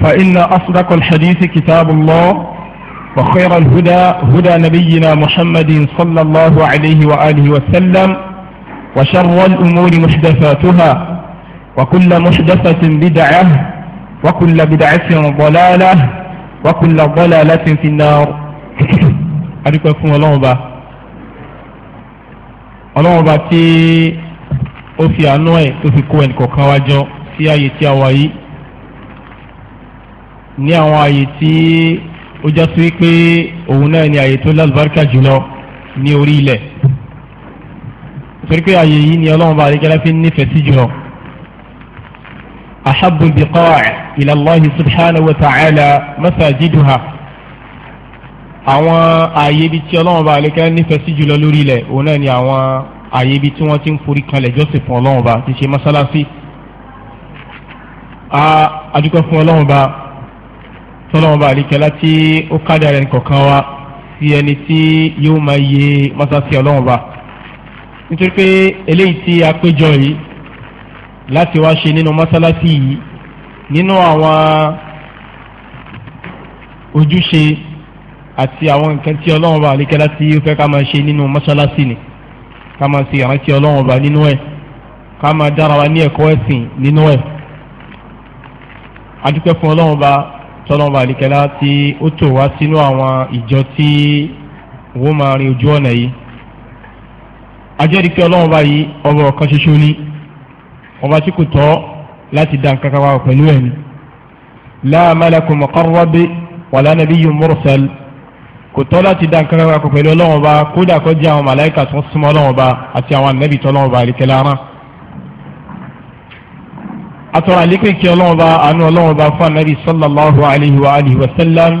فإن أصدق الحديث كتاب الله وخير الهدى هدى نبينا محمد صلى الله عليه وآله وسلم وشر الأمور محدثاتها وكل محدثة بدعة وكل بدعة ضلالة وكل ضلالة في النار أريكم الله با الله با تي أوفي أنوي أوفي كوين كوكاواجو سيايتي أوائي ní àwọn àyè tí ó já sí pé òun náà ni àyè tó lálùbáríkà jùlọ ní orí ilẹ̀ torí pé àyè yìí ni ọlọ́run bá àdékẹ́lá fi nífẹ̀ẹ́ sí jùlọ. أحب البقاع إلى الله سبحانه وتعالى مساجدها àwọn ààyè ibi tí ọlọ́run bá àlékẹ́ nífẹ̀ẹ́ sí jùlọ lórí ilẹ̀ òun náà ni àwọn ààyè ibi tí wọ́n ti ń forí kanlẹ̀ jọ́sìn fún ọlọ́run bá ti ṣe mọ́sálásí. a adúgbò fún ọlọ́run bá sọlọ́wọ́n bá àlìkẹ́lá tí ó kádà rẹ̀ kọ̀ọ̀kan wa sí ẹni tí yóò máa yẹ mọ́sáàsì ọlọ́wọ́n bá nítorí pé eléyìí tí a péjọ yìí láti wá ṣe nínú mọ́sálásí yìí nínú àwọn ojúṣe àti àwọn nǹkan tí ọlọ́wọ́n bá àlìkẹ́lá tí ó fẹ́ ká máa ṣe nínú mọ́sálásí ni ká máa ṣe ìrántí ọlọ́wọ́n bá nínú ẹ̀ ká máa dára wa ní ẹ̀kọ́ ẹ̀sìn nínú ẹ̀ adúpẹ́ fún ọlọ́wọ́n bá tọ́lọ́mọba àdìkẹ́lá tí ó tò wá sínú àwọn ìjọ tí wọ́n máa rin ojú ọ̀nà yìí ajẹ́rìí pé ọlọ́mọba yìí ọba ọ̀kan ṣoṣo ni ọba tí kò tọ́ láti dá nǹkan kan wá pẹ̀lú ẹ̀ ni la malakun muqarrab wala nabiyyun mursal kò tọ́ láti dá nǹkan kan wá pẹ̀lú ọlọ́mọba kódà kọjá àwọn màláìkà tó súnmọ́ ọlọ́mọba àti àwọn ànábì tọ́lọ́mọba àdìkẹ́lá rán atọ́ra àlékún kí ọlọ́run bá àánú ọlọ́run bá fún anabi sallallahu alayhi wa alihi wa sallam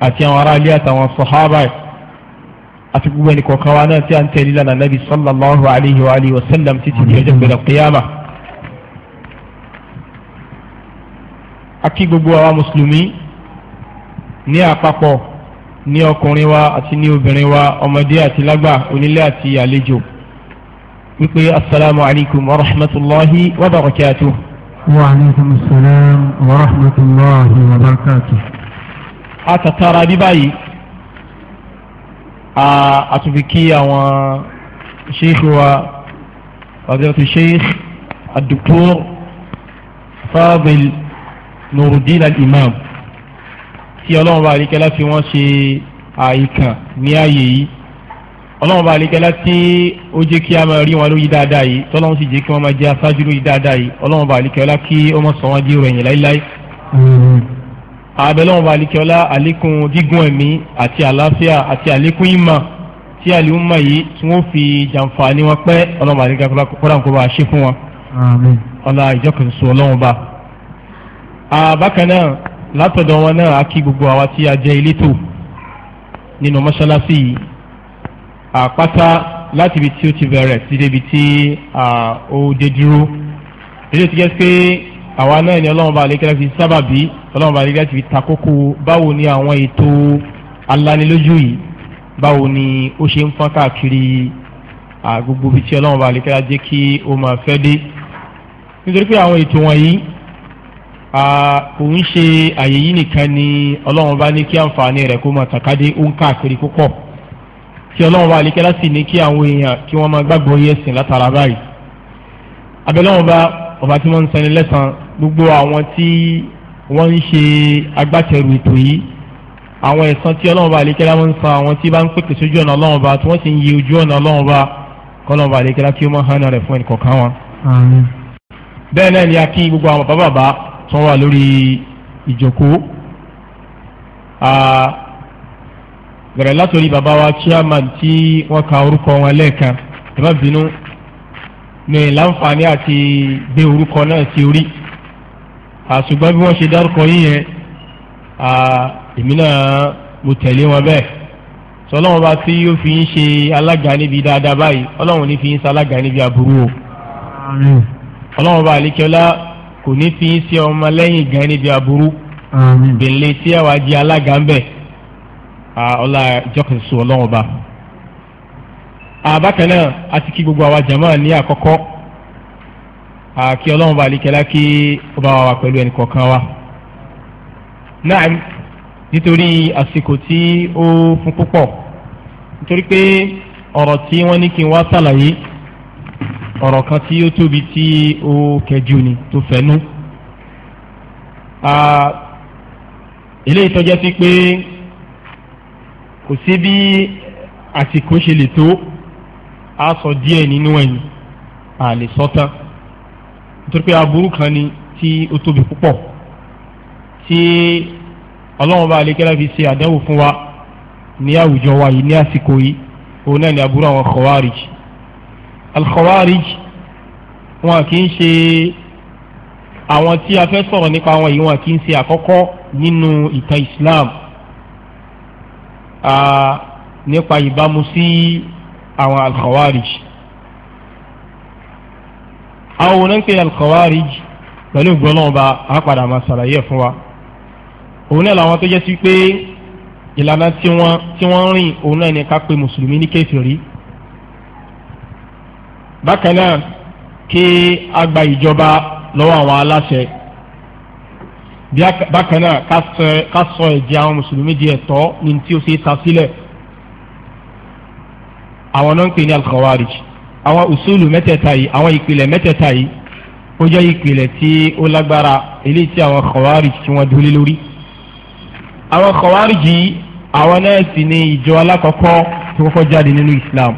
àti àwọn ará ilé àtàwọn sọ̀hábà àti gbogbo ẹnì kọ̀ọ̀kan wa náà tí a ń tẹ̀lé lánàá anabi sallallahu alayhi wa alihi wa sallam títí di ọjọ́ gbẹdẹ kíyàmà. akí gbogbo àwa mùsùlùmí ní àpapọ̀ ní ọkùnrin wa àti ní obìnrin wa ọmọdé àti lágbà onílé àti àlejò wípé asalaamualeykum wa rahmatulahi wa barakatuh. وعليكم السلام ورحمة الله وبركاته àtàtàrà bí báyìí àtúnfi kí àwọn sheikh wa fadilatu sheikh adukur fadil nurudin al-imam tí ọlọ́run bá rí kẹ́lá fi wọ́n ṣe àìkàn ní ààyè yìí ọlọ́run bá àlejò tí ó jẹ́ kí a máa rí wọn lórí dáadáa yìí tọ́lọ́run sì jẹ́ kí wọ́n máa jẹ́ aṣáájú lórí dáadáa yìí ọlọ́run bá àlejò ọlá kí ó mọ̀ sàn wọ́n dí ròyìn láíláí. àbẹ̀lọ́run bá àlejò ọlá àlékún gígùn ẹ̀mí àti àlàáfíà àti àlékún ìmọ̀ tí àlùmọ̀ yìí tí wọ́n fi jàǹfààní wọn pẹ́ ọlọ́run bá àlejò ọlá kó bá ṣe fún wọn. ọlá ìjọkẹ̀sọ ọlọ́run bá. bákan náà látọ̀dọ̀ wọn náà á kí gbogbo àwa tí a jẹ́ elétò nínú mọ́ṣáláṣí yìí àpáta láti ibi tí ó ti bẹ̀rẹ̀ sí débi tí ó dé dúró èdè ti jẹ́ pé àwa náà ni ọlọ́run bá àlékẹ́lá fi sábàbí ọlọ́run bá àlékẹ́lá fi takókó báwo ni àwọn ètò alánilójú yìí báwo ni ó ṣe ń fọ́n káàkiri gbogbo ibi tí ọlọ́run bá àlékẹ́lá jẹ́ kí ó máa fẹ́ dé nítorí pé àwọn ètò wọ̀nyí òun ṣe àyè yìí nìkan ni ọlọ́run bá ní kí àǹfààní rẹ̀ kó máa tàkádé ó ń káàkiri púpọ̀ kí ọlọ́run bá àlékẹ́lá sì ní kí àwọn èèyàn kí wọ́n máa gbàgbọ́ yẹ sìn látara báyìí abẹ́lẹ́wọ̀n bá ọba tí wọ́n ń sanni lẹ́sàn gbogbo àwọn tí wọ́n ń ṣe agbátẹrù ètò yìí àwọn ẹ̀san tí ọlọ́run bá àlékẹ́lá máa ń san àwọn tí bá ń pèpè sójú ọ̀nà ọlọ́run bá tí wọ́n sì ń yí ojú ọ̀nà ọlọ́run bá kọ́lọ́run bá àlékẹ́lá kí máa hánà rẹ̀ fún ẹnì kọ̀ọ̀kan bẹ̀rẹ̀ látòrí bàbá wa chairman tí wọ́n ka orúkọ wọn lẹ́ẹ̀kan ẹ má bínú ní láǹfààní àti gbé orúkọ náà sí orí àṣùgbọ́n bí wọ́n ṣe dárúkọ yín yẹn èmi náà mo tẹ̀lé wọn bẹ́ẹ̀ sọlọ́wọ́n bá tí yóò fi ń ṣe alága níbi dáadáa báyìí ọlọ́wọ́n ní fi ń ṣe alága níbi aburú o ọlọ́wọ́n bá àlékẹ́lá kò ní fi ń ṣe ọmọ gan níbi aburú bẹ̀lẹ̀ tí àwa di alága ń bẹ̀ ọlá ìjọkẹsọ ọlọ́run ba àbákan náà a ti kí gbogbo àwa jàmáà ní àkọ́kọ́ kí ọlọ́run ba àlekẹ́lá kí ó wa pẹ̀lú ẹnì kọ̀ọ̀kan wa náà nítorí àsìkò tí ó fún púpọ̀ nítorí pé ọ̀rọ̀ tí wọ́n ní kí n wá sàlàyé ọ̀rọ̀ kan tí ó tóbi tí ó kẹjú ni tó fẹ́nu eléyìí tọ́jẹ́ sí pé kò sí bí àsìkò ṣe lè tó a sọ díẹ̀ nínú ẹ̀yìn a lè sọ tán nítorí pé aburú kan ni tí ó tóbi púpọ̀ tí ọlọ́run bá alekẹ́lá fi ṣe àdánwò fún wa ní àwùjọ wa yìí ní àsìkò yìí òun náà ni aburú àwọn khawarij al-khawarij wọn kì í ṣe àwọn tí a fẹ́ sọ̀rọ̀ nípa wọn yìí wọn kì í ṣe àkọ́kọ́ nínú ìtàn Islam nípa ìbámu sí àwọn alkhawarij àwọn onípe alkhawarij pẹ̀lú ìgbọ́nọ́ba àpàdà máa ṣàlàyé ẹ̀ fún wa òun náà làwọn tó jẹ́ sí pé ìlànà tí wọ́n tí wọ́n rìn òun náà ní ká pé mùsùlùmí ní kèfèrí bákan náà kí a gba ìjọba lọ́wọ́ àwọn aláṣẹ bákan náà ká sọ ẹ̀jẹ̀ àwọn mùsùlùmí di ẹ̀tọ́ ní tí ó ṣe é ta sílẹ̀ àwọn náà ń pè ní al-khawarij àwọn usulu mẹ́tẹ̀ẹ̀ta yìí àwọn ìpìlẹ̀ mẹ́tẹ̀ẹ̀ta yìí ó jẹ́ ìpìlẹ̀ tí ó lágbára eléyìí tí àwọn khawarij tí wọ́n dúró lórí. àwọn khawarij yìí àwọn náà sì ni ìjọ alákọ̀ọ́kọ́ tí wọ́n kọ́ jáde nínú Islam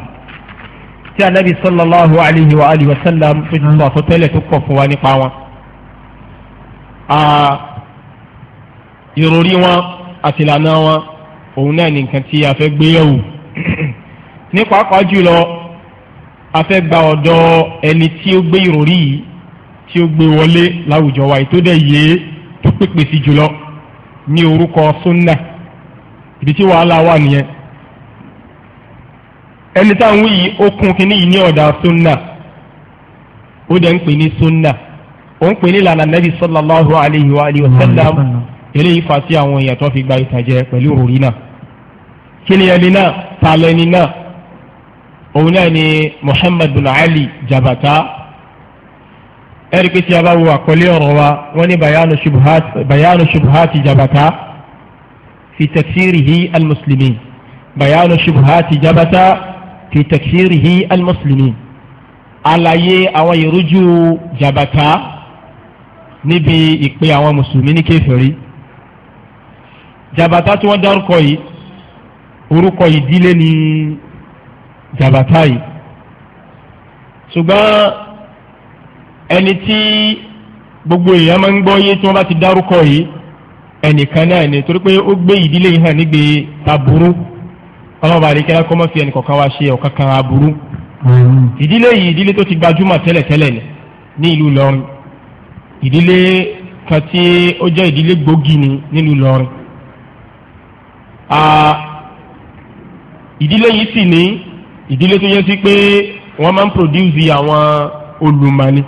tí anabi sallallahu alayhi wa alihi wa sallam tó ti sọ àsọtẹ́lẹ̀ tó pọ̀ fún wa nípa wọn ìròrí wọn àti ìlànà wọn òun náà ní nǹkan tí a fẹ́ gbé yẹ̀wò ní pàápàá jùlọ a fẹ́ gba ọ̀dọ̀ ẹni tí ó gbé ìròrí yìí tí ó gbé wọlé láwùjọ wa ètò dẹ̀ yé tó pèpè sí jùlọ ní orúkọ sunna ibi tí wàhálà wà nìyẹn ẹni táwọn yìí ó kún kínní yìí ní ọ̀dà sunna ó dẹ̀ ń pè ní sunna ó ń pè ní lànà nàbì sallallahu alayhi wa alihi wa eléyìí fa sí àwọn èèyàn tó fi gba ìtàjẹ pẹ̀lú òrì náà kí ni ẹni náà ta lẹni náà òun náà ni Muhammad bin Ali Jabata ẹ̀ríkì tí a bá wo àkọlé ọ̀rọ̀ wa wọ́n ní bayanu shubuhati bayanu shubuhati Jabata fi tafsirihi al bayanu shubuhati Jabata fi tafsirihi al-muslimin àwọn ìrújú Jabata níbi ìpè àwọn mùsùlùmí ní kèfèrí jabata tí wọ́n dárúkọ yìí orúkọ ìdílé ni jabata yìí ṣùgbọ́n ẹni tí gbogbo èèyàn máa ń gbọ́ yé tí wọ́n bá ti dárúkọ yìí ẹnìkan náà ni torí pé ó gbé ìdílé yìí hàn nígbè aburú ọlọ́run bá rí kẹ́lá mọ́ fi ẹnì wá ṣe ọ̀kan kan aburú ìdílé yìí ìdílé tó ti gbajúmọ̀ tẹ́lẹ̀tẹ́lẹ̀ ni ní ìlú Ìlọrin ìdílé kan tí ó jẹ́ ìdílé gbòógì ni nílùú Ìlọrin ìdílé yìí sì ní ìdílé tó yẹ sí pé wọ́n máa ń produce àwọn olùmọ̀ni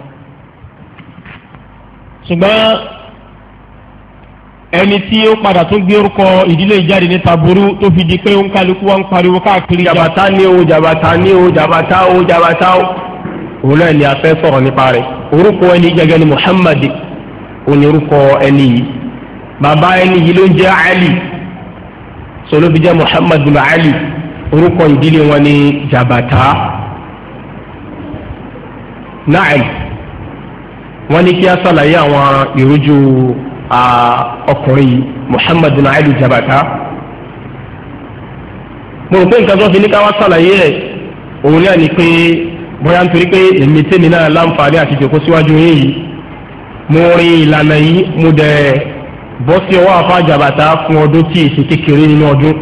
ṣùgbọ́n ẹni tí ó padà tún gbé orúkọ ìdílé ìjáde ní taburú tó fi di pé ó ń kálukú wa ń pariwo káàkiri. jàbàtà ni o jàbàtà ni o jàbàtà o jàbàtà o. òun náà ni a fẹ́ sọ̀rọ̀ nípa rẹ̀ orúkọ ẹni gẹ́gẹ́ ni Muhammad òun ni orúkọ ẹni yìí bàbá ẹni yìí ló ń jẹ́ Ali sọlọ́bi jẹ́ Muhammad Ali orúkọ ìdílé wọn ní jabata naim wọ́n ní kí a ṣàlàyé àwọn ìrújú ọkùnrin yìí Muhammad Ali jabata mo rò pé nǹkan tó fi ní ká wá ṣàlàyé rẹ̀ òun náà ni pé bóyá nítorí pé èmi tèmi náà láǹfààní àti ìjòkó síwájú yín yìí mo rin ìlànà yìí mo dẹ̀ bọ́ sí ọwọ́ àfa jàbàtà fún ọdún tí èsì kékeré nínú ọdún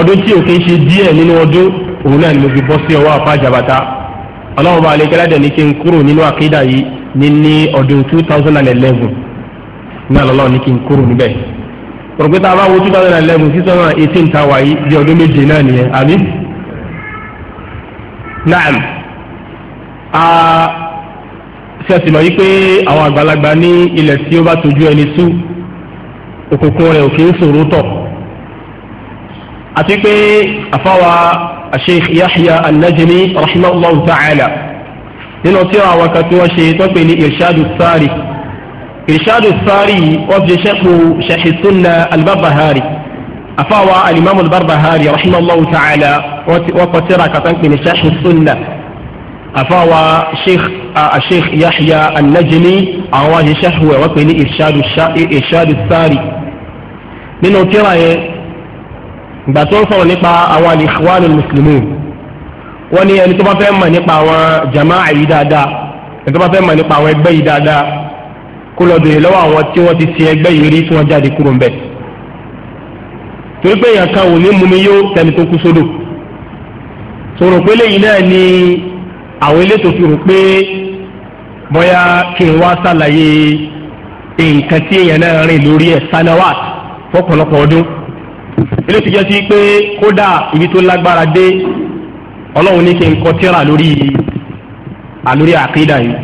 ọdún tí òkè ṣe díẹ̀ nínú ọdún òun náà ni mo fi bọ́ sí ọwọ́ àfa jàbàtà ọlọ́run bá alẹ́ kẹ́lá dẹ̀ ní kí n kúrò nínú àkídà yìí ní ní ọdún two thousand and eleven náà lọ́lọ́run ní kí n kúrò níbẹ̀ pọ̀rọ̀pẹ́tà abáwo two thousand and eleven six thousand and eighteen ta wáyé bí ọdún méje náà nìyẹn àbí. naam ah, tí a sì mọ̀ yí pé àwọn àgbàlagbà ní ilẹ̀ tí ó bá tójú ẹni sú òkùnkùn rẹ̀ ò kì í ṣòro tọ̀ àti pé àfáwa Sheikh Yahya An-Najmi rahimahullah ta'ala nínú tí àwọn kan tí wọ́n ṣe tó pè ní irshadu sari irshadu sari wọ́n fi ṣẹ́kù Sheikh sunna al àfáwa al-Imam rahimahullah ta'ala wọ́n kọ́ tírà kàtàkì ní Sheikh sunna afawa sheikh sheikh yahya an-najmi àwọn aṣeṣẹ́hu ẹ̀ wọ́n pè ní irshadu sari nínú tíra yẹn ìgbà tó ń sọ̀rọ̀ nípa àwọn al-ikhwan al-muslimun wọ́n ní ẹni tó bá fẹ́ mọ̀ nípa àwọn jama'a yìí dáadáa ẹni tó bá fẹ́ mọ̀ nípa àwọn ẹgbẹ́ yìí dáadáa kó lọ bèrè lọ́wọ́ àwọn tí wọ́n ti ṣe ẹgbẹ́ yìí rí tí wọ́n jáde kúrò ńbẹ̀ torí pé èèyàn kan ò ní mumi yó tẹni tó kú sódò sọ̀rọ̀ pé lẹ́yìn náà ni àwọn elétò fi rò pé bóyá kí n wá ṣàlàyé nǹkan tí èèyàn náà rìn lórí ẹ̀ sanawat fọ́pọ̀lọpọ̀ ọdún eléyìí ti jẹ́ sí pé kódà ibi tó lágbára dé ọlọ́run ní kí n kọ tírà lórí àlórí àkídà yìí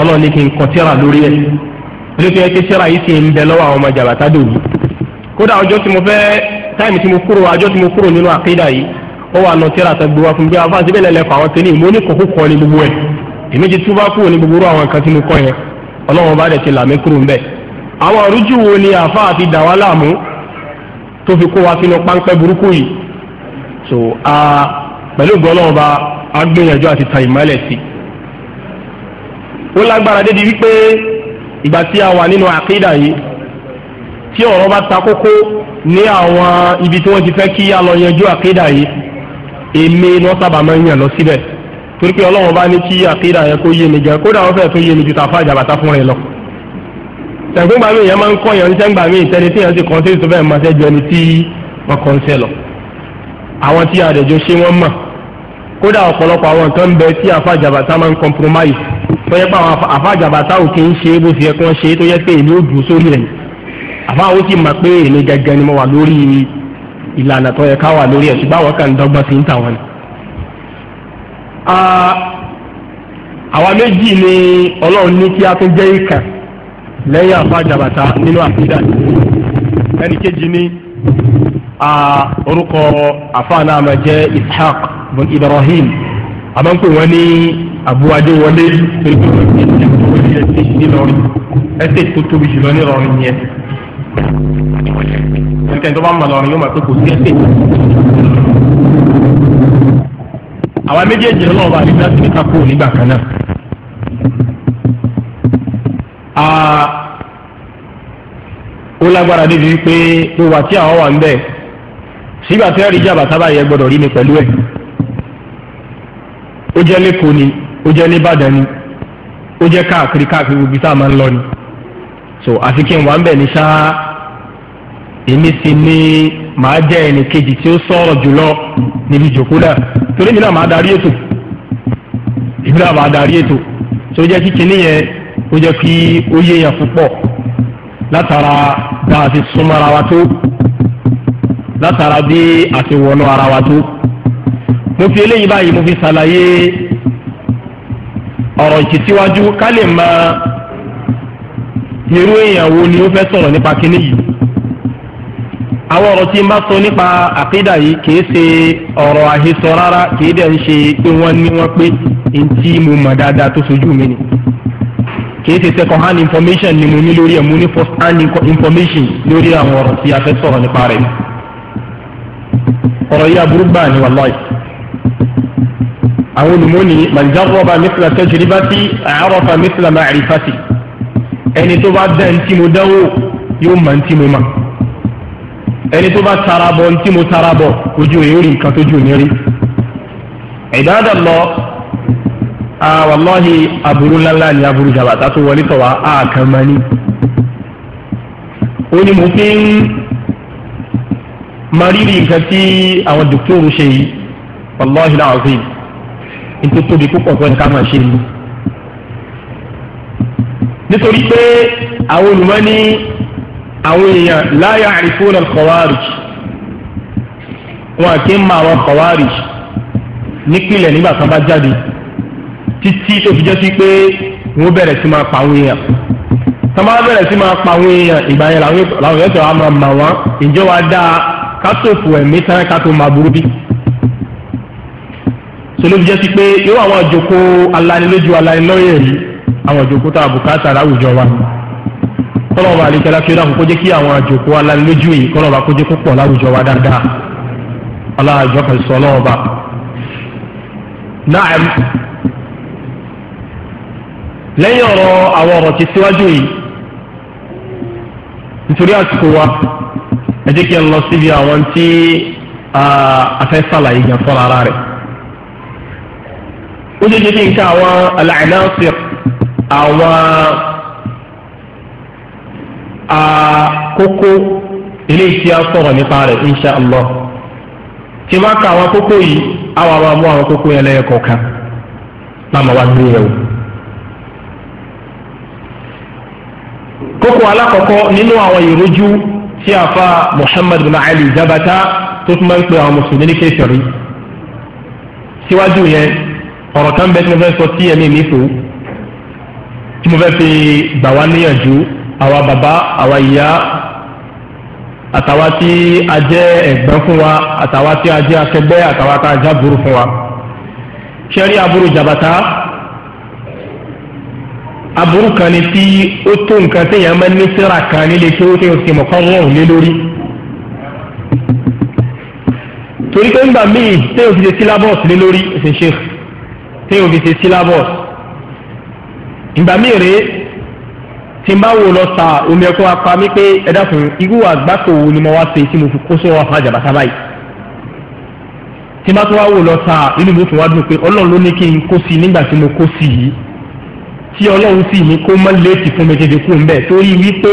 ọlọ́run ní kí n kọ tírà lórí ẹ̀ eléyìí ti jẹ́ pé yìí sì ń bẹ lọ́wọ́ àwọn ọmọ jàbátá dòwú kódà ọjọ́ tí mo fẹ́ táìmù tí mo kúrò ọjọ́ tí mo kúrò nínú àkídà yìí ó wà nù tíra tẹ gbogbo àfúnbí afá síbẹ̀ lẹ́lẹ́kọ̀ àwọn tẹ́lẹ̀ mo ní kókó ni gbogbo ẹ̀ èmi ti túbá kúrò ní gbogbo àwọn nǹkan tí mo kọ́ yẹn ọlọ́run bá dẹ̀ ti làmí kúrò ńbẹ̀. àwọn ìrújú wo ni àfa àti dàwa láàmú tó fi kó wa sínú páńpẹ́ burúkú yìí so a pẹ̀lú gbọ́lọ́run bá a gbìyànjú àti ta ìmọ́lẹ̀ sí i. ó lágbára débi wípé ìgbà tí a wà nínú àkídà yìí tí ọ̀rọ̀ bá ta kókó ní àwọn ibi tí wọ́n ti fẹ́ kí a lọ yanjú àkídà yìí èmi ni wọ́n sábà máa ń yàn lọ síbẹ̀ torí pé ọlọ́run bá ní kí àkídà yẹn kó yé mi gan kódà wọ́n fẹ́ẹ́ tó yé mi ju tàfà àjàbàtà fún rẹ lọ. tẹ̀gbọ́ngbà mi yẹn máa ń kọ́ yẹn oníṣẹ́ngbà mi ìtẹ́ni tí yẹn ti kàn sí ìtúbẹ̀ máa ṣe ju ẹni tí wọ́n kàn sí ẹ lọ. àwọn tí àdẹ̀jọ ṣe wọ́n mọ̀ kódà ọ̀pọ̀lọpọ̀ àwọn nǹkan ń bẹ tí àfà àjàbàtà máa ń compromise tó yẹ pé àwọn àfà àjàbàtà ìlànà tó yẹ ká wà lórí ẹ̀ ṣùgbọ́n àwọn kan dọ́gbọ́n sí ń tà wọ́n ni. àwa méjì ni ọlọ́run ní kí a tún jẹ́ ìkà lẹ́yìn àfa jàbàtà nínú àfíìdá ẹnì kejì ni orúkọ àfa náà máa jẹ́ ishaq bin ibrahim àmọ́ ń pè wọ́n ní àbúwájú wọlé pẹ̀lú ìlú ẹ̀sìn Ìlọrin ẹ̀sìn tó tóbi jùlọ ní Ìlọrin yẹn títẹ̀ tó bá mọ̀ lọ́rùn yóò máa pé kò sí ẹ̀sìn. àwa méjèèjì lọ́wọ́ bá nígbà tí níta kú nígbà kan náà. ó lágbára débi pé gbogbo àti àwọn wà ń bẹ̀ sígbà tí ẹ̀rí jàbá sábà yẹ gbọ́dọ̀ rí mi pẹ̀lú ẹ̀. ó jẹ́ lẹ́kọ̀ọ́ ni ó jẹ́ nìbàdàn ni ó jẹ́ káàkiri káàkiri gbogbo tá a máa ń lọ ni. so àfi wà ń bẹ̀ ní sáà èmi sì ni màá jẹ́ ẹnì kejì tí ó sọ̀rọ̀ jùlọ níbi ìjòkó náà torí mi náà màá darí ètò èmi náà màá darí ètò tó jẹ́ kí kinní yẹn ó jẹ́ kí ó yé yẹn púpọ̀ látara bá a ti súnmọ́ ara wa tó látara bí a ti wọnú ara wa tó mo fi eléyìí báyìí mo fi ṣàlàyé ọ̀rọ̀ ìtìsíwájú ká lè mọ irú èèyàn wo ni ó fẹ́ sọ̀rọ̀ nípa kinní yìí àwọn ọ̀rọ̀ tí n bá sọ nípa àkídà yìí kìí ṣe ọ̀rọ̀ àhesọ rárá kìí dẹ̀ ń ṣe pé wọ́n ní wọ́n pé ntí mo mọ̀ dáadáa tó sojú mi ni kìí ṣe second hand information ni mo ní lórí ẹ̀ mo ní first hand information lórí àwọn ọ̀rọ̀ tí a fẹ́ sọ̀rọ̀ nípa rẹ̀ ọ̀rọ̀ yìí aburú gbà ní wàlọ́ọ̀ì àwọn olùmọ́ni màlìjárọ̀bà mísìlá tajribati àárọ̀fà mísìlá ma'rifati ẹni tó bá dá ntí mo dánwò yóò ẹni tó bá tara bọ tí mo tara bọ ojú rẹ̀ ó rí nǹkan tójú mi rí ìdáàdà lọ wàlọ́hì aburú ńláńlá ni aburú jàbàtà tó wọlé tọ̀ wá àkàn máa ní. ó ní mo fi ń mariri nǹkan tí àwọn dòkítọ́rù ṣe yìí wàlọ́hì láwọn fi nítorí tóbi púpọ̀ pẹ́ ká máa ṣe ni. nítorí pé àwọn olùmọ́ ní. àwọn èèyàn la ya'rifuna al-khawarij wọn kì í mọ àwọn khawarij nípìnlẹ̀ nígbà kan bá jáde títí tó fi jẹ́ sí pé wọ́n bẹ̀rẹ̀ sí máa pa àwọn èèyàn tó bá bẹ̀rẹ̀ sí máa pa àwọn èèyàn ìgbà yẹn làwọn yẹn máa mà wọ́n ìjọ wa dá kátòfò a bùkátà láwùjọ kọ́lọ́ọ̀bà àlejòlá kí ó dàkú kó jẹ́ kí àwọn àjòkó alálójú yìí kọ́lọ́ọ̀bà kó jẹ́ kó pọ̀ láwùjọ wa dáadáa aláàjọ kan sọ ọlọ́ọ̀bà. náà lẹ́yìn ọ̀rọ̀ àwọn ọ̀rọ̀ ti síwájú yìí nítorí àsìkò wa ẹ jẹ́ kí ẹ lọ síbi àwọn tí afẹ́ sàlàyé gan ara rẹ̀ ó jẹ́ jẹ́ kí n ká àwọn aláìnáṣẹ́ àwọn kókó eléyìí a sọ̀rọ̀ nípa rẹ̀ insha allah tí máa ka àwọn kókó yìí àwọn àwọn mú àwọn kókó yẹn lẹ́yìn kọ̀ọ̀kan láàmú wa gbé yẹ̀wò. kókó alákọ̀ọ́kọ́ nínú àwọn ìrújú tí a fa muhammad bin ali jabata tó tún máa ń pe àwọn mùsùlùmí ní kéferì síwájú yẹn ọ̀rọ̀ kan bẹ́ẹ̀ tí mo fẹ́ sọ sí ẹ̀mí mi fò tí mo fẹ́ fi gbà wá níyànjú àwa bàbá àwa ìyá àtàwa tí a jẹ́ ẹ̀gbọ́n fún wa àtàwa tí a jẹ́ akẹgbẹ́ àtàwa tá a já burú fún wa ṣẹ́rí aburú jàbàtà aburú kan ni tí ó tó nǹkan téèyàn máa ní síra kan nílé tí ó ti ń sèmọ̀ kán wọ́n lé lórí torí pé ńgbà míì téèyàn fi ṣe syllabus lé lórí ẹ̀sìn ṣe téèyàn fi ṣe syllabus ìgbà míì rèé tí n bá wò lọ sa omi ẹ̀kọ́ wa pa mí pé ẹ dákun irú àgbákò wo ni mo wá ṣe tí mo fi kó sọ́wọ́ fún àjàbáta báyìí tí n bá tún wá wò lọ sa inú mi tún wá dùn pé ọlọ́run ló ní kí n kó sí i nígbà tí mo kó sí i tí ọlọ́run sì ní kó mọ́ léètì fún mi tètè kú ń bẹ̀ torí wípé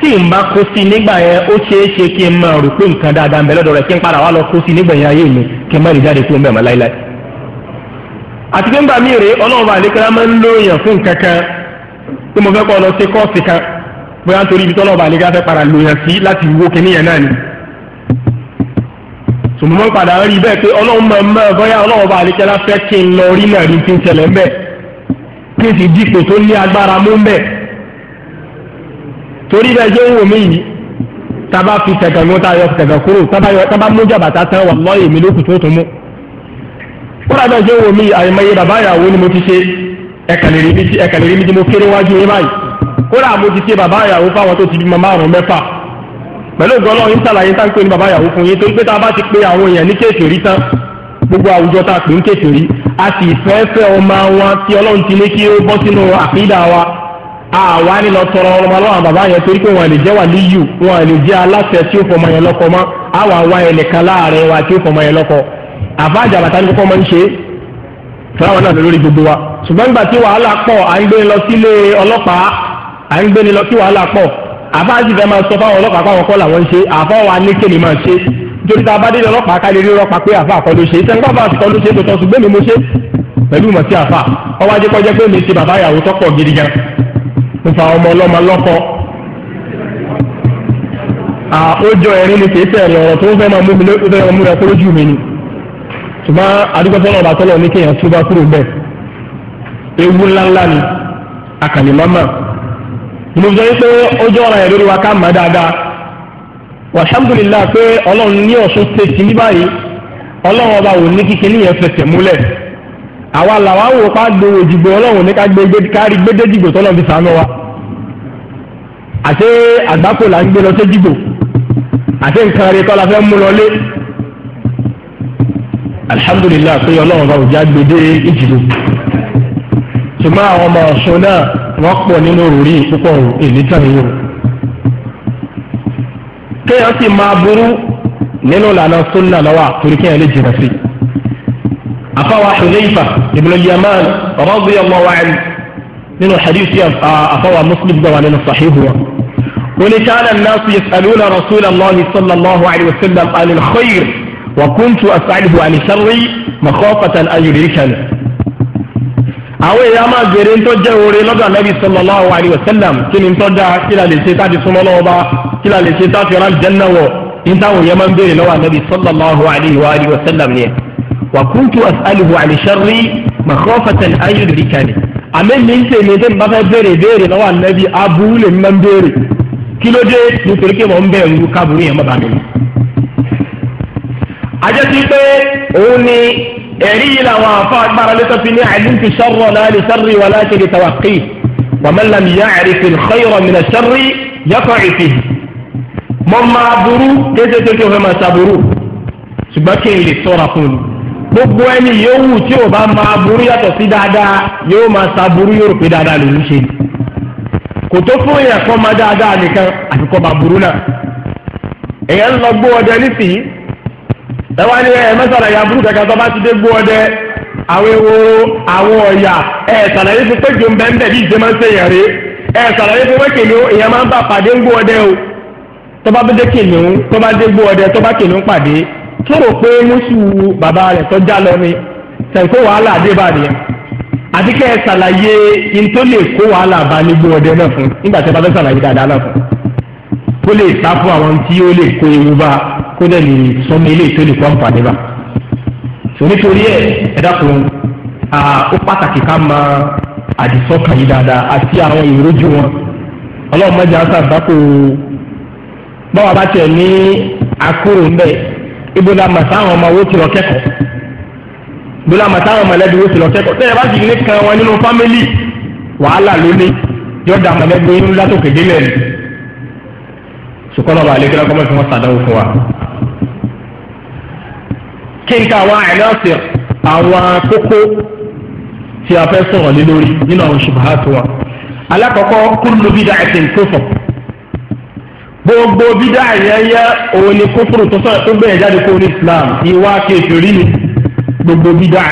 tí n bá kó sí i nígbà yẹn ó ṣeé ṣe kí n máa rò pé nǹkan dáadáa ń bẹ lọ́dọ̀ rẹ̀ kí n padà wá lọ kó sí i nígbà pé mo fẹ́ kọ́ lọ ṣe kọ́ọ̀sì kan bóyá nítorí ibi tọ́lọ́ọ̀bà àlejò afẹ́ padà lòyàn sí láti wo kinní yẹn náà ni sòmùmọ́ padà rí bẹ́ẹ̀ pé ọlọ́run máa máa bóyá ọlọ́run bá àlejò afẹ́ kí n lọ rí náà rí ti ń ṣẹlẹ̀ ńbẹ̀ kí n sì dípò tó ní agbára mú ńbẹ̀ torí bẹ́ẹ̀ ṣé ń wò mí yìí tábà fi tẹ̀gàn mú táyọ̀ tẹ̀gàn kúrò tábà mú jàbàtà tán wà lọ́ọ̀yì mi lókùtù tó mú kó ẹ̀kàlẹ̀ rí mi tí mo kéré wájú yín báyìí kódà mo ti ṣe bàbá ìyàwó fáwọn tó ti bímọ márùn mẹ́fà pẹ̀lú ògbọ́n náà ń ṣàlàyé tá ń pè ní bàbá ìyàwó fún yín torí pé tá a bá ti pe àwọn èèyàn ní kèfèrí tán gbogbo àwùjọ tá a pè ń kèfèrí a sì fẹ́ fẹ́ ọmọ wọn tí ọlọ́run ti ní kí ó bọ́ sínú àkídà wa àwa ni lọ tọrọ ọmọ lọ́wọ́ bàbá yẹn torí pé wa tí ó fọmọ yẹn lọ́kọ àbájábàtà ní kókó fúláwọn náà lórí gbogbo wa ṣùgbọ́n nígbà tí wàhálà pọ̀ à ń gbé lọ sílé ọlọ́pàá à ń gbé lọ sí wàhálà pọ̀ àbáàsì fẹ́ máa sọ fáwọn ọlọ́pàá fáwọn kọ́ làwọn ń ṣe àfọ́ wa ní kéde máa ṣe nítorí tá a bá délé ọlọ́pàá ká lè rí ọlọ́pàá pé àfa àkọ́ ló ṣe iṣẹ́ nígbà bá àkọ́ ló ṣe tó tọ́ ṣùgbọ́n mi mo ṣe pẹ̀lú ìmọ̀ sí àfa ọwọ́ ajé kọjá pé mi ti bàbá ìyàwó tọ́pọ̀ gidi gan mo fa ọmọ ọlọ́mọ lọ́kọ àójọ ẹ̀rín ni kì í fẹ́ ẹ̀rín ọ̀rọ̀ tó fẹ́ máa mú mi lójú mi ni ṣùgbọ́n adúgbòfọ́ náà bàtọ́ náà ní kéèyàn tó bá kúrò bẹ́ẹ̀ ewu ńláńlá ni akàlìmọ́mà ìmọ̀jọ yìí pé ó jẹ́ ọ̀ràn ìrírí wa ká mọ̀ dáadáa wàhálàmdùlilá pé ọlọ́run ní ọ̀ṣun ní báyìí ọba ò ní kíkẹ́ níyẹn fẹsẹ̀ múlẹ̀ àwa làwa wò ní ká gbédé fi sànú wa àti àgbákò là ń gbé lọ sí àti la fẹ́ alhamdulilayi pé ọlọ́run bá òjá gbèdé ìjìlú ṣùgbọ́n àwọn ọmọ ọ̀ṣun náà wọ́n pọ̀ nínú òrùrí púpọ̀ ènìtàn yìí o kéèyàn sì máa burú nínú ìlànà sunna lọ́wọ́ torí kéèyàn lè jìnà sí i afáwa Hudayfa ibn al-Yaman radiyallahu anhu nínú hadithi afáwa Muslim gbà wà nínú sahihu wa wọ́n ní kana an-nasu sallallahu alayhi wa sallam anil khayr. وكنت أسعده عن شري مخافة أن يدركني àwọn èèyàn máa gbèrè ń tọ́jú oore lọ́dọ̀ anábì sallallahu alayhi wa sallam kí ni ń tọ́jà kí la lè ṣe tá a ti súnmọ́ lọ́wọ́ bá kí la lè ṣe tá a fi ọ̀rán jẹ́nà wọ̀ ní táwọn èèyàn máa ń béèrè lọ́wọ́ anábì sallallahu alayhi wa sallam ni ẹ̀. wà kúntù as'aluhu an sharri àmì mi ń ṣe mi bá fẹ́ béèrè béèrè lọ́wọ́ anábì abúlé mi máa ń béèrè kí ló dé nítorí pé mò ń bẹ̀rù káàbùrú yẹn má bàa mi ajẹ́sí pé òun ni ẹ̀rí yìí làwọn àfa agbára lẹ́tọ́ fi ní àìlúùtù sọ́rọ̀ láàlì sọ́rì wà láti di tàwákì wàmẹ́lẹ́mi yá àrífẹ́ xeyọ̀rọ̀ mìíràn sọ́rì yàtọ̀ ìfì. mo máa burú kéṣe tó tó fẹ́ máa ṣàbùrú ṣùgbọ́n kí n lè tọ́ra fún un. gbogbo ẹni yòówù tí ò bá máa burú yàtọ̀ sí dáadáa yóò máa ṣàbùrú yóò rò pé dáadáa lòún ṣe. kò tó fún èèyàn máa dáadáa nìkan àfikọ́ máa burú náà. èèyàn lọ gbó ọdẹ nísìnyí ẹ wá ẹ mẹ́sàlá ya burúkú kẹ̀kẹ́ tó bá ti dé gbó ọdẹ àwọn ewo àwọn ọ̀yà ẹ sàlàyé fún pé jò ń bẹ́ ń bẹ̀ bí ìjẹ́ máa ń ṣe yẹn rí ẹ sàlàyé fún pé kìnìún èèyàn máa ń bá pàdé ń gbó ọdẹ o tó bá dé kìnìún tó bá dé gbó ọdẹ tó bá kìnìún pàdé tó rò pé mùsù bàbá rẹ̀ tó já lọ ni sẹ̀kó wàhálà dé bá nìyẹn àti kẹ́ ẹ sàlàyé ntó lè kó wàhálà bá ní gbó ọdẹ náà fún nígbà tí a bá fẹ́ sàlàyé dáadáa náà fún kó lè sá fún àwọn tí ó lè kó ewu bá kó dẹ̀ lè sọmi ilé ìtòlè fún àǹfààní bá nítorí ẹ ẹ dákun ó pàtàkì ká mọ àdìsọ́kàn yìí dáadáa àti àwọn ìrójú wọn ọlọ́run mẹ́jọ á sàbákò báwa bá tiẹ̀ ní akóró ńbẹ ibo la mọ̀ sáwọn ọmọ owó ti lọ kẹ́kọ̀ọ́ ibo la mọ̀ sáwọn mọ̀lẹ́bí owó ti lọ kẹ́kọ̀ọ́ tẹ́lẹ̀ bá sì ní kan wọn nínú fámìlì wàhálà lónìí yọ̀dà mọ̀lẹ́bí ńlá tó kéde lẹ́nu sùkọ́nà bàálẹ̀ kí lọ́kọ́ mọ̀ fi wọ́n sàdáwó fún wa kí n ka àwọn àìlọ́sẹ̀ àwọn kókó tí a fẹ́ sọ̀rọ̀ lé lórí nínú àwọn ṣùgbọ́n àti wọn. alákọ̀ọ́kọ́ kúlù bídà àti nkófò gbogbo bídà àyẹyẹ òun ni kófòrò tó sọ̀rọ̀ tó gbẹ̀yẹ̀ jáde kó ní Islam ìwà kejì rí ni gbogbo bídà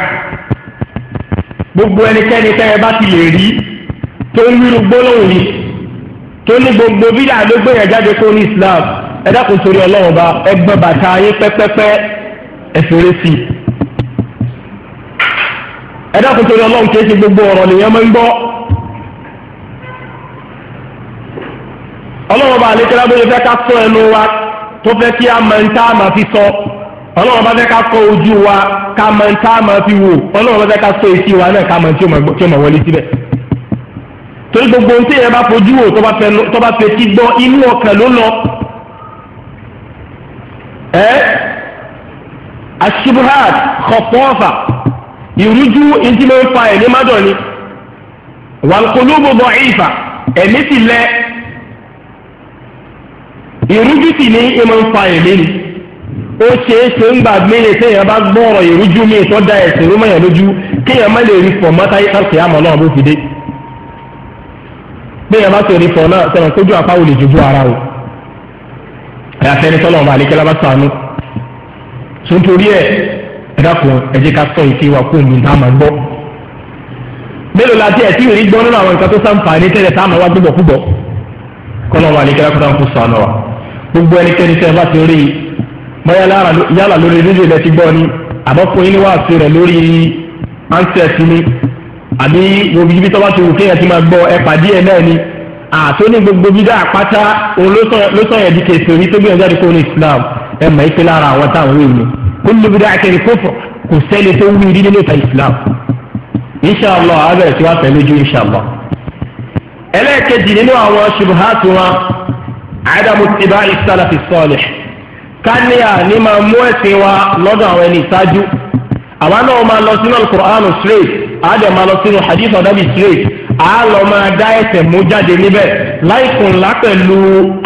gbogbo ẹnikẹ́ni tẹ́ ẹ bá ti lè rí tó ń rírun gbólóhùn yìí tó ní gbogbo bídà ló gbẹ̀yẹ̀ jáde kó ní Islam ẹ dákun torí ọlọ́run bá ẹgbẹ́ bàtà yín pẹ́pẹ́pẹ́ ẹ̀fẹ̀rẹ̀ sí i ẹ dákun torí ọlọ́run kìí ṣe gbogbo ọ̀rọ̀ nìyẹn máa ń gbọ́ ọlọ́run bá àlékẹ́lá bóyá fẹ́ ká sọ ẹnu wa tó fẹ́ kí a máa ń tá a máa fi sọ ọlọ́run bá fẹ́ ká kọ ojú wa ká máa ń tá a máa fi wò ọlọ́run bá fẹ́ ká sọ etí wa náà ká máa tí ó máa wọlé síbẹ̀ torí gbogbo ohun tí ẹ bá fojú wò tó bá fẹ́ tí gbọ́ inú ọkàn ló lọ ẹ asibuhat kọfọọfà ìrújú ìdílọ́fà n'i mádọ̀ni wàlúkọlùbù bọ̀ìfà ẹ̀mí ti lẹ ìrújú sì ní ìmọ̀nfà ẹ̀mí ni ó ṣeé ṣe ń gbà mí lè téèyàn bá gbọ́rọ̀ ìrújú mi tó da ẹ̀sìn rúmọ̀ yẹn lójú kéèyàn má lè rí pọ̀ mọ́tà yìí àmọ́ náà bó fi dé béèyàn bá o. àyàfẹ́ ní tọ́lọ́mù bá àlékẹ́lá bá sànú tó ń torí ẹ̀ ẹ̀dàkùn ẹ̀jẹ̀ ká sọ ìfi wà kó ìlú náà máa gbọ́. mélòó la tiẹ̀ tí ìrí gbọ́ nínú àwọn nǹkan tó sàǹfààní tẹ́lẹ̀ tá a máa wá gbọ́ púpọ̀ kọ́lọ́mù àlékẹ́lá kó dáhùn kó sànú wa gbogbo ẹnikẹ́ni tẹ́ ẹ bá ti rí bóyá yálà lórí rédíò lẹ ti gbọ́ ni àbọ̀kùn yín ni wàá rẹ̀ lórí àti ní gbogbo bídà àpáta olóṣàn yẹn di kèsì orí tó gbìyànjú jáde ní islam ẹ mọ̀ ẹ́ lára àwọn táwọn wí ni kúlù bídà àkẹrẹ kófò kò sẹ́ni tó wí nínú ìta islam inshàlá abẹ́rẹ́ tí wàá fẹ́ lójú inshàlá. ẹlẹ́ẹ̀kejì nínú àwọn ṣubuhatu wọn àdàmú tìbá ìsàlàfì sọ́ọ̀lẹ̀ káníyà ní máa mú ẹ̀sìn wa lọ́dọ̀ àwọn ẹni ìṣáájú àwa náà máa lọ sínú alukur'an straight àdàmú máa lọ sínú hadith ọ̀dàbí straight a lọ máa dá ẹsẹ̀ mú jáde níbẹ̀ láìkùn ńlá pẹ̀lú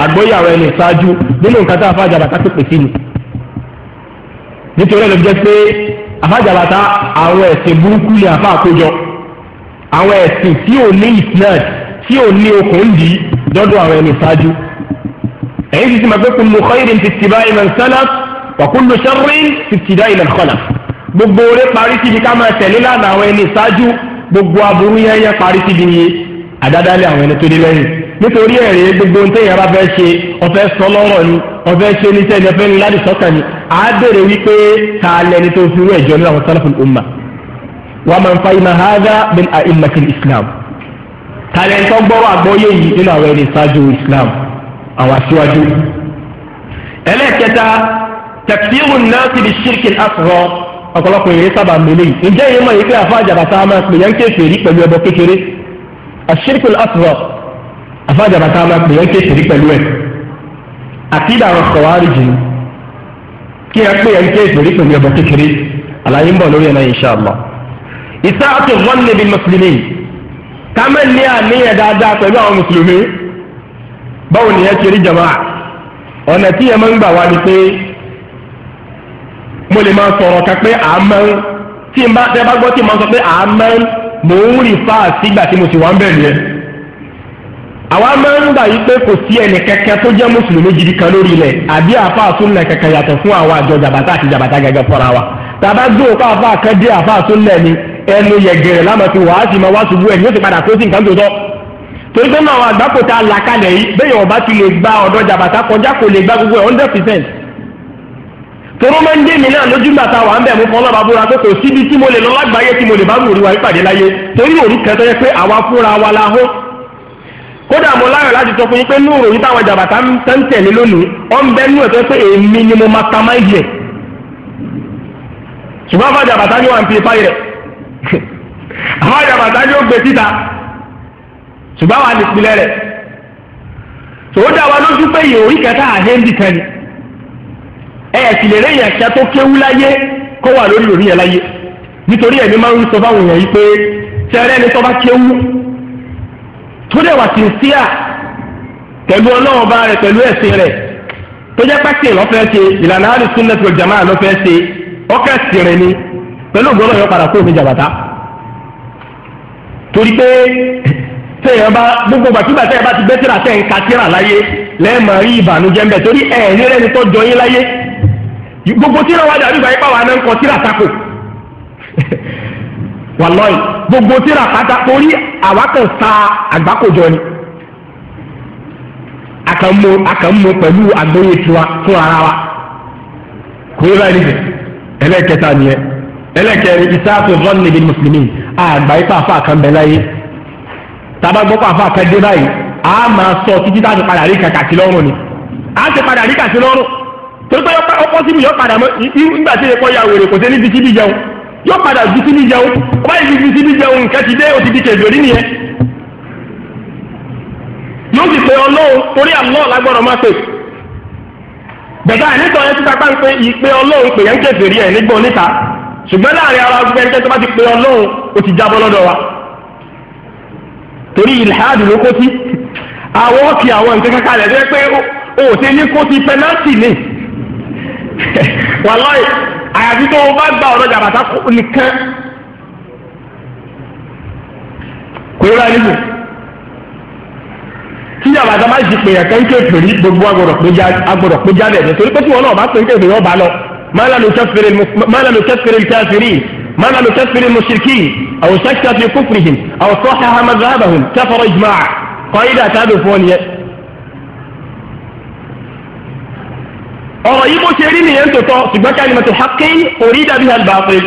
àgbóyàwó ẹni ṣáájú nínú nǹkan tá a fàjà bàtà pèpè sí ni. nítorí ẹ̀ ló jẹ́ pé àfàjà bàtà àwọn ẹ̀sìn burúkú ni àfa àkójọ àwọn ẹ̀sìn tí ò ní isnad tí ò ní okùn ń dì í dọ́dọ̀ àwọn ẹni ṣáájú. ẹ̀yin ti ti máa pé kullu khairin fi ittiba'i man salaf wa kullu sharrin fi ibtida'i man khalaf gbogbo oore parí síbi ká máa tẹ̀lé lánàá àwọn gbogbo aburú yẹn yẹn parí síbi àdádálẹ̀ àwọn ẹni tó dé lẹ́yìn nítorí ẹ̀rẹ́ gbogbo ohun téèyàn bá fẹ́ ṣe ọ̀fẹ́ sọ lọ́rọ̀ ni ọ̀fẹ́ ṣe oníṣẹ́ ni ọ̀fẹ́ ńlá ní sọ́kàn ni à á béèrè wípé ta lẹni tó fi rú ẹ̀jọ́ nínú àwọn sálàfù umma wa man fahima hadha min a'immatil islam ta lẹni tó gbọ́rọ̀ àgbọ́yé yìí nínú àwọn ẹni ṣáájú islam àwọn aṣíwájú. ẹlẹ́kẹta tafsirun náà ti di shirkin asghar ọ̀pọ̀lọpọ̀ èrè sábà mele yìí ǹjẹ́ ìyẹn mọ̀ yìí pé àfa jàbàtà máa pè yẹn kéferì pẹ̀lú ẹbọ kékeré àṣírìkù asghar àfa jàbàtà máa pè yẹn kéferì pẹ̀lú ẹ̀ àkídà àwọn kọ̀wárì jì kí ẹ pè yẹn kéferì pẹ̀lú ẹbọ kékeré àlàyé ń bọ̀ lórí ẹ̀ náà insha Allah ìsáàtì wọn níbi mùsùlùmí kámẹ́ ní àníyàn dáadáa pẹ̀lú àwọn mo lè máa sọ̀rọ̀ kan pé àmọ́ tí n bá tẹ́ bá gbọ́ tí n máa sọ pé àmọ́ mò ń rìn fáà sígbà tí mo sì wá ń bẹ̀ nìyẹn. àwa máa ń gbà yí pé kò sí ẹnì kẹ̀kẹ́ tó jẹ́ mùsùlùmí gidi kan lórí ilẹ̀ àbí àfáà súnlẹ̀ kẹ̀kẹ́ yàtọ̀ fún àwọn àjọ jàbàtà àti jàbàtà gẹ́gẹ́ fọ́ra wa. tàbá dùn òkú àfáà kan dé àfáà súnlẹ̀ ni ẹnu yẹ̀gẹ̀rẹ̀ lámàtí wàá sì máa wá ṣubú ẹ̀ ni ó ti padà kó sí nǹkan tó tọ́ torí pé náà àgbákò tá a là kalẹ̀ yìí bẹ́ẹ̀ yọ̀ọ̀bá ti lè gba ọ̀dọ́ jàbàtà kọjá kò lè gba gbogbo ẹ̀ hundred toro máa ń dé mi náà lójú gbàtà wà ń bẹ̀ mú fún ọlọ́ba búra pé kò síbi tí mo lè lọ lágbàáyé tí mo lè bá wùrí wa ìpàdé láyé torí òru kẹtọ yẹ pé àwa fúnra wa la hó kódà mo láyọ̀ láti sọ fún yín pé ní òròyìn táwọn jàbàtà ń tẹ̀lé lónìí ọ̀ ń bẹ́ nú ẹ̀ tó pé èmi ni mo máa ta máa yẹ ṣùgbọ́n àwọn jàbàtà ni wà ń fi ipá rẹ̀ àwọn jàbàtà ni ó gbé síta ṣùgbọ́n àwọn àlè ẹ̀ sì lè rẹ́yìn àṣà tó kéwú láyé kó wà lórí òní yẹn láyé nítorí ẹ̀mí máa ń sọ fáwọn èèyàn yìí pé tẹ́rẹ́ ni tó bá kéwú tó dẹ̀ wà sínsíà pẹ̀lú ọlọ́ọ̀ba rẹ̀ pẹ̀lú ẹ̀sìn rẹ̀ tó jẹ́ pàṣẹ lọ́fẹ́ ṣe ìlànà àlù sunnah wal jamaa lọ́fẹ́ ṣe ọkẹ́ sìnrìn ni pẹ̀lú ògbọ́n yọ padà kó omi jàbàtà torí pé tẹ̀yàn bá gbogbo gbàtúgbà tẹ̀yàn bá ti bẹ́tìrà tẹ̀ ń ka tíra láyé lẹ́ẹ̀mọ̀ rí ìbànújẹ́ ń bẹ̀ torí ẹ̀ẹ́nì rẹ̀ ni tó jọ yín láyé gbogbo tíra wa dàbí ìgbà wà wa náà tako gbogbo tíra pátá torí àwa sa àgbákòjọ ni àkànmọ àkànmọ pẹ̀lú àgbóyè tiwa fún ara wa kò yẹ báyìí zọ́ọ̀nì bíi mùsùlùmí àgbà ipá àfa àkànbẹ̀ láyé tàbá gbọ́ àkàndé báyìí a máa sọ títí táà padà rí torípé ọkọ síbi yọ padà mọ nígbà tí ẹ̀kọ́ ya wèrè kò sí ní bísí jẹun yọ padà bísí jẹun ọba yìí bísí jẹun nǹkan ti dé òtí di kẹjọrí nìyẹn yóò sì pé ọlọ́run torí àlọ́ lágbọ́dọ̀ má pè bẹ̀dá àìníkọ̀ yẹn títa pa ń pe ìpè ọlọ́run pè yẹn ń kẹfìrí ẹ̀ nígbọ́ níta ṣùgbọ́n láàrin ara gbogbo ẹni tó bá ti pe ọlọ́run ó ti jábọ́ lọ́dọ̀ wa torí ìlhádù ló kó sí wàláì àyàfi tó o bá gba ọ̀rọ̀ jàbàtà nìkan kò yẹ báyìí nù tí jàbàtà má jí pèyàn kan kéferì gbogbo agbọ̀dọ̀ péjá agbọ̀dọ̀ péjá bẹ̀rẹ̀ torí pé tí wọn náà bá pè kéferì ọba lọ má lánàá kẹfìrì kẹfìrì má lánàá kẹfìrì mùsùlùkì àwọn sẹ́kítà fi kúfìrì hìm àwọn sọ́kà hàmà zàbà hùm kẹfọ́rọ̀ ìjùmọ̀ àà kọ́ ọ̀rọ̀ yìí bó ṣe rí nìyẹn tó tọ́ ṣùgbọ́n kalimatu haqqin urida biha al-batil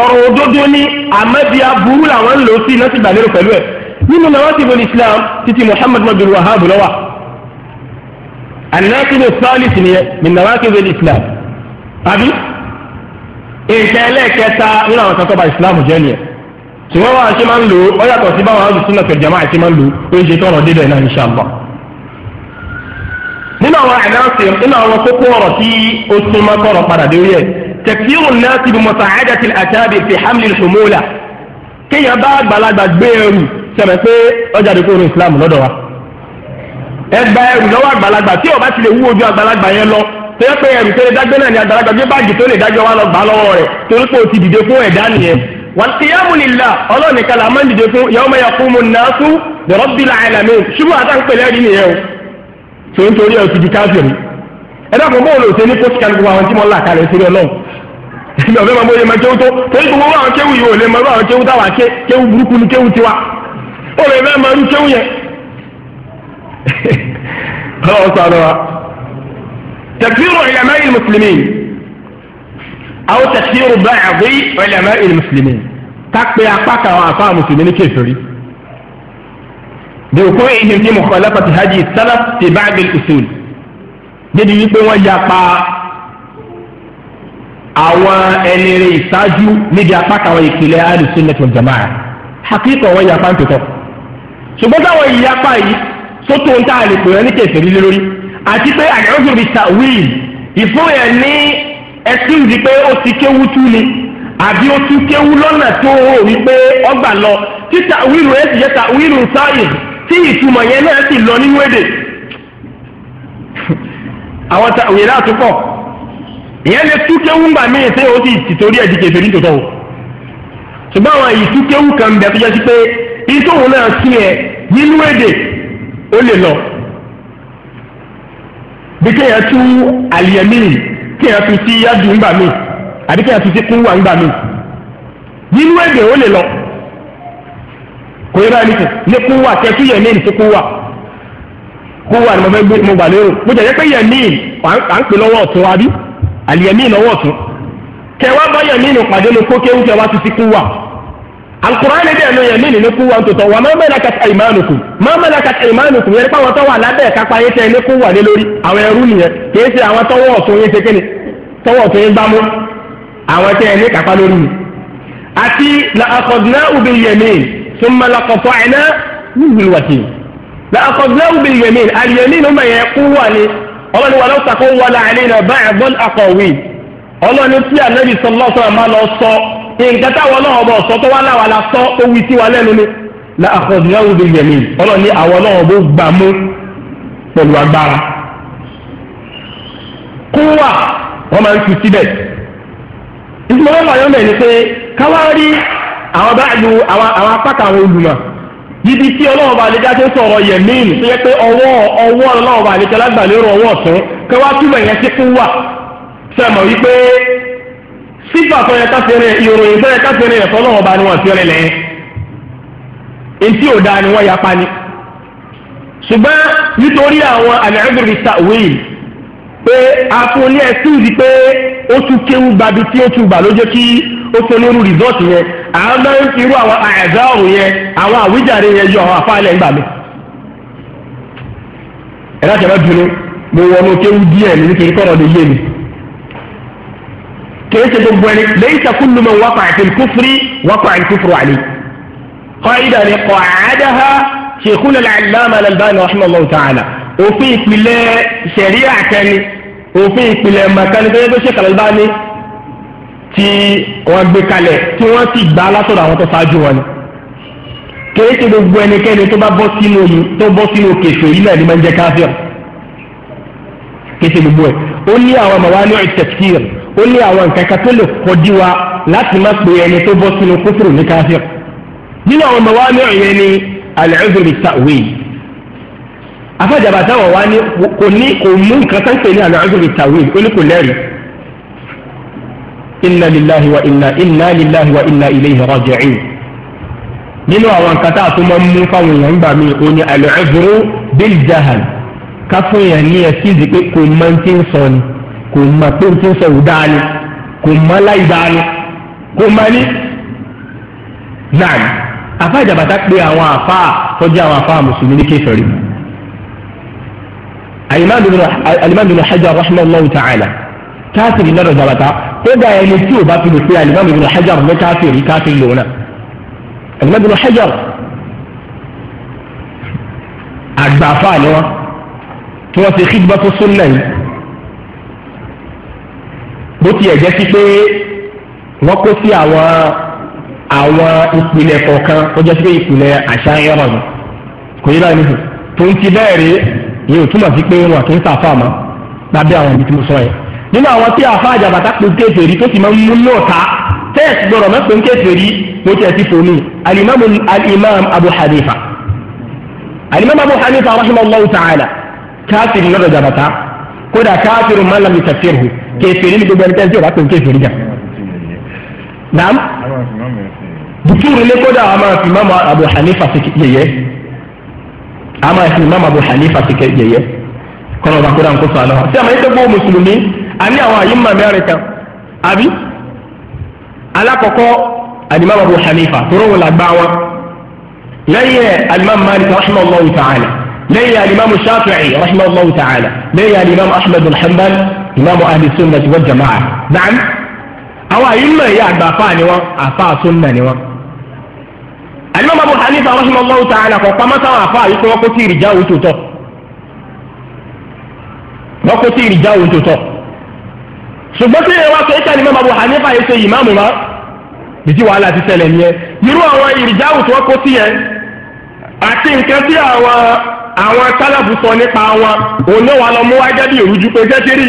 ọ̀rọ̀ òdodo ni àmọ́bi aburú làwọn ń lò sí iná ti gbàlérò pẹ̀lú ẹ̀ nínú nawasibu islam títí muhammad abdul wahab lọ́wà an-naqib as-salis nìyẹn min nawasibu islam àbí nǹkan ẹlẹ́ẹ̀kẹta nínú àwọn kan tó ba islam jẹ́ nìyẹn ṣùgbọ́n wọn àti máa ń lò ó yàtọ̀ sí báwọn àlùsùn náà fẹ̀ jama àti máa ń lò ó ó ń ṣe tọ́rọ̀ dédé náà inshallah nínú àwọn àdáńsì nínú àwọn kókó ọ̀rọ̀ tí ó tún máa tọrọ padà lórí ẹ̀ tẹ̀síwò náà ti bí mọ̀sáádátil àtàbí fi hamlin ṣòmólà kéèyàn bá àgbàlagbà gbé ẹrù sẹ̀mẹ̀ pé ọjà dé kóró islam lọ́dọ̀ wa. ẹ gba ẹrù lọ́wọ́ àgbàlagbà tí ó bá ti lè wú ojú àgbàlagbà yẹn lọ tẹ́yẹ pé ẹrù tó dágbé náà ni àgbàlagbà gbé báàgì tó lè dájọ́ wa lọ gbà lọ́wọ́ rẹ̀ torí pé o ti dìde fún ẹ̀dá nìyẹn. wàlùkìyàmù nìlá ọlọ́ọ̀nì kalẹ̀ àmọ́ ń dìde fún yawma yaqumu nnasu li rabbil alamin ṣùgbọ́n àtàǹpẹ̀lẹ́ rí nìyẹn o tó ń torí ẹ̀ ti di káfíìrì ẹ dákun bóun lò ṣe ní kó gbogbo àwọn tí mo là kalẹ̀ sí ọlọ́run ìgbà ọ̀fẹ́ máa bóyá máa kéwú tó torí gbogbo àwọn kéwú yìí ò lè máa bá àwọn kéwú táwa kéwú burúkú ni kéwú tiwa ó lè fẹ́ máa rú kéwú yẹn ọlọ́run sọ àlọ́ wa tẹ̀síwò ìlànà ìmùsùlùmí àwọn tẹ̀síwò báyà bí ìlànà ìmùsùlùmí ká pé apá kan àwọn àfáà mùsùlùmí ní kéferì. بوقوعهم في مخالفة هدي السلف في بعض الأصول débi wípé wọ́n yapa àwọn ẹnìrè ìṣáájú níbi apá kan ìpìlẹ̀ al-sunnah wal jama'ah hakíkọ̀ wọ́n yapa ntòtọ́ ṣùgbọ́n táwọn ìyapa yìí sótò ń tà lè pè wọ́n ní kẹsẹ̀ líle lórí àti pé àyẹ̀wò bí sàwíì ìfún yẹn ní ẹtún di pé ó ti kéwú tú ni àbí ó tún kéwú lọ́nà tó o rí pé ọgbà lọ títà wíìlù ẹ̀ sì yẹ tà wíìlù sáyìn tí ìtumọ̀ yẹn náà sì lọ nínú èdè àwọn ta òye láti pọ̀ ìyẹn lè tú kéwú gbà míì tí o sì tìtorí ẹ̀ di kèfèrí tòótọ́ o ṣùgbọ́n àwọn ìtú kéwú kan bẹ̀ tó jẹ́ sí pé ìtòhùn náà sí ẹ̀ nínú èdè ó lè lọ bí kéèyàn tú àlìyẹ̀mí kéèyàn tú sí yádùn gbà míì àbí kéèyàn tú sí kúwà gbà míì nínú èdè ó lè lọ kò yẹ báyìí nìkan ní kúwà yẹ ní ìsìnkú wà kúwà ni mo fẹ́ gbé mo gbà lérò mo jẹ́ pé yẹ ní à ń pè lọ́wọ́ ọ̀tún wa bí àlìyẹ ní ìlọ́wọ́ ọ̀tún kẹwàá bá yẹ ní ìnù pàdé ní kókè ń kẹwàá ti ti kúwà alukurani bẹ́ẹ̀ ló yẹn nínú kú wa ntòtò wa máa mẹ́la kàtà ìmánuku máa mẹ́la kàtà ìmánuku yẹn pé àwọn tó wà lábẹ́ kápá yẹn tẹ ilé kú wà lé lórí àwọn ẹrú nìyẹn kìí ṣe kápá lórí mi. àti la akọ̀dúnà ثم لقطعنا منه الوتين لأخذناه باليمين اليمين ما يقوى ọlọ́run ni wà lọ́sà kó wọlé àlẹ́nà báyìí bọ́n àkọ̀wé ọlọ́run ni tí ànábì sọlọ́ sọ àmà lọ sọ nǹkan táwọn náà bọ̀ sọ tó wà láwà la sọ tó wí sí wa lẹ́nu ni la àkọ̀dúnráwò bí yẹ̀mí ọlọ́run ni àwọn náà bó gbà mú pẹ̀lú agbára. kúwà wọ́n máa ń tu síbẹ̀ ìgbìmọ̀ wọn wà yọ̀ mẹ́rin pé káwá rí àwọn báàlù àwọn apákà àwọn olùmọ̀ ibi tí ọlọ́wọ́ bá lè jáde sọ̀rọ̀ yẹ̀mín tó yẹ pé ọwọ́ ọwọ́ ọlọ́wọ́ bá lè jẹ́lá gbàlérò ọwọ́ ọ̀tún kí wá túmọ̀ yẹn ti kún wà sẹ́mọ̀ wípé sífà tó yẹ káfíìnrin ìròyìn tó yẹ káfíìnrin ẹ̀fọ́ ọlọ́wọ́ bá ní wọ́n fi rìn lẹ́yìn etí ò dáa ni wọ́n yapa ni ṣùgbọ́n nítorí àwọn àlẹ́rìndìrì sàwéyìn pé a fún ní ẹ̀sìn ìdí pé ó tún kéwú gbabi tí ó tún gbà ló jẹ́ kí ó fún onírú rìsọ́ọ̀tì yẹn àwọn náà ń fi irú àwọn àyàzá ọ̀hún yẹn àwọn àwíjàre yẹn yọ àwọn afáàlẹ̀ ń gbà mí. ẹ̀rọ àtẹ̀wé bínú mo wọnú kéwú díẹ̀ ní kékeré kọ́rọ̀ lè yé mi. kéé ṣe gbogbo ẹni lẹ́yìn sàkúlù mọ̀ wákò àti kúfúrí wákò àti kúfúrú àlè. kọ́ ìdá ni kọ́ àádáha ṣèkúlẹ̀ làlámà làlbáni rahimahullahu ta'ala òfin ìpìlẹ̀ òfin ìpìlẹ̀ tí wọ́n gbé kalẹ̀ tí wọ́n sì gbà látọ̀dọ̀ àwọn tó ṣáájú wọn ni kìí ṣe gbogbo ẹnikẹ́ni tó bá bọ́ sínú omi tó bọ́ sínú kèfè yìí náà ni máa ń jẹ́ káfíọ̀ kìí ṣe gbogbo ẹ̀ ó ní àwọn màwá ní ìtẹ̀síìr ó ní àwọn nǹkan kan tó lè kọjú wa láti má pe ẹni tó bọ́ sínú kófòrò ní káfíọ̀ nínú àwọn màwá ní ìyẹn ni al-udhr at-ta'wil afẹ́jàbàtà wọ̀ wá ní kò ní kò mú nǹkan tó pè ní al-udhr ó ní kò lẹ́rìí inna lillahi wa inna inna lillahi wa inna ilayhi raji'in. nínú àwọn nǹkan tá a tún máa ń mú fáwọn èèyàn gbà mí o ní al-'udhru bil jahal ká fún yẹn ní ẹsí ìdí pé kò mọ ti ń sọ ni kò mọ pé ti ń sọ ò dáa kò mọ láì dáa kò mọ ní. náà àfa ìjàbàtà pé àwọn àfa tọ́jú àwọn àfa mùsùlùmí ní kéfẹ̀rí. alimami bin Hajar rahimahullahu ta'ala káfìrí lọ́dọ̀ jàbàtà ó dà ẹni tí ò bá fi lè pe alimami ibn hajar ní káfìrí káfìrí lòun náà alimami ibn hajar àgbàfà ni wọn tí wọn ti xidba tó sún náà yìí bó tiẹ̀ jẹ́ sí pé wọ́n kó sí àwọn àwọn ìpìlẹ̀ kọ̀ọ̀kan ó jẹ́ sí pé ìpìlẹ̀ àṣà yọ̀rọ̀ ni kò yí láyé nìyí tó ń ti bẹ́ẹ̀ rí yìí ò túmọ̀ sí pé wọn kì í sàfà mọ́ lábẹ́ àwọn ibi tí mo sọ yẹn nínú àwọn tí àfa àjàbàtà pé kéferì tó sì máa ń mú lóòótá tẹ́ẹ̀sì gbọ́dọ̀ mẹ́pẹ́ ń kéferì mo tẹ̀ sí fòmí alimami alimam abu hanifa alimami abu hanifa rahimahullahu ta'ala káfíìn lọ́dọ̀ jàbàtà kódà káfíìn man lam yutafsirhu kéferì ní gbogbo ẹni tẹ́ẹ̀sì ọ̀bá pé ń kéferì jà. naam dùkúrú ilé kódà a máa fi mama abu hanifa sí yẹyẹ a máa abu hanifa sí yẹyẹ kọ́nà ọba kódà ń kó sọ àná àní ní àwọn àyínmà mẹ́rin kan àbí alákọ̀ọ́kọ́ alimami abu hanifa tóró wọn làgbà wọn lẹ́yìn alimami malik rahimahullahu ta'ala lẹ́yìn alimami shafi'i rahimahullahu ta'ala lẹ́yìn alimami ahmed bin hanbal imaamu ahli sunnah wa jama'a dàn àwọn àyínmà yìí àgbà afa ni wọn afa sunna ni wọn alimami abu hanifa rahimahullahu ta'ala kọ̀ pamọ́sá wọn afa yìí kí wọ́n kó tí ìrìjà wò tó tọ́ wọ́n kó tí ìrìjà wò tó tọ́. ṣùgbọ́n tí ìyẹn wá sọ ìkànnì mẹ́ma Abu Hanifa yẹn ṣe ìmáàmù ma bìtí wàhálà ti ṣẹlẹ̀ nìyẹn irú àwọn ìrìjáwù tí wọ́n kó sí yẹn àti nǹkan tí àwọn àwọn tálàbù sọ nípa wọn òun náà wà lọ mú wájá bí òrùjú pé sẹ́tírì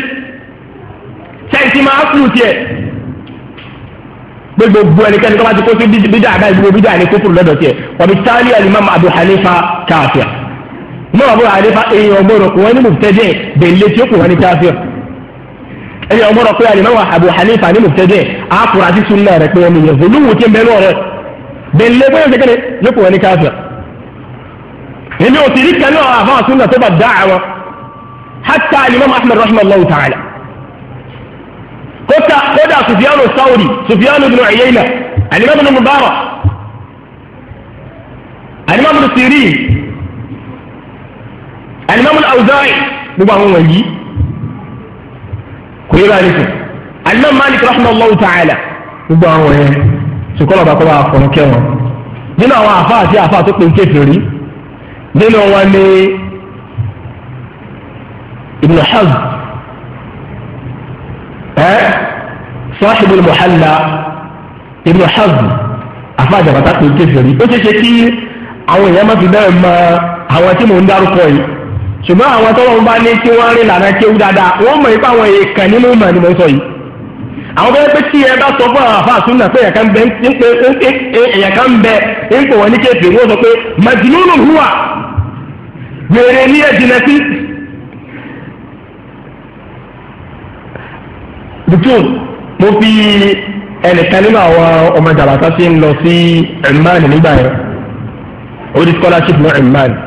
sẹ́ǹtì máa fún un tiẹ̀ gbogbo bu ẹnikẹ́ni tó bá ti kó sí bídà àbá ìgbogbo bídà ní kókòrò lọ́dọ̀ tiẹ̀ wàbí tálí alimami Abu Hanifa káfíà mọ́ Abu Hanifa èèyàn ọgbọ́n rẹ̀ kò wọ́n ní mùtẹ́dẹ́ bẹ̀ẹ́lẹ́ tí ó kò wọ́n ní káfíà. ẹni ọmọ rẹ kọyà ni mẹwàá àbò hanifa ni mùtẹ́jẹ́ àfúrásì náà rẹ pé ẹni fún olúwo tí ń bẹ lọ rẹ bẹ́ẹ̀ lé bóyá ṣe kéde yóò kó wọn ní káfíà èmi ò sì rí kan náà àfáà náà tó bá dá àwọn hatta alimami ahmed rahimahullah ta'ala kóta kódà sufiyanu saudi sufiyanu bin uyayna alimami bin mubarak alimami bin sirin alimami bin awzai gbogbo àwọn wọ̀nyí. kò yẹ bá rí sùn alimam malik rahmanallahu ta'ala gbogbo àwọn yẹn sùkọ́lọ̀ bá kọ́ bá fọ̀n kẹwọn nínú àwọn àfa àti àfa tó pè ń kèfèrí nínú wọn ni ibn hazm ẹ sahib al-muhalla ibn hazm àfa àjàbàtà pè ń kèfèrí ó ṣeé kí àwọn èèyàn má fi bẹ́ẹ̀ mọ àwọn tí mò ń dárúkọ yìí. ṣùgbọ́n àwọn tọ́lọ́run bá ní kí wọ́n rìn lànà kéwú dáadáa wọ́n mọ̀ ipa àwọn èèyàn kan nínú ìmọ̀ ni mo sọ yìí àwọn bẹ́ẹ̀ pé tí ẹ bá sọ fún àwọn àfáà súnà pé èèyàn kan bẹ ń pè wọ́n ní kéfì wọ́n sọ pé wèrè ní sí. mo fi ẹnìkan nínú àwọn ọmọ ń lọ sí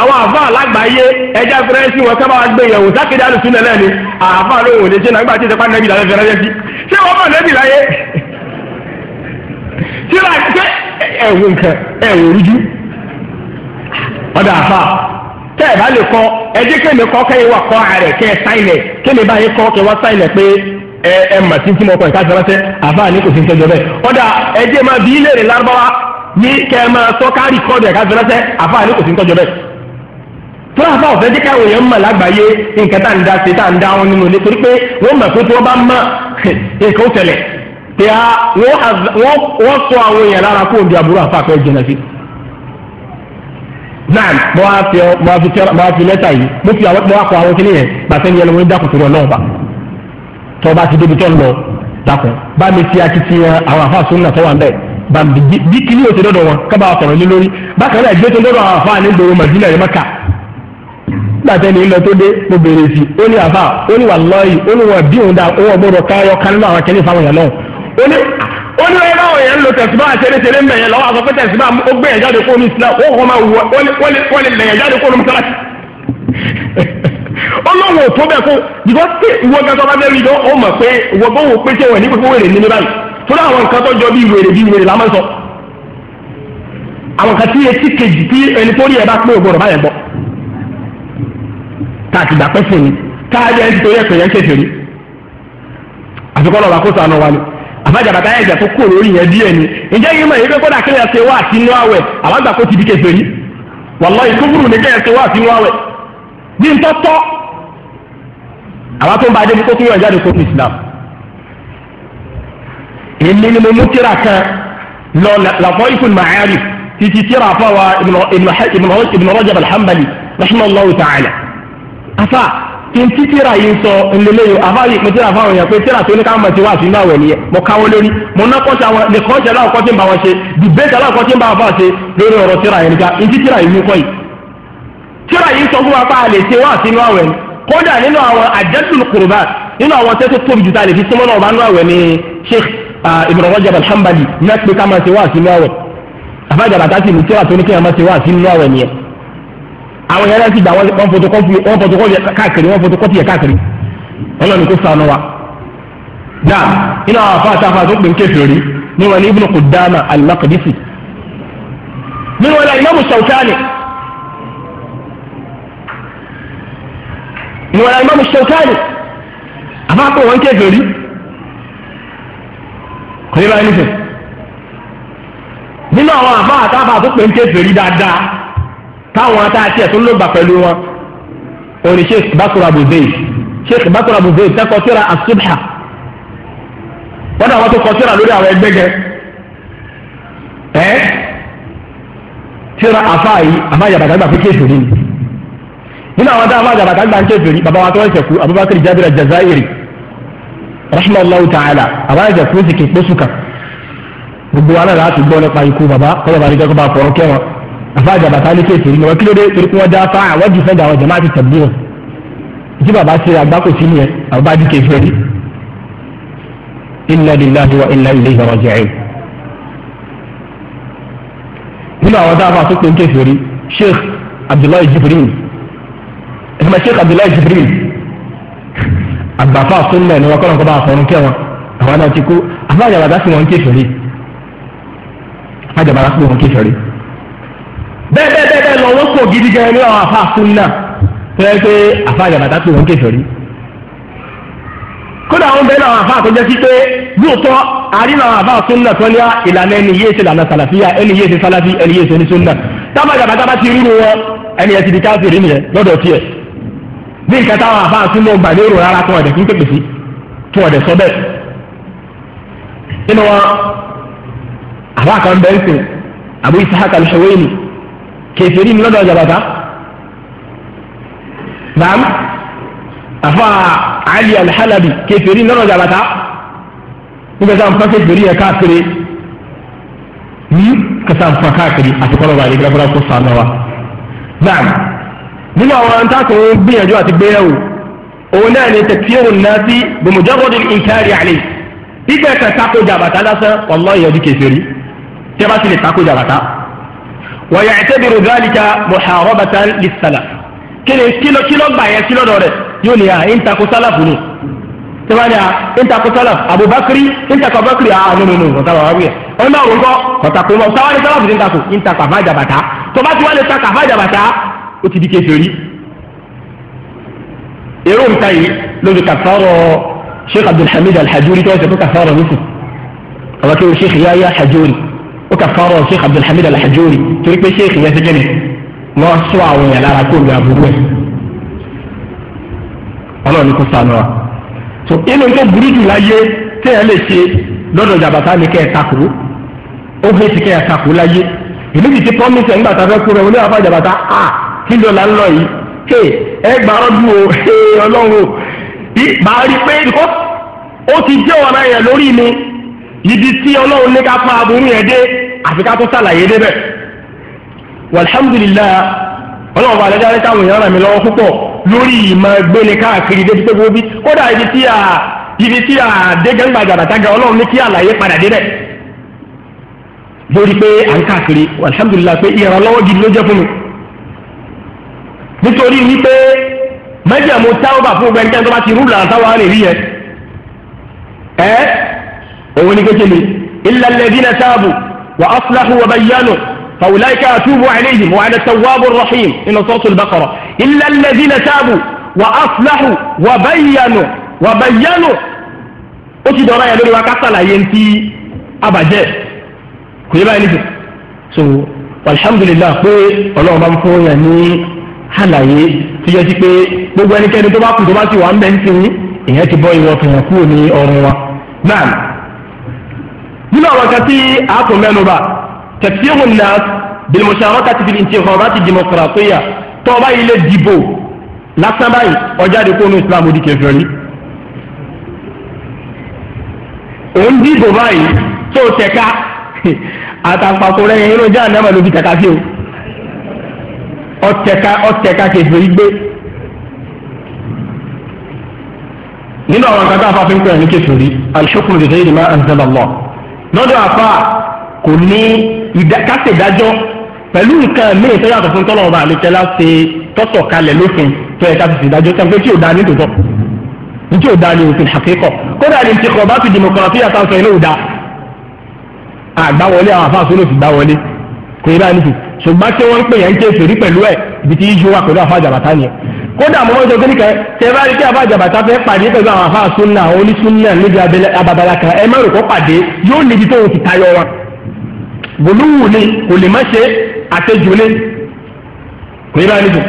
àwọn àfa alágbàáyé ẹja fẹrẹsì wọn sábà gbé yẹ̀wò sákéde alùsùn lẹlẹ ni àfa ló wò lè ṣe nàgbà tí ìṣẹpá nẹbi làwọn fẹrẹsì sí ṣé wọn mọ nẹbi láyé ṣé ra ṣé ẹwù nǹkan ẹwù rújú ọdọ àfa tẹ ẹ bá lè kọ ẹjẹ kéde kọ kẹyìn wà kọ àrẹ kẹ sáìlẹ kéde báyìí kọ kẹ wá sáìlẹ pé ẹ ẹ mà sí fún ọkọ ìka sẹrẹsẹ àfa ni kò sí ń tẹjọ bẹ́ẹ̀ ọdọ ẹjẹ máa bí ilé rẹ lárúbáwá ní kẹ máa sọ ká rìkọdù ẹka sẹrẹsẹ àfa ni kò sí ń tẹjọ bẹ́ẹ̀ tọ́láfà ọ̀fẹ́ jẹ́ káwọn èèyàn mọ̀ lágbàáyé nǹkan tá à ń da ṣe tá à ń da wọn nínú nítorí pé wọ́n mọ̀ pé tí wọ́n bá mọ̀ nǹkan ó tẹ̀lẹ̀ pé wọ́n sọ àwọn èèyàn lára kó di àbúrò àfàkọ́ ìjìnà sí. náà mo wá fi mo wá fi tẹ́ra mo wá fi lẹ́tà yìí mo fi àwọn mo àwọn kíní yẹn pàṣẹ ni ẹlẹ́wọ̀n dákun tó rọ náà bá tọ́ bá ti débi tó ń náà tọ́wọ́ à ń dọ́dọ̀ àwọn àfààní gbòòrò màdínà yẹn mọ́ka gbàtẹ́ni ńlọ tó dé mo bèrè sí ó ní àfà ó ní wàlọ́ọ̀yì ó ní wọ́n bí òun dá òun ọ̀gbọ́dọ̀ káyọ kan nínú àwọn akẹ́lẹ́ ìfáwọn yẹn náà ó ní ó ní ẹgbẹ́ àwọn yẹn ń lo tẹ̀síbá àṣẹlẹ́ṣẹlẹ́ ń bẹ̀yẹn lọ́wọ́ àkọ́kọ́ tẹ̀síbá ó gbé yẹn jáde fóònù islam ó kọ́ máa wọ ó lè lẹ̀yẹn jáde fóònù mọ́sálásí ọlọ́run ò tó bẹ́ẹ̀ kó ìgbà tí ìwọ gẹ́gẹ́ bá bẹ́ẹ̀ rí lọ ó mọ̀ pé ìwọ bó wò pé tí ẹ̀wọ̀n ní pípé wèrè ní ní báyìí fúnra àwọn nǹkan tó jọ bí wèrè bí wèrè la máa ń sọ àwọn nǹkan tí etí kejì tí ẹni tó rí ẹ bá pé ògbọ́dọ̀ báyẹn bọ́ tá a ti gbà pẹ́sìn ni tá a jẹ́ nítorí ẹ̀pẹ̀ yẹn kékeré àfikún ọlọ́ba kó sànù wa ni àfàjàbàtà yẹn jẹ́ tó kúrò lórí yẹn díẹ̀ ni ǹjẹ́ yìí mọ̀ èyí pé kódà kílẹ̀ ṣe wá sínú àwẹ̀ àbágbà kó ti di kékeré wàlláhì kúkúrú ní kílẹ̀ ṣe wá sínú àwẹ̀ bí n tọ́tọ́ àwọn tó ń ba adé kó tún yọ̀ jáde kó ní Islam èmi ni mo mú tíra kan lọ làfọ́ ìfún màárì títí tíra fáwa Ibn Rajab al-Hanbali rahimahullahu ta'ala. afa kí n títíra yìí sọ ńlẹ́lẹ́yò afa yi mo tíra fáwọn èèyàn pé tíra tó ní ká mọ̀ sí wà sí mo káwọ́ lori mo ná kọ́ṣe àwọn lè kọ́ṣe aláwọ̀kọ́ tí ń bá wọn ṣe dìbẹ́tì aláwọ̀kọ́ tí ń bá wọn fà ṣe lórí ọ̀rọ̀ tíra yẹn n títíra yìí mú kọ́ yìí tíra yìí fún wa pa àlè ṣe wà sí náà wẹ̀ kódà nínú àwọn àjẹsùn kùrùbà nínú àwọn tóbi jù a lè fi n máa ṣe àwọn yẹn ti gbà wọn fotokọ́pì wọn fotokọ́pì káàkiri wọn fotokọ́pì yẹ káàkiri wọn lọ́nà kó sànù wa. dá iná àwọn afa àtàfà tó pè ń kèfèrí ní wọn ní Ibn Qudama al-Maqdisi nínú wọn náà Imam Shawkani nínú wọn náà Imam Shawkani àfa kó wọn kèfèrí kò ní báyìí nìfẹ̀ nínú àwọn afa àtàfà tó pè ń kèfèrí dáadáa táwọn tá a tiẹ̀ tó ló bà pẹ̀lú wọn òní sheikh bakr abu zayd sheikh bakr abu zayd tẹ́ kọtíra asubha wọ́n náà wọ́n tó kọtíra lórí àwọn ẹgbẹ́ gẹ ẹ́ tíra afa yìí afa yàrá gbà fi kéferì ni nínú àwọn tá a fa yàrá gbà ń kéferì bàbá wa tó ń sẹ̀kú abubakar jabir jazairi rahmanallahu ta'ala àbá yàrá kúrò sí kí n kpósù kan gbogbo wa náà láti gbọ́ nípa ikú bàbá kọ́lọ́ bá rí kẹ́kọ̀ọ́ bá fọ́rọ́ kẹ́wọ̀n àfáàjà bàtà ní kéèké ní wọn kí ló dé torí kí wọn dá fa àwọn jù fẹjà àwọn jamaat tẹbí wọn tí bàbá ṣe àgbákò sínú yẹn àwọn bá dí kéèké rí inna lillahi wa inna ilayhi raji'un. nínú àwọn dáhùn àtúntò kéèké rí sheikh abdullahi jibril ẹ̀sìnmọ̀ sheikh abdullahi jibril àgbàfà sunna ni wọn kọ́ lọ́n kọ́ bá àfọ̀rún kẹwọn àwọn náà ti kú àfáàjà bàtà sí wọn kéèké rí àfáàjà bàtà sí wọn kéèké rí bẹ́ẹ̀ bẹ́ẹ̀ bẹ́ẹ̀ bẹ́ẹ̀ lọ wọ́n pọ̀ gidi gan ní àwọn afa sunna fẹ́ pé afa àgàbàtà pé wọ́n kẹfẹ́ rí kódà àwọn bẹ́ẹ̀ làwọn afa àtọ́jọ́ sí pé lóòótọ́ àárín àwọn afa sunna tó ní ìlànà ẹni yéé ṣe lànà sàlàfíà ẹni yéé ṣe sàlàfí ẹni yéé ṣe ní sunna táwọn àgàbàtà bá ti rírun wọn ẹni ẹ ti di káfíìrì nìyẹn lọ́dọ̀ tiẹ̀ ní nǹkan táwọn afa sunna gbà lérò rárá tó ọ̀dẹ̀ kí n pèpè sí tó ọ̀dẹ̀ sọ bẹ́ẹ̀ nínú wọn àwọn àkàndẹ́ńsìn àbúrò Ishaq al-Huwaini kèfèrí mi lọ́dọ̀ jàbàtà naam afa ali alhalabi kèfèrí mi lọ́dọ̀ jàbàtà nígbà tí a nfa kèfèrí yẹ káàkiri ní kasa nfa káàkiri àti kọ́nà wàlẹ̀ gbàgbọ́dọ̀ kó sànù wa naam nínú àwọn antakùnrin gbìyànjú àti gbéyàwó òun náà ni tẹ̀síwò náà sí bùmùjọ́gọ́dún ìkárí àlè ibẹ̀ kan tako jàbàtà lásán wallahi wọ̀yà ẹ̀tẹ́bìrì dálíkà mọ̀hàrọ́bàtà lìsàlà kílò kílò gbà yẹn kílò dọ̀rẹ̀ yóò ní à ń takò sálàfù nù tẹ́wájà ń takò sálàfù Abubakari ń takò Abubakari à nù nù nù kọ̀tà wà wíyẹ ọ̀n náà wọ́n kọ́ kọ̀tà pé wọ́n sáwárì sálàfù ń takò ń takò àfáàjà bàtà tó bá ti wá lè takò àfáàjà bàtà ó ti di kèfèrí. èrò nǹkan yìí ló fi Sheikh Abdulhamid al tó ń ó kà fọ́ọ̀rọ̀ sheikh abdulhamid alhajori torí pé sheikh yẹn ti gẹ́ni wọ́n sọ àwọn yàrá ara kó lu àbúrò ẹ̀ ọlọ́run kò sànù wa. tó inú tó burú jù láyé téèyàn lè ṣe lọ́dọ̀ jàbàtà ni kẹ́ ẹ̀ takùrú ó fẹ́ ti kẹ́ ẹ̀ takùrú láyé ìlú kìí ti promise ẹ̀ ńgbà tá a fẹ́ kú rẹ̀ oníwà fà jàbàtà a kí ló la ń lọ yìí ké ẹ gbà ọdún o ọlọ́run o màá rí pé ó ti jẹ́ ọ̀rọ̀ yẹn lórí mi ibi tí ọlọ́run ní ká pa aburú yẹn dé àfi ká tó sàlàyé débẹ̀ walhamdulilayi ọlọ́run bá lẹ́jà lẹ́tà àwọn èèyàn ràn mí lọ́wọ́ púpọ̀ lórí ìmọ̀ gbéni káàkiri débi pé gbogbo bí kódà ibi tí a ibi tí a dégẹ́gbà gàdàtàgà ọlọ́run ní kí àlàyé padà débẹ̀ lórí pé à ń káàkiri walhamdulilayi pé ìrànlọ́wọ́ gidi ló jẹ́ fún mi nítorí wípé mẹ́jẹ̀ mo táwọn bá fún gbẹ̀ngẹ́ òun ní kékeré illa alladhina tabu wa aslahu wa bayyanu فأولئك أتوب عليهم وأنا التواب الرحيم إن سورة البقرة إلا الذين تابوا وأصلحوا وبينوا وبينوا ó ti dọ̀rọ̀ yẹn lórí wa ká sàlàyé ntí abàjẹ́ kò yẹ báyìí nìkan so alhamdulilah pé ọlọ́run bá ń fún yẹn ní àlàyé tó yẹ sí pé gbogbo ẹnikẹ́ni tó bá kù tó bá sì wà ń bẹ́ ń sìn ìyẹn ti bọ́ ìwọ fìyàn kúrò ní ọrùn wa náà nínú àwọn kan tí a kò mẹ́nu bá tẹ̀síwò náà bilimusaro ta ti fi ntí ọba ti dìmọ̀kìràfíà tọ́ba yìí lè dìbò lásán báyìí ọjà de kónú islam odi kẹfẹ́rí. òun dìbò báyìí tó tẹ̀ka àtàkpàkùrẹ́ yẹn inú jáà nàmà ló fi o ọtẹ̀ka ọtẹ̀ka kẹfẹ́rí gbé. nínú àwọn kan tó a fa fi ń pè é ní kẹfẹ́rí alṣukuru lọ́dọ̀ àfa kò ní kásẹ̀ ìdájọ́ pẹ̀lú nǹkan míì tó yàtọ̀ fún tọ́lọ̀ ọba àlejòlá ṣe tọ́tọ̀ kalẹ̀ lófin tó yẹ ká fi ìdájọ́ sẹ́wọ́n pé tí ò da ní tòótọ́ ní tí o da ní òfin àkẹ́kọ̀ọ́ kódà ní ti kọ̀ bá fi dìmọ̀kọ̀rọ̀tì yàtọ̀ sọ inú ìdá àgbáwọlé àwọn afáàsó ló fi gbáwọlé kò yẹ báyìí nìkú ṣùgbọ́n tí wọ́n ń pè yẹn ń ké fèrí pẹ̀lú ẹ̀ ibi tí yíṣu wà pẹ̀lú àfáàjà bàtà kódà mo mọ́jọ kí nìkan tẹ bá rí kí abájàbàtà fẹ́ pàdé pẹ̀lú àwọn afá súnà onísúnà níbi ababala kan ẹ má rò kó pàdé yóò níbi tóun ti tayọ wọn. bùlúwù ni kò lè má ṣe àtẹjù ni kò yẹ bá níbi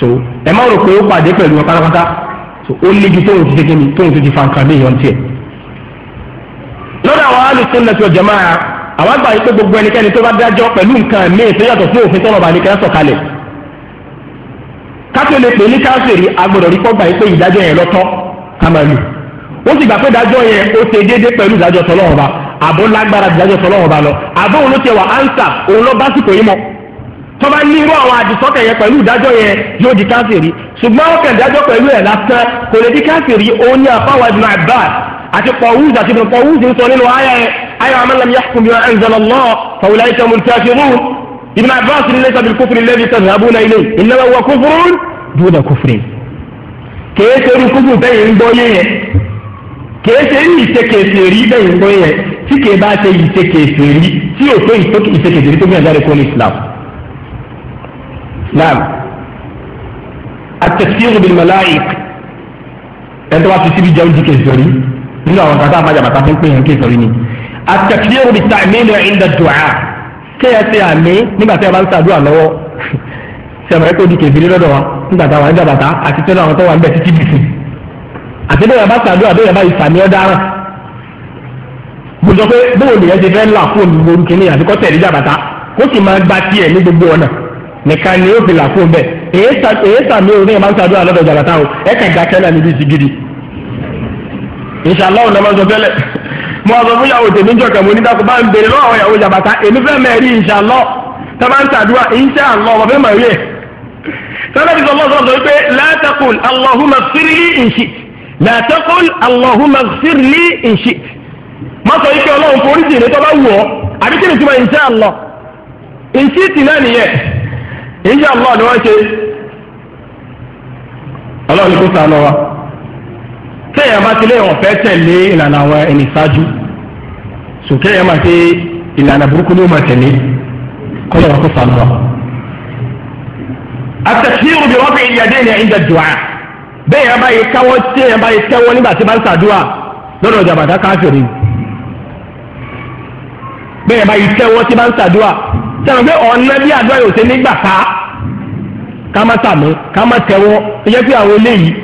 so ẹ má rò pé ó pàdé pẹ̀lú wọn pátápátá so ó níbi tóun ti ṣe tóun ti ti fa nǹkan bí ìyọ̀ntì ẹ̀. lọ́dọ̀ àwọn alùsùn náà ti ọ̀jọ̀ máa àwọn àgbà yìí pé gbogbo ẹnikẹ́ni tó bá dájọ́ pẹ̀lú nǹkan míì tó yàtọ̀ sí òfin tọ́lọ̀ kátó lè pè ní káńsèrè agbọ́dọ̀ rí kọ́gbà yìí pé ìdájọ́ yẹn lọ́tọ́ ká máa lò ó sì gbà pé ìdájọ́ yẹn ó ṣe déédé pẹ̀lú ìdájọ́ tọ́lọ́wọ́n ba àbó lágbára ìdájọ́ tọ́lọ́wọ́n ba lọ àbó òun ló ti wà áńsà òun lọ bá sìkò yìí mọ́ tọ́ba ní irú àwọn àdìsọ́tẹ̀ yẹn pẹ̀lú ìdájọ́ yẹn yóò di káńsèrè ṣùgbọ́n ó kàn dájọ́ pẹ̀lú ẹ̀ lásán kò lè di káńsèrè òun ní àfáwà ibn Abbas àti pọ̀wúz àti pọ̀wúz ń sọ nínú ayé ayé amẹ́lẹ́mí yahkum bima anzala Allah fa ulaika humul ibn abbas ní lẹ́sà bíi kúfúrin lẹ́bi tadhhabuna ilayhi innama huwa kúfúrún dúnà kúfúrin kèé ṣe irú kúfúrún bẹ́ẹ̀ ń gbọ́ yé yẹn kèé ṣe irú ìṣekèsè rí bẹ́ẹ̀ ń gbọ́ yé yẹn tí kèé bá ṣe ìṣekèsè rí tí ò tó ìṣekèsè rí tó gbìyànjú àdé kó ní islam. islam at-takfir bil malaik ẹni tó bá fi síbi jẹun di kèsè rí nínú àwọn kàtà àmàjàmàtà fún pé yẹn kèsè rí ni at-takfir bit ta'mil 'inda ad-du'a. kéèyàn ṣe àmì nígbà tí a bá ń ṣàdúrà lọ́wọ́ sẹ̀mọ̀ ẹ̀kọ́ di kèbìrì lọ́dọ̀ wa nígbà táwọn bàtà àti tẹ́lẹ̀ àwọn tó wà níbẹ̀ títí bìtì àti bẹ́ẹ̀ bá ṣàdúrà bẹ́ẹ̀ bá ìsàmì ọ̀daràn mo sọ pé bóun ti fẹ́ àti kọ́tẹ̀ ìdíjà bàtà kó sì máa gba tiẹ̀ ní gbogbo ọ̀nà nìkan ni ó fi là bẹ́ẹ̀ èyí sàmì òun náà máa ń ṣàdúrà lọ́dọ̀ jàbàtà o ẹ̀ kàn níbi ìṣàlọ́ ọ̀nà máa ń sọ mo sọ fún ìyàwó tèmi jọkẹ́ mo ní dákú bá ń béèrè lọ́wọ́ ìyàwó jàbàtà èmi fẹ́ mẹ́rin ìṣàlọ́ tọ́ba ń tàdúrà ìṣàlọ́ ọmọ fẹ́ màrí ẹ̀. sábẹ́ni sọ fún ọ̀sán sọ pé látàkùn látàkùn má sọ ike ọlọ́run forí jìnnì tọ́ba wù ọ́ túmọ̀ náà nìyẹn ni wọ́n ṣe ọlọ́run téèyàn bá ti léèyàn fẹ́ tẹ̀lé ìlànà àwọn ẹni ṣáájú sò kéèyàn máa ṣe ìlànà burúkú ni ó máa tẹ̀lé wọn kó sànù wa. àtẹ̀síwò bí wọ́n fi ìyàdé ni ẹ̀yìn dàdùn bẹ́ẹ̀ yẹn bá yẹ káwọ́ téèyàn bá yẹ tẹ́wọ́ nígbà tí bá ń ṣàdúrà lọ́dọ̀ ọjà káfíìrì bẹ́ẹ̀ yẹn bá yẹ tí bá ń pé ọ̀nà bí àdúrà yóò ṣe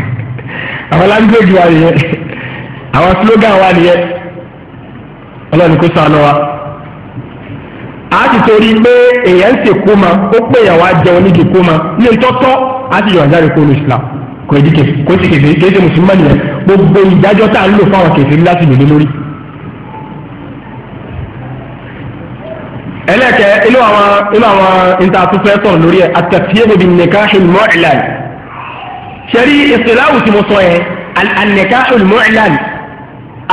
àwọn lágbègbè wa nìyẹn àwọn slogan wa nìyẹn ọlọ́run kò sànù wa. a ti torí pé èèyàn ń sèkú ma ó pé ìyàwó ajẹun ní kíkú ma ní ìtọ́tọ́ a ti yọ̀ ọ̀jáde kó lu Islam kò èdè kè kò sì kèfé kéde mùsùlùmá nìyẹn gbogbo ìdájọ́ tá à ń lò fáwọn kèfé láti lòdì lórí. ẹlẹ́kẹ̀ẹ́ inú àwọn inú àwọn intanetufẹ́ sọ̀rọ̀ lórí ẹ̀ àtẹ̀fíẹ́ bèbí nìkan ṣe mọ́ ìlànà sẹ́rí ìsìláwù tí mo sọ yẹn an-nikahul mu'lan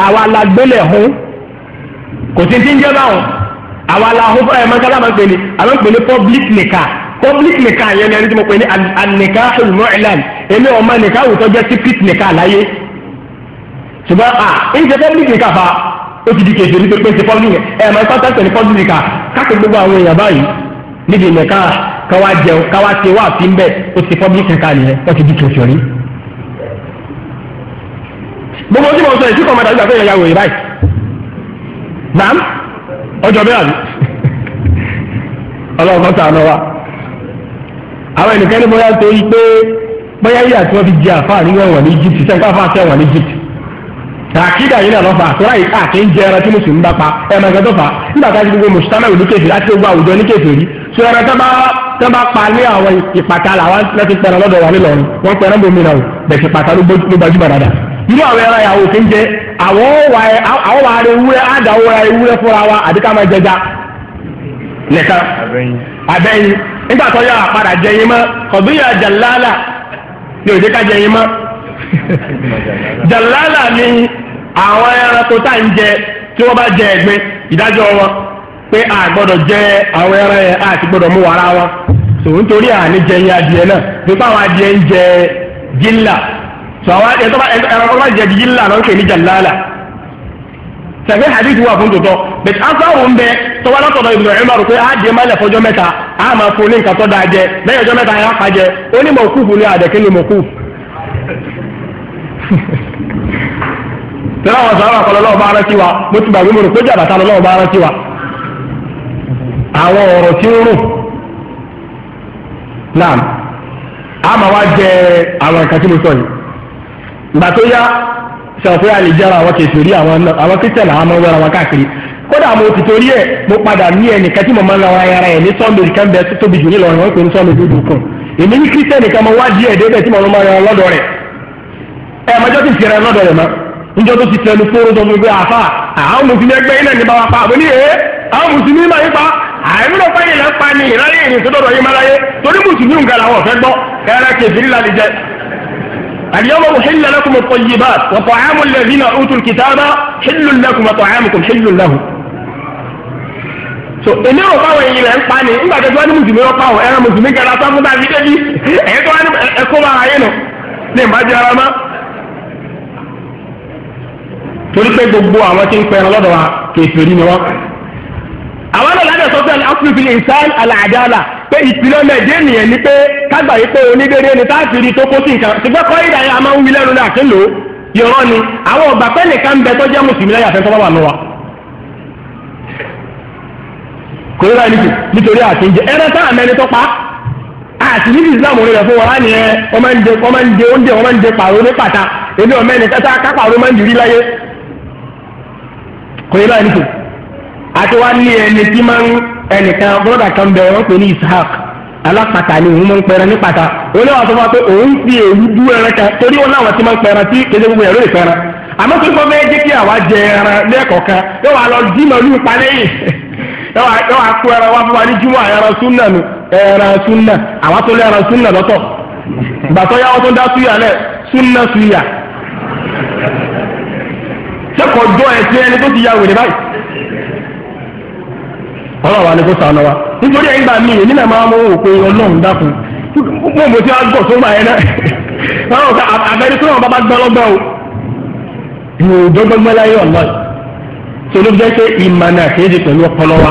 àwa la gbélé hún kò sí ti ń jẹ́ báwọn àwa la hún fúnra ẹ̀ máa ń kálámà ń pè ní àwọn ń pè ní public nikah public nikah yẹn ni ẹni tí mo pè ní an-nikahul mu'lan èmi ọ̀ma nìka àwùjọ jẹ́ secret nìka láyé ṣùgbọ́n à ń ṣe public nìka fa ó ti di kejì orí pé ṣe public ẹ̀ máa ń pàtàkì ní public nìka káàkiri gbogbo àwọn èèyàn báyìí níbi nìka káwa jẹun káwa ṣe wá àfin bẹ́ẹ̀ ó ti fọ́bí kankan nìyẹn wọ́n ti di kẹfìrí. gbogbo tí mo sọ èsì kan máa dàgbà fẹ́ẹ́ yàwó ìbáyìí nàám ọjọ́ bẹ́ẹ̀ àbí ọlọ́run kan sàánú wa àwọn ènìkan ní bóyá nítorí pé bóyá yíyà tí wọ́n fi jẹ àfáà níwọ̀n wà ní Egypt sẹ́ńpá àfáà sẹ́wọ̀n ní Egypt àkídà yìí náà lọ́fà àtúrà yìí káàkiri jẹ ẹran tí mùsùlùmí bá pa ẹran ẹgbẹ́ tó nígbà tá a ti gbogbo mùsùlùmí ìlú kẹfì láti gbogbo àwùjọ ní kẹfì rí ẹran tó bá bá pa ní àwọn ìpàtà làwọn láti pẹ̀rẹ̀ lọ́dọ̀ wà nílọrin wọ́n pẹ̀rẹ̀ bomi náà bẹ̀sì pàtà ló gbajúmọ̀ dáadáa irú àwọn ẹran yàwó kí ń jẹ àwọn wà á rẹ ewúrẹ́ ra ewúrẹ́ fúnra wa àdìká jalala ni àwọn ẹranko tá à ń jẹ tí wọ́n bá jẹ ẹ̀gbin ìdájọ́ wọn pé a gbọ́dọ̀ jẹ àwọn ẹran yẹn a ti gbọ́dọ̀ mú wàrà wọn tòun torí àní jẹ adìẹ náà pípa àwọn adìẹ ń jẹ gíńlà tó àwọn adìẹ tó ẹranko bá jẹ ní a ni mọ̀ tẹ́lá wọn sàárà kọ́ lọ́wọ́ bá ara sí wa mo ti gbàgbé mo rò pé lọ́wọ́ bá ara sí wa àwọn ọ̀rọ̀ tí ń rùn náà a máa wá jẹ àwọn nǹkan tí mo sọ yìí ìgbà tó yá a àwọn kèsìrí àwọn kírísítẹ̀nì àwọn ọmọ ẹ̀rọ wọn káàkiri kódà mo ti torí ẹ̀ mo padà ní ẹnìkan tí mo máa ń lọ ara ẹ̀ ní sọ́ọ̀mù tó tóbi jù wọn pè ní ẹ̀ mọ́jọ́ ti fìrẹ̀ lọ́dọ̀ rẹ̀ mọ́ níjọ́ tó ti fẹnu fóró tó fún mi àfa àwọn mùsùlùmí ẹgbẹ́ iná ní bàbá pa àbúlé ẹ̀ àwọn mùsùlùmí máa ń pa àìmúlò fẹ́yìn lẹ́ pa ni ìráyè ìrìn tó dọ̀dọ̀ yín máa láyé torí mùsùlùmí ń gara wọn fẹ́ gbọ́ kẹ́rẹ́ kẹfìrí la lè jẹ. اليوم أحل لكم الطيبات وطعام الذين أوتوا الكتاب حل لكم وطعامكم حل لهم so èmi ò fáwọn èyí lẹ ń pa ni nígbà tó wá ní mùsùlùmí ọ̀pá ọ̀ ẹran mùsùlùmí gara sáfún dàbí débi ẹ̀ẹ́dọ́ ẹ̀kọ́ wa ayé nù ní ìbájú ara máa torí pé gbogbo àwọn tí ń pẹran lọ́dọ̀ wa kèfèrí ni wọ́n. àwọn náà lábẹ́ sọ́kẹ́ ọ́fíìsì ìsán àlàádáàlà pé ìpìlẹ̀ mẹ́ẹ̀dé nìyẹn ni pé kágbà yìí pé onídéédé ni táàfìrí tó kó sí nǹkan ṣùgbọ́n kọ́ ìdá yẹn a máa ń wí lẹ́nu náà kéèlò yọ̀rọ̀ ni àwọn ọ̀gbà pẹ́ nìkan ń bẹ tó jẹ́ mùsùlùmí lẹ́yà fẹ́ tó bá wà nù wa. kò ní báyìí nítorí àtúnjẹ ẹ̀rẹ́ tá àmẹ́ni tó pa àti ní islam rẹ fún wọn ni ẹ wọn máa ń jẹ oúnjẹ wọn máa ń jẹ pààrọ̀ ní pàtà èmi ọmọ ẹni kẹta kápàrọ̀ máa ń jù rí láyé kò yẹ báyìí nìkan àti wá ní ẹni tí máa ń ẹnìkan bọ́dà kan bẹ̀rẹ̀ wọ́n pè ní alápàtà ni òun máa ń pẹran ní pàtà òun náà sọ fún wa pé òun fi èyí dú ẹran kan torí wọn náà wọ́n ti máa ń pẹran tí kéde gbogbo ẹ̀rọ ìpẹran àmọ́ tó fọ́ bẹ́ẹ̀ jẹ́ kí àwa jẹ ẹran lẹ́ẹ̀kọ̀ọ̀kan yóò wá lọ dí yóò wá ẹran wá fún wa ní sẹ́kọ̀ọ́ jọ ẹ̀sìn ẹni tó ti ya wèrè báyìí. ọlọ́run wa ni kò sànù wa nítorí ẹ̀yìn gbà mí èmi náà máa ń wò pé ọlọ́run dákun mo mọ̀ tí wọ́n gbọ̀ tó máa yẹn náà báwo ká abẹ́rẹ́ tó wọn bá bá o lọ́gbọ́ o ìròdọ́gbọ́gbọ́ láyé ọ̀nà tó ló jẹ́ pé ìmọ̀nà kéde pẹ̀lú ọpọlọ wa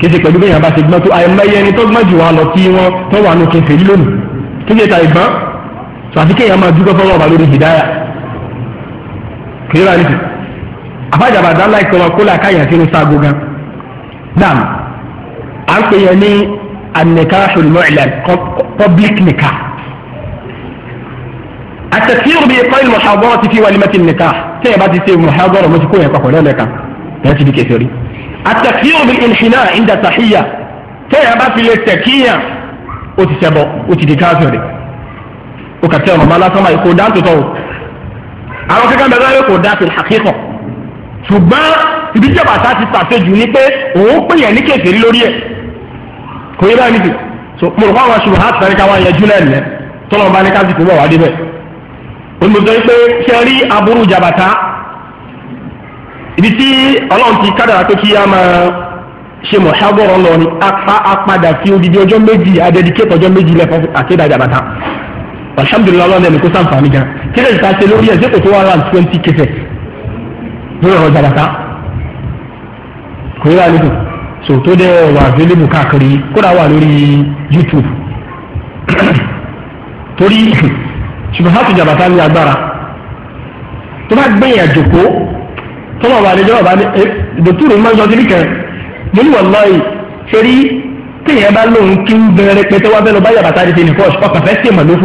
kéde pẹ̀lú bẹ́ẹ̀ yẹn bá ti gbọ́n tó àìmọye ẹni tó gbọ́n jù wá lọ kí wọ́n tó wà nù kẹfẹ́ yìí lónìí kéde ta ìgbọ́n tó àti kéèyàn máa dúpẹ́ fọlọ́ọ̀bà lórí hìdáyà kéde bá nìkan àbájábàdá láìsọ̀rọ̀ kó làákàyà sínú sáàgó gan. dam à ń pè yẹn ní an-nikahul mu'lan public nikah. at-takfir bi iqa'i al-muhadarati fi walimati an-nikah tẹ́ ẹ bá ti ṣe muhadara mo ti kó yẹn papọ̀ lẹ́ẹ̀kan ẹ̀ ti di kẹsẹ̀ rí. at-takfir bil-inhina 'inda tahiyya tẹ́ ẹ bá fi lè tẹ̀kíyà ó ti ṣẹbọ ó ti di káfíọ̀rì ó kà ṣùgbọ́n ibi tí bàtà ti pàṣẹjù ni pé òun pèèyàn ní kèsìrí lórí ẹ̀ kò yẹ báyìí nìyí so mo rò fún àwọn aṣọ àti tàríkà wọn yẹjú náà nìyẹn tọ́lọ́ bá ní káàsì tó bọ̀ wá débẹ̀ olùdókòwò yìí pé ṣe rí aburú jàbàtà ibi tí ọlọ́run ti kádàrà pé kí a máa ṣe mọ̀ṣágbọ́rọ̀ lọ ni a padà fi odidi ọjọ́ méjì adẹ́díkétọ̀ ọjọ́ méjì lẹ́fọ́ àkéda jàbàtà alhamdulilayi ọlọ́run ẹni kó sàǹfààní gan kí lè ta ṣe lórí ẹ̀ ṣé kò tó wà rán twenty kẹsẹ̀ lórí ọ̀rọ̀ jàbàtà kò yẹ wà lẹ́tọ̀ so tó dẹ̀ wà available káàkiri kódà wà lórí YouTube torí subahatu jàbàtà ní agbára tó bá gbẹ̀yìn àjòkó tó bá wà lẹ́jọ́ bá ní eh, dòtúrò máa ń sọ síbi kan mo ní wàlláhì ṣe rí téèyàn bá lóun kí ń bẹ̀rẹ̀ pẹ́tẹ́ wá bẹ́ẹ̀ lọ bá jàbàtà ti ṣe fọ́ọ̀ṣ ọkàn fẹ́ ṣèmọ̀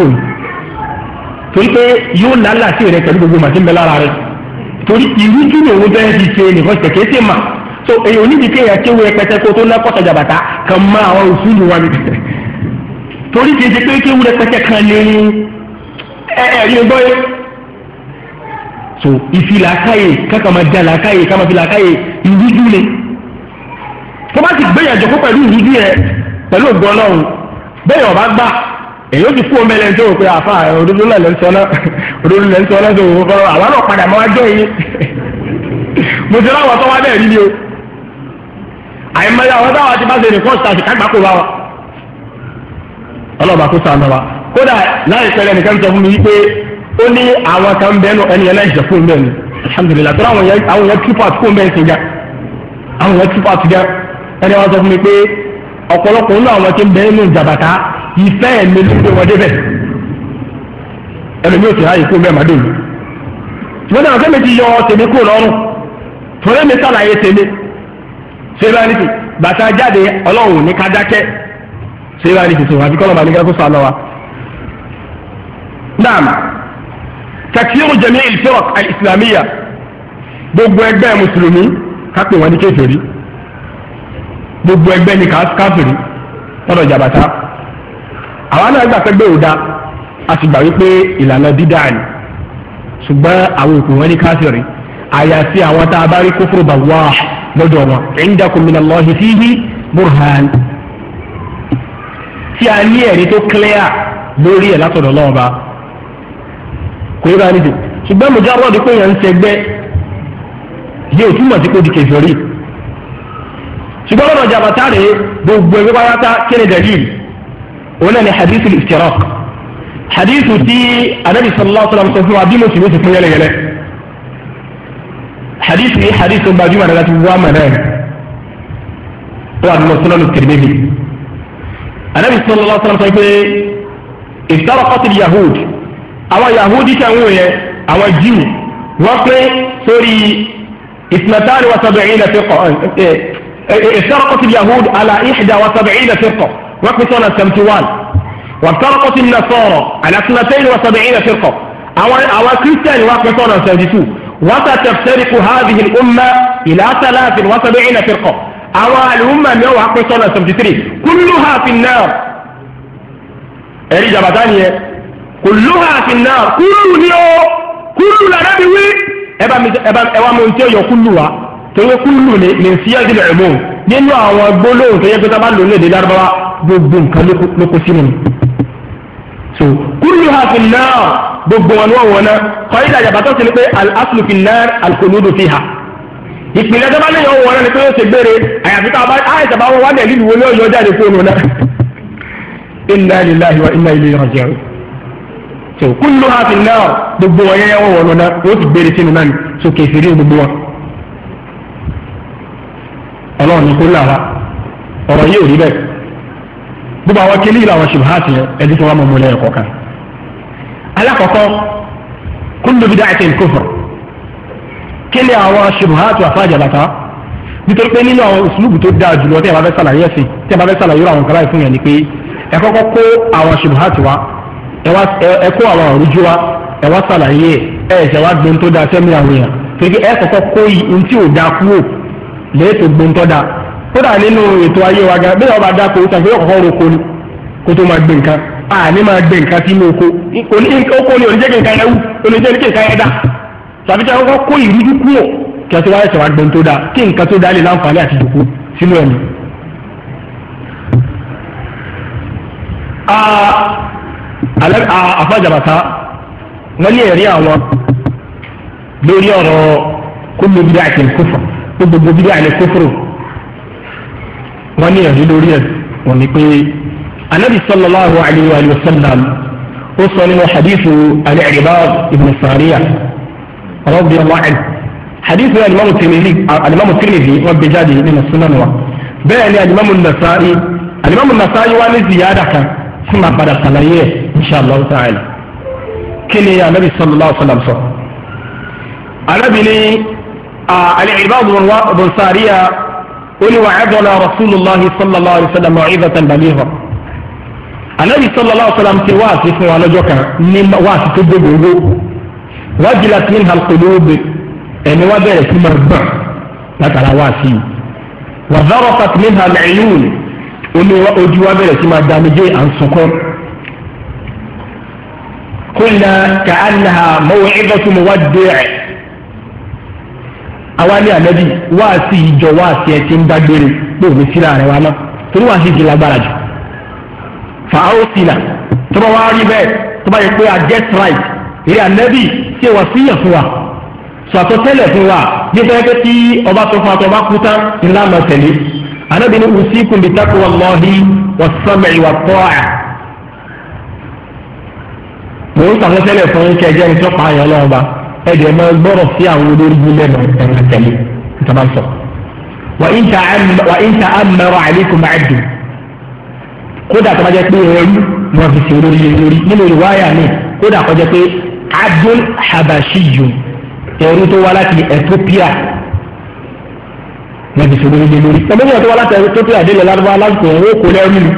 torí pé yóò lálàá sí rẹ pẹ̀lú gbogbo màtí ń bẹ lára rẹ̀ torí ìrújú lòun bẹ́ẹ̀ fi ṣe nìkan ṣẹ̀kẹ́ ṣe mà so èyàn oníbi kéèyàn kéwé pẹtẹ kó tó ná kọ́sọ̀ jàbàtà kan mọ àwọn òṣùlù wa nìkan torí kìí ṣe pé kéwé pẹtẹ kan ní ẹ ẹ yóò gbọ́ yé so ìfi làákàyè kákà máa da làákàyè ká máa fi làákàyè ìrújú ni tó bá ti gbéyàn jọ pẹ̀lú ìrújú yẹn pẹ̀lú ògbọ́n ọlọ́run bẹ́ẹ̀ ọ̀bá gbà èyí ó ti fún omi ẹlẹ́ni tó rò pé àfa òdodo náà lẹ́ ń sọ náà olórí lẹ́ ń sọ ọlọ́dún òwò kọ́ àwa náà padà máa jọ yín mo ti láwọn tó wá bẹ́ẹ̀ rí ni o àìmọye àwọn táwọn ti bá ṣe nìkan ṣe àṣìká gbà kó wa wa ọlọ́ba kó sànù wa kódà láì pẹ́rẹ́ nìkan sọ fún mi wípé ó ní àwọn kan bẹ́ẹ̀ nù ẹni ẹlẹ́jẹ̀ fún mi ni alhamdulilayi tó àwọn yẹn àwọn yẹn tú pàtó fún bẹ́ẹ̀ sìn já àwọn yẹn tú pàtó já ẹni wọn sọ fún mi pé ọ̀pọ̀lọpọ̀ nínú àwọn tí ń bẹ́ẹ̀ nù jàbàtà ìfẹ́ ẹ̀mí ló ń gbé wọn débẹ̀ ẹlòmíì ò ti háyè kó mẹ́ẹ̀má dé mi ṣùgbọ́n náà fẹ́mi ti yọ tèmi kúrò lọ́rùn fúnrẹ́ mi sàlàyé tèmi ṣé bá ní ti bàtà jáde ọlọ́run ní ká dákẹ́ ṣé bá ní ti sọ àbí kọ́lọ́ bá ní ká kó sànà wa. naam takfiru jami al-firaq gbogbo ẹgbẹ́ mùsùlùmí ká pè ní kéferì gbogbo ẹgbẹ́ ní káfìrí lọ́dọ̀ jàbàtà àwa náà gbà pé gbé òda a ti gbà wípé ìlànà dídá ni ṣùgbọ́n àwọn òkú wọn ní káfíìrì àyàfi àwọn tá a bá rí kófòrò bá wà lọ́dọ̀ wọn indakum minallahi fihi burhan tí a ní ẹ̀rí tó clear lórí ẹ̀ látọ̀dọ̀ lọ́ọ̀ba kò yẹ bá níbi ṣùgbọ́n mujarrad pé yẹn ń ṣẹgbẹ́ yóò túmọ̀ sí pé ó di kèfèrí ṣùgbọ́n lọ́dọ̀ jàbátá rèé gbogbo ẹgbẹ́ wáyátá kéde dalil òun náà ni hadithul hadithu ti anabi sallallahu alaihi wasallam sọ fún wa bí mùsùlùmí ti fún yẹlẹyẹlẹ hadithu yìí hadithu gbajúmọ̀ rẹ̀ láti wá mọ̀ náà wà nínú sọ́nà kìrìmẹ́bì anabi sallallahu alaihi wasallam sọ pé iftaraqatil yahud àwọn yahudi tí àwọn yẹn àwọn jíù wọ́n pé sórí isnatani wa sab'ina firqa eh, eh, iftaraqatil yahud ala ihda wa sab'ina firqa wọ́n pé sọ́nà seventy one wàtàrọ̀kọ́tì nasọ̀rọ̀ àlàkùnàtẹ́yìn wa sàbẹ̀yìn àfẹ́kọ̀ àwọn kírísítẹ́nì wa pẹ̀tọ́ náà seventy two وستفترق هذه الأمة إلى ثلاث وسبعين فرقة أو الأمة ميو حقصنا سبتتري كلها في النار أري جبتانية كلها في النار كل نيو كل نبوي أبا أبا أبا منتيو يو كلها تيو كل من سياق العموم nínú àwọn gbólóhùn tó yẹ pé tábà lónìí lárúbáwá gbogbo nǹkan ló kó sínú so kúlù ha fi náà gbogbo wọn wọ̀ wọ̀nà kọ́ńtà àjàbátọ́ sí ni pé al-aslu fi náà al-khuludu fi ha ìpìlẹ̀ tó bá lè yọ̀ wọ̀nà ni pé ó ṣe gbére àyàfi tá a bá àìsàn bá wọn wá dẹ̀ lílu wo ni jáde fóònù náà inna lillahi wa inna ilayhi raji'un so kúlù ha fi náà gbogbo wọn yẹn wọ̀ wọ̀nà ó ti gbére sínú náà so kèfèrí gbogbo wọn ọlọ́run ní kó lára ọ̀rọ̀ yìí ò gbogbo àwọn kele yìí làwọn ṣubuhati yẹn ẹni tó wà mọ̀ múlẹ̀ ẹ̀kọ́ kan. alákọ̀ọ́kọ́ kúndùn bíi dáhìtì kófòrò kele àwọn ṣubuhati àfáàjàbàtà nítorí pé nínú àwọn ìsúlùbù tó dáa jùlọ tí a bá fẹ́ sàlàyé ẹ̀sìn tí a bá fẹ́ sàlàyé àwọn kan láì fún yẹn ni pé ẹ kọ́kọ́ kó àwọn ṣubuhati wa ẹ kó àwọn òrùjú wa ẹ wá sàlàyé ẹ ẹ̀ṣẹ̀ wá gbóhùn dáa sẹ́mi àwọn èèyàn torí pé ẹ kọ́kọ́ kó ohun tí ò dáa kúrò lẹ́ẹ̀tọ́ gbóhùn dáa kódà nínú ètò ayé wa gan bí ọba dáko ó tàbí ọkọ̀ roko ni kó tó máa gbé nǹkan a ní máa gbé nǹkan sínú oko oko ni oníjẹ́ kí nǹkan ẹwú oníjẹ́ kí nǹkan ẹ̀dá tàbí kí akọ́kọ́ kó ìrújú kúrò kí ọtí wáyé sọ̀rọ̀ agbọ̀n tó dáa kí nǹkan tó dáa lè láǹfààní àti ìdòkú sínú ẹ̀mí. àfàjàbàtà wọ́n ní ẹ̀rí àwọn lórí ọ̀rọ̀ kó lóbi dáa kì í kófò gbogbo bíi wọ́n ní ẹ̀rí lórí ẹ̀ wọ́n ní pé anabi sallallahu alayhi wa sallam ó sọ nínú hadithu al-Irbad ibn Sariya radiyallahu anhu hadithu alimami Tirmidhi wọ́n gbé jáde nínú sunan wa bẹ́ẹ̀ ni alimami Nasa'i alimami Nasa'i wá ní ziyada kan fún ma padà sàlàyé ẹ̀ inshallah ta'ala kí ni anabi sallallahu alayhi wa sallam sọ anabi ni al-Irbad ibn Sariya ó ní wa'adana rasulullahi sallallahu alayhi wa sallam maw'izatan baligha anabi sallallahu alayhi wa sallam ti wáàsí fún wa lọ́jọ́ kan ní wáàsí tó gbogbo wajilat minha al-qulub ẹni wá bẹ̀rẹ̀ sí máa gbọ̀n látara wáàsí wa zarafat minha al-'uyun omi ojú wa bẹ̀rẹ̀ sí máa dàmíjé à ń sunkún. qulna ka'annaha maw'izatu muwaddi' àwa ní ànábì wáàsí ìjọ wáàsí ẹ ti ń dágbére pé òní síra rẹ wa náà torí wáàsí ti lágbára jù fàáwó sílà tó bá wá rí bẹ́ẹ̀ tó bá yẹ pé a get right eré ànábì ṣe wà síyàn fún wa sàtọ́tẹ́lẹ̀ fún wa bí ó fẹ́ kí ọba tó fún àtọ́ bá kú tán ńlá mọ̀ tẹ̀lé ànábì ní usikum bi taqwallahi was-sam'i wat-ta'ah mò ń sàtọ́tẹ́lẹ̀ fún kẹjẹ́ ní tó pààyàn lọ́wọ́ ẹ̀dẹ̀ máa gbọ́rọ̀ sí àwọn olórí nílẹ̀ náà tẹ̀lé níta máa sọ. wà ń ta àmàrà àlékún máa dùn kódà tó bá jẹ́ pé ẹrú ni wọ́n fi ṣe olórí lórí nínú ìwáyà mi kódà kó jẹ́ pé Abdul Habashiyun ẹrú tó wá láti Ethiopia wọ́n ti ṣòro ilé lórí. ọmọ yẹn tó wá látàrí tó fi àdélẹ̀ lárúbá lásìkò òun ó kó lẹ́rú ni.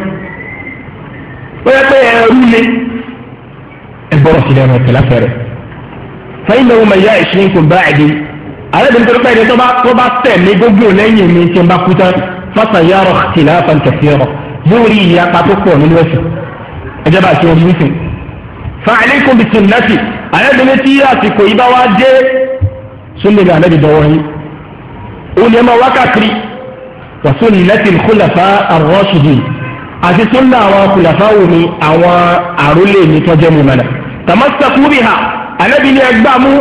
ó yẹ pé ẹrú ni ẹ gbọ́dọ̀ sílẹ̀ ẹ̀rọ ìtẹ̀láfẹ́ rẹ̀ fẹ́yìn lọ́wọ́ mẹ́yà ìṣẹ́yìn kò bá ẹ̀dí arábìnrin tó bẹ́ẹ̀ ni tó bá tẹ̀ mí gbogbo lẹ́yìn mi tí n bá kú tán fásayárọ̀ tìlàfàn kẹfìrọ̀ yóò rí ìyapa tó pọ̀ nínú ẹ̀sìn ẹjẹ́ bá ṣe omi sìn. fàálẹ́kùn bìtì nàti arábìnrin tí àsìkò yìí wá dé súnlẹ̀ ní anábì dọ́wọ́ yín òun ni ẹ máa wákàtí wàsó kúlẹ̀fà àrọ́ṣùdì àti súnlẹ̀ àwọn kúlẹ̀fà wò ni àwọn àrólé mi tọ́jẹ́ mi mọ̀nà tàmásàkúrì ha anabi ni ẹgbà mú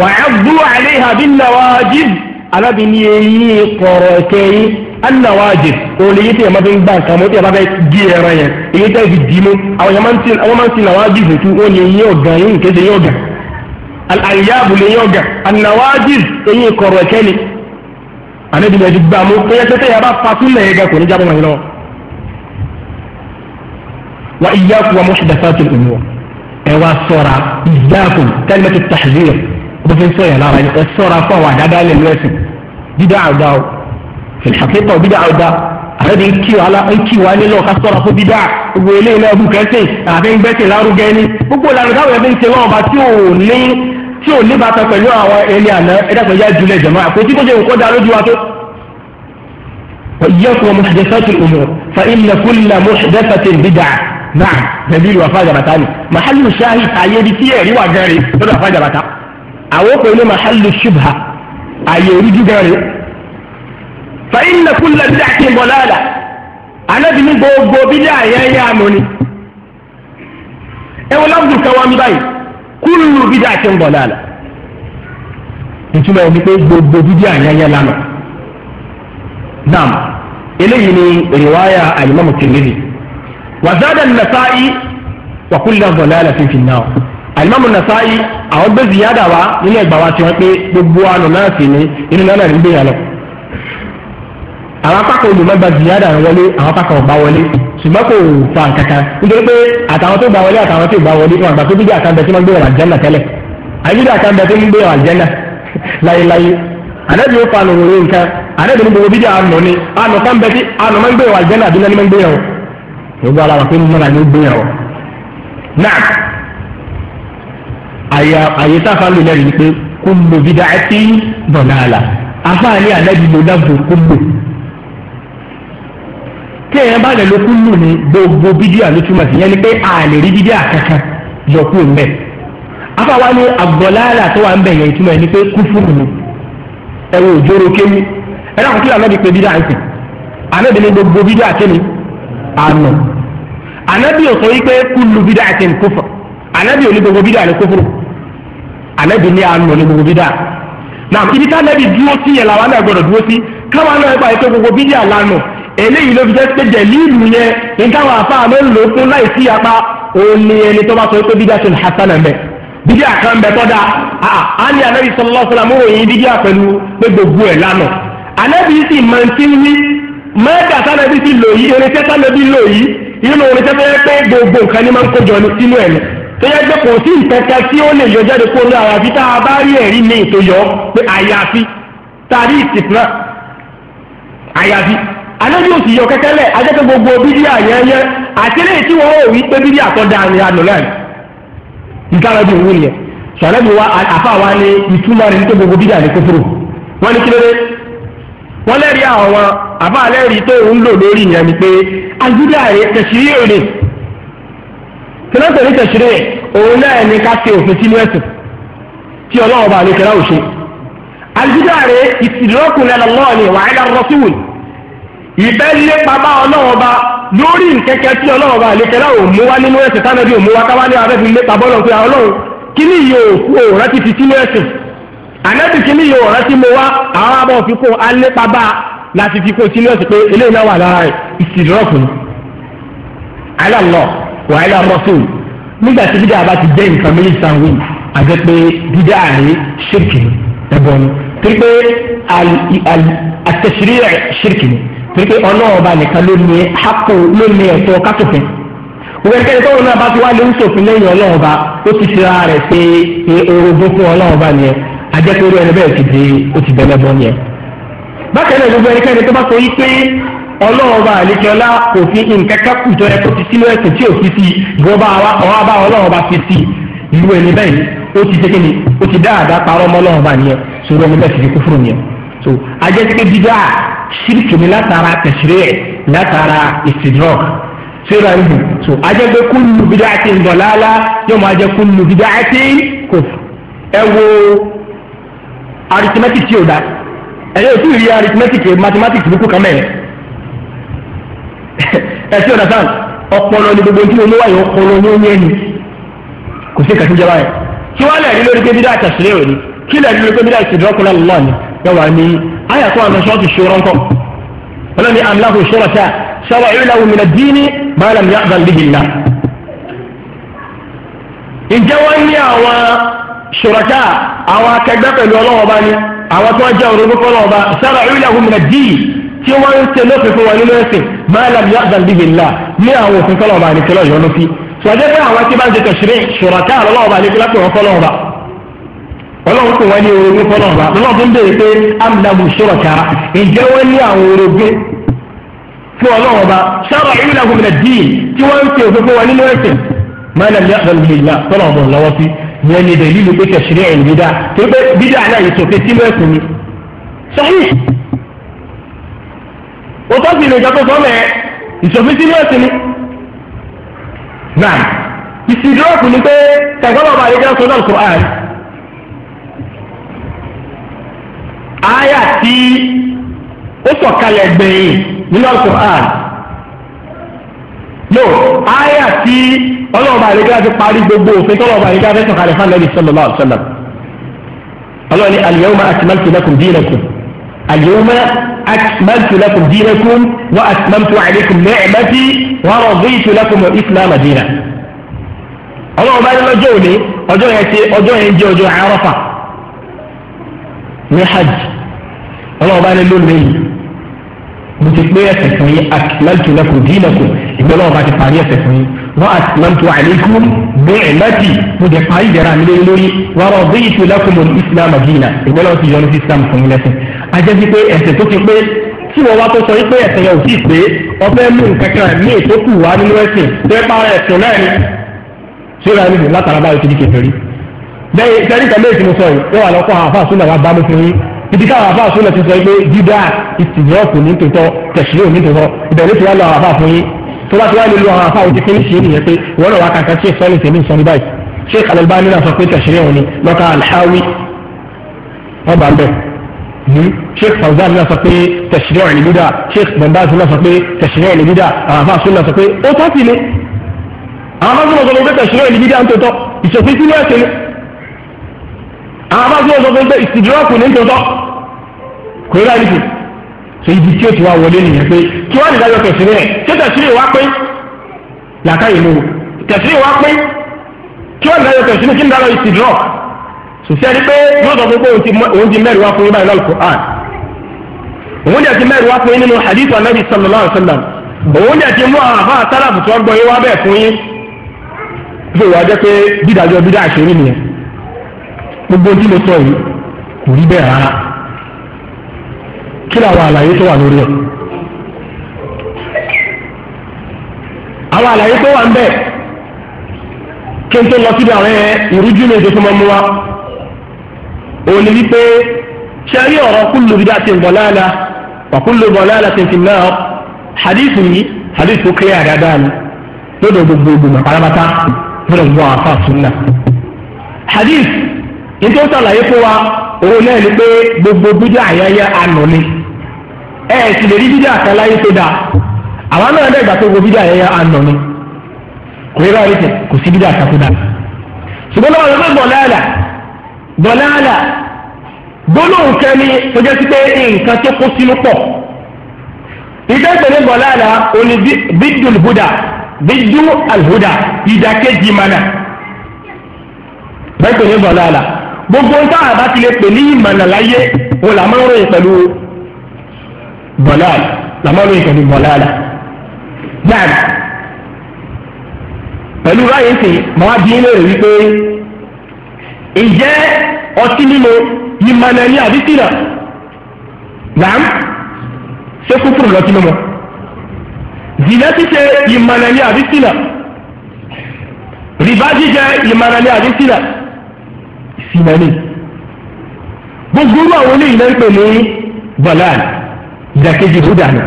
wàhálù àléhà bí nàwájib anabi ni eyín kọ̀rọ̀ kẹ́yìn annawajib olè yìí tí yẹn máa fi ń gbà nǹkan mọ́ tí yẹn bá fẹ́ di ẹran yẹn èyí tẹ́ fi dì mú àwọn yẹn máa ń ti nàwájib tu wọ́n ní eyín ọ̀gá eyín kéde eyín ọ̀gá àyàbù lè eyín ọ̀gá annawajib eyín kọ̀rọ̀ kẹ́ni anabi ni ẹ̀dí gbà mú kẹ́yẹ tẹ́tẹ́ yẹn bá fatún lẹ̀ yẹn gà kò wa ẹ wá sọ́ra ìyáàkùn kẹ́lẹ́mẹ́tì tàhzír bó fi ń sọ yẹn lára ẹ sọ́ra fún àwọn àdáda ilẹ̀ lọ́sìn dídá àdá o fìlàkìtà ò dídá àdá àrẹ́bí ń kí wàhálà ń kí wàhálà nílò ká sọ́ra fún dídá gbogbo eléyìí náà bùkẹ́ sè àfi ń gbẹ́sẹ̀ lárugẹ ni gbogbo ìlànà táwọn ẹbí ń ṣe wọn ọba tí ò ní tí ò ní bàtà pẹ̀lú àwọn ẹni àná ẹ̀dàpọ̀ yá jẹ̀mọ́ الأمور فإن كل محدثة بدعة náà dẹ̀bílù àfàjàbàtà ni màhálù ṣáhì àyè ibi tí ẹ̀rí wà gan rè lọ́dọ̀ àfàjàbàtà àwọn òkè ní màhálù ṣubha àyè orí gígan rè. fa inna kulla bid'atin dalala anábì ní gbogbo bídà yẹn yá mọ́ ni. ẹ wọ́n lábùdù káwá ń báyìí kullu bid'atin dalala. ìtumọ̀ ní pé gbogbo bídà yẹn yẹn lánàá. naam eléyìí ni riwaya al-Imam Tirmidhi wàzádà nasa'i wa kullu dalalatin fin nar alimami nasa'i àwọn gbé ziyada wa nínú ẹgbà wa ti wọn pé gbogbo àánú náà sì ni inú náà nàní gbé yàn lọ. àwọn apákan olùmọ̀ gba ziyada rẹ wọlé àwọn apákan ọba wọlé ṣùgbọ́n kò fa kankan nítorí pé àtàwọn tó gba wọlé àtàwọn tó gba wọlé wọn àgbà tó bí díà kan bẹ tí wọn gbé wọn àjẹnà tẹ́lẹ̀ àyíká kan bẹ tí wọn gbé wọn àjẹnà láyéláyé ànábi ó fa ànàwòrán nǹkan ànábi ní gbogbo bí díà ni ànà kan bẹ tí ànà máa ń gbé wọn àjẹnà àbí ni máa ń gbé gbogbo ara wọn pé ní gbìyànjú náà àyà àyè a lò lẹ́rìí ni pé kó lo bídà ẹtí bọ̀nà àlà afáàní ànábi ló dáàbò kó lò kéèyàn bá lè lo kó lò ní gbogbo bídíà ló túmọ̀ sí yẹn ni pé a rí bídíà kankan yọ kó ń bẹ ni àgbọ̀láàlà tó wà ń bẹ yẹn ìtumọ̀ yẹn ni àánú anabi ò sọ wípé kúlù bídà àti nkúfọ anabi ò ní gbogbo bídà ní kúfúrú anabi ní àánú ní gbogbo bídà náà ibi ká anabi dúró sí yẹn làwọn náà gbọ́dọ̀ dúró sí káwọn náà gbà wípé gbogbo bídà lánàá eléyìí ló fi jẹ́ pé jẹ̀líìlù yẹn nǹkan àwọn afá àmọ́ ń lò ó fún láì sí apá òun ni ẹni tó bá sọ pé bídíà ṣe hasan ẹ̀ bẹ̀ bídíà kan bẹ̀ tọ́ da á ní anabi sallallahu alaihi wasallam ròyìn pé gbogbo ẹ̀ lánà anabi sì máa ń tí ń wí mẹ́ẹ̀dà tánàbí ti lò yìí irinṣẹ́ tánàbí lò yìí inú irinṣẹ́ pé gbogbo nǹkan ni máa ń kójọ ní sínú ẹ̀mí tó yẹ pé kò sí nǹkan tí ó lè yọ jáde kó ní àwọn àfi tá a bá rí ẹ̀rí ní ìtòyọ́ pé àyàfi tàbí ìtìpná àyàfi alẹ́bí òsì yọ kẹ́kẹ́lẹ̀ ajẹ́pẹ́ gbogbo bíbí àti tí wọ́n a àbá alẹ́rìí tó ń lò lórí yẹn ni pé àjúdà rẹ tẹ̀sírí òde tẹ̀lẹ́tẹ̀ ní tẹ̀sírí rẹ òun náà ní ká ṣe òfin sínú ẹ̀sìn tí ọlọ́run bá lè kẹ́rà òṣè àjúdà rẹ ìsìlọ́kùnrin lọ́wọ́ ni wàhálà rọ́ṣíwò ìbẹ́ lépa bá ọlọ́run bá lórí nkẹ́kẹ́ tí ọlọ́run bá lè kẹ́rà òun mú wá nínú ẹ̀sìn tánàbí òun mú wá káwá ní abẹ́fin lépa bọ́lọ̀ pé ọlọ́run kíní yóò kú láti fi kó sínú ọ̀sẹ̀ pé eléyìí náà wà lára ìsìlọ́ọ̀kù aláàlọ́ wà áyà rọ́sùn nígbà tí bídà bá ti jẹ́ nǹkan méjì sanwó àjẹ́ pé bídà àárín ṣírkì ni ẹ̀bọ̀ ni torí pé àtẹ̀sírí rẹ̀ ṣírkì ni torí pé ọlọ́ọ̀ba nìkan ló ní hapò ló ní ẹ̀tọ́ kásòfin òkèkèrè tóun náà bá ti wá lé ń ṣòfin lẹ́yìn ọlọ́ọ̀ba ó ti ṣe ara rẹ̀ pé orogún fún ọlọ́ọ̀ba nìyẹn àjẹ́ pé irú ẹni bẹ́ẹ̀ ti di ó ti bẹ̀lẹ̀ bọ́ nìyẹn bákan náà gbogbo ẹnikẹ́ni tó bá sọ yí pé ọlọ́run bá àlekẹ́ọ́lá kò fi nǹkan kan kù jọ ẹ kó ti sínú ẹ̀sìn tí ò fi sí ìgbọ́n bá wa ọ̀rọ̀ bá ọlọ́run bá fi sí ìlú ẹni bẹ́ẹ̀ ó ti ṣe kéde ó ti dáadáa parọ́ ọmọ ọlọ́run bá nìyẹn sórí ẹni bẹ́ẹ̀ sì fi kú fúrò nìyẹn so ajẹ́síké dídá ṣírìkì mi látara tẹ̀sírẹ́ ẹ̀ látara ìsìdrọ́k síra ń bù so ajẹ́gbẹ́ kúlù bídá ti ń dọ̀láàlá yóò máa jẹ kúlù bídá ti kò ẹ wo arithmetic tí ò dáa ẹ̀yẹ́ òtún ìrí arithmetic mathematics burúkú kan mẹ́rin ẹ̀ tí ọ̀nà sáà ọpọlọ ni gbogbo tí olówó àyè ọpọlọ ní oyún ẹni kò sí kàtí jẹba yẹn kí wọ́n lẹ̀ rí lórí pé bídà àtàṣírí òní kí lẹ̀ rí lórí pé bídà ìṣèdọ́kùnrin lọ́wọ́ ni yọ̀wá ní ayàtọ̀ àná ṣọ́ọ̀tù ṣòro ńkọ́ ọlọ́ni amláhùn ṣọ́rọ̀ ṣáà sábà ìlà òmìnira díínì bàálà mi àgbà lè dìlà. ǹjẹ́ wọ́n ní àwọn ṣòrọ̀ṣà àwọn akẹgbẹ́ pẹ̀lú ọlọ́wọ́ bá ní àwọn tí wọ́n jẹ́ òrùn gbogbo náà ọba sára ìrìlẹ̀ ọ̀hún mìíràn díì tí wọ́n ń ṣe lófin fún wọn nínú ẹ̀sìn máa làm yá dàn bíbí ńlá ní àwọn òfin kọ́lọ̀ ọba àníkẹ́lọ̀ yọnu fi. sọ̀jẹ́ pé àwọn tí bá ń ṣe tẹ̀síré ṣòràká àlọ́lọ́ ọba àníkẹ́lọ́ pé wọ́n kọ́lọ́ ọba ọlọ́run kò wọ́n ní orogún kọ́lọ́ ọba lọ́lọ́ tó ń béèrè pé amdamu ṣòràká ní àwọn orogún wọn nínú ẹ̀sìn máa làm ìyẹn ni dalilu pé kẹsìrì ẹ̀ ń bídà tó pé bídà náà yìí sòfin sínú ẹ̀sìn ni sọ́yìn o tó sì lè jọ tó sọ́mọ̀ ẹ̀ ìsòfin sínú ẹ̀sìn ni náà ìsìdúrọ̀kù ni pé tẹ̀gbọ́n ọba àdéjọ́ sọ náà kò áyà áyà tí ó sọ̀kalẹ̀ gbẹ̀yìn nínú Al-Qur'an no áyà tí ọlọ́ọ̀bà àlejò àti parí gbogbo òfin tọ́lọ́ọ̀bà àlejò àti sọ̀kalẹ̀ fún alẹ́ sallallahu alaihi wasallam ọlọ́ọ̀ni al-yawma akmaltu lakum dinakum al-yawma akmaltu lakum dinakum wa atmamtu alaykum ni'mati wa raditu lakum al-islama dinan ọlọ́ọ̀bà ni lọ́jọ́ òní mo ti pé ẹsẹ̀ fún yín akíláàtú lẹ́kùn dín lẹ́kùn ìgbẹ́ lọ́wọ́ bá ti parí ẹsẹ̀ fún yín wọ́n akíláàtú àlékún bẹ́ẹ̀ láti mo jẹ parí ìdára mi lórí lórí wọ́n rọ bí ìtú lẹ́kùn mo ní islam àdínà ìgbẹ́ lọ́wọ́ ti yọ ní islam fún yín lẹ́sìn. ajẹ́sí pé ẹsẹ̀ tó ti pé tí wọ́n wá tó sọ pé ẹsẹ̀ yẹn ò sì pé ọbẹ̀ mú kankan ní ètò kù wá nínú ẹ̀sìn ibi káwọn àbá àfúnlẹ̀ ti sọ pé dídá ìsìnyọ́ọ̀kù ní tòótọ́ tẹ̀sílẹ̀ ní tòótọ́ ìbẹ̀rẹ̀ ti wá lọ àwọn àbá fún yín tó bá ti wá lè lo àwọn àbá òjì fínìṣì nìyẹn pé wọ́n lọ wá kankan ṣe sọ́ọ̀lì tèmi sọ ní báyìí ṣé kàlẹ́lbá nínú sọ pé tẹ̀sílẹ̀ òní lọ́ka alhawi ọba ń bẹ̀ hmm? sheikh fawzan náà sọ pé tẹ̀sílẹ̀ òní dídá sheikh bambaz náà sọ pé tẹ̀sílẹ̀ òní dídá àwọn àbá àfúnlẹ̀ sọ pé ó tọ́ àwọn abájú yóò sọ fún pé ìsìdúrọ́pù ní tòótọ́ kò rí láyé nìkan ṣe ibi tí ó ti wá wọlé nìyẹn pé kí wọ́n lè dájọ́ tẹ̀sílẹ̀ rẹ̀ ṣé tẹ̀sílẹ̀ wá pé làákàyè ló tẹ̀sílẹ̀ wá pé kí wọ́n lè dájọ́ tẹ̀sílẹ̀ kí n dájọ́ ìsìdúrọ́ sòsẹ́ ni pé yóò sọ fún pé òun ti mẹ́rin wá fún yín báyìí lọ́lùkọ́ àn ah. òun jẹ́ ti mẹ́rin wá fún yín nínú hadith anabi sallallahu alayhi wa sallam òun jẹ́ ti mú àwọn àfa àtàlà bùtù ọgbọ̀n yín wá bẹ́ẹ̀ fún yín. ìfowópamọ́ jẹ́ pé dídájọ́ dídá àṣírí nìyẹn gbogbo ojú ló sọ yìí kò rí bẹ́ẹ̀ rárá kí làwọn àlàyé tó wà lórí ẹ̀ àwọn àlàyé tó wà ń bẹ̀ kí n tó lọ síbi àwọn ìrújú ní èdè tó máa mú wa òun ni wípé ṣe rí ọ̀rọ̀ kúlù bí dáa ti ń bọ̀ láàlà wà kúlù bọ̀ láàlà ti ń fi náà hadith yìí hadith tó kéré àdáadáa ni lọ́dọ̀ gbogbo ìgbìmọ̀ pátápátá lọ́dọ̀ gbogbo àwọn àfa àtúnlá hadith nítorí sàlàyé fún wa òun náà ni pé gbogbo bídà ayẹyẹ àná ni ẹ ẹ sì lè rí bídà àtàláyé tó dáa àwọn náà dẹ́gbà tó gbogbo bídà ayẹyẹ àná ni kò yẹ báyìí tẹ kò sí bídà àtàkùn dáa ṣùgbọ́n náà wọ́n dọ̀láàlà dọ̀láàlà gbólóhùn kẹ́ni tó jẹ́ sí pé nǹkan tó kó sínú pọ̀ ìdá ìpèlè dọ̀láàlà òní bídùn húdà bídùn àlùhúdà ìdàkejì mánà bẹ́ẹ̀ pèlè dọ̀láàlà gbogbo nǹkan àbá ti lè pè ní ìmọ̀nà láyé òun là máa ń ròyìn pẹ̀lú bọ̀láàlì là máa ń ròyìn pẹ̀lú bọ̀láàlì náà pẹ̀lú ráyè sìn máa bí ilé rẹ̀ wípé ǹjẹ́ ọtí mímu ìmọ̀nà ní àdìsínà nàám ṣé kúkúrú lọ́tí mímu zìnà ṣíṣe ìmọ̀nà ní àdìsínà rìbá jíjẹ ìmọ̀nà ní àdìsínà sinani gbogbo irú àwọn eléyìí náà ń pè ní bọ̀láàlì ìdàkejì húdàní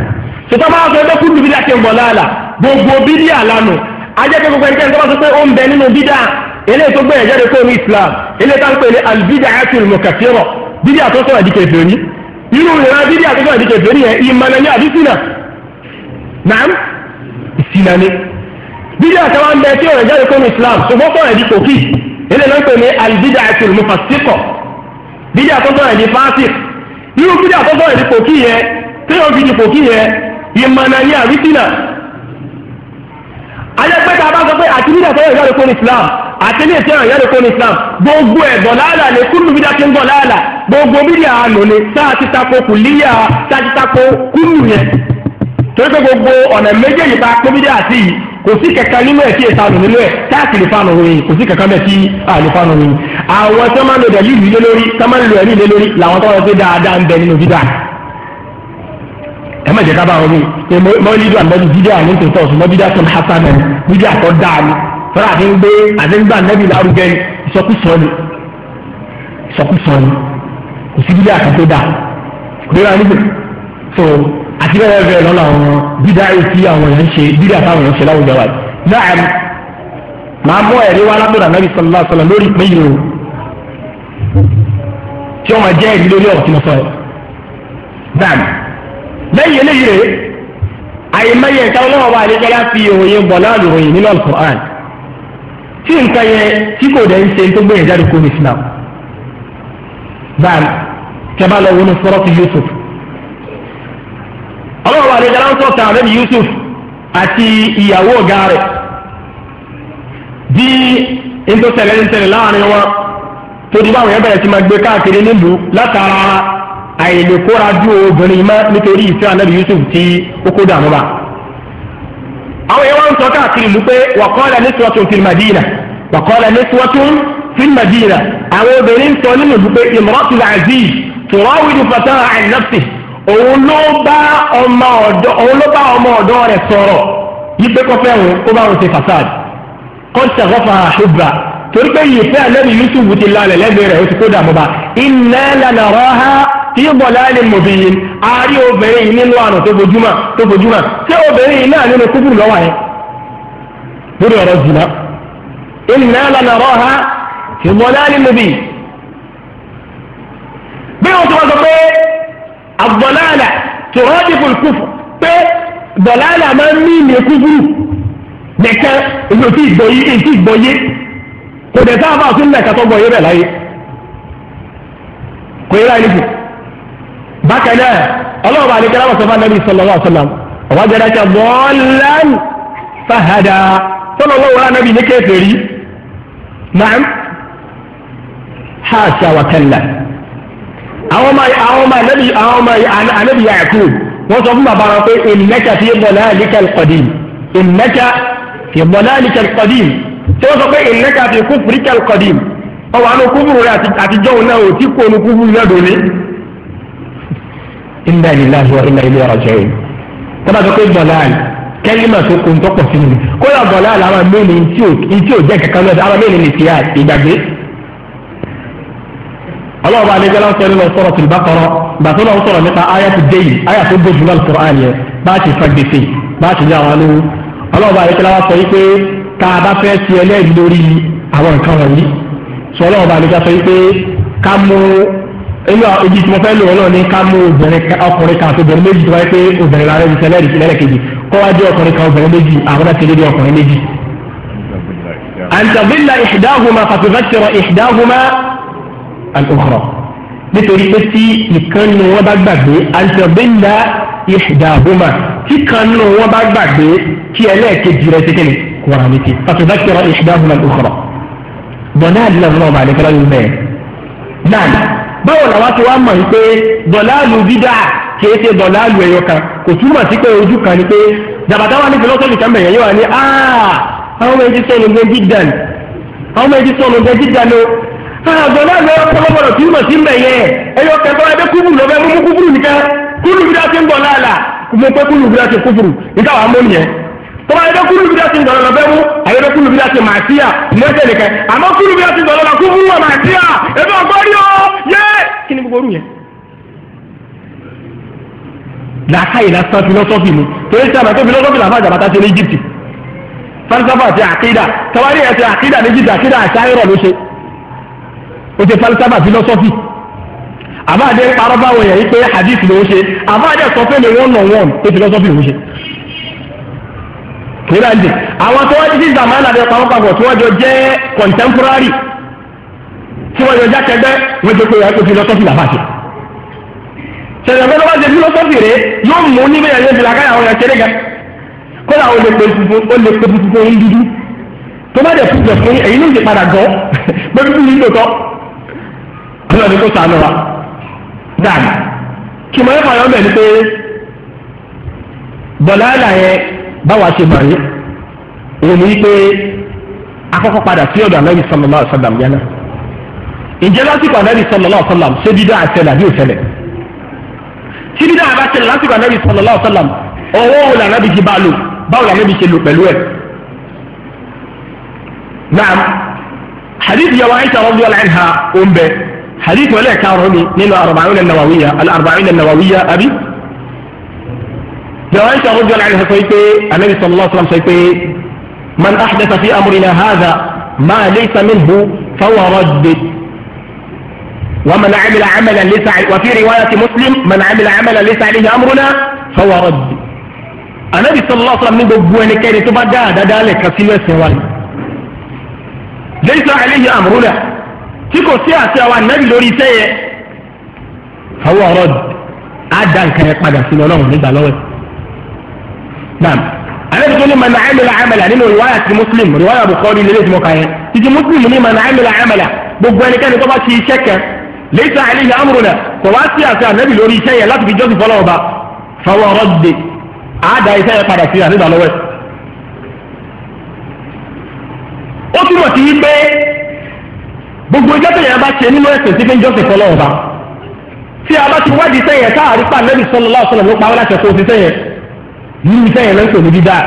ṣètò máa sọ ẹgbẹ́ kúndùn bídà kí n bọ̀láàlà gbogbo bídíà lánàá ajẹ́pẹ́ gbogbo ẹnikẹ́ni tó bá sọ pé ó ń bẹ nínú bídà eléyìí tó gbẹ̀yẹ̀ jáde fún Islam eléyìí tá ń pè ní albídà ẹ̀kùn mọ̀kàfíọ̀ bídíà tó sọ̀rọ̀ di kèfèrí nínú ìlera bídíà tó sọ̀rọ̀ di kèfèrí yẹn ìmọ̀lẹ̀ ní àdísínà nàám ìsìnà ni bídíà tó wá ń bẹ tí ọ̀rẹ́ jáde fún Islam ṣùgbọ́n fọ̀rẹ̀ di kòkì ilé ló ń pè ní alìdíjà àti olùmọ̀fàsíkọ̀ díjà tó sọ̀rọ̀ ní fásitì irú díjà tó sọ̀rọ̀ ní pòkì yẹn tí yóò fi di pòkì yẹn ìmọ̀nà ní àrísínà. ayẹ́pẹ́ tá a bá sọ pé àti díjà tó yẹ ìyá lóko ní Islam àti ní ìtẹ́ràn ìyá lóko ní Islam gbogbo ẹ̀gbọ́n láàlà lè kúlù bídà tí ń bọ̀ láàlà gbogbo bídà àlò ni sáà ti tako kùlíyà sáà ti tako kúlù yẹn torí pé gbogbo ọ̀nà méjèèjì tá a pé bídà sí yìí kò sí kankan nínú ẹ̀ tí èsà lò nínú ẹ̀ tá a sì lè fáànù ròyìn kò sí kankan bẹ́ẹ̀ a lè fáànù ròyìn. àwọn tó máa ń lo dẹ̀líìlì lé lórí tó máa ń lo ẹ̀rí lé lórí làwọn tó wọ́n fi dáadáa ń bẹ nínú bídà. ẹ má jẹ́ ká bá wọn wí pé mọ́lídù àmọ́lí bídà ní tòótọ́ ọ̀sùn mọ́ bídà tó ń hasan ẹ̀ bídà tó dáa ni fúnra àti ń gbé àti ń gbà nẹ́bí lárugẹ ìsọkúsọ ni ìsọkúsọ ni kò sí bídà kan tó dáa àti bẹ́ẹ̀ bẹ́ẹ̀ lọ́la àwọn bídà etí àwọn èèyàn ṣe bídà táwọn èèyàn ṣe láwùjọ wa náà màá mú ẹ̀rí wa lábẹ́rẹ́ ànábì sọlá sọlá lórí ìpín yìí o tí wọ́n máa jẹ́ ẹ̀rí lórí ọ̀rọ̀ tí mo sọ yẹn náà lẹ́yìn eléyìí rèé àyèmáyé ẹ̀ka ọlọ́wọ́ wa àlejòlá fi òòyìn bọ̀ náà lòòyìn nínú Al-Qur'an tí nǹkan yẹn tí kò dẹ̀ ń ṣe tó gbé yẹn jáde kó ní Islam náà kẹ́ bá lọ wọnú sọ́rọ́ ti Yusuf ọlọ́wọ́ àlejò aláǹtọ̀ kan àbẹ́bí Yusuf àti ìyàwó ọ̀gá rẹ̀ bí ntòsẹ̀lẹ̀ ntẹ̀lẹ̀ láàrin wọn tó di báwọn yẹn bẹ̀rẹ̀ sí máa gbé káàkiri nílùú látara àìlèkóra bí obìnrin mọ́ nítorí ìfẹ́ ànábì Yusuf tí ó kó dànù bá. àwọn yẹn wọ́n ń sọ káàkiri ìlú pé wàkọ́lá nísìwọ́tún fil Madina wàkọ́lá nísìwọ́tún fil Madina àwọn obìnrin ń sọ nínú ìlú pé imratul aziz òun ló bá ọmọ ọ̀dọ̀ òun ló bá ọmọ ọ̀dọ̀ rẹ̀ sọ̀rọ̀ yìí pé kọfẹ òun kó bá òun ṣe fasad kọńtà kọfà àṣùbà torí pé yìí fẹ́ lẹ́nu yusuf ti lálẹ́ lẹ́nu rẹ̀ ó ti kó dààmú bá iná lànà rọ́há tí ń bọ̀ láàrin mòbí yìí a rí obìnrin yìí nínú àná tó bojúmọ̀ tó bojúmọ̀ ṣé obìnrin yìí náà nínú kúkúrú lọ́wọ́ yẹn lórí ọ̀rọ̀ jìnnà iná lànà rọ́há tí ń bọ̀ láàrin mòbí bí wọ́n ti wọ́n sọ pé àbọ̀láàlà tòrọ́dìbò kúfù pé bọ̀láàlà máa ń ní ìmì kúfùrù nìkan èyí ò tí ì gbọ́yé èyí tí ì gbọ́yé kò dẹ̀ sábà tún lẹ̀ka tó gbọ́yé bẹ̀ láyé kò yẹ láyé nìkan bákan náà ọlọ́run bá nìkan láwọn sọfà nàbí sallallahu alaihi wasallam ọ̀wá jẹ́ dákẹ́ bọ́ọ̀lán fàhàdà sọlọ wọ́n wọ́n nàbí ní kèfèrí náà ha ṣàwàkẹ́lẹ̀ àwọn ọmọ àwọn ọmọ anabi àwọn ọmọ anabi yaakub wọ́n sọ fún bàbá wọn pé ìmẹ́ta fi bọ̀lá àlìkàl kọ̀dìm ìmẹ́ta fi bọ̀lá àlìkàl kọ̀dìm tí wọ́n sọ pé ìmẹ́ta fi kúfùrìkàl kọ̀dìm ọwọ́ àánú kúfùrù rẹ̀ àtijọ́ òun náà ò tí kò nu kúfùrù náà dòní. inna lillahi wa inna ilayhi raji'un tọ́ba sọ pé bọ̀lá kẹ́límà tó kun tó pọ̀ sí mi kódà bọ̀lá làwọn mélòó tí ò jẹ́ kankan ọlọ́run bá alẹ́jọ́ láwọn sẹ́nu lọ sọ̀rọ̀ tìlú bá kọ́rọ́ gbàtọ́ lọ́wọ́ sọ̀rọ̀ nípa aya ti dé yìí aya tó gbé jùlọ alukur'an yẹ bá a ti fa gbèsè bá a ti ní àwọn alówó ọlọ́run bá alẹ́jọ́ láwọn sọ yìí pé tá a bá fẹ́ ti ẹlẹ́rìí lórí àwọn nǹkan wọ̀nyí sọ ọlọ́run bá alẹ́jọ́ sọ yìí pé ká mú inú ibi tí mo fẹ́ lò ọlọ́run ní ká mú ọkùnrin kan àti obìnrin méjì tó wáyé pé obìnrin lára ẹni sẹlẹ́rìí lẹ́lẹ́kejì kọ́ wá dé ọkùnrin kan obìnrin méjì àwọn náà ti lé dé ọkùnrin méjì. àǹtàbílà ìdáhùnmá fàtúbẹ́tìrọ̀ ìdáhùnmá al-ukhra nítorí pé tí ìkan nínú wọn bá gbàgbé àtẹ̀bẹ́ńdà ìdààbòmà tí kan nínú wọn bá gbàgbé kí ẹlẹ́ẹ̀kejì rẹ̀ ṣe kíni kóra mi ti fàtúndàkìrọ̀ ìdààbòmà al-ukhra bọ̀dá àdìlẹ̀ ọ̀nà ọ̀bà àdìkọ́lá yóò bẹ̀rẹ̀ náà báwo làwa ti wá mọ̀ pé dọ̀láàlù bídà kìí ṣe dọ̀láàlù ẹ̀yọ kan kò túmọ̀ sí pé ojú kan ni pé dàbàtà wà ní philosophy àgbẹ̀ náà lọ sọ́kọ́bọ̀rọ̀ tí mọ̀ sí mbẹ̀ yẹ ẹyọ kẹfọ́ ẹbẹ kúburu lọ́bẹ̀ mú kúburu nìkan kúlù bí dáṣe ń bọ̀ náà là mo pẹ́ kúlù bí dáṣe kúburu nǹkan wà á mọ́ nìyẹn tọ́ba ẹbẹ kúlù bí dáṣe ń dọ̀rọ̀ lọ́bẹ̀ mú ayẹyẹ kúlù bí dáṣe màá síyà mọ́tẹ́ nìkan àmọ́ kúlù bí dáṣe dọ̀rọ̀ lọ́ kúburu wà màá síyà ẹbẹ ọgbọ́rí o yẹ kí ni gbogbo orú yẹn làákàyè lásán filosofi mu torí sí àbàtà filosofi làbá àjàbàtà ṣe ní Egypt falsafa àti àkídà tawari àti àkídà ní Egypt àkídà àṣà ayọ̀rọ̀ ló ṣe ó ṣe falisafa philosophy àbáàdé parọ́ báwọn èèyàn yìí pé hadith ló ń ṣe àbáàdé sọ pé ní one on one pé philosophy ló ń ṣe nígbà tí àwọn tó wá ti sí zamana àti ọ̀pọ̀ àpapọ̀ tí wọ́n jọ jẹ́ contemporary tí wọ́n jọ jẹ́ akẹgbẹ́ wọ́n jọ pé wọ́n pè philosophy làbá ṣe. ṣẹ̀dá pé lọ́wọ́ ṣe philosophy rẹ̀ yóò mú níbẹ̀ yẹn fi làkàyà àwọn ẹ̀ṣẹ̀ nìkan kódà ó lè pe funfun ó lè pe funfun ń dúdú tó bá dẹ̀ fún ìjọ̀fún ẹ̀yin ló ń ṣe padà gan pé fífi ní ìlò tán bílọ̀ ni kò sànù wa dáàbì kì mọ̀ ẹ́fà yọ̀ bẹ̀ ni pé bọ̀lá ẹ̀dà yẹn báwa ṣe mọ̀ yín òun ni pé akọ́kọ́ padà sí ọ̀dọ̀ anábì sallallahu alaihi wasallam yẹn náà ìjẹ́ lásìkò anábì sallallahu alaihi wasallam ṣé dídá àṣẹlẹ̀ àbí òṣẹlẹ̀ tí dídá àbá ṣẹlẹ̀ lásìkò anábì sallallahu alaihi wasallam ọwọ́ wo làná bí ti bá lò báwo làná bí ṣe lò pẹ̀lú ẹ̀ naam hadith yẹn wa Aisha radiyallahu anha ó ń bẹ́ẹ̀. حديث ولا كارمي من الأربعون النووية الأربعين النووية أبي دوائش رجل عليه سيطة النبي صلى الله عليه وسلم سيطة من أحدث في أمرنا هذا ما ليس منه فهو رد ومن عمل عملا ليس وفي رواية مسلم من عمل عملا ليس عليه أمرنا فهو رد النبي صلى الله عليه وسلم من بوين كان تبدا دالك سيلو سوال ليس عليه أمرنا tí kò sí àti àwọn ànábì lórí iṣẹ́ yẹn. àwọn ọ̀rọ̀ á dá nǹkan yẹn padà sínú ọlọ́run nígbà lọ́wọ́ náà àlejò tó ní mọ̀nà àmìlà àmàlà nínú ìwáyà ti muslim ìwáyà bukhari lè lè ti mọ̀ yẹn títí muslim ní mọ̀nà àmìlà àmàlà gbogbo ẹnikẹ́ni tó bá ti iṣẹ́ kan ليس عليه امرنا فواسي اسا النبي لوري شيء لا في جوز فلو با فهو رد عاد ايسا يقرا فيها نبا لوي ó túmọ̀ sí pé gbogbo ìjọ tẹ̀yẹ̀ bá ṣe nínú ẹ̀sìn tí fi ń jọ́sìn fọlọ́ ọba tí a bá ti wádìí sẹ́yẹ̀ káàrí pa nẹ́bí sọ́nà lọ́sọ̀nà ló pa wọ́n láṣẹ fún sẹ́yẹ̀ nínú sẹ́yẹ̀ ló ń tòun dídá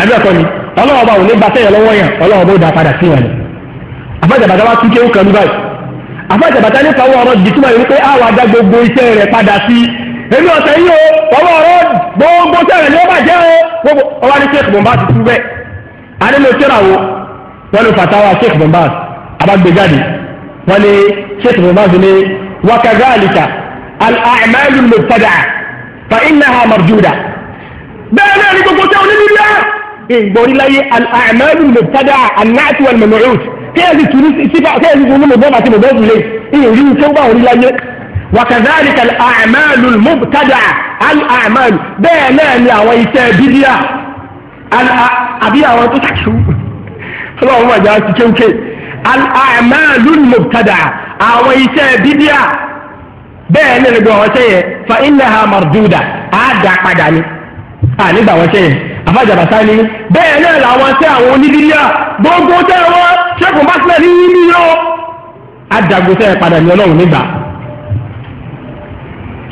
àbí ọ̀kọ́ ni ọlọ́wọ́ bá ò ní ba sẹ́yẹ̀ lọ́wọ́ yẹn ọlọ́wọ́ bó da padà sí wọn. àfàjàbàtà wa tún kéwù kan ní báyìí àfàjàbàtà nípa owó ọ̀rọ̀ dìtúmọ̀ yìí pé àwọn adá gbogbo iṣẹ́ rẹ̀ padà sí èmi ọ̀sẹ̀ yìí o owó ọ̀rọ̀ gbogbo sẹ́yẹ̀ ni ó bàjẹ́ o gbogbo ọwọ́ ní sèkì bọ̀m̀bá ti tú bẹ́ẹ̀ adé ló tẹ́ra wo wọ́n lu fatawa sèkì bọ̀m̀bá abágbéjáde wọ́n ní sheikh muhammad fi ní wakadhalika al-a'malu al-mubtada'a fa innaha marjuda bẹ́ẹ̀ náà ni gbogbo táwọn nínú ilé ìgbòrí láyé al-a'malu al-mubtada'a an-na'tu wal-man'ut kéèyàn tún ní mọ̀bọ́n àti mọ̀bọ́n fún lé ìyẹn rí tó bá òrí láyé wakadhalika al-a'malu al-mubtada'a náà ni àwọn iṣẹ́ bídíà àbí àwọn tó ṣàkíyèwò ọlọ́run wà já ti kéwkéé al-a'malul mubtada'a àwọn iṣẹ́ ise bẹ́ẹ̀ ní gbogbo àwọn ṣẹ́yẹ fa ha marduda á da padà ni à nígbà àwọn ṣẹ́yẹ àfàjàbà sáni bẹ́ẹ̀ náà làwọn ṣẹ́ àwọn onídìríà gbogbo tẹ́ wọn ṣẹ́kùn bá sílẹ̀ ní yíyí yó á dàgbò sẹ́yẹ padà ní ọlọ́run nígbà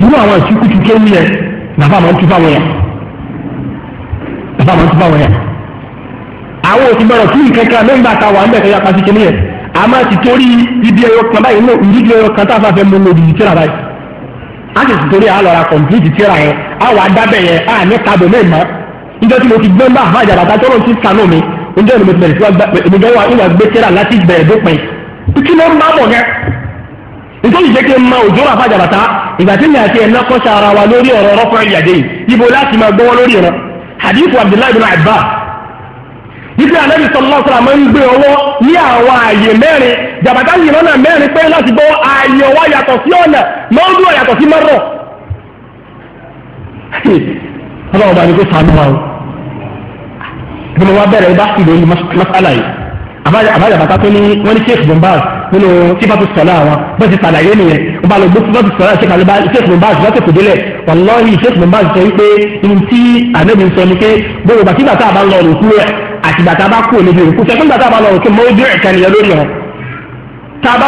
irú àwọn ìṣíkú tuntun yẹn bàbá àwọn tún fáwọn yẹn bàbá yẹn. àwọn òsì gbọ́dọ̀ sí ìkankan mẹ́gbà ta wà ń bẹ̀ kẹ́yà pàṣẹ kìnìyẹ àmọ́ ti torí ibi ẹyọ kan báyìí náà ìdíje ẹyọ kan tá a fẹ́ mú un lòdì tíra báyìí a sì torí àlọ́ra kọ̀m̀pìlìtì tíra yẹn a wà dábẹ̀ yẹn a ní kábọ̀ mẹ́ẹ̀mọ́ níjọ́ tí mo ti gbẹ́ mbà àmọ́ àjàbàtà tó lóun ti sànú mi níjọ́ ni mo ti bẹ̀rẹ̀ sí ìjọ wa ìwà gbé tíra láti bẹ̀rẹ̀ dópin kí ló ń bá bọ̀ yẹn nítorí jẹ́ kí n ma òjò rà fàjàbàtà ìgbà tí mi àti ẹ̀ náà kọ́ṣà ara wa lórí ọ̀rọ̀ ọ̀rọ̀ fún ẹ̀yàdé yìí ibo láti máa gbọ́wọ́ lórí ọ̀rọ̀ hadith abdullahi bin abbas ibi anabi sallallahu alaihi wasallam máa ń gbé ọwọ́ ní àwọn ààyè mẹ́rin jàbàtà yìí lọ́nà mẹ́rin pé láti gbọ́ ààyè ọwọ́ yàtọ̀ sí ọ̀nà mọ́ọ́dún ọ̀yàtọ̀ sí mọ́rọ̀. ọlọ́run bá ní kó sànú wa o bí mo wá bẹ̀rẹ̀ bá sì lórí masala yìí àbájábàtà tó ní wọ́n ní sheikh bombaz nínú sífàtú sọ̀lá àwọn bó ti sàlàyé nìyẹn wọ́n bá lọ gbé sífàtú sọ̀lá sheikh bombaz lọ́sẹ̀ kò délẹ̀ wàlọ́ọ̀hì sheikh bombaz sọ wípé ní ti ànábì sọ ni pé gbogbo bàtí bàtà bá ń lọ rùkú rẹ̀ àtìgbà tá a bá kú òní bí rúkú sẹ́kúndà tá a bá lọ òkè mọ́wójú ẹ̀ka nìyẹn lórí ọ̀ tá a bá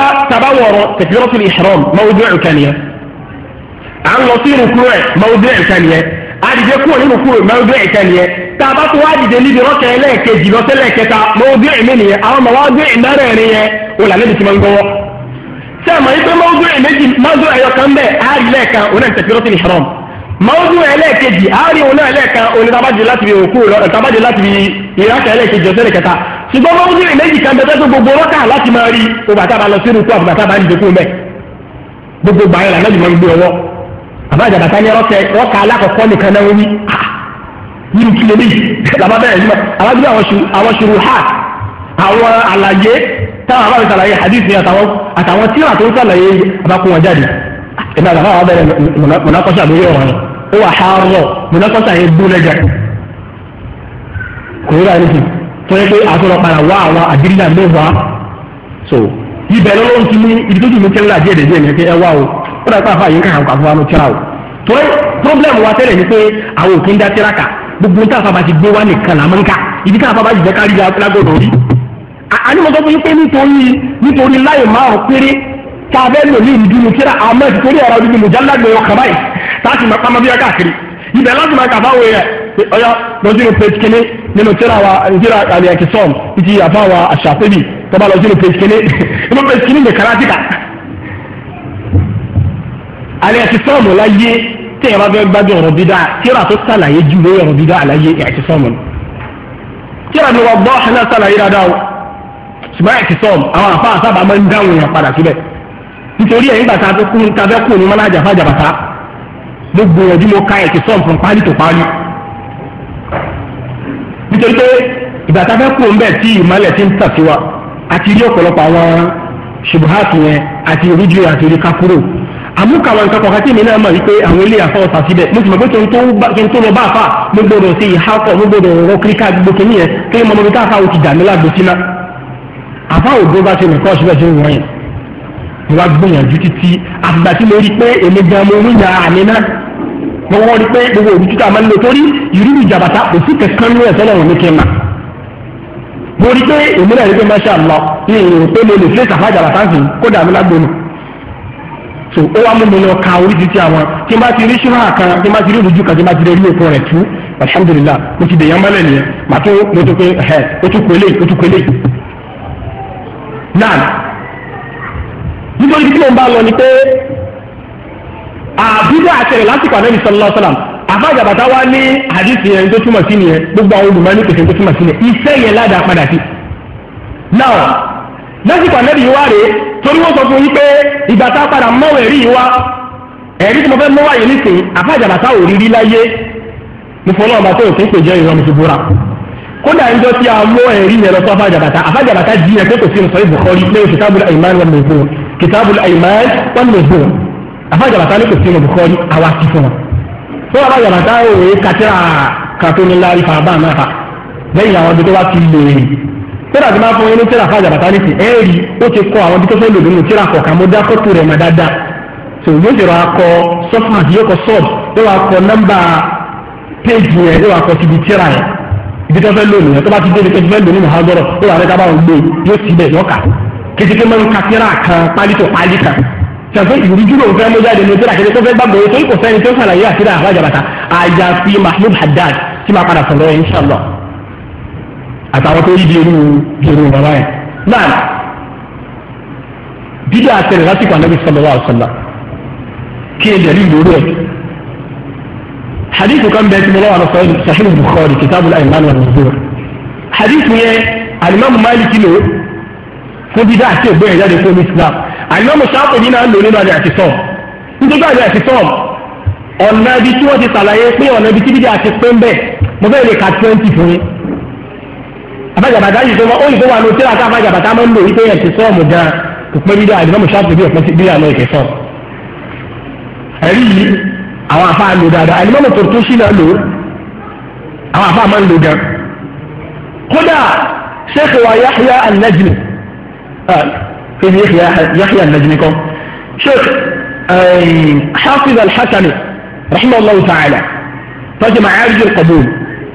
wọ̀rọ̀ tẹ̀síwọ́sì ní ìṣòro mọ́wójú ẹ̀ka nìyẹn à ń lọ sí rúkú ẹ̀ mọ́wójú ẹ̀ka nìyẹn àdìjẹ kúrò nínú kúrò mọ́wójú ẹ̀ka nìyẹn tá a bá tó wádìjẹ níbi rọ́kẹ̀ ẹlẹ́ẹ̀kejì lọ́sẹ̀lẹ̀kẹta mọ́wójú ẹ̀mí àwọn mọ́wójú ẹ̀mẹ́rẹ̀ẹ̀rin mọ́ọ́dún ẹlẹ́ẹ̀kejì àárín òun náà ẹlẹ́ẹ̀kan òun ni tabajù láti fi òkú rọ tabajù láti fi ìrákà ẹlẹ́ẹ̀kejì ọ̀sẹ̀ lẹ́kẹta ṣùgbọ́n mọ́ọ́dún ẹlẹ́ẹ̀kejì kan bẹ́ẹ̀ tó gbogbo rọ́kà láti máa rí òbàtà bá lọ sí irúkú àbùbàtà bá ń dẹkùn mẹ́ gbogbo gbà yẹn lànàbì máa ń gbé ọwọ́ àbájábàtà ní rọ́kà alákọ̀ọ́kọ́ nìkan náà wí yìí ah, kí lè léyìí làbá ha àwọn àlàyé táwọn àbáwí sàlàyé hadith ni àtàwọn tíra tó ń sàlàyé àbákùn wọn jáde ìgbà ah, àbáwá bẹ̀rẹ̀ ó wà hárọ̀ mùnàkọ́sà yẹn dún lẹ́jà kò rí ra ẹni sìn tó yẹ pé àtúrọ̀ padà wá àwọn àdínlá mẹ́wàá so ibẹ̀ lọ́wọ́ ti ní ibi tó ti mú kẹ́lá díẹ̀ díẹ̀ ní ẹ̀kẹ́ ẹ wá o ó dàgbà àfa yìí ń kàkà nǹkan fún wa ló tíra o tó yẹ pọ́blẹ́mù wa tẹ́lẹ̀ ni pé àwọn òkè ń dá tíra kà gbogbo ní táwọn afábàtì gbé wá nìkan làmọ́ ń kà ibi táwọn afábàtì jẹ́ kárí lágbọ̀dọ̀ rí ànímọ̀tọ́ fún yín pé nítorí nítorí láì márùn péré tàbẹ́ lò ní ìdí mi kíra àmọ́ ìtòrí ọ̀rọ̀ bíbí mo jálá gbé ọkàn báyìí láti máa pamọ́ bí wá káàkiri ibẹ̀ láti máa kàfá wo yẹ ọyọ lọ́jú ní page kínní nínú kíra wa kíra àmì ẹ̀kí sọ́ọ̀m ìdí àfa wa àṣàpébì tọ́ba lọ́jú ní page kínní nínú page kínní ní karatika àmì ẹ̀kí sọ́ọ̀m láyé tí ìyàrá bẹ́ẹ̀ gbádùn ọ̀rọ̀ bídà kíra tó sàlàyé jù lórí ọ̀rọ̀ bídà àlàyé ẹ̀kí sọ́ọ̀m kíra ni wọ́n gbọ́ ṣẹlẹ̀ sàlàyé dáadáa ṣùgbọ́n nítorí ẹ̀yìn bàtà tó kún ká fẹ́ kún ní mọ́nà àjàfàjà bàtà mo gbìyànjú mo ka ẹ̀kí sọ̀m fún pálí tó pálí nítorí pé ìgbà tá a fẹ́ kún bẹ́ẹ̀ tí ìmọ̀lẹ̀ ti ń tà sí wa àti ilé ọ̀pọ̀lọpọ̀ àwọn ṣubuhatu yẹn àti oríjú àti orí kakuro àmúkàwọn nǹkan kọ̀ọ̀kan tí mi náà mọ̀ wípé àwọn ilé àfọwọ́ sà síbẹ̀ mo sì mọ̀ pé kí n tó lọ bá àfà mo gbọdọ̀ sí ìhákọ̀ mo gbọdọ̀ rọ kíríkà gbogbo kìíní kí n mọ̀ mọ̀ bí káfà ó ti dà lágbo síná àfà òdo bá ti rìn kọ́ síbẹ̀ sí ìwọ̀nyẹn mo wá gbìyànjú títí àtìgbà tí mo rí pé èmi gan mo wíyà àmì náà mo wọ́n rí pé gbogbo òbí títà máa ń lò torí ìrírí ìjàbàtà kò sí kankan ní ẹ̀sẹ̀ lọ́rùn mi kí n mà mo rí pé èmi náà rí pé mẹ́ṣà lọ ní ìrìn pé mo lè fẹ́ sàfà ìjàbàtà sí kódà mi lágbóni so ó wá mú mi lọ ka oríṣiríṣi àwọn tí n bá ti rí ṣúra kan tí n bá ti rí ìrújú kan tí n bá ti rí èpo rẹ̀ tú alhamdulilah mo ti dèyàn mọ́lẹ̀ nìyẹn màtó mo tó pé ẹ̀ ó tún kọ́lé ó tún kọ́lé náà nítorí tí òun bá lọ ni pé àbúrò àtẹrẹ lásìkò ànábì sọlọ sọlám àbájábàtà wa ní àdìsí yẹn tó túmọ̀ sí nìyẹn gbogbo àwọn olùmọ̀ọ́nì kò sí tó túmọ̀ sí nìyẹn iṣẹ́ yẹn ládàá padà sí. náà lásìkò ànábì wa rèé torí wọ́n sọ fún yín pé ìgbà tá a padà mọ́ ẹ̀rí yìí wá ẹ̀rí tí mo fẹ́ mọ́ wáyé nísìnyí àbájábàtà ò rí rí láyé mo fọ́ náà bá tó òfin pèjọ ìrọ̀ mi ti bóra kódà ń jọ tí a mọ́ ẹ̀rí yẹn lọ sọ àbájábàtà àbájábàtà jí yẹn pé kò sí nǹkan ìbùkọ́rí pé òṣìṣẹ́ àbúrò àìmáà ń lọ mọ̀ ìbò kìtàbù àìmáyé wọn lè bò wọn àfa jàbàtà ní kò sí wọn bùkọ́ ní àwa ti fún wọn tó àfa jàbàtà òwe kàtírà kàtó ní láàrín fà bá náà fà lẹ́yìn àwọn ibi tó wá ti lè rìn tíra ti máa fún yín ní tíra àfa jàbàtà ní sìn ẹ́ẹ̀rì ó ti kọ àwọn ibi tó fẹ́ lò nínú tíra kọ̀ọ̀kan mo dákọ́tù rẹ̀ mà dáadáa tó yóò ṣèrò akọ sọ́fún àti yóò kọ sọ́ọ̀bù yóò wá kọ nọ́mbà péjì yẹn yóò wá kọ síbi tíra yẹn ibi tó fẹ́ lò nìyẹn tó bá ti dé ibi tó fẹ́ lò nínú hàn kìtìkì máa ń ka tírà kan pálítọ̀ pálí kan ṣàfihàn ìrújú ló ń fẹ́ mú jáde ní tírà kìtìkì tó fẹ́ gbàgbọ́ yìí torí kò sẹ́ni tó ṣàlàyé àtìrà àwọn àjàbàtà àyàfi Mahmud Haddad tí máa padà sọ̀rọ̀ ẹ̀ inṣàlọ́ àtàwọn tó yí di irú irú bàbá yẹn. náà dídá àtẹrẹ lásìkò ànábì sallallahu alaihi wasallam kí ẹ dẹ̀rí lórí ẹ̀. hadith kan bẹ́ẹ̀ tí mo lọ́wọ́ àlọ́ sọ́yìn Sahih Bukhari kitabul ayman wal nuzur hadith yẹn alimami Maliki lòó fún dídá àti ògbóyìn jáde fún Islam àyìnbó ṣáàpù yìí náà ń lò nínú àdé àti sọm nítorí àdé àti sọm ọ̀nà ibi tí wọ́n ti ṣàlàyé pé ọ̀nà ibi tí dídá àti pé ń bẹ̀ mo fẹ́ lè ka twenty fún yín abájàbàtà yìí tó wọ́n ó yìí tó wà ní òtí àti abájàbàtà máa ń lò wípé ẹ̀ ti sọ́ọ̀mù gan kò pé dídá àyìnbó ṣáàpù bí ọ̀pẹ́ bí àná ìkẹ́ sọ́ọ̀mù ẹ̀rí yìí àwọn afa lò dáadáa àyìnbó Ah, kébí yahya najmi kọ́ sheikh eh, hafiz alhassani rahimahullah ta'ala tọ́jú ma'arij alqabul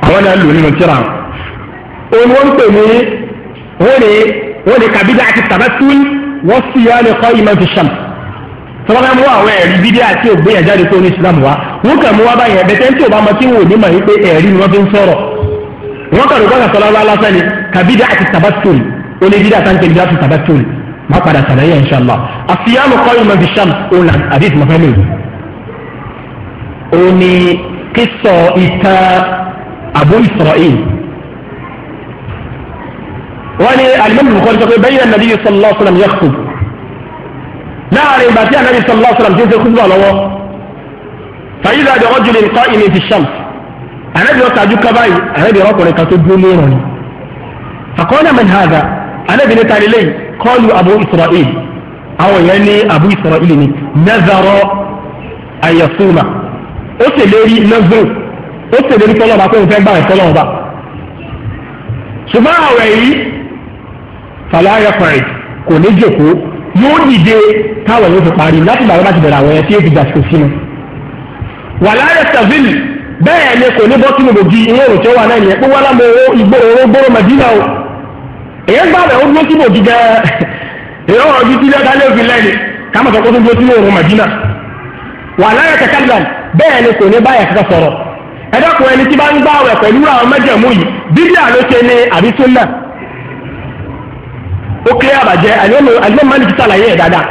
àwọn náà lò nínú tíra òun wọ́n pè ní wọ́n ní wọ́n ní kabida àti tabatul wọ́n sì yá ni kọ́ ìmọ̀ fi shams tọ́lá mú àwọn ẹ̀rí bídí àti ògbéyàn jáde tó ní islam wa wọ́n kàn mú wá báyìí ẹ̀bẹ̀ tẹ́ńtì ò bá mọ tí wọn ò ní mọ̀ wípé ẹ̀rí ni wọ́n fi ń sọ̀rọ̀ wọ́n kàn ló gbọ́dọ̀ sọ̀rọ̀ lọ́wọ́ lásán ni kabida àti tabatul ó lé dídá sáńkẹ́ dídá tún tàbá tóun má padà sàlàyé ẹ̀ inṣàlá àfihàn kọ́ ìmọ̀ bí sàm òun là àdéhùn tí mo fẹ́ lò yìí. ó ní kí sọ ìtàn Abu Isra'il wọ́n ní alimami nìkan sọ pé bẹ́yìn nàbí sallallahu alaihi wasallam yakhutub láàrin ìgbà tí ànábì sallallahu alaihi wasallam ti ń ṣe kúndùn ọ̀lọ́wọ́ fàyídà àjọ ọjọ́ lè kọ́ ìmì fi sàm ànábì ọ̀tàjú kábàáyì ànábì ọ̀rọ̀kùnrin kan tó dúró lérò ni anábìnrin ta lè léyìí kọlu abu israel àwọn yẹn ní abu israel ni nazaro ayasuma ó ṣèlérí nazaro ó ṣèlérí tọ́lọ́ba pé òun fẹ́ gbà ẹ̀ tọ́lọ́ba ṣùgbọ́n àwẹ̀ yìí fàlàyé fàì kò ní jòkó yóò dìde táwọn yóò fi parí láti bàbá bá ti bẹ̀rẹ̀ àwọn yẹn tí yóò fi dàsìkò sínú wàlàyé sàvìlì bẹ́ẹ̀ ni kò ní bọ́ sínú bòjì ìyẹn òròtí ó wà náà yẹn pé wọ́n lámọ owó igbó oró gbóró màdínà o. èyàn gbà rẹ̀ ó dúró sínú òdì gan èyàn ọ̀rọ̀ ju sílẹ̀ ká lé fi lẹ́ni ká mọ̀ sọ pé ó dúró sínú òrùn màdínà wà láyà kẹkẹ gbà bẹ́ẹ̀ ni kò ní báyà kẹkẹ sọ̀rọ̀ ẹ dákun ẹni tí bá ń gbà rẹ̀ pẹ̀lú àwọn mẹ́jẹ̀mú yìí bíbíà ló ṣe ní àbí súnà ó kéré àbàjẹ́ àlẹ́ mọ́lìkì sàlàyé ẹ̀ dáadáa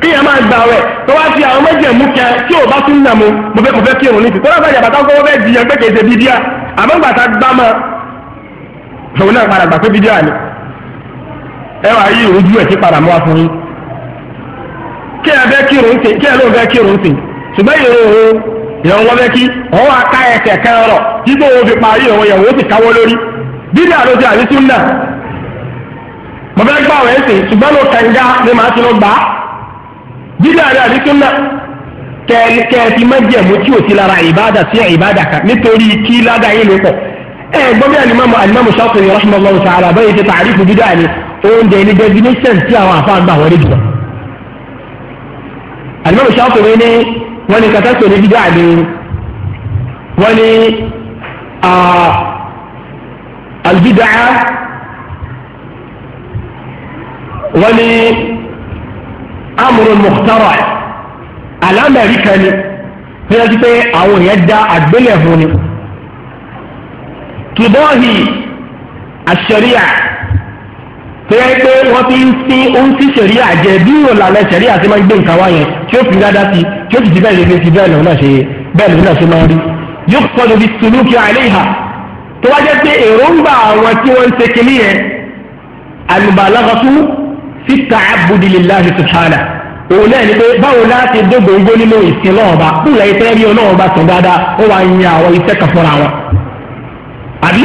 kí ẹ máa gbà tó wá àwọn kẹ tí ò bá ti òun náà padà gbà pé bídíà ni ẹ wàá yí ìrújú ẹ̀ sí padà mọ́ wa fún yín kí ẹ fẹ́ kírun sí kí ẹ lóun fẹ́ kírun sí ṣùgbọ́n ìrún òun ìrún wọn fẹ́ kí òun wá ká fi parí ìrún yẹn òun sì káwọ́ lórí bídíà ló ti súnà mo fẹ́ gbà wẹ́ẹ́ sìn ṣùgbọ́n ló ni màá gbà á súnà fi mẹ́jẹ̀mú tí ò ẹ gbọ́ bí alimami alimami Shafi'i rahimahullahu ta'ala bẹ́ẹ̀ ṣe tààrífù bídà ni oúnjẹ ní definition tí àwọn àfa àgbà wọlé jùlọ. alimami Shafi'i ni wọ́n ní kata sọ̀rọ̀ bídà ni wọ́n ní albídà wọ́n ní amrun mukhtara' alámẹ̀ríkà ni fẹ́ẹ́ ti pé àwọn èèyàn dá àgbélẹ̀ fún ni kìbọ́ọ̀hì àṣẹríà tó yẹ pé wọ́n fi ń sí ohun tí ṣẹríà jẹ bí ìrọ̀lẹ́ ṣẹríà ti máa ń gbé nǹkan wá yẹn tí ó fi dáadáa sí tí ó sì ti bẹ́ẹ̀ lè fi bẹ́ẹ̀ lòun náà ṣe bẹ́ẹ̀ lòun náà ṣe máa ń rí yóò sọdọ̀ bí sùlùkì àìlèhà tó wá jẹ́ pé èròǹgbà àwọn tí wọ́n ń ṣe kìíní yẹn àlùbàlàkàtú fi ta'abbudi lillahi òun náà ni pé báwo láti dógóńgó nínú ìsìn náà ọba kúlẹ̀ ìtẹ́rí ọlọ́ọ̀ba sùn dáadáa ó wá ń àwọn iṣẹ́ fúnra wọn àbí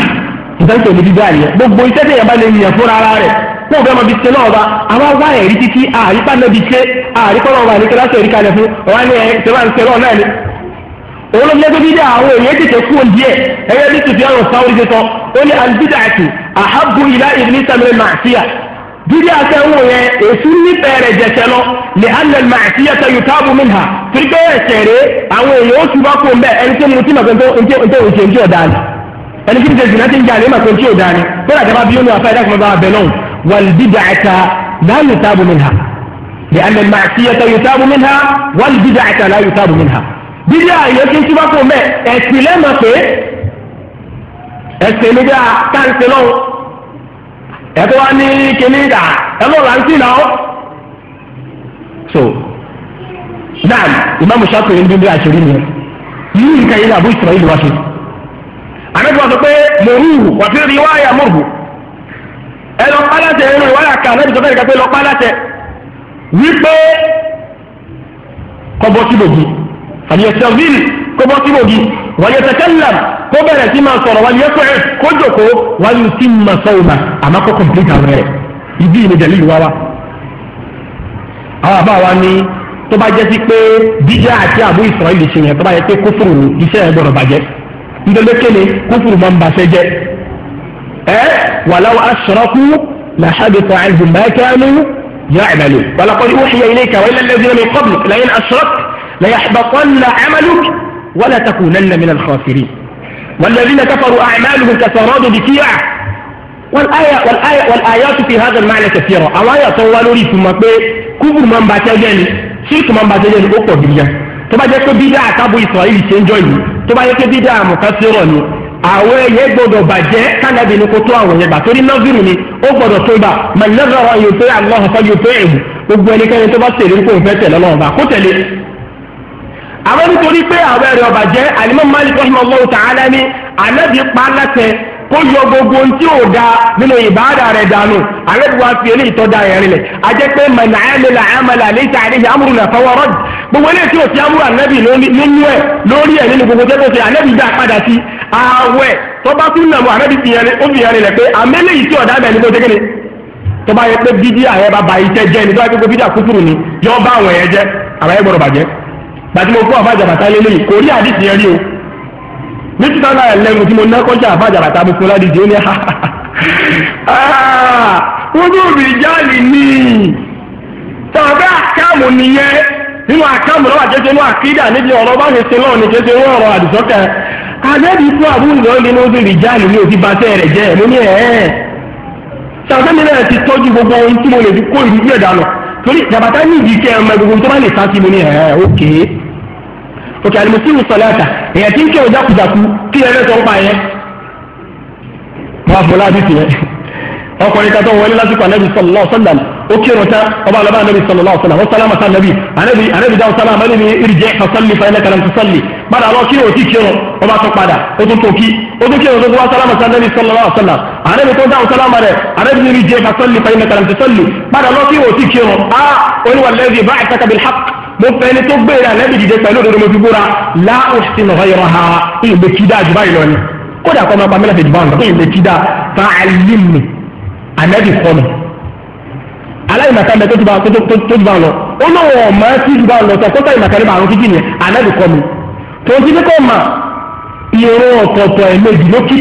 ìdájọ́ ní bíbá yẹn gbogbo iṣẹ́ tẹ̀yẹ̀ bá lè yàn fúnra ara rẹ̀ kó o bẹ́ẹ̀ mọ bí ṣe náà ọba àwa wá ẹ̀rí títí àríkà náà bí ṣe àríkà náà wà ní kíláàsì ẹ̀rí kalẹ̀ fún ọ̀rá ni ẹ̀ ṣe máa ń ṣe náà náà ni òun ló jẹ́ bídà àwọn èèyàn tètè kú díẹ̀ ẹ̀yẹ́ ní tùtù ẹ̀rọ sáwọ́rì ṣe sọ ó ní albidatu ahabu ila iblisa min màṣíà bídà sẹ́wọ̀n yẹn èsù nífẹ̀ẹ́ rẹ̀ jẹ̀ṣẹ̀ lọ ní alẹ́ màṣíà tẹ yutabu minha torí pé ẹ̀ṣẹ̀ rẹ̀ àwọn èèyàn ó túbọ̀ kó ń ẹni tó mu tí màgbẹ́ tó ń tó ń ṣe ẹni kí n ṣe zina ti ń jà lẹ́mà pé tí ò dáa ni kódà tí a bá bí olú afẹ́ ẹ̀dá kan bá bẹ̀ lọ́hùn wàlbídàáta la yutabu minha bí anna al-ma'siyata yutabu minha wàlbídàáta la yutabu minha bíbí àyè kí n túbọ̀ fún mẹ́ ẹ̀sìn lẹ́mà pé ẹ̀sìn mi dáa káńtì lọ́hùn ẹ̀tọ́ wa ní kíní dà ẹ̀ lọ́ọ̀ láǹtì náà so naam imaamu shafi'i ń bí àṣírí ni yìí nǹkan yìí anabi wa sọ pé mòrúhù wàtí rí wáyà mòrúhù ẹ lọ pálásẹ ẹ lọ ìwáyà ká anabi sọ fẹ́ẹ́ ká pé lọ pálásẹ wípé kọ́bọ́ sí bògì àyẹ̀sẹ̀vìl kọ́bọ́ sí bògì wàyẹ̀sẹ̀kẹ́lẹ̀m kó bẹ̀rẹ̀ sí máa sọ̀rọ̀ wàyẹ̀sẹ̀ kó jòkó wàyẹ̀ sí máa sọ̀rọ̀ àmọ́ kó kọ̀m̀pútà rẹ̀ ìdí ìlú jẹ̀lú ìwá wa. àwọn àbá wa ní tó bá jẹ́ sí pé bíjà àti àbú ìsọ̀rọ̀ ìlú ṣe yẹn tó bá yẹ pé kófòrò iṣẹ́ ẹ̀ gbọ́dọ̀ bàjẹ́. ndembe kele kufuru mamba seje eh walau asraku la hadith anhum ma kanu ya'malu wala qad uhiya ilayka wa ila alladhina min qablik la in ولا تكونن من الخاسرين والذين كفروا اعمالهم كسراد بكيع والآية, والايه والايات في هذا المعنى كثيره اوايا طولوا لي ثم بي كفر من باتجاني شرك من باتجاني اوكو بيجا تبا جاكو بيجا اتابو اسرائيل سينجوي tó bá yẹ kí bídà àmùkásírọ̀ ni àwọn ẹyẹ gbọ́dọ̀ bàjẹ́ kánàbì ní kó tó àwọn yẹn bà torí nọ́ọ̀sìrì ni ó gbọ́dọ̀ tó gbà mọ̀lẹ́sọ̀rọ̀ yóò fẹ́ àwọn ọ̀fọ̀ yóò fẹ́ èwù gbogbo ẹnikẹ́ni tó bá tẹ̀lé kó fẹ́ tẹ̀lé lọ́wọ́ bá kó tẹ̀lé. àwọn nítorí pé àwọn ẹ̀rẹ̀ ọ̀bàjẹ́ alimọ́ malik rahman allah ta'ala ni anabi pa látẹ kó yọ gbogbo ohun tí ò da nínú ìbáàdà rẹ̀ dànù àrẹ́bùwá fi eléyìí tọ́ da ẹ̀rín lẹ̀ ajẹ́ pé mẹ̀nàẹ́lẹ́lá àmàlà àlẹ́sà àdéhì amúrù nà fọwọ́ rọ́d gbogbo eléyìí tí ò sí amúrù ànábì nínú ẹ̀ lórí ẹ̀ nínú gbogbo tẹ́tọ́ sí ànábì dá padà sí ààwẹ̀ tọ́ba tún nà mọ́ ànábì fi yẹn ó fi yẹn lẹ̀ pé àmẹ́lẹ́yìí tí ọ̀dà bẹ̀ ní kó tẹ́kẹ́lẹ́ yẹ pé bídíà yẹ bá ba iṣẹ́ jẹ́ ni tọ́ba yẹ pé ní two thousand and eleven tí mo ná kọjá àbájára tá a mú fún ládìjì ó ní ha wúdúùbì ah, jáàlì ni tàbí àkàmù nìyẹn nínú àkàmù lọ́wọ́ àjẹjẹ inú àkídà níbi ọ̀rọ̀ bá ṣe ṣe lọ́wọ́ ní ṣe ṣe wọ́n ọ̀rọ̀ àdìsọ́kẹ́ àjẹbí fún àbúrò nínú wúdúùbì jáàlì ni òbí bá tẹ́ rẹ̀ jẹ́ mo ní ẹ̀ ẹ́ mi náà ti tọ́jú gbogbo ohun tí mo lè fi kó ìdúgbò ẹ̀dá lọ torí jàbátá ní ìdí kẹ́ ẹ̀ ọmọ gbogbo tó bá lè sá sí mo ní ẹ̀ ẹ́ ókèé òkè àlùmọ́sí mi sọ̀lá àtà èèyàn tí ń kí ọjà kùjàkú kí ẹ̀rẹ́ sọ ń pa yẹn. wọ́n á fọlá àdìsí yẹn ọkùnrin kan tó wọlé lásìkò ànábì sọlọ́ọ̀ sọ́lá ó kí ẹ̀rọ tán ọba àlọ́bà ànábì sọlọ́ọ̀ sọ́lá ó sálámà sá ànábì ànábì ànábì dáhùn sálámà ànábì ìrìjẹ́ ọ̀sánlì fàyẹ̀lẹ̀ kàlàm tó sọ́lì padà lọ kí ẹ̀rọ tí kí ẹ̀rọ ọba tó padà ó tún tó kí ó tún kí ẹ̀rọ tó wá sálámà sá ànábì sọlọ́ọ̀ sọ́lá ànábì tó dáhùn sálámà rẹ̀ ànábì ìrìjẹ́ ọ̀sánlì fàyẹ̀lẹ̀ kàlàm tó sọ́lì padà lọ kí ẹ̀rọ tí kí ah, ẹ̀rọ mo fẹ́ ni tó gbére ànábì dìde pẹ̀lú òdodo mo fi búra la òsínà ọ̀yọ̀rọ̀ ha ìgbè kí dáa jù báyìí lọ ni kódà kọ́ máa pa mílẹ̀ tẹ̀jú báwọn ìgbè kí dáa fa àlìmì ànábì kọ́ mi. aláìmọ̀ká mẹ́ tó ti bá lọ ó lóun ọ̀mọ́ tí ju bá lọ sọ kó sáyìn màkàrí màrún kíkì yẹn ànábì kọ́ mi. ti fi kọ́ mà ìrún ọ̀tọ̀ọ̀tọ̀ ẹ̀mejì ló kí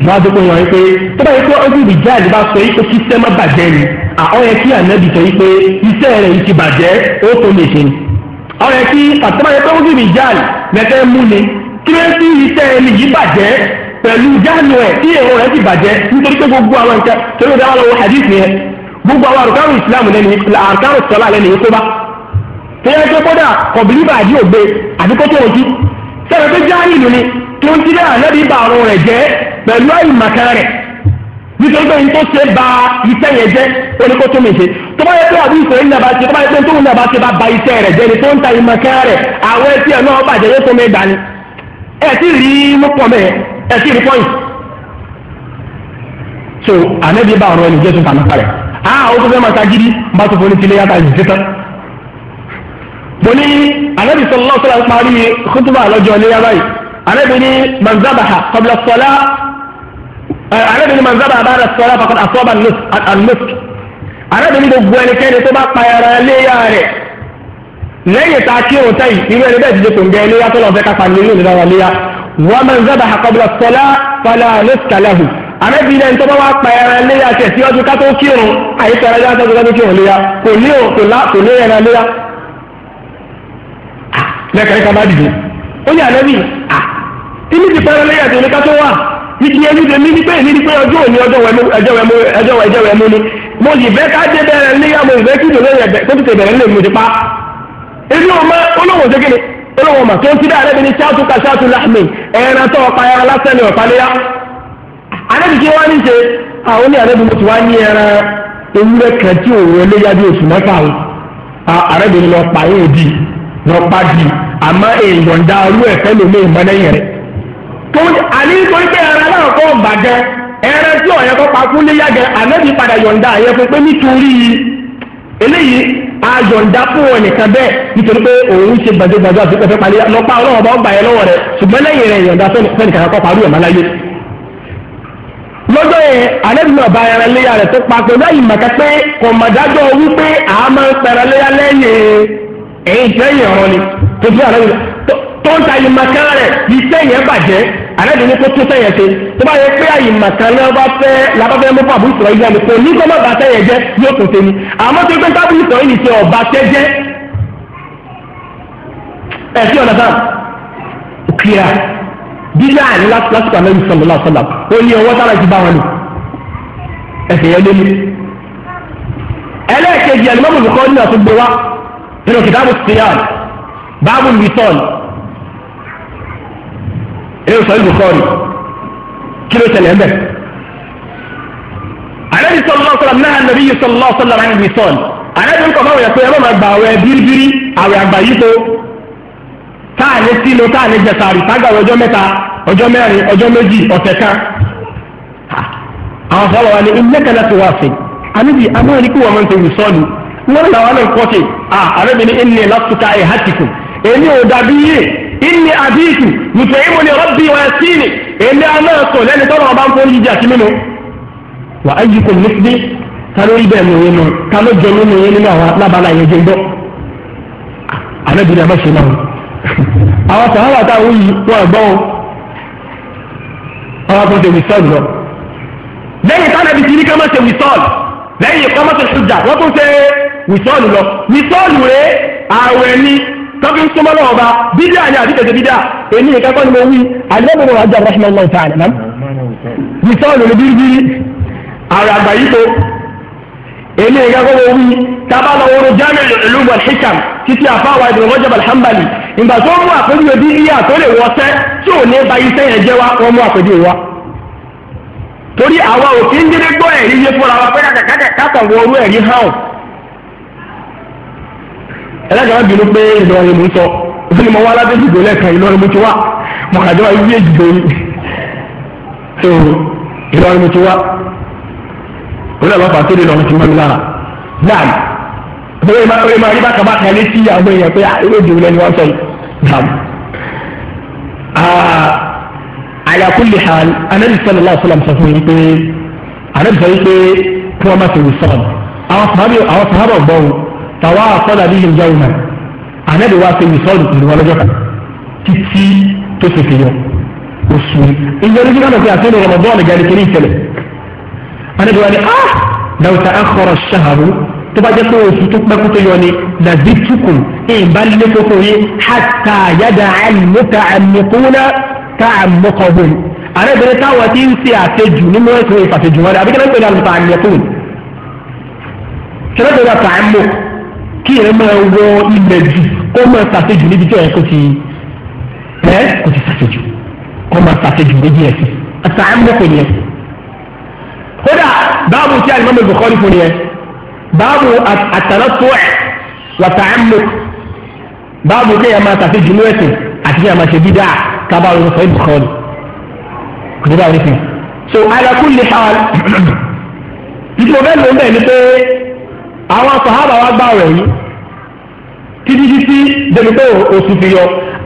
wọ́n á dúpọ̀ wọn wípé tó bá yẹ kó ọdún ìjà ìdí bá sọ yìí pé kí iṣẹ́ má bàjẹ́ ni àwọn yẹ kí ànábì sọ yìí pé iṣẹ́ rẹ̀ yìí ti bàjẹ́ ó tó lè ṣe ni. àwọn yẹ kí àtúbọ̀ yẹ kó ọdún ìjà lẹ́kẹ́ mú ni kí ló ti iṣẹ́ ẹni yìí bàjẹ́ pẹ̀lú jáàmù ẹ̀ tí èrò rẹ̀ ti bàjẹ́ nítorí pé gbogbo àwọn nǹkan tó ló dáwọ́ lọ́wọ́ hadith yẹn gbogbo àwọn àrùkárù ìsìlámù lẹ́nu àrùkárù sọ́lá lẹ́nu yìí kó bá tẹ́yẹ́ tó kódà kọ̀bìlì bàdí ògbé àdúgbò tó wọ́n ti sẹ́yìn pé jáàmù ni tó ń tilẹ̀ ànábì bà àrùn rẹ̀ jẹ́ pẹ̀lú àìmọ̀kan rẹ̀ nítorí pé nítorí ṣe ba iṣẹ́ yẹn jẹ́ oníkó tó mi ṣe tó bá yẹ pé àbí ìṣòro ìnàbà ṣe tó bá yẹ pé tó ìnàbà ṣe bá ba iṣẹ́ rẹ̀ jẹ́ ni tó ń ta ìmọ̀kan rẹ̀ àwọn ẹtí ẹ̀ náà bàjẹ́ yóò tó mi gbà ni ẹ̀ sì rí mú pọ̀ mẹ́ ẹ̀ sì rí pọ́yìn. so ànábì bá ọ̀rọ̀ ẹni jẹ́ tuntun àmọ́ parẹ́ a ó tó fẹ́ máa ta gidi bá tó foni tilé yàtà ìṣẹ́ tán. mo ní ànábì sọ arábìnrin manzabaha kọbílẹ̀ sọlá arábìnrin manzabaha bá rẹ̀ sọlá fakọ́ asọ́ba anusk arábìnrin gbogbo ẹnikẹ́ni tó bá payara léyà rẹ̀ lẹ́yìn tá a kí òun táyì irú ẹni bẹ́ẹ̀ ti di kò ń gẹ léyà tó lọ́n fẹ́ ká pàmì nínú ìdára léyà wọ́n manzabaha kọbílẹ̀ sọlá fala anusk alahu arábìnrin ẹni tó bá wá payara léyà tẹ̀ síwájú ká tó kírun àyíkára léyà tó tó kírun léyà kò ní òun kò ní ẹ̀rọ léyà ah, lẹ́kẹ̀ẹ́ ká bá dìde ó ní àlẹ́ bíi ah, inu ti pẹrẹ lẹ́yìn àti oníkà tó wà ìdí ẹni tèmi ní pé ìdí pé ọjọ́ òní ọjọ́ wẹmú ẹjọ́ wẹmú ẹjọ́ ni mo sì fẹ́ ká dé bẹ̀rẹ̀ níyà mo sì fẹ́ kí ìdòwò yẹn mo ti pa ebi wọn mọ olóhùn ṣe kéde olóhùn mà tó ń tídà ní ṣáàtú ka ṣáàtú láàmì ẹran tó ọ̀pá ẹran lásán ni ọ̀pá léyà alẹ́ ti ṣe wá ní ṣe àwọn ní alẹ́ mo ti wá ní ẹran ewúrẹ́ kan bí oṣù àní nítorí pé ẹran náà kọ́ bàjẹ́ ẹran tí ọ̀yẹ́ kọ́ pakú lé yàgẹ́ ànábì padà yọ̀ǹda àyẹ̀ fún pé nítorí eléyìí a yọ̀ǹda fún wọn nìkan bẹ́ẹ̀ nítorí pé òun ṣe gbajúgbajù àti pẹ́fẹ́ parí lọ́pàá ọlọ́wọ́ bá ń gbà yẹn lọ́wọ́ rẹ̀ ṣùgbọ́n lẹ́yìn rẹ̀ yọ̀ǹda fẹ́nìkan kọ́ parí ọ̀mọ́ láyé lọ́jọ́ yẹn ànábì náà bá ẹran léyà rẹ̀ tó pa pẹ̀lú àyìnbàkẹ́ pé kọ̀mọ̀dájọ́ wípé a máa ń pẹ̀rẹ̀ léyà lẹ́yìn èyí tẹ́yìn ọ̀rọ̀ ni tó ń ta àyìnbàkẹ́ rẹ̀ iṣẹ́ yẹn bàjẹ́ àlejò ní kó tún sẹ́yìn ṣe tó bá yẹ pé àyè màkàn náà bá fẹ́ labáfẹ́ mú fàbú ìsọ̀rọ̀ ìlú ẹni kò ní kó má bàa sẹ́yìn jẹ́ yóò tún ṣe ni àmọ́ tó gbé sábú ìsọ̀rọ̀ ìlú ṣe ọ̀bà tẹ́ jẹ́ ẹ̀ sí ọ̀nà sáà kíra bílẹ̀ àní lásìkò àmọ́ ìsọ̀rọ̀ lásọ̀lá ó ní ọwọ́ sára ti bá wọn lò ẹ̀sẹ̀ yẹn lé mi ẹlẹ́ẹ̀kejì ẹ̀lẹ́mọ́bùnú kọ́ nínú àtúgbò wa nínú kìtàbù síyàn báàbù lùsọ̀lù ẹ̀rọ sọ̀rọ̀ Bukhari kí ló tẹ̀lé ẹ̀mẹ́. Ànábì sallallahu alaihi wasallam náà nàbí yìí sallallahu alaihi wasallam ní sọ́ọ̀lù Ànábì ń kọ̀ máa wọ̀ yẹ ẹ̀rọ máa gba àwẹ̀ bíríbírí àwẹ̀ àgbà yìí tó táà ní sílò táà ní jẹsàrì ọjọ́ mẹ́ta ọjọ́ mẹ́rin ọjọ́ méjì ọ̀sẹ̀ kan. Àwọn sọ̀rọ̀ wa ni innaka la tuwasi Ànábì amóhìnkú wọn máa ń tẹ̀wé sọ́ọ̀lù wọ́n làwọn náà kọ́ sí àrẹ́bìnrin ẹni lásùkà ẹ̀ hàtìkù inni ni rabbi wa yasini èmi anáàtọ̀ lẹ́ni tọ́lọ̀ ọba ń forí jíjẹ àti mímu wà á yíkò nísìdí ta ló rí bẹ́ẹ̀ ni a bá ṣe náà àwọn sàhábà táwọn yìí wọn ẹ̀gbọ́n ọba tó ń lọ lẹ́yìn tánàbí lọ ni tọ́kí ń súnmọ́ lọ́wọ́ bá bídíà ni àbí tètè bídíà èmi nìkan kọ́ ni mo wí alẹ́mu ni wọ́n ajá rahman allah ta'ala nam misọ́ọ̀lù ni bíríbírí àrà àgbà yìí tó èmi nìkan kọ́ mo wí tábà lọ́wọ́ ní jamiu ulum wal hikam títí àfáwà ibn rajab alhambali ìgbà tó mú àpèjúwe bídíà tó lè wọ́sẹ́ tí ò ní ba iṣẹ́ yẹn jẹ́ wa wọ́n mú àpèjúwe wa torí àwa òfin dídé gbọ́ ẹ̀rí yé fúnra wa ẹlẹ́gàá wọn bínú pé Ìlọrin mò ń sọ òfin ni mo wá aládé jìgbó lẹ́ẹ̀kan Ìlọrin mo ti wá mo kà jọ ayé jìgbó ni so Ìlọrin mo ti wá òun àbá pàtó lè lọ́run ti mọ́ mi lára náà bóyá ìmọ̀ ìmọ̀ ìmọ̀ kàbákà létí àwọn èèyàn pé ìwé ah, ìdìbò lẹ́ni wọ́n sọ yìí ah, ala kulli hal anabi sallallahu sọ fún yín pé anabi pé kí wọ́n má ṣe wùsọ̀rọ̀ àwọn tàwa àfọlà bí ìyẹn jáwé náà ànábì wa ṣe ìsọ̀rọ̀ pẹ̀lú wọn lọ́jọ́ kan títí tó ṣe fi yọ oṣù ìyẹn lójú náà fi àṣírí ọmọ bọ́ọ̀lù gari kiri ìṣẹ̀lẹ̀ ànábì wa ni ah dàwùtà àkọrọ̀ ṣàhàrù tó bá jẹ́ pé oṣù tó pẹ́ kó yọ ni làbí tukùn ìbálẹ̀ kókó yìí hàtà yàdà àlùmọ́tà àmùkúnà tá àmùkọ̀hún ń ṣe àṣejù nínú ẹ̀sìn ìfàṣejù wọn àbíkẹ́lẹ́ pẹ̀lú àlùmọ́tà àmùkún kẹ́lẹ́ pẹ̀lú kí ẹ máa wọ ilẹ̀ jù kó máa ṣàṣejù níbi tí ẹ kò ti ẹ kò ti ṣàṣejù kó máa ṣàṣejù méjì ẹ̀sìn àtàwọn kò yẹ. kódà báàbù tí alimami Bukhari fún yẹ báàbù àtàlọ́tọ̀ ẹ̀ wàtàmùk báàbù kí ẹ máa ṣàṣejù ní ẹ̀sìn àti kí ẹ máa ṣe bídà kábàárù sọ̀rọ̀ Bukhari kò ní báwo ní fi. so ala kulli hal ìfowópamọ́ bẹ́ẹ̀ ni pé àwọn sàhábà wa gbà rẹ̀ yìí títí títí débi pé oṣù fi yọ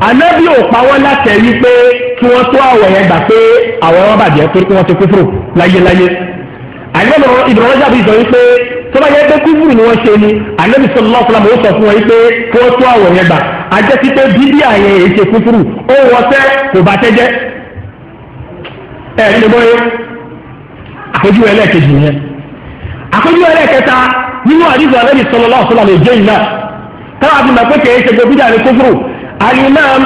ànábì ò pa wọ́n láti ẹ̀rí pé kí wọ́n tó àwọ̀ yẹn gbà pé àwọn ọmọ bàjẹ́ torí pé wọ́n ti kúfùrù láyéláyé àyẹ̀wò ìbùrọ̀ ọjà bí ìdọ̀rí pé tó bá yẹ pé kúfùrù ni wọ́n ṣe ni ànábì sallallahu alaihi wasallam ó sọ fún wọn pé kí wọ́n tó àwọ̀ yẹn gbà àjẹsí pé bíbí àyẹ̀ èyí ṣe kúfùrù ó wọ sẹ́ kò bá tẹ́ jẹ́ ẹ̀ẹ́dẹ́gbọ́n yẹn àpèjúwe ẹlẹ́ẹ̀kejì àkójú ẹlẹ́kẹta nínú àdìsí àlẹ́ ìsọlọ́lá ọ̀sọ́lá lè jẹ́ ìmọ̀ káwá fi mọ̀ pé kèé ṣe gbogbo ìjà ní kófúrú alimam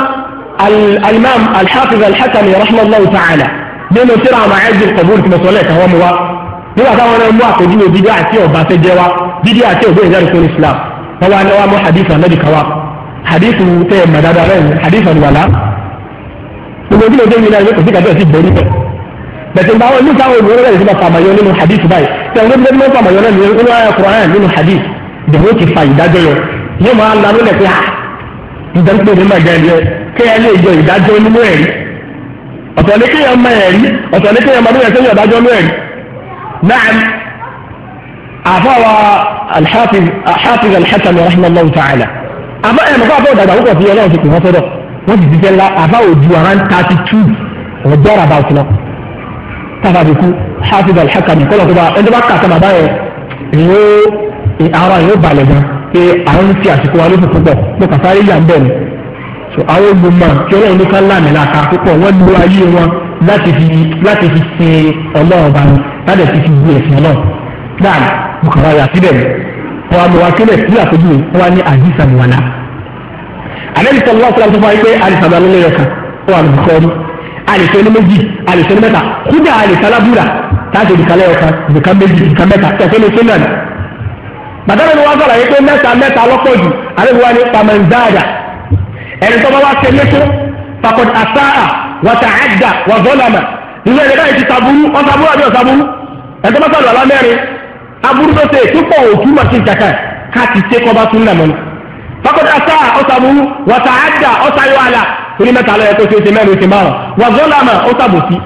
alimam alḥafiz alḥakami rahmatullahi ta'ala nínú tíra àwọn àyájú kọ̀bùrù tí mo sọ lẹ́ẹ̀kan wọn mu wa nígbà táwọn náà mú àkójú wo bídí àti ọba fẹ́ jẹ́ wa bídí àti ọgbẹ́ ìjà ìfún islam wọn wá wọn mú hadith anabi kawa hadith tẹ mọ̀ dáadáa lẹ́yìn hadith àlùwàlá gbogbo ìdílé bẹ̀tẹ̀ ìgbà wọn nígbà wọn ìwúrọ̀ rẹ̀ nípa fàmàyọ nínú hadith báyìí tẹ̀ wọ́n gbẹ́dẹ́ mọ́ fàmàyọ náà nínú ayé Quran nínú hadith dèbò ti fa ìdájọ́ yọ yóò máa lanú lẹ̀ pé a ìdánpẹ̀ ní màgá ẹ̀ kí ẹ lè yọ ìdájọ́ nínú ẹ̀rí ọ̀tọ̀ ní kéèyàn mọ ẹ̀rí ọ̀tọ̀ ní kéèyàn mọ ẹ̀rí ẹ̀sẹ̀ yọ ìdájọ́ nínú ẹ̀rí náà àfọwà alḥafiz alḥafiz alḥasan rahimahullah ta'ala àfọ ẹ̀ mọ̀kọ́ àfọ ìdàgbà púpọ̀ sí ọlọ́run ti kù wọ́n sọ́dọ̀ wọ́n ti ti tẹ́lá àfọ òdu around thirty two ọ̀dọ́ about náà tábàbí kú hafi bàlẹ̀ hakami kọ́lọ̀ tó bá ẹni tó bá kà sábà báyẹn yóò ara yóò balẹ̀ gan pé àwọn ń fi àsìkò wa lóṣù púpọ̀ mo kà sáré yà ń bẹ̀ ni so àwọn olùmọ̀ tí ọlọ́run ní ká lànà láta púpọ̀ wọ́n lo ayé wọn láti fi láti fi sin ọlọ́run bá mi láti fi fi gbé ẹ̀sìn ọlọ́run dáàbò mo kàn wá ni wọn àmọ̀ wá sílẹ̀ sí àpèjúwe wọn wá ní àdìsàn wàlá àlẹ́ ìsọ̀lọ́ọ̀sọ̀lá tó fọ́ wáyé pé àdìsàn wàlá ló lè rẹ̀ kàn ó wà lóṣù àlèsọ ní méjì àlèsọ ní mẹ́ta kúdà àlèsọ alábùrà táàtì ìdìkalẹ̀ ọ̀kan ìdìkan méjì ìdìkan mẹ́ta ẹ̀fẹ́ ní sọ́nà ni. bàtàlẹ́ ni wọ́n sọ̀rọ̀ yìí pé mẹ́ta mẹ́ta lọ́pọ̀ jù àlejò wa ní pàmẹ́ndáàdà ẹni tó bá wá ṣe léṣe fakọd asáà wàtà àdà wà zọ́làmà nílẹ̀ ẹ̀dá yìí ti taburú ọ̀sàbúrú àbí ọ̀sàbúrú ẹni tó bá sọ̀rọ̀ alámẹ́rin aburú tó ṣe tó pọ̀ òtún màtí ìjàkà káàtì ṣe kọ́ bá tún nàmọ́ni fakọd asáà ọ̀sàbúrú wàtà àdà ọ̀sàyọ̀ oní mẹ́ta lọ́yẹ kó ṣe ṣe mẹ́rin ṣe márùn wà zọ́làmà ó tàbùsí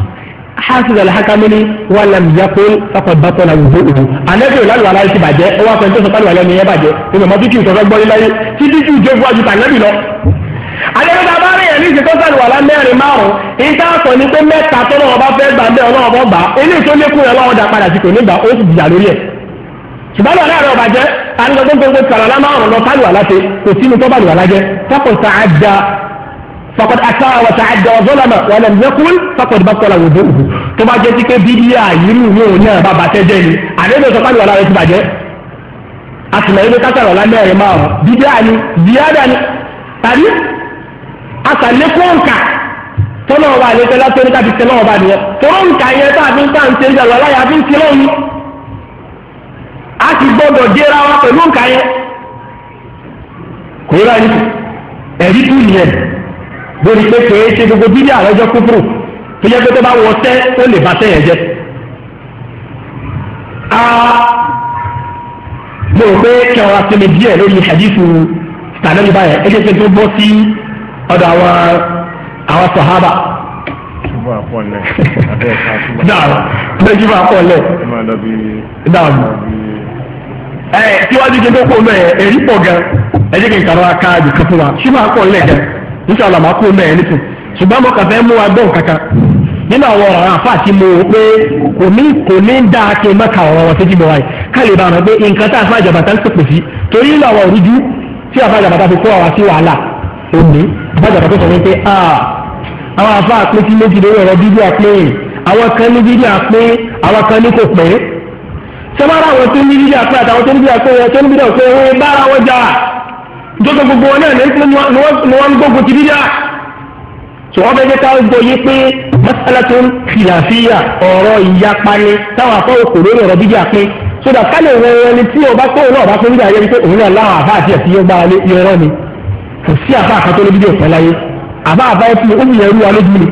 hasid alhakami ni wà lam yakun fakọ bàtọ la wùdó òwò anabi ò lálùwàlá yìí ti bàjẹ́ ó wà fẹ́ tó sọ́kàlù wàlẹ́ ni yẹn bàjẹ́ ó mọ̀ mọ́tí kì í sọ́kọ́ gbọ́ yín láyé tí tí kì í jẹ́ fún àjùtà anabi lọ. anabi ta bá rìn ẹ̀rí ìṣètò sàlùwàlá mẹ́rin márùn ìta sọ ni pé mẹ́ta tó náà ọba fẹ́ gbà bẹ́ẹ̀ ọlọ́wọ́ bọ́ bá eléyìí tó lékún ẹ̀ lọ́wọ́ dà padà sí kò ní gbà ó sì jìyà lórí ẹ̀ ṣùgbọ́n àlọ́ àrẹ ọba jẹ́ àti fakọd asára wàtà àjọ ọ̀zọ́lọ́mà wàlẹ̀ mẹ́kún fakọd bàtọ́lá wò bóòhù tó bá jẹ́ sí pé bíbí àyínú yóò náà bá bàtẹ́ jẹ́ ni àdébẹ̀ sọ pálí wàlá rẹ ti bàjẹ́ àtìlẹ́yìn bí kásáró lámẹ́rin máa wọ̀ bíbí àní bíyádà ni tàbí àtàlékún òǹkà tọ́lọ́ ọba àlejò látọ́rí tàbí tẹ́lọ́ ọba nìyẹn tó òǹkà yẹn tá a fi ń tà ń ṣe ń jàlọ́ láyà fi ń ṣe lọ́yìn a ti gbọ́dọ̀ jẹ́ra wa pẹ̀lú òǹkà yẹn kò yẹ báyìí ẹ̀rí tún nìyẹn lórí pé kèé ṣe gbogbo bíbí àrẹ́jọ́ kúkúrú tó jẹ́ pé tó bá wọ tẹ́ ó lè bá tẹ́ yẹn jẹ́. a lè rò pé kí ọ̀rọ̀ àtẹ̀lẹ̀ díẹ̀ lórí hadithu tànàbí báyẹn ẹ ṣe pé tó bọ́ sí ọ̀dọ̀ àwọn àwọn sàhábà. dáàbò lẹ́jú bá pọ̀ lẹ̀. dáàbò ẹ tíwájú kí n tó kó lọ yẹn èyí pọ̀ gan ẹ jẹ́ kí n kàrọ̀ ká àjò kan fún wa ṣí máa pọ̀ lẹ̀ gan nísàlọ̀ máa kú mẹ́rin nìkan ṣùgbọ́n mo kàn fẹ́ mú wa gbọ́n kankan nínú àwọn ọ̀rọ̀ àfa àti mo rò pé kò ní kò ní dá ake mẹ́ta ọ̀rọ̀ wọn sétí bọ̀ wáyé ká lè bá wọn pé nǹkan tá àfa àjàbàtà ń pèpè sí torí nínú àwọn òrújú tí àfa àjàbàtà fi kó àwa sí wàhálà òní àfa àjàbàtà sọ wípé àwọn àfa àpé sí méjì lórí ọ̀rọ̀ bíbí àpé àwọn kan ní bíbí àpé àwọn kan ní kò pé sẹ́wọ́n àwọn jọ́sọ̀ gbogbo wọn náà lẹ́yìn ni wọ́n ń gbógun ti dídá tí wọ́n bẹ́ẹ̀ ká gbóyè pé mọ́sálásí ń fìlàfíà ọ̀rọ̀ ìyapa ni táwọn afọ òkòrò ọ̀rọ̀ bíjà pé sódà kálẹ̀ ìwọ̀n ẹni tí ọba kó náà bá pé nígbà yẹn pé òun náà láwọn àbá àti ẹ̀sìn yóò gbára lé irọ́ ni kò sí àbá àkàtó lóbi dé ìpẹ́ láyé àbá àbá ẹ̀ fi omi ẹ̀rú wa lójú ni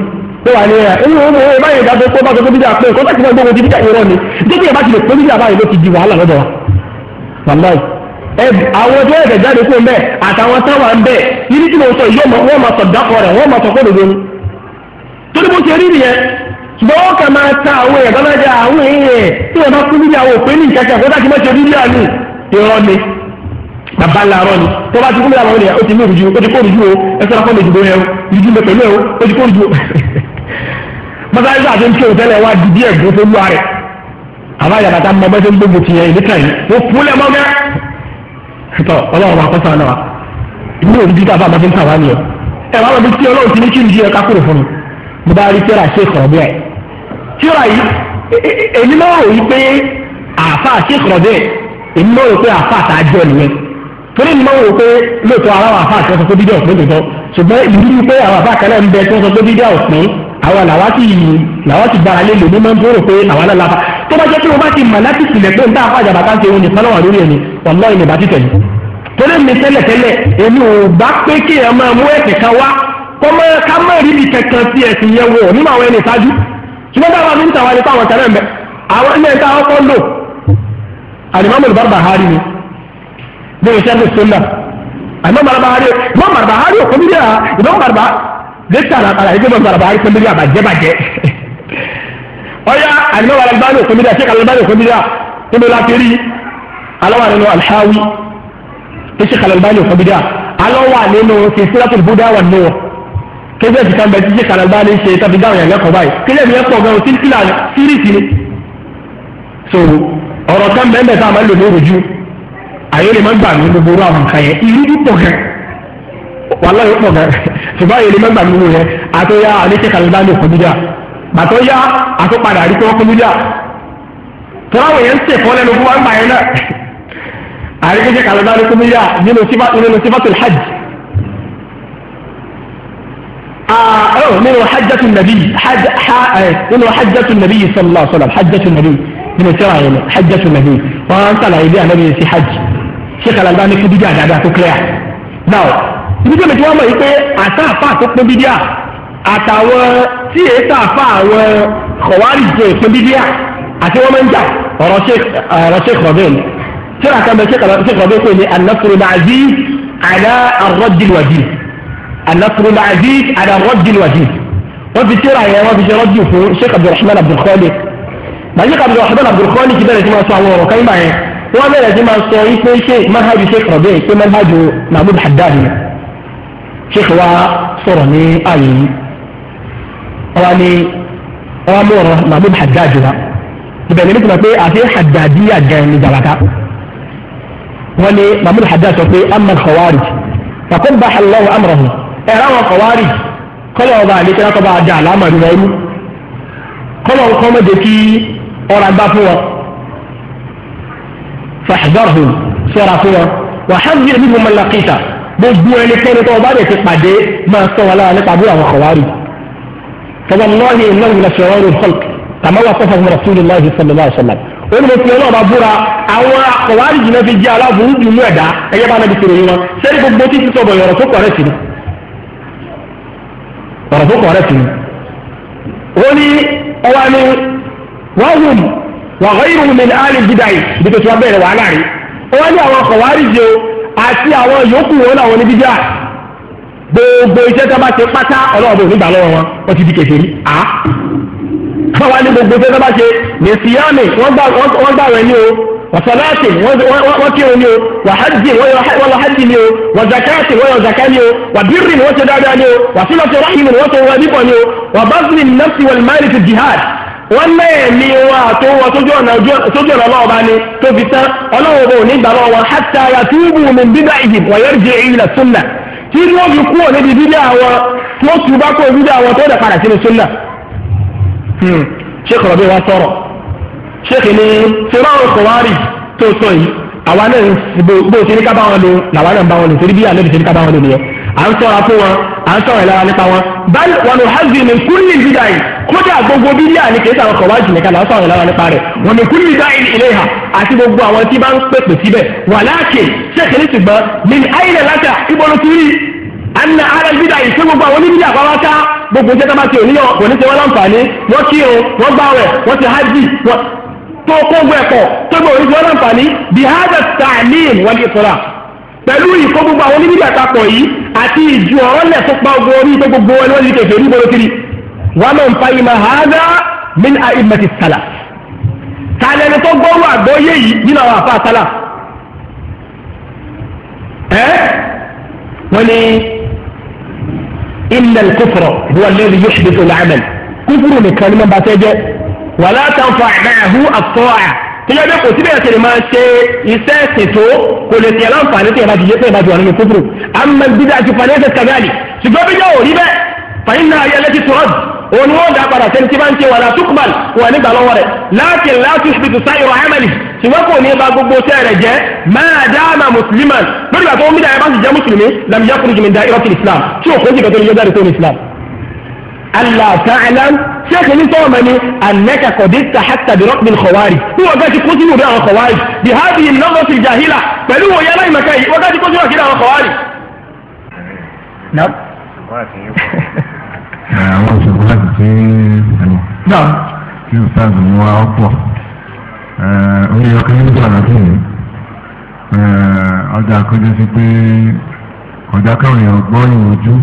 ó wà ní ẹ̀yà inú ọmọ ọmọ báyìí ìdájọ́ pé ó bá sọ pé bíjà pé nǹkan tó ti fẹ́ gbógun ti bíjà irọ́ ni dídí ẹ̀ bá ti lè pé bíjà báyìí ló ti di wàhálà lọ́dọ̀ wa wàláì àwọn tó ẹ̀fẹ̀ jáde kó mbẹ́ àtàwọn táwa ń bẹ̀ níbi tí mo sọ yóò mọ wọ́n máa sọ dákọ̀ rẹ̀ wọ́n máa sọ kó dodo ni. torí bó ṣe rí nìyẹn ṣùgbọ́n wọ́n kà máa ta àwọn èèyàn bábá jẹ àwọn èèyàn tí wọ́n bá kú níbi àwọn òpin ní ìkẹ́kẹ́ kó dájú mọ́ṣẹ́ bíbí àlù irọ́ ni bàbá làárọ̀ ni tó bá ti kú níbi àwọn èèyàn ó ti ní ìrújú ó ti kó ìrújú o ẹ sọ́ra fún ìdìbò yẹn o ìrújú mi pẹ̀lú ẹ o ó ti kó ìrújú o. mọ́sáláṣí àti ń kí òun tẹ́lẹ̀ wá di díẹ̀ gbó tó lú àrẹ̀ àbáyàbàtà mọ́ bẹ́sẹ̀ ń gbógun ti yẹn ìdíkà yìí ó fúnlẹ̀ mọ́ bẹ́ẹ̀ tọ Ọlọ́run wa kọsán náà ìlú òdìdí tá a bá ọmọdé ń tàwa nìyẹn ẹ wàá lọbi tí Ọlọ́run ti ní kí n di ẹ kákúrò fún mi mo bá rí tíra Sheikh Rabi' tíra yìí e, e, èmi náà rò wípé àáfàá Sheikh Rabi' èmi náà rò pé àáfàá tá a jọ nìyẹn torí mi náà rò pé lóòótọ́ ara àwọn àáfàá kan sọ pé bídíà òpin tòótọ́ ṣùgbọ́n ìrírí pé àwọn àáfàá kan náà ń bẹ tí wọ́n sọ pé bídíà òpin àwọn làwa ti gbára lé lòmí máa ń tó rò pé àwọn aláàlá tó bá jẹ́ pé o bá ti mọ̀ láti sílẹ̀ pé n tá a fọ àjàbá ká ń ṣe òun nìkan lọ́wọ́ lórí ẹni wàlọ́ ìní ìbá títẹ̀ yìí. torí mi tẹ́lẹ̀ tẹ́lẹ̀ èmi ò bá pé kí ẹ máa mú ẹ̀sìn kan wá kó má ká má rí ibi kankan sí ẹ̀sìn yẹn wò nínú àwọn ẹni ìṣáájú. ṣùgbọ́n táwọn mi ń tàwọn ẹni táwọn tẹ̀lé ń bẹ àwọn ilé ẹ̀ta ọkọ̀ lò alimami Barbahari ni bí o ṣe ń sunna alimami Barbahari Barbahari ò kọ́ bíbí à ìbọn Barbahari lè ṣàlàyé pé Barbahari pé bíbí àbàjẹ́ bàjẹ́ ọ̀yá àdìmọ́wà alábáni òkòmídà ṣé alábáni òkòmídà níbo la fi rí alọ́wà nínú alhawi ṣé alábáni òkòmídà alọ́wà nínú ṣe sílátùl búdà wà nínú kéde ẹ̀sìn kan bẹ̀rẹ̀ ṣe alábáni ṣe tàbí dáhùn yàn lẹ́kọ̀ọ́ báyìí kéde ẹ̀mí ẹ̀pọ̀ gan-an sílítìlà síríìsì ni. so ọ̀rọ̀ kan bẹ́ẹ̀ bẹ́ẹ̀ tá a máa ń lò ní òròjú àyè lè má gbà mí gbogbo orú àwọn yóò pọ̀ gan ṣùgbọ́n àyè lè má gbà mí gbogbo yẹn àtọ́yà àdéṣe kàlẹ́dá ní òkòmídà bàtọ́ yá àtúpadà àrí tí wọ́n kún mílíà tọ́láwọ̀ yẹn ń sè fún lẹ́nu fún wa ń gbà yẹn náà àrí kékeré kàlọ́ bá ní kún mílíà nínú sífàtúl hajj اه من حجة النبي حج من حجة النبي صلى الله عليه وسلم حجة النبي من سرعين Nabi النبي وانت لا يبيع النبي في حج شيخ الألباني في بيجا دادا كوكليا ناو ibi tí a lè fi wá mọ̀ yìí pé àtàfà tó àtàwọn tí èyí tààfà àwọn kọ̀wárì jẹ ìpín bíbíà àti wọn máa ń jà ọ̀rọ̀ sheikh robin tíra kan bẹ sheikh robin pè ní anasuru aziz ala arọ́jìn wàjìn anasuru aziz ala arọ́jìn wàjìn wọ́n fi tíra yẹn wọ́n fi ṣe rọ́jìn fún sheikh abdulrahman abdulkhalik bàbá sheikh abdulrahman abdulkhalik bẹ̀rẹ̀ sí máa sọ àwọn ọ̀rọ̀ kan báyẹn wọ́n bẹ̀rẹ̀ sí máa sọ ipe ṣe manhajú sheikh robin pé manhajú mahmud haddad sheikh wa sọ̀rọ̀ ní ààyè yìí ọwọ́ ni ọwọ́ mú ọ̀rọ̀ mahmood haddad wa ibẹ̀ ni nítorí pé àti haddadiya gan ni jàbàtà wọ́n ni mahmood haddad sọ pé amma khawarij fàkó bá aláwọ̀ amúrọ̀hùn ẹ̀rọ àwọn khawarij kọ́lọ̀ ọba àlékẹ́ náà kọ́ bá a dá àlámàrí wọn inú kọ́lọ̀ ń kọ́ méje kí ọ̀rọ̀ àgbà fún wọn fàḥdọ́rùn sọ̀rọ̀ fún wọn wàhálà yìí ni mo máa lakíta gbogbo ẹnikẹ́ni tó ọba rẹ̀ ti pàdé máa sọ wọn lára nípa àbúrò àwọn khawarij. فوالله انه لشرار الخلق كما وصفهم رسول الله صلى الله عليه وسلم olùkọ́ fi ọlọ́ọ̀bá búra àwọn àkọ̀wárí jìnnà fi jẹ́ aláàbòrú jù mú ẹ̀dá ẹ̀yẹ́ bá nàbí kiri wọn sẹ́ni gbogbo títí sọ̀bọ̀ ọ̀rọ̀ tó kọ̀rẹ́ sí ni ọ̀rọ̀ tó kọ̀rẹ́ sí ni. ó ní ọwọ́ ni wọ́n wù mí wọ́n kọ́ irun mi ní àlè jìdá yìí bí tó ti wá bẹ̀rẹ̀ wàhálà rí. ó wá ní àwọn àkọ̀wárí jẹ́ o àti àwọn yòókù wọn làwọn oníbíjà gbogbo iṣẹ́ tó bá ṣe pátá ọlọ́run bò nígbà lọ́wọ́ wọn wọ́n ti di kèfèrí à. báwa ni gbogbo iṣẹ́ tó bá ṣe lè fi yáàmì wọ́n gbà rẹ̀ ní o wàsálàtì wọ́n kí wọn ní o wàhájì wọ́n lọ hajì ní o wàzàkáàtì wọ́n yọ zàká ní o wàbírì ni wọ́n ṣe dáadáa ní o wàsílọ́tì ráhìmì ni wọ́n ṣe wọ́n bíbọ̀ ní o wàbásílì nọ́ọ̀sì wàlmáìlì ti jihad wọ́n náà ní wọn àtó wọn sójú ọ̀nà ọlọ́wọ́ bá ní tó fi tán ọlọ́wọ́ bò nígbà lọ́wọ́ hàtà yàtúbù mi bíbá ìdìbò wọ́n yọrí jẹ́ ìlà sunnah tí wọ́n fi kúrò níbi bíbí àwọn tí wọ́n tún bá kúrò bíbí àwọn tó dẹ̀ padà sínú súnà. ṣé kọ̀ọ̀bí wa sọ̀rọ̀ ṣé kì ní ṣẹ́rọ àwọn kọ̀wárì tó sọ yìí àwa náà bó ṣe ní ká bá wọn lò làwa náà bá wọn lò torí bí àlẹ́ à ń sọ̀rọ̀ fún wọn à ń sọ̀rọ̀ ìlara nípa wọn báyìí wọn ò hàzì ní kúlì bídà yìí kódà gbogbo bídà ni kìí sàrọ̀ kọ̀wájì nìkan là ń sọ̀rọ̀ ìlara nípa rẹ̀ wọn ò kúlì bídà yìí ilé ha àti gbogbo àwọn tí bá ń pèpè síbẹ̀ wà láàkè ṣèkè ní ṣùgbọ́n ní àyìnlẹ̀ lájà ìbọn kiri anna ara bídà yìí pé gbogbo àwọn oníbídà pàwátá gbogbo iṣẹ́ tábà ti òní kò ní pẹ̀lú ìkó gbogbo àwọn oníbídà papọ̀ yìí àti ìjù ọ̀rọ̀ lẹ̀ tó pa ogun orí pé gbogbo wọn ni wọ́n ti kẹfẹ́ rí gbogbo kiri wọn lọ fa ìmọ̀ hàdá min àìmọ̀tì sàlà tààlẹ́ ni tó gbọ́rú àgbọ́yé yìí nínú àwọn àfa sàlà ẹ́ wọ́n ní ilẹ̀ kófòrò wọ́n lé ní yóò ṣe tó láàmẹ́l kófòrò nìkan ni wọ́n bá fẹ́ jẹ́ wàlá tàǹfà àdáyàhú àtọ́à tọ́jà bẹ́ẹ̀ kò sí bẹ́ẹ̀ tẹ̀lé máa ṣe iṣẹ́ ṣètò kò lè tẹ̀lé àǹfààní tẹ̀lé bá jìyẹ́ tẹ̀lé bá jùwà nínú kúkúrú àmọ́ gbígbà àti fàní ẹ̀sẹ̀ kàgáàlì ṣùgbọ́n bí yóò rí bẹ́ẹ̀ fàní náà ayé ẹlẹ́tì tó rọ́ọ̀dù òun ni wọ́n dá padà sẹ́ni tí bá ń ṣe wà látúkùbà wà nígbà lọ́wọ́ rẹ̀ láti láti ṣubìtù sáyẹ̀rọ ahẹ́mẹ́lì ṣùgbọ́n kò ní ba gbogbo iṣẹ́ rẹ̀ jẹ́ máa dáàmà mùsùlùmí lórí bàtà omi dáa bá ti jẹ́ mùsùlùmí làmìyá kúrò jùmí da irọ́ kìlì tí òkú jìgbà tó ní yọjá rẹ̀ tó ní islam. Allah ta'alam sheikh ni sọ́wọ́ mẹ́ni annaka kọ̀dé sàhátà bí rọ́pìn kọ̀wárì bí wọ́n gbẹ́sí kó sínú bí àwọn kọ̀wárì bí hábi lọ́wọ́ sí jahila pẹ̀lú wòye aláìmọ̀kẹ́ yìí wọ́n gbẹ́sí kó sínú àkídà àwọn kọ̀wárì. àwọn ìṣòro láti ṣe ẹ̀wọ̀n kí o sáà tó wá ọ̀pọ̀ orí ọkàn yìí gbọ́dọ̀ láti rè ọjà kọjá sí pé ọjà káwọn èèyàn gbọ́ ìwọ̀n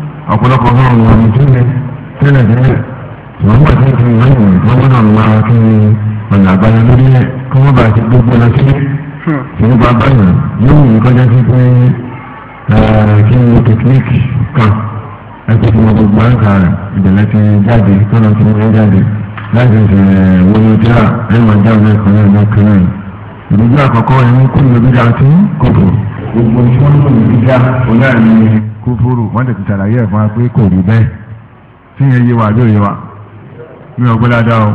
ọ̀pọ̀lọpọ̀ náà wọ̀ ní tẹ́lẹ̀ tẹ́lẹ̀ tẹ́lẹ̀ wọ́n gbà tí kì wọ́n wọ̀ wọ́n gbọ́dọ̀ máa kí ni ọ̀nà àbáyọ lórí ẹ̀ kí wọ́n bá ti gbogbo lọ sílé tí wọ́n bá báyọ̀ yóò yí kọjá sí pé kí ni tẹkíníkì kan ẹ̀kọ́ tí wọ́n gbogbo àǹkà rẹ̀ ìbẹ̀lẹ̀ ti jáde kọ́nà tí wọ́n jáde láti ṣe wọlé ọjà ẹ̀wọ̀n jáde kan náà náà kan náà ìdíjú àkọ́kọ́ ẹ̀ ń kó ìlú bíjà tí kò tó gbogbo tí wọ́n lò ní bíjà kúfúrú wọ́n tètè ṣàlàyé ẹ̀ fún wa pé kò rí bẹ́ẹ̀ tí yẹn yé wa àbí òye wa mi ò gbọ́dọ̀ dá o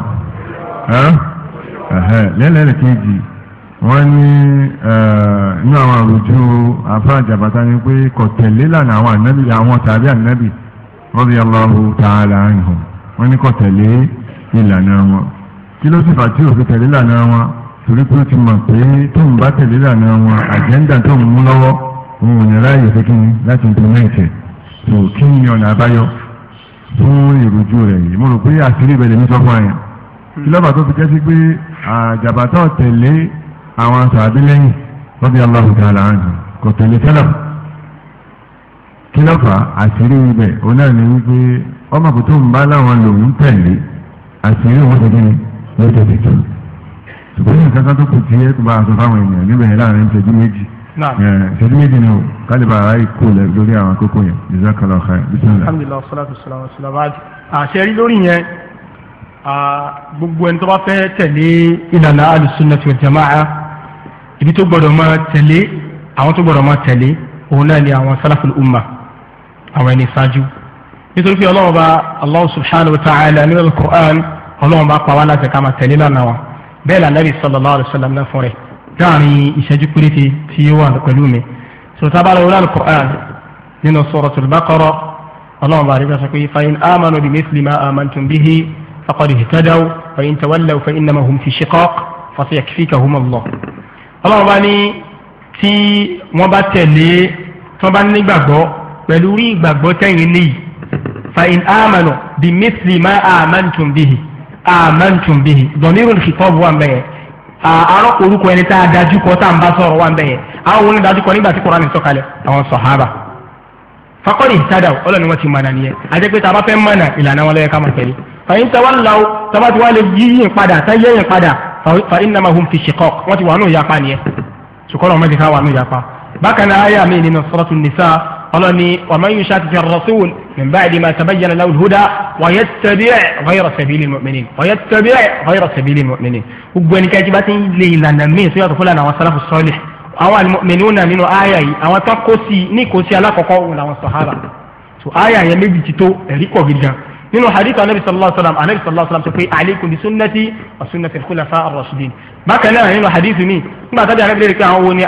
lẹ́lẹ́lẹ́ kejì wọ́n ní inú àwọn àròjù àfáà jàbátá ni pé kò tẹ̀lé lànà àwọn ànábì àwọn tàbí ànábì wọ́n ní kò tẹ̀lé ìlànà wọn kí ló tẹ̀lé wọn wọn ò ní ráàyè pé kí ni láti implement ẹ̀ tó kí ni ọ̀nà àbáyọ fún ìrújú rẹ̀ yìí mo rò pé àṣírí ìbẹ̀lẹ̀ mi sọ fún àyàn kí lọ́ba tó fi jẹ́ sí pé àjàbátọ̀ tẹ̀lé àwọn sàbí lẹ́yìn lọ́bí aláwọ̀ tààlà àná kò tẹ̀lé tẹ́lẹ̀ kí lọ́fà àṣírí ibẹ̀ òun náà ní wípé ọmọ kò tó ń bá láwọn lòun tẹ̀lé àṣírí wọn ti dín ló tẹ̀lé tó ṣùgbọ́n nǹkan kan tó kù tí ẹ ṣẹ́jú méjì ni o kálíbà ara ikú lẹ̀ lórí àwọn akókò yẹn jazakallahu khair bismillah. alhamdulilayi salatu salamu salamu àṣẹ rí lórí yẹn gbogbo ẹni tó bá fẹ́ tẹ̀lé ìlànà alùsùnàtì jama'a ibi tó gbọ́dọ̀ máa tẹ̀lé àwọn tó gbọ́dọ̀ máa tẹ̀lé òun náà ni àwọn sálàfù umma àwọn ẹni ṣáájú nítorí pé ọlọ́run bá allah subhanahu wa ta'ala nínú al ọlọ́run bá pa wá láti ká máa tẹ̀lé lánàá wa bẹ́ẹ̀ lànà bí sallallahu alayhi náà fún rẹ̀ láàrin ìṣẹ́jú péréte tí ó wà pẹ̀lú mi sọ̀tà bá lọ́wọ́ lánàá Qur'an nínú Suratul Baqara ọlọ́run bá rí bá sọ pé fa in amanu bi mithli ma amantum bihi faqad ihtadaw wa in tawallaw fa innama hum fi shiqaq fa sayakfikahum Allah. ọlọ́run bá ní tí wọ́n bá tẹ̀lé tí wọ́n bá nígbàgbọ́ pẹ̀lú rí ìgbàgbọ́ tẹ̀yìn níyì fa in amanu bi mithli ma amantum bihi amantum bihi damiru al-khitab wà mẹ́yẹn àárọ̀ ẹni tá a dájú kọ tá à ń bá sọ̀rọ̀ wa ń bẹ̀ yẹn àwọn wo ni dájú kọ nígbà tí Kùránì sọ̀kalẹ̀ àwọn sàhábà fakọ́ni ìtajà ọlọ́ni wọn ti mọ̀nà nìyẹn àti pé tàbá fẹ́ mọ̀nà ìlànà wọn lọ́yẹ ká máa tẹ̀lé fàyín tẹ́wọ́ ń la o tọ́ba ti wá lè yí yín padà tá yẹ́yìn padà fàyín nàmà hum fi shiqaq wọ́n ti wà nù yapa nìyẹn sùkọ́ náà wọ́n ti ká wà nù yapa قالني ومن يشاكك الرسول من بعد ما تبين له الهدى ويتبع غير سبيل المؤمنين ويتبع غير سبيل المؤمنين وقوان كاجبات إليه لأن من سيادة فلانا وصلاف الصالح أو المؤمنون من آية أو تقوسي نيكوسي على قوة والصحابة سو آية يمي بجتو ريكو جدا من حديث النبي صلى الله عليه وسلم النبي صلى الله عليه وسلم تقول عليكم بسنتي وسنة الخلفاء الراشدين ما كان هنا حديث مين ما تدعى نبي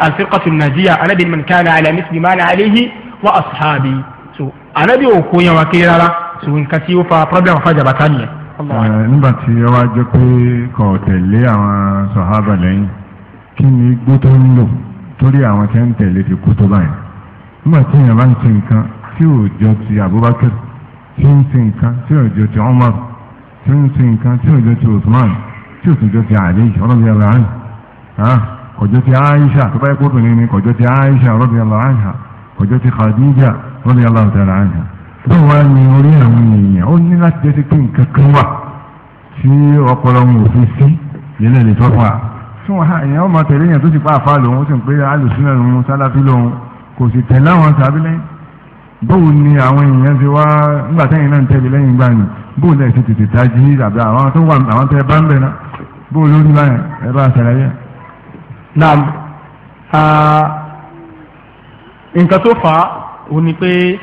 الفرقة الناجية أنا من كان على مثل ما عليه wa ashabi so anabi ò kó yẹn wá kéré rárá so nǹkan tí ó fa problem fa jàbátá nìyẹn. nígbà tí ó wá jẹ́ pé kò tẹ̀lé àwọn sọ̀hábà lẹ́yìn kí ni igbó tó ń lò torí àwọn tí ń tẹ̀lé ti kú tó báyìí nígbà tí èèyàn bá ń ṣe nǹkan tí ò jọ ti Abubakar tí ń ṣe nǹkan tí ò jọ ti Umar tí ń ṣe nǹkan tí ò jọ ti Usman tí ò tún jọ ti Ali radiyallahu anhu ah, kò jọ ti Aisha tó báyìí kó dùn ní ni kò ti Aisha radiyallahu anha ọjọ́ ti Khadija radiyallahu ta'ala anha bẹ́ẹ̀ wá ní orí àwọn èèyàn ó ní láti jẹ́ sí pé nǹkan kan wà tí ọpọlọ wọn ò fi sí yẹlẹ̀ lè tọ́ fún wa tí wọn èèyàn ọmọ tẹ̀lé yẹn tó ti pa àfa lòun ó sì ń pé alùsùnà lòun sálàfí lòun kò sì tẹ̀lé àwọn sàbí lẹ́yìn bóun ni àwọn èèyàn ti wá nígbà tẹ́yìn náà ń tẹ̀lé lẹ́yìn gbà ní bóun lẹ́yìn ti tètè tají àbí àwọn tó wà àwọn tẹ́ bá ń bẹ̀ náà bóun lórí báyẹn ẹ bá ṣàlàyé. naam ah, nǹkan tó fà á òun ni pé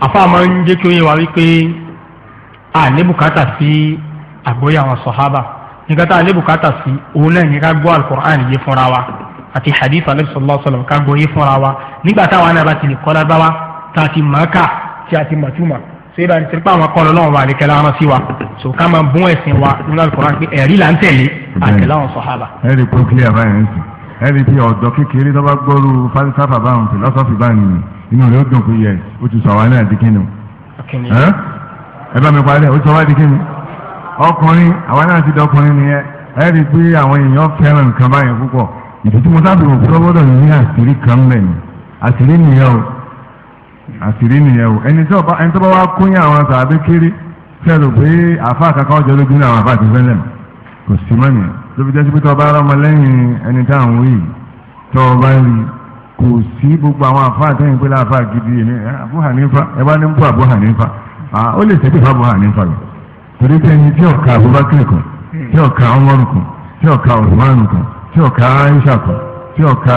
àfa máa ń jẹ́ kí ó yé wa wípé a ní bùkátà sí àgbóyè àwọn sọ̀hábà nǹkan tá a ní bùkátà sí òun náà ní ká gbọ́ alukur'an yé fúnra wa àti hadith alayhi sallallahu alayhi wa sallam ká gbọ́ yé fúnra wa nígbà táwa náà bá ti lè kọ́lá bá wa tá a ti mọ̀ ká tí a ti mọ̀ túmọ̀ so ibà ní tìrìpá àwọn akọ́lọ́ lọ́wọ́ wa àlekẹ́lá wọn sí wa so ká máa bún ẹ̀sìn wa nínú alukur'an pé ẹ̀rí là ń tẹ̀lé àtẹ̀lé àwọn sọ̀hábà. ẹ ẹni tí ọ̀dọ́ kékeré tó bá gbọ́rú fásitáfà bá ń fìlọ́sọ́fì bá ń yìn inú rẹ̀ ó dùn pé yẹ ó ti sọ àwa náà di kíni ẹ bá mi parẹ́ ó sọ wá di kíni ọkùnrin àwa náà ti dọkùnrin nìyẹn ẹ rí i pé àwọn èèyàn fẹ́ràn nǹkan báyẹn púpọ̀ ìdí tí mo sábẹ̀ òfin ọgbọ́dọ̀ ní àṣírí kan mẹ́ ni àṣírí nìyẹn o àṣírí nìyẹn o ẹni tó bá wá kóyún àwọn sàbẹ̀ kéré fẹ́ rò pé àfa àkàkọ́ ọjọ́ lójú ní àwọn àfa àti fẹ́lẹ̀ mọ́. kò sí mọ́nì ló fi jẹ́sí pé tọ́ ọba ọmọ lẹ́yìn ẹni tá à ń wí tọ́ ọba rí kò sí gbogbo àwọn pé gidi èmi Abu Hanifa ẹ bá ní bú Abu Hanifa ó lè sẹ́kẹ̀ Abubakar kan tí ọ̀ka kan tí ọ̀ka kan tí ọ̀ka Aisha kan tí ọ̀ka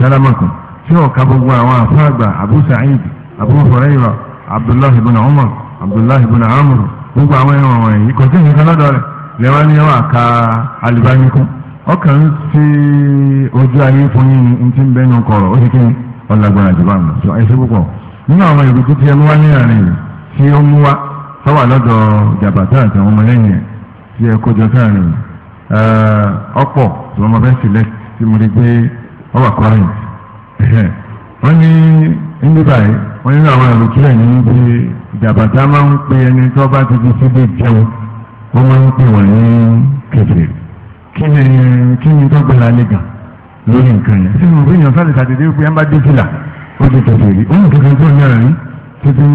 kan tí ọ̀ka gbogbo àwọn àgbà Abu Sa'id Abu Abdullahi Abdullahi gbogbo àwọn lẹ́wọ́n ní wọn àka alùbáyé kún ọkàn ń fi ojú ayé fún yín ní ti ń bẹ́ẹ̀ kọ̀rọ̀ ó ti kí ọ̀làgbọ̀nà jù bá mi sọ ẹ̀ṣẹ́ púpọ̀ nínú àwọn ìlú tó ti ẹnu wá ní àárín tí ó mú wá sáwà lọ́dọ̀ jàbàtà àti àwọn ọmọlẹ́yìn ẹ̀ tí ẹ eh, ọ̀pọ̀ tí wọ́n máa fẹ́ sílẹ̀ tí mo lè gbé ọwà kọrin wọ́n ní báyìí wọ́n nínú àwọn ìlú ní bí ti di síbi jẹun wọ́n máa ń pè wọ́n ní kẹfẹ́ kí ni kí ni tó gbẹ́ra lé gan lórí nǹkan yẹn sínú òbí yẹn sọ́ọ̀lì sàdédé pé ẹ ń bá dé fìlà ó ti kẹfẹ́ rí ó ní kẹfẹ́ tó ní ọ̀rọ̀ yín títí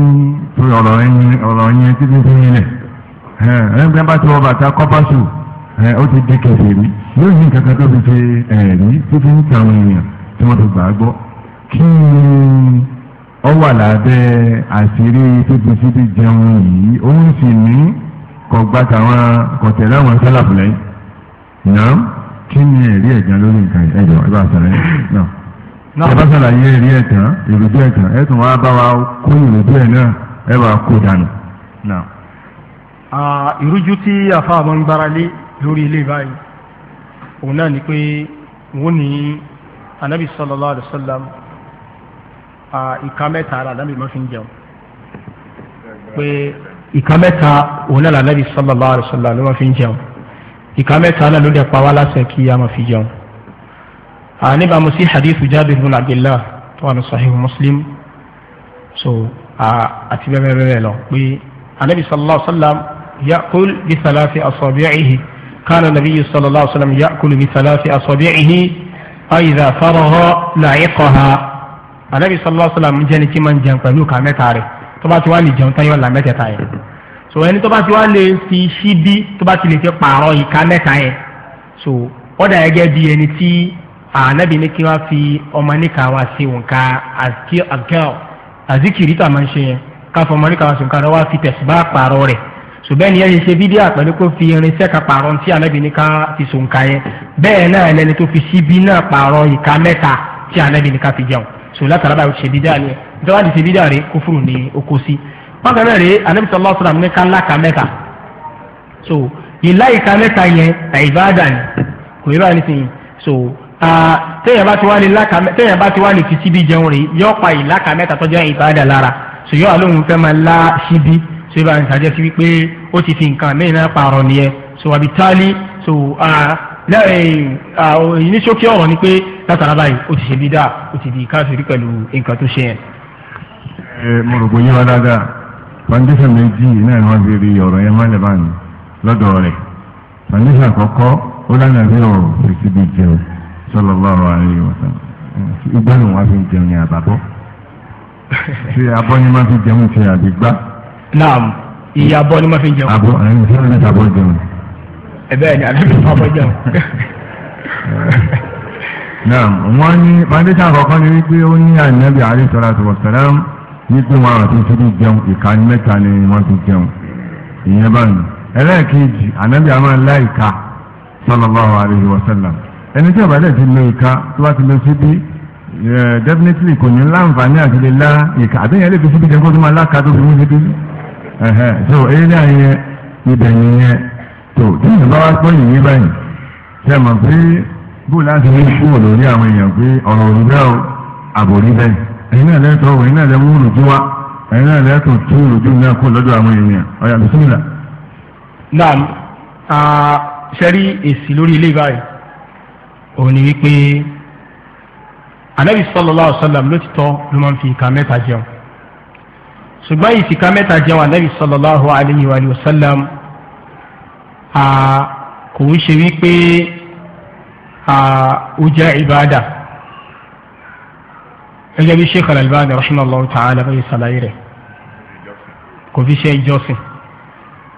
tó ọ̀rọ̀ yín ọ̀rọ̀ yín títí tó yín lẹ̀ ẹ ẹ ń bá tó bàtà kọ́pá sù ẹ ó ti di kẹfẹ́ rí yóò ní nǹkan kan tó fi ṣe ẹ̀rí títí ń ta àwọn èèyàn tí wọ́n ti gbà á gbọ́ kí ni ọ wà lábẹ́ àṣírí tó síbi jẹun yìí òun sì ní kọgbà táwọn kọtẹ̀lẹ́ àwọn sálàfù lẹ́yìn náà kí ni ẹ̀rí ẹ̀gán lórí nǹkan yìí ẹ̀jọ̀ ẹ bá sàlàyé náà ẹ bá sàlàyé ẹ̀rí ẹ̀tàn ìrùdú ẹ̀tàn ẹ̀ tún wá bá wa kó ìrùdú ẹ̀ náà ẹ bá kó dànù náà. ìrújú tí àfa àwọn ń gbára lé lórí ilé báyìí òun náà ni pé wọ́n ní anabi sallallahu alayhi wa sallam ìka mẹ́ta ara anabi máa fi ń jẹun pé ìka mẹ́ta òun náà lànà bíi sallallahu alaihi wasallam ló máa fi ń jẹun ìka mẹ́ta náà ló dẹ̀ pa wá láṣẹ kí a máa fi jẹun. àníbà mo sí hadithu Jabir bin Abdillah tó wà ní sahihu Muslim so àti bẹ́ẹ̀ bẹ́ẹ̀ lọ pé anabi sallallahu alaihi wasallam ya'kul bi thalathi asabi'ihi kana nabiyyu sallallahu alaihi wasallam ya'kul bi thalathi asabi'ihi fa idha faragha la'iqaha anabi sallallahu alaihi wasallam jẹ́ni tí máa ń jẹun pẹ̀lú ìka tó bá ti wá lè jẹun tán yóò la mẹ́tẹ̀ẹ̀ta yẹn so ẹni tó bá ti wá lè fi ṣíbí tó bá ti lè fi pààrọ̀ ìka mẹ́ta yẹn so ọ̀dà gẹ́gẹ́ bí ẹni tí ànábì ní kí wọ́n fi ọmọ níka wá sí òǹkà àzíkìrì tó a máa ń ṣe yẹn káfọ ọmọ níka wá sí òǹkà rẹ wá fi tẹ̀síbá pààrọ̀ rẹ̀ ṣùgbọ́n ẹni yẹn ṣe fídíò àpẹẹrẹ kó fi irinṣẹ́ kan pààrọ̀ tí ànábì ní fi sòǹkà yẹn bẹ́ẹ̀ náà ẹni tó fi ṣíbí náà pààrọ̀ ìka mẹ́ta tí ànábì ní fi jẹun sòwò látara báyìí ó ti ṣe bídà ni ìjọba ti ṣe bídà rẹ̀ kúfùrù ni ó kó sí bákan náà rèé anabi sallallahu alaihi wasallam ní ká ńlá ka mẹ́ta so ìlà ìka mẹ́ta yẹn àìbáàdà ni kò yẹ báyìí nísìnyí so téèyàn bá ti wá ní láka téèyàn bá ti wá ní fi síbi jẹun rèé yọ pa ìlà ka mẹ́ta tọ́jú àìbáàdà lára so yọ àlóhùn fẹ́ la lá síbi so yẹ báyìí nísàjẹ́ sí wípé ó ti fi nǹkan mẹ́rin náà pààrọ̀ nìyẹn so abitali, so. Uh, lẹ́yìn ní ṣókí ọ̀rọ̀ ni pé látara báyìí ó ti ṣe bí dáa ó ti di káàsìrí pẹ̀lú nǹkan tó ṣe yẹn. ẹ mo rò pé yíwá dáadáa foundation méjì náà ni wọ́n fi rí ọ̀rọ̀ yẹn máa lẹ́bàá ní lọ́dọ̀ rẹ̀ foundation àkọ́kọ́ ó lánàá bí ọ̀rọ̀ fèsì bí jẹun sallallahu alaihi wasallam igbá ni wọ́n fi jẹun ní àbábọ́ ṣé abọ́ ni wọ́n fi jẹun ti àbígbá. naam ìyá abọ́ ni wọ́n fi jẹun. abọ́ ẹ̀ ń sọ́nà ẹ̀bẹ́ẹ̀ ni àbẹ́bí pàpọ̀ jẹun. náà wọ́n ní mandéṣà àkọ́kọ́ ni wípé ó ní ànábì alayhi salatu wassalam wípé wọn àti ìṣẹ́bí jẹun ìka ni mẹ́ta ni wọ́n ti jẹun ìyẹn báyìí ẹlẹ́ẹ̀kejì ànábì àmọ́ láìka sallallahu alayhi wa sallam ẹni tí ọ̀bàdàn ti lo ìka tó bá ti lo síbí definitely kò ní láǹfààní àti lè lá ìka àbẹ́yẹn lè fi síbí jẹun kó tó máa láka tó fi mú síbí so eré náà yẹ ibẹ̀ nìyẹn tó tí èèyàn bá wá pé yìnyín báyìí ṣe mọ̀ pé bó láti ní kúrò lórí àwọn èèyàn pé ọ̀rọ̀ òní bẹ́ẹ̀ o àbòrí bẹ́ẹ̀ ẹ̀yin náà lẹ́tọ̀ ọ̀wọ̀ ẹ̀yin náà lẹ́ mú rùjú wá ẹ̀yin náà lẹ́tọ̀ tú rùjú náà kó lọ́dọ̀ àwọn èèyàn ọ̀yà bìsímìlà. naam sẹ́rí èsì lórí ilé báyìí òun ni wípé anabi sallallahu alaihi wasallam ló ti tọ́ ló máa ń fi ìka mẹ́ta jẹun ṣùgbọ́n ìfìka mẹ́ta jẹun anabi sallallahu alaihi wa sallam kò ń ṣe wípé ó jẹ́ ìbáàdà gẹ́gẹ́ bí sheikh al-Albani rahimahullah ta'ala bẹ́ẹ̀ ṣàlàyé rẹ̀ kò fi ṣe ìjọsìn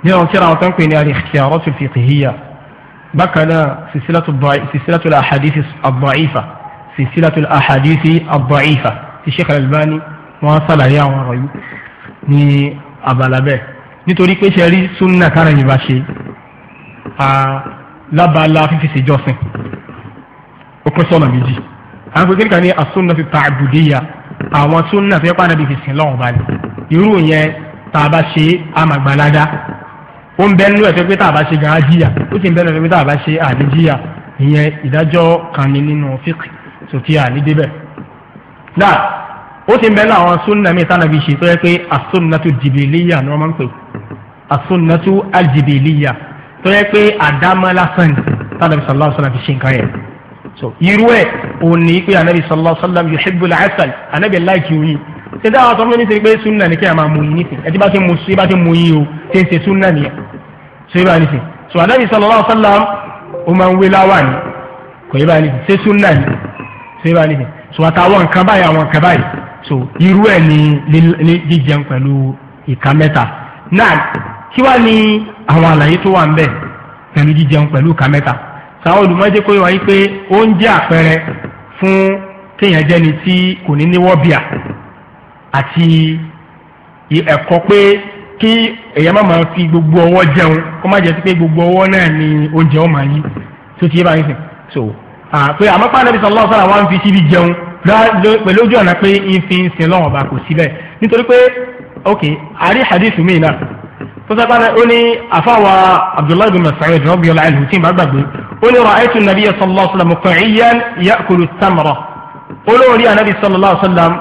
nínú tí àwọn tó ń pè ní al-ikhtiyarat al-fiqhiyya bákan náà silsilatu al-ahadith ad-da'ifa silsilatu al-ahadith ad-da'ifa ti sheikh al àwọn ọ̀rọ̀ yìí ní abala nítorí pé ṣe rí sunna kára yìí bá ṣe lábala fífi ṣèjọsìn ó pín sọ́nà méjì àwọn pèsè nìkan ní asúnà ti ta àbùdíyà àwọn súnà tó yẹ pàdánù fi sìn lọ́wọ́ balẹ̀ irú yẹn tá a bá ṣe àmàgbàládá ó ń bẹ nínú ẹ̀fẹ́ pé tá a bá ṣe gan á jìyà ó sì ń bẹ nínú ẹ̀fẹ́ pé tá a bá ṣe àní ìyẹn ìdájọ́ kan ní nínú fíkì sòkè àní náà ó sì ń bẹ nínú àwọn súnà mi tánà fi ṣe tó yẹ pé asúnà tó jìbìlíyà ni wọ́n máa ń pè asúnà tó àjìbìlíyà tó yẹ pé àdámọ́ lásán tàbí sallallahu alaihi wasallam fi ṣe nǹkan yẹn so irú ẹ̀ òun ní pé anabi sallallahu alaihi wasallam yuhibbul asal anabi láìkì oyin ṣe dáhà tó ń sọ pé sunna ni kí a máa mú yín nísìn ẹ ti bá ti mú sí bá ti mú yín o ṣe ń ṣe sunna nìyẹn ṣe bá nísìn so anabi sallallahu alaihi wasallam ó máa ń wé láwà ní kò yẹ bá nísìn ṣe sunna ni ṣe bá nísìn so àtàwọn nǹkan báyìí àwọn nǹkan báyìí so irú ẹ̀ ni jíjẹun pẹ̀lú ìka mẹ́ta náà kí wàá ní àwọn àlàyé tó wà ń bẹ̀ pẹ̀lú jíjẹun pẹ̀lú ìka mẹ́ta sáwọn olùmọ́jẹ́ kó wáyé pé ó ń jẹ́ àpẹẹrẹ fún kéèyàn jẹ́ni tí kò ní ní wọ́bìà àti ẹ̀kọ́ pé kí èèyàn má máa fi gbogbo ọwọ́ jẹun kó má jẹ́ sí pé gbogbo ọwọ́ náà ni oúnjẹ ọmọ yìí tó ti yé báyìí sìn so pé àmọ́ pàdé bí sọlọ́ọ̀ sọ̀rọ̀ àwọn fi síbi jẹun pẹ̀lú ojú ọ̀nà pé ìfi ń sin lọ́wọ́ ọba kò síbẹ̀ nítorí pé ok àrí hadith mi náà tọ́sá bá ó ní àfáwà abdullahi bin masaud radiyallahu anhu tí n bá gbàgbé ó ní ra'aytu nabiyya sallallahu alayhi wa sallam qa'iyan ya'kulu tamra olórí anabi sallallahu alayhi wa sallam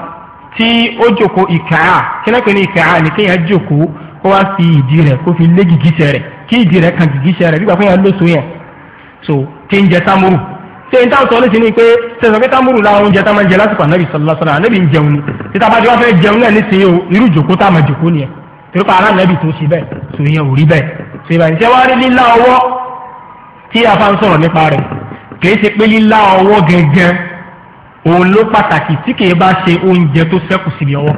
tí ó jòkó ìkàá kíná ní ìkàá ni kéèyàn jòkó kó wá fi ìdí rẹ̀ kó fi lé gìgísẹ̀ rẹ̀ kí ìdí rẹ̀ kan gìgísẹ̀ rẹ̀ bí gbàgbé yẹn lóso yẹn so tí ń jẹ tamuru ṣé n táwọn sọ lóṣù ni pé sẹsọ pé tamuru la oúnjẹ tá máa jẹ lásìkò anabi sallallahu alayhi wa sallam anabi ń jẹun ni títà bá jẹ́ wá fẹ́ jẹun náà nísìnyí o irú jòkó tá a máa jòkó nìyẹn torípa ara nàbì tó ṣe bẹ́ẹ̀ tó yẹn ò rí bẹ́ẹ̀ tó yẹ bá ń ṣe wá rí lílá ọwọ́ tí a fa ń sọ̀rọ̀ nípa rẹ̀ kì í ṣe pé lílá ọwọ́ gẹ́gẹ́ òun ló pàtàkì tí kì í bá ṣe oúnjẹ tó ṣẹ́kù síbi ọwọ́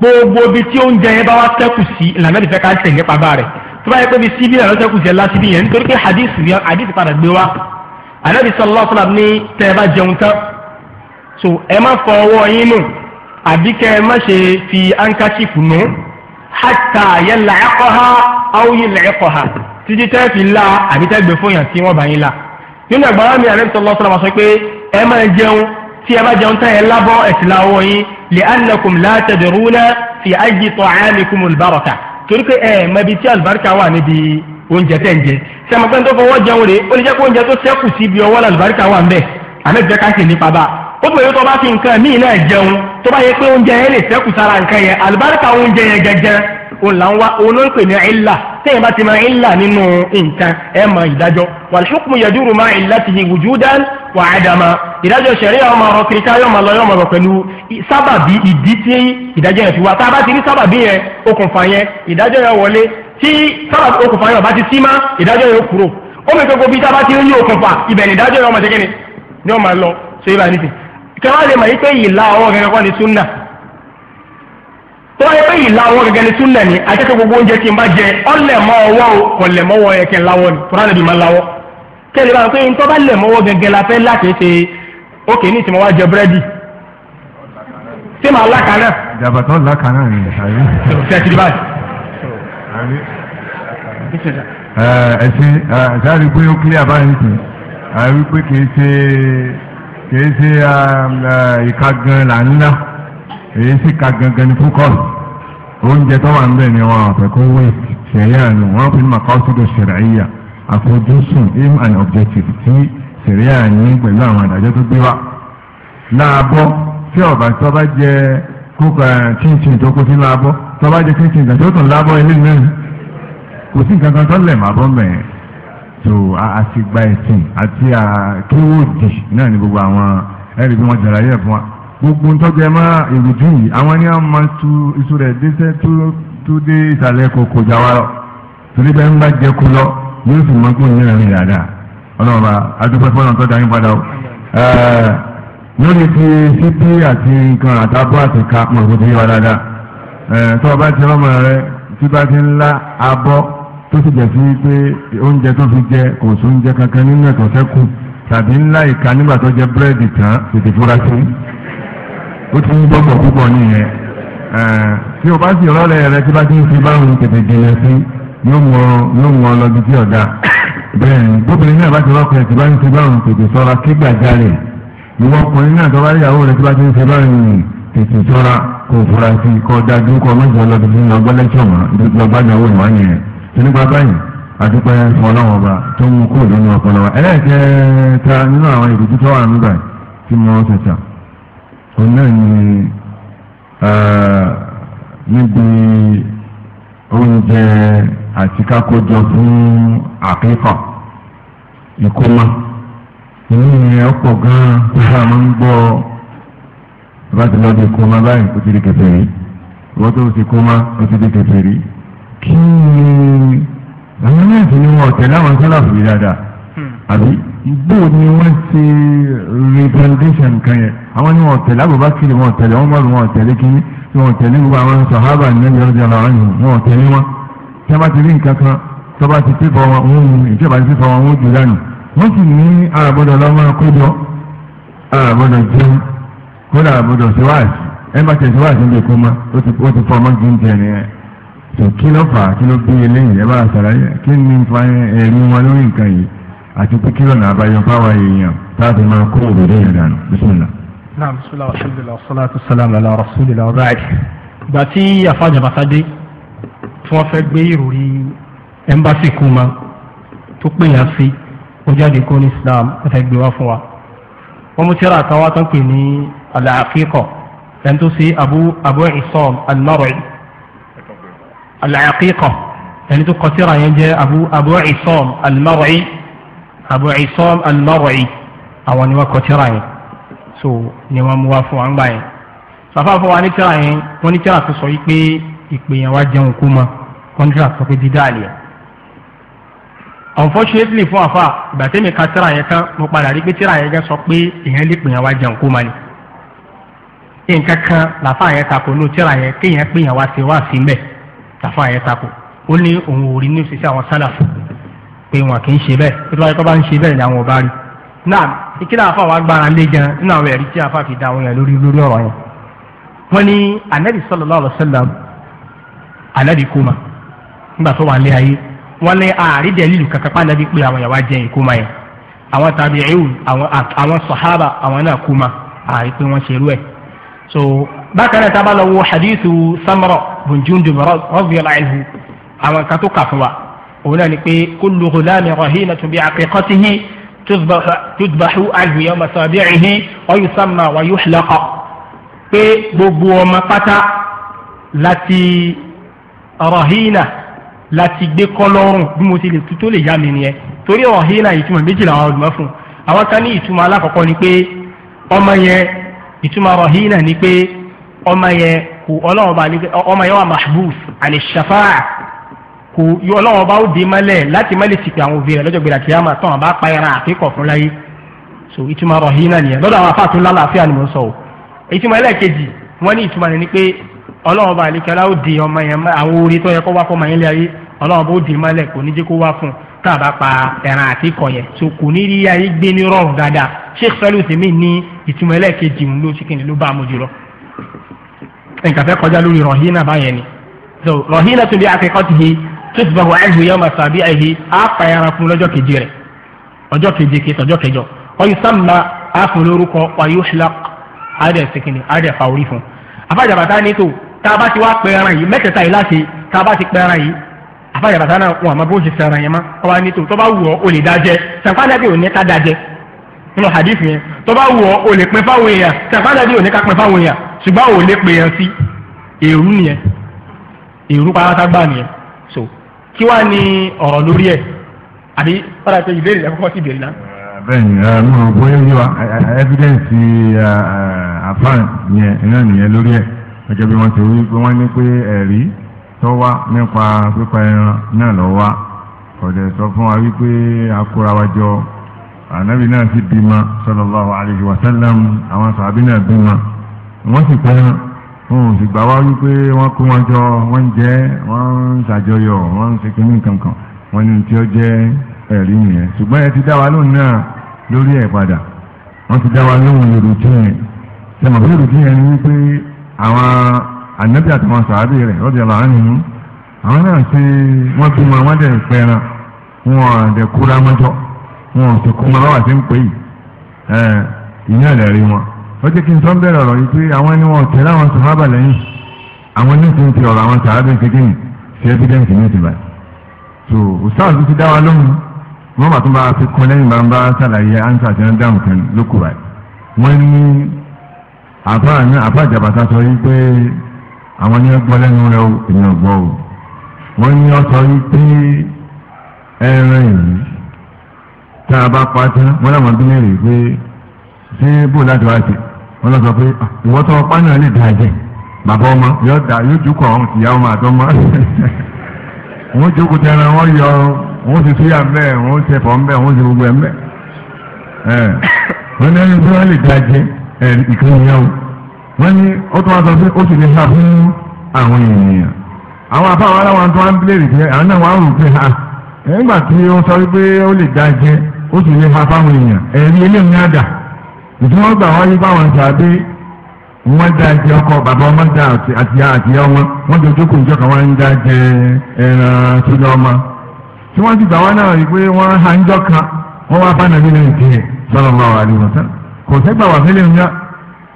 gbogbo ibi tí oúnjẹ yẹn bá wá ṣẹ́kù sí ìlànà ìfẹ́ ká tẹ̀ nípa bá rẹ̀ tó bá yẹ pé ibi síbí ìlànà ṣẹ́kù sí ẹlá síbí yẹn nítorí pé hadith yẹn hadith padà gbé wá ànábì sallallahu alaihi ní tẹ́ ẹ bá jẹun tán so ẹ má fọ ọwọ́ yín nù àbí kẹ́ ẹ má ṣe fi ankachifu nù. No hatta yẹlẹ ẹkọha awo yẹlẹ ẹkọha títí tẹ́ fi la àbí tẹ́ gbé fóyàn tí wọ́n bá yín la nínú ẹgbàá mi àrẹ sọlọ sọlọ ma sọ pé ẹ máa jẹun tí ẹ bá jẹun tán ẹ lábọ́ ẹ̀sìn láwọ yín lè anakum látẹ̀dẹ̀rúnà fi ayi tọ́ àmìkum olùbárọ̀kà torí pé ẹ mẹbi tí alùbáríkà wà níbi oúnjẹ tẹ̀ ń jẹ sẹ́mi pé n tó fọwọ́ jẹun rè é ó lè jẹ́ kó oúnjẹ tó sẹ́kù sí ibi ọwọ́ ó tún bẹ̀rẹ̀ tó bá fi nǹkan míì náà jẹun tó bá yẹ pé oúnjẹ yẹn lè sẹ́kù sára nǹkan yẹn àlùbáríkà oúnjẹ yẹn gẹ́gẹ́ òun là ń wá òun ló ń pè ní ìlà téèyàn bá ti máa ìlà nínú nǹkan ẹ̀ mọ ìdájọ́ wàlúùkùn yẹdúrú máa ìlà ti hi wùjúdán wà á dàmà ìdájọ́ sẹ̀rí ọmọ ọ̀rọ̀ kìrìkà yọ̀mọ̀ lọ yọ̀mọ̀ lọ pẹ̀lú sábàbí ìdí tí ìdájọ́ yẹn fi wá tá a bá ti rí sábàbí yẹn okùnfà yẹn ìdájọ́ yẹn wọlé tí sábàbí okùnfà yẹn ọba ti sí má ìdájọ́ yẹn kúrò ó mẹ́tọ́ gbogbo bí tá a bá ti rí okùnfà ibẹ̀ ìdájọ́ yẹn ọmọ ṣe ni ọmọ lọ ṣe é bá nísìnyí kẹwàá lè mọ̀ yí pé ìlà ọwọ́ gẹ́gẹ́ kọ́ ni súnà tó bá yẹ pé ìlà ọwọ́ gẹ́gẹ́ ni súnà ni akẹ́kọ̀ọ́ gbogbo oúnjẹ tí n bá jẹ ọ̀lẹ̀ mọ́ ọwọ́ o kò lẹ̀ mọ́ ọwọ́ yẹ kẹ́ láwọ́ ni kúrò lẹ́bi máa láwọ́ kẹ́lẹ́ báyìí pé n tó bá lẹ̀ mọ́ ọwọ́ gẹ́gẹ́ la fẹ́ láti ṣe ókè ní ìsìn mọ́ wá jẹ búrẹ́dì ṣé màá lákàánà. ìjàbàtọ̀ lákàánà ni ẹ̀sìn ẹ̀sìn àti àdìgbò yóò kílẹ̀ àbáyé nìkan àìwí pé kì í ṣe Um, uh, kìí ṣe ìka gan là ń ná èyí sì ka gangan ní fúkọ́s oúnjẹ tó wà ń bẹ̀ ni wọn àfẹ́ kó wé ṣẹ̀yà nù wọ́n fi máa kọ́ sídò ṣẹ̀ráyà àfojúsùn aim and objective tí ṣẹ̀ríà ní pẹ̀lú àwọn àdájọ́ tó gbé wá láàbọ̀ tí ọ̀bà tó bá jẹ kókò uh, chinchin tó kó sí láàbọ̀ tó bá jẹ chinchin tó tún láàbọ̀ ilé náà kò sí nǹkan kan tó lẹ̀ máa bọ́ mẹ́rin so àti gba ẹ̀sìn àti kéwòdì náà ni gbogbo àwọn ẹ̀rí bí wọ́n jàlàyé ẹ̀ fún wa gbogbo ntọ́jẹ́ mọ́ èròjú yìí àwọn ni wọ́n máa tu iṣu rẹ̀ déṣẹ́ tó dé ìsàlẹ̀ kòkò jà wa lọ torí bẹ́ẹ̀ ń bá jẹ́ kó lọ yóò sì mọ́ kó ní ẹ̀rín dáadáa ọlọ́ọ̀bá adúpẹ́ fọ́nà tó dáyín padà ó lórí ti sípí àti nǹkan àtàbọ̀ àti ká mọ̀ kó o bá ti rọ́mọ rẹ tí bá lá abọ́ tó sì jẹ́ sí pé oúnjẹ tó fi jẹ kò sí oúnjẹ kankan nínú ẹ̀tọ́ sẹ́kù tàbí ńlá ìka nígbà tó jẹ búrẹ́dì tán tètè fura sí ó ti ń gbọ́gbọ̀ púpọ̀ nìyẹn tí o bá sì rọ́lẹ̀ rẹ tí bá ti ń fi báwọn tètè jìnà sí yóò mú ọ lọ́dún tí ọ̀dà bẹ́ẹ̀ ni gbóbìnrin náà bá ti rọ́kọ̀ ẹ̀ tí bá ń fi báwọn tètè sọ́ra kígbàjarè ìwọ ọkùnrin náà tó bá rí ìyàwó rẹ tí bá ti ń fi báwọn tètè sọ́ra kò fura sí kọ́ dájú kọ́ mọ́jọ́ lọ́dún tí ń lọ gbọ́lẹ́sọ̀ mọ́ lọ́gbàdàn òun wá nìyẹn nípa báyìí àdúpẹ́ fún ọlọ́run ọba tó mú kó lónú ọpọlọ wa ẹlẹ́ẹ̀kẹta nínú àwọn ìdòdú tó wà nígbà tí mo ṣẹ̀ṣà òun náà ni níbi oúnjẹ àti kákójọ fún àkíkà ìkómà inú yẹn ọ̀pọ̀ gan-an tó bá máa ń gbọ́ láti lọ́ọ́ di ìkómà báyìí kó ti di kẹfẹ́ rí wọ́n tó ti kómà ó ti di kẹfẹ́ rí kí àwọn náà sì ni wọn ọ̀tẹ̀ láwọn sálàfù yìí dáadáa hmm. àbí bó ni wọ́n ṣe representation kan yẹn àwọn ni wọn ọ̀tẹ̀ lábàbá kiri wọn ọ̀tẹ̀lẹ̀ wọn mọ̀lù wọn ọ̀tẹ̀lẹ̀ kí ni wọn ọ̀tẹ̀lẹ̀ gbogbo àwọn sọ̀hábà nílẹ̀ ọ̀dẹ̀ ọ̀rọ̀ wọn ọ̀tẹ̀lẹ̀ wọn tí a bá ti rí nǹkan kan tó bá ti pépọ̀ wọn òun ìjọba ti pépọ̀ wọn òun jù dànù wọ́n sì ní àràbọ̀dọ̀ lọ́mọ kójọ àràbọ̀dọ̀ jẹun kódà àràbọ̀dọ̀ síwáàsì ẹ̀ bá tẹ̀síwáàsì ń bẹ̀ kó ma ó ti fọ́ ọmọ gbé ń jẹ nìyẹn kí ló fà á kí ló bí eléyìí ẹ bá ṣàlàyé kí ni ẹ̀rí wọn lórí nǹkan yìí àti pé kí lọ́nà àbáyọ fáwa èèyàn láti máa kó òròdé yẹn dànù bísímìlà. naam bisimilah alhamdulilah salatu salam ala rasulillah wa baadi. ìgbà tí àfàjà bàtàdé tí wọ́n fẹ́ gbé ìròrí ẹ́mbásì Kuma tó pè yàn sí ó kó ní islam ó gbé wá fún wa. wọ́n mú tíra àtàwọn àtàkùn ní àlàáfíkọ̀ ẹni tó ṣe abu abu isom al-mar'i. العقيقة aqiqa ẹni tó أبو yẹn jẹ́ abu abu isom al-mar'i abu isom al-mar'i àwọn ni wọ́n kọtíra yẹn ترى ni wọ́n mú wá fún wa ń gbà yẹn sàfà fún wa unfortunately fún àfà ìgbà tẹ́mi ka tíra yẹn tán mo padà rí pé tíra yẹn gẹ́ sọ pé ìyẹn lè pè yẹn wá jẹun kú ma ni nǹkan kan làfà yẹn takò ní tíra yẹn kéèyàn pè yẹn wá sí wá sí mbẹ́ẹ̀ tàfà yẹn takò ó ní òun ò rí ní òṣìṣẹ́ àwọn sálàfù pé wọn kì í ṣe bẹ́ẹ̀ tó bá yẹ kó bá ń ṣe bẹ́ẹ̀ ni àwọn ò bá rí náà ìkíni àfa wa gbára lé gan nínú àwọn ẹ̀rí tí àfa fi da àwọn yẹn lórí lórí ọ̀rọ̀ yẹn wọ́n ní anabi sallallahu alaihi wasallam anabi kuma nígbà tó wà lé ayé wọ́n ní àárín dẹ́lílù kankan pa anabi pé àwọn yàrá jẹ́ ìkómà yẹn àwọn tàbí ẹ̀wù àwọn sàhábà àwọn náà kuma àárín pé wọ́n ṣerú ẹ̀ so bákan náà tábà lọ wo hadithu samara bunjundu radiyallahu anhu àwọn kan tó kà fún wa òun náà ni pé kullu ghulamin rahinatun bi aqiqatihi tudbahu anhu yawma sabi'ihi wa yusamma wa yuhlaqa pé gbogbo ọmọ pátá láti rahina láti gbé kọlọ́rùn bí mo ti lè tutó lè yá mi nìyẹn torí rahina ìtumọ̀ méjìlá àwọn ọdún mọ́ fún àwọn kan ní ìtumọ̀ alákọ̀ọ́kọ́ ni pé ọmọ yẹn ìtumọ̀ rahina ni pé ọmọ yẹn kò ọlọ́run bá ọmọ yẹn wà mahbus àlè ṣàfáà kò yọ ọlọ́run bá ó di mọ́lẹ̀ láti mọ́lẹ̀ sì pé àwọn òbí rẹ̀ lọ́jọ́ gbèrè àti yàmà tán àbá pa so ìtumọ̀ rahina nìyẹn lọ́dọ̀ àwọn afáàtún lálàáfíà ni mo sọ o ìtumọ̀ ẹlẹ́ẹ̀kejì wọ́n ní ìtumọ̀ ni pé bá so kò ní rí ayé gbé ní rọrùn dáadáa sheikh ìtumọ̀ ẹlẹ́ẹ̀kejì ń lo síkìnì ló bá a mú jùlọ. nǹkan fẹ́ kọjá lórí rọ̀hínà báyẹn ni so rọ̀hínà tún bí akẹ́kọ̀ọ́ ti he tó ti bá wọ ẹ̀hìn yọ̀ọ́ màsà bí ẹ̀hìn á pààyàrà fún lọ́jọ́ keje rẹ̀ ọjọ́ keje kejì ọjọ́ kẹjọ ọyún sàmà àfún lórúkọ ọyún ṣílák àdẹ síkìnì àdẹ fàwórí fún. àfàjàbàtà ní tó tá a bá ti wá pẹ́ ẹran yìí mẹ́tẹ̀ẹ̀ta yìí láti tá a bá ti pẹ́ náà wọn àmọ́ bó ṣe fẹ́ràn ọba ní tó bá wù ọ́ o lè dájẹ́ sàǹfàdàbí ò ní ká dájẹ́ nínú hadith yẹn tó bá wù ọ́ o lè pin fáwọn èèyàn tẹ̀fádà bí ò ní ká pin fáwọn èèyàn ṣùgbọ́n ò lè pè yàn sí èrú nìyẹn èrú pátá gbà nìyẹn so kí wàá ní ọ̀rọ̀ lórí ẹ̀ àbí padà pé ìbéèrè rẹ kọ́kọ́ sí ìbéèrè náà. bẹ́ẹ̀ni mo rò bóyá yí evidence afan yẹn iná nìyẹn lórí ẹ̀ gẹ́gẹ́ bí wọ́n ti wí pé wọ́n ní pé ẹ̀rí tó wá nípa pípa ẹran náà lọ ànábì náà sì bímọ sallallahu alayhi wa sallam àwọn sàbí náà bímọ wọ́n sì pẹ́ wọn ò sì gbà wá wípé wọ́n kó wọn jọ wọ́n ń jẹ́ wọ́n ń ṣàjọyọ̀ wọ́n ń ṣèké ní nǹkan kan wọ́n ní tí ó jẹ́ ẹ̀rí nìyẹn ṣùgbọ́n ẹ ti dá wa lóhùn náà lórí ẹ̀ padà wọ́n ti dá wa lóhùn lòdù tí yẹn sẹ́mọ̀ fún lòdù tí yẹn ni wípé àwọn ànábì àtàwọn sàbí rẹ̀ radiyallahu anhu àwọn náà ṣe wọ́n bímọ wọ́n dẹ̀ pẹ́ran wọn dẹ̀ kóra mọ́jọ́ wọn ò sì kún wọn láwọn àti ń pè yìí ìyẹn ẹ̀rẹ̀ rí wọn. ó jẹ́ kí n sọ́n bẹ̀rẹ̀ ọ̀rọ̀ yìí pé àwọn ẹni wọn tẹ̀lé àwọn sàhábà lẹ́yìn àwọn ní ti ń ti ọ̀rọ̀ àwọn sàhábà ń kékeré ṣe ẹ́fídẹ́ǹsì ní ìtìbà. so ustaz ti dá wa lóhùn wọn bá tún bá fi kún lẹ́yìn bá ń bá sàlàyé ansa àti ẹni dáhùn kan lókù báyìí. wọ́n ní àfáà ní àfáà jàbàtà sọ yìí pé tá a bá pa tán wọ́n làwọn bí léèrè pé ṣé bò láti wá sí lọ sọ pé ah, ìwọ́tọ̀ náà lè da jẹ bàbá ọmọ yóò da yóò jókòó àwọn ìyá ọmọ àtọmọ jókòó yọ sì sì sì gbogbo tí lè ìkànnì o wọ́n ó tún sọ pé ó ha fún àwọn ènìyàn àwọn àbáwọn bílẹ̀ àwọn náà wọ́n á rò pé ha ah, nígbà tí sọ o sì lè ha fáwọn èèyàn ẹ̀rí eléyìí àdà ìtumọ̀ gbà wáyé báwọn sàbí wọ́n da ẹ̀jẹ̀ ọkọ bàbá wọn da àtìyá àtìyá wọn wọ́n jọ jókòó ìjọ kan ń da jẹ ẹran ọmọ tí ti gbà wá náà rí pé ha ń jọ kan wọ́n wá bá nàbí kò wà fẹ́lẹ́ ń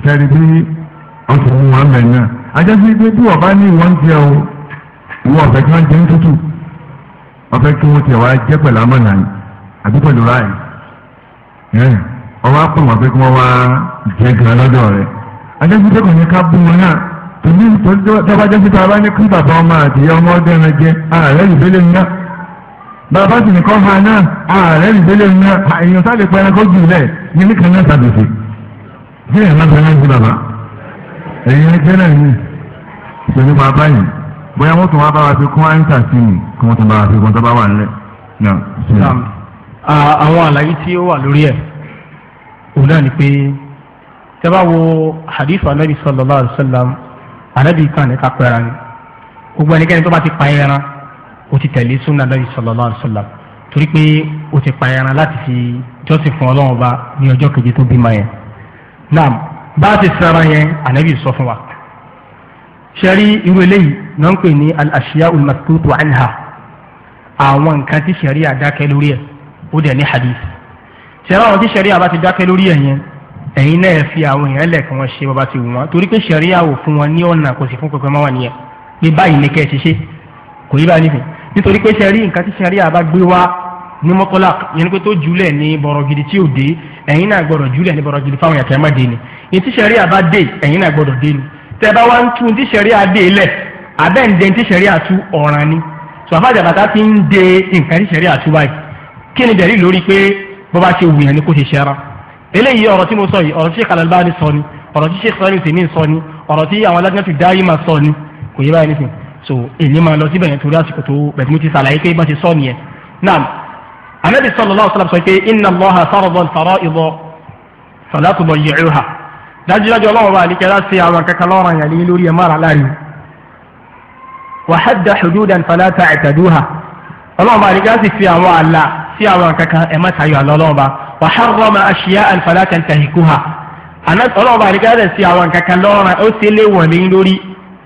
kẹrì bí ọkùnrin wọn bẹ̀ náà pé bí ọba ní ìwọ́n ti o ìwọ kí ń kí àti pẹ̀lú ráàyè ọwọ́ àpò wọn pé kí wọ́n wá jẹ́ gan lọ́dọ̀ rẹ̀ adébíyẹ kò ní ká bú wọn náà tòbí tọ́bajẹ́ síta bá ní kí bàbá ọmọ àti ìyá ọmọ ọdún ẹran jẹ ààrẹ ìbílẹ̀ ńlá bàbá sì ní kọ́ ha náà ààrẹ ìbílẹ̀ ńlá èèyàn sáré pẹ́ẹ́rẹ́ kó jù lẹ̀ ní nìkan náà sàbẹ̀sẹ̀ bí ẹ̀ máa bẹ̀rẹ̀ sí bàbá ẹ̀yìn ẹgbẹ́ náà ní ìṣèlú bàbá yìí bóyá wọ́n tún wá bá wa fi kún àyíká sí ni kí wọ́n tún bá wa fi kún tó bá wà nílẹ̀ náà àwọn àlàyé tí ó wà lórí ẹ̀ òun náà ni pé tẹ́ bá wo hadith anabi sallallahu alayhi wa sallam anabi kan ní ká pẹ́ra ni gbogbo ẹnikẹ́ni tó bá ti pa ẹran ó ti tẹ̀lé sunna anabi sallallahu alayhi wa sallam torí pé ó ti pa ẹran láti fi jọ́sìn fún ọlọ́run ọba ní ọjọ́ keje tó bímọ yẹn naam bá a ti sara yẹn anabi sọ fún wa sẹ́rí irú eléyìí náà ń pè ní al-ashiya al-maskutu anha àwọn nǹkan tí sẹ́rí àdákẹ́ lórí ẹ̀ ó dẹ̀ ní hadith ṣẹ̀rá àwọn tí ṣẹ̀ríà bá ti dákẹ́ lórí ẹ̀yẹn ẹ̀yin náà fi àwọn èèyàn lẹ̀ kí wọ́n ṣe bàbá ti wù wọ́n torí pé ṣẹ̀ríà wò fún wọn ní ọ̀nà kò sì fún pẹpẹ máa wà nìyẹn pé báyìí ni kẹ́ ẹ ti ṣe kò yí báyìí nìyẹn nítorí pé ṣẹ̀rí nǹkan tí ṣẹ̀ríà bá gbé wá ní mọ́kọ́lá yẹn pé tó jùlẹ̀ ní bọ̀rọ̀ gidi tí ò dé ẹ̀yin náà gbọ́dọ̀ jùlẹ̀ ní bọ̀rọ̀ gidi fáwọn yàtọ̀ ẹ̀ ni ní kí ni dẹ̀rí lórí pé bó bá ṣe wùyàn ni kó ṣe ṣẹ́ra eléyìí ọ̀rọ̀ tí mo sọ yìí ọ̀rọ̀ tí Sheikh Al-Albani sọ ni ọ̀rọ̀ tí Sheikh sọ́ni tèmi sọ ni ọ̀rọ̀ tí àwọn alágbèntì dárí máa sọ ni kò yé báyìí nísìn so èyí máa lọ síbẹ̀ yẹn torí àsìkò tó bẹ̀tí mo ti sàlàyé pé bá ṣe sọ nìyẹn naam anabi sallallahu alaihi wasallam sọ pé inna Allaha farada al-fara'id fala tudayyi'uha dájúdájú ọlọ́run bá àlíkẹ́ láti àwọn kankan lọ́rọ̀ yẹn ní lórí ẹ̀ mara láàrin wa hadda hududan fala ta'taduha ọlọ́run bá àlíkẹ́ láti fi àwọn àlà sí àwọn kankan ẹ má tayọ àlọ́ ọlọ́run ba wa harrama ashiyan fala tantahikuha ọlọ́run ba àdìgá rẹ̀ sí àwọn kankan lọ́rùn ó sì lé wọ̀n ní lórí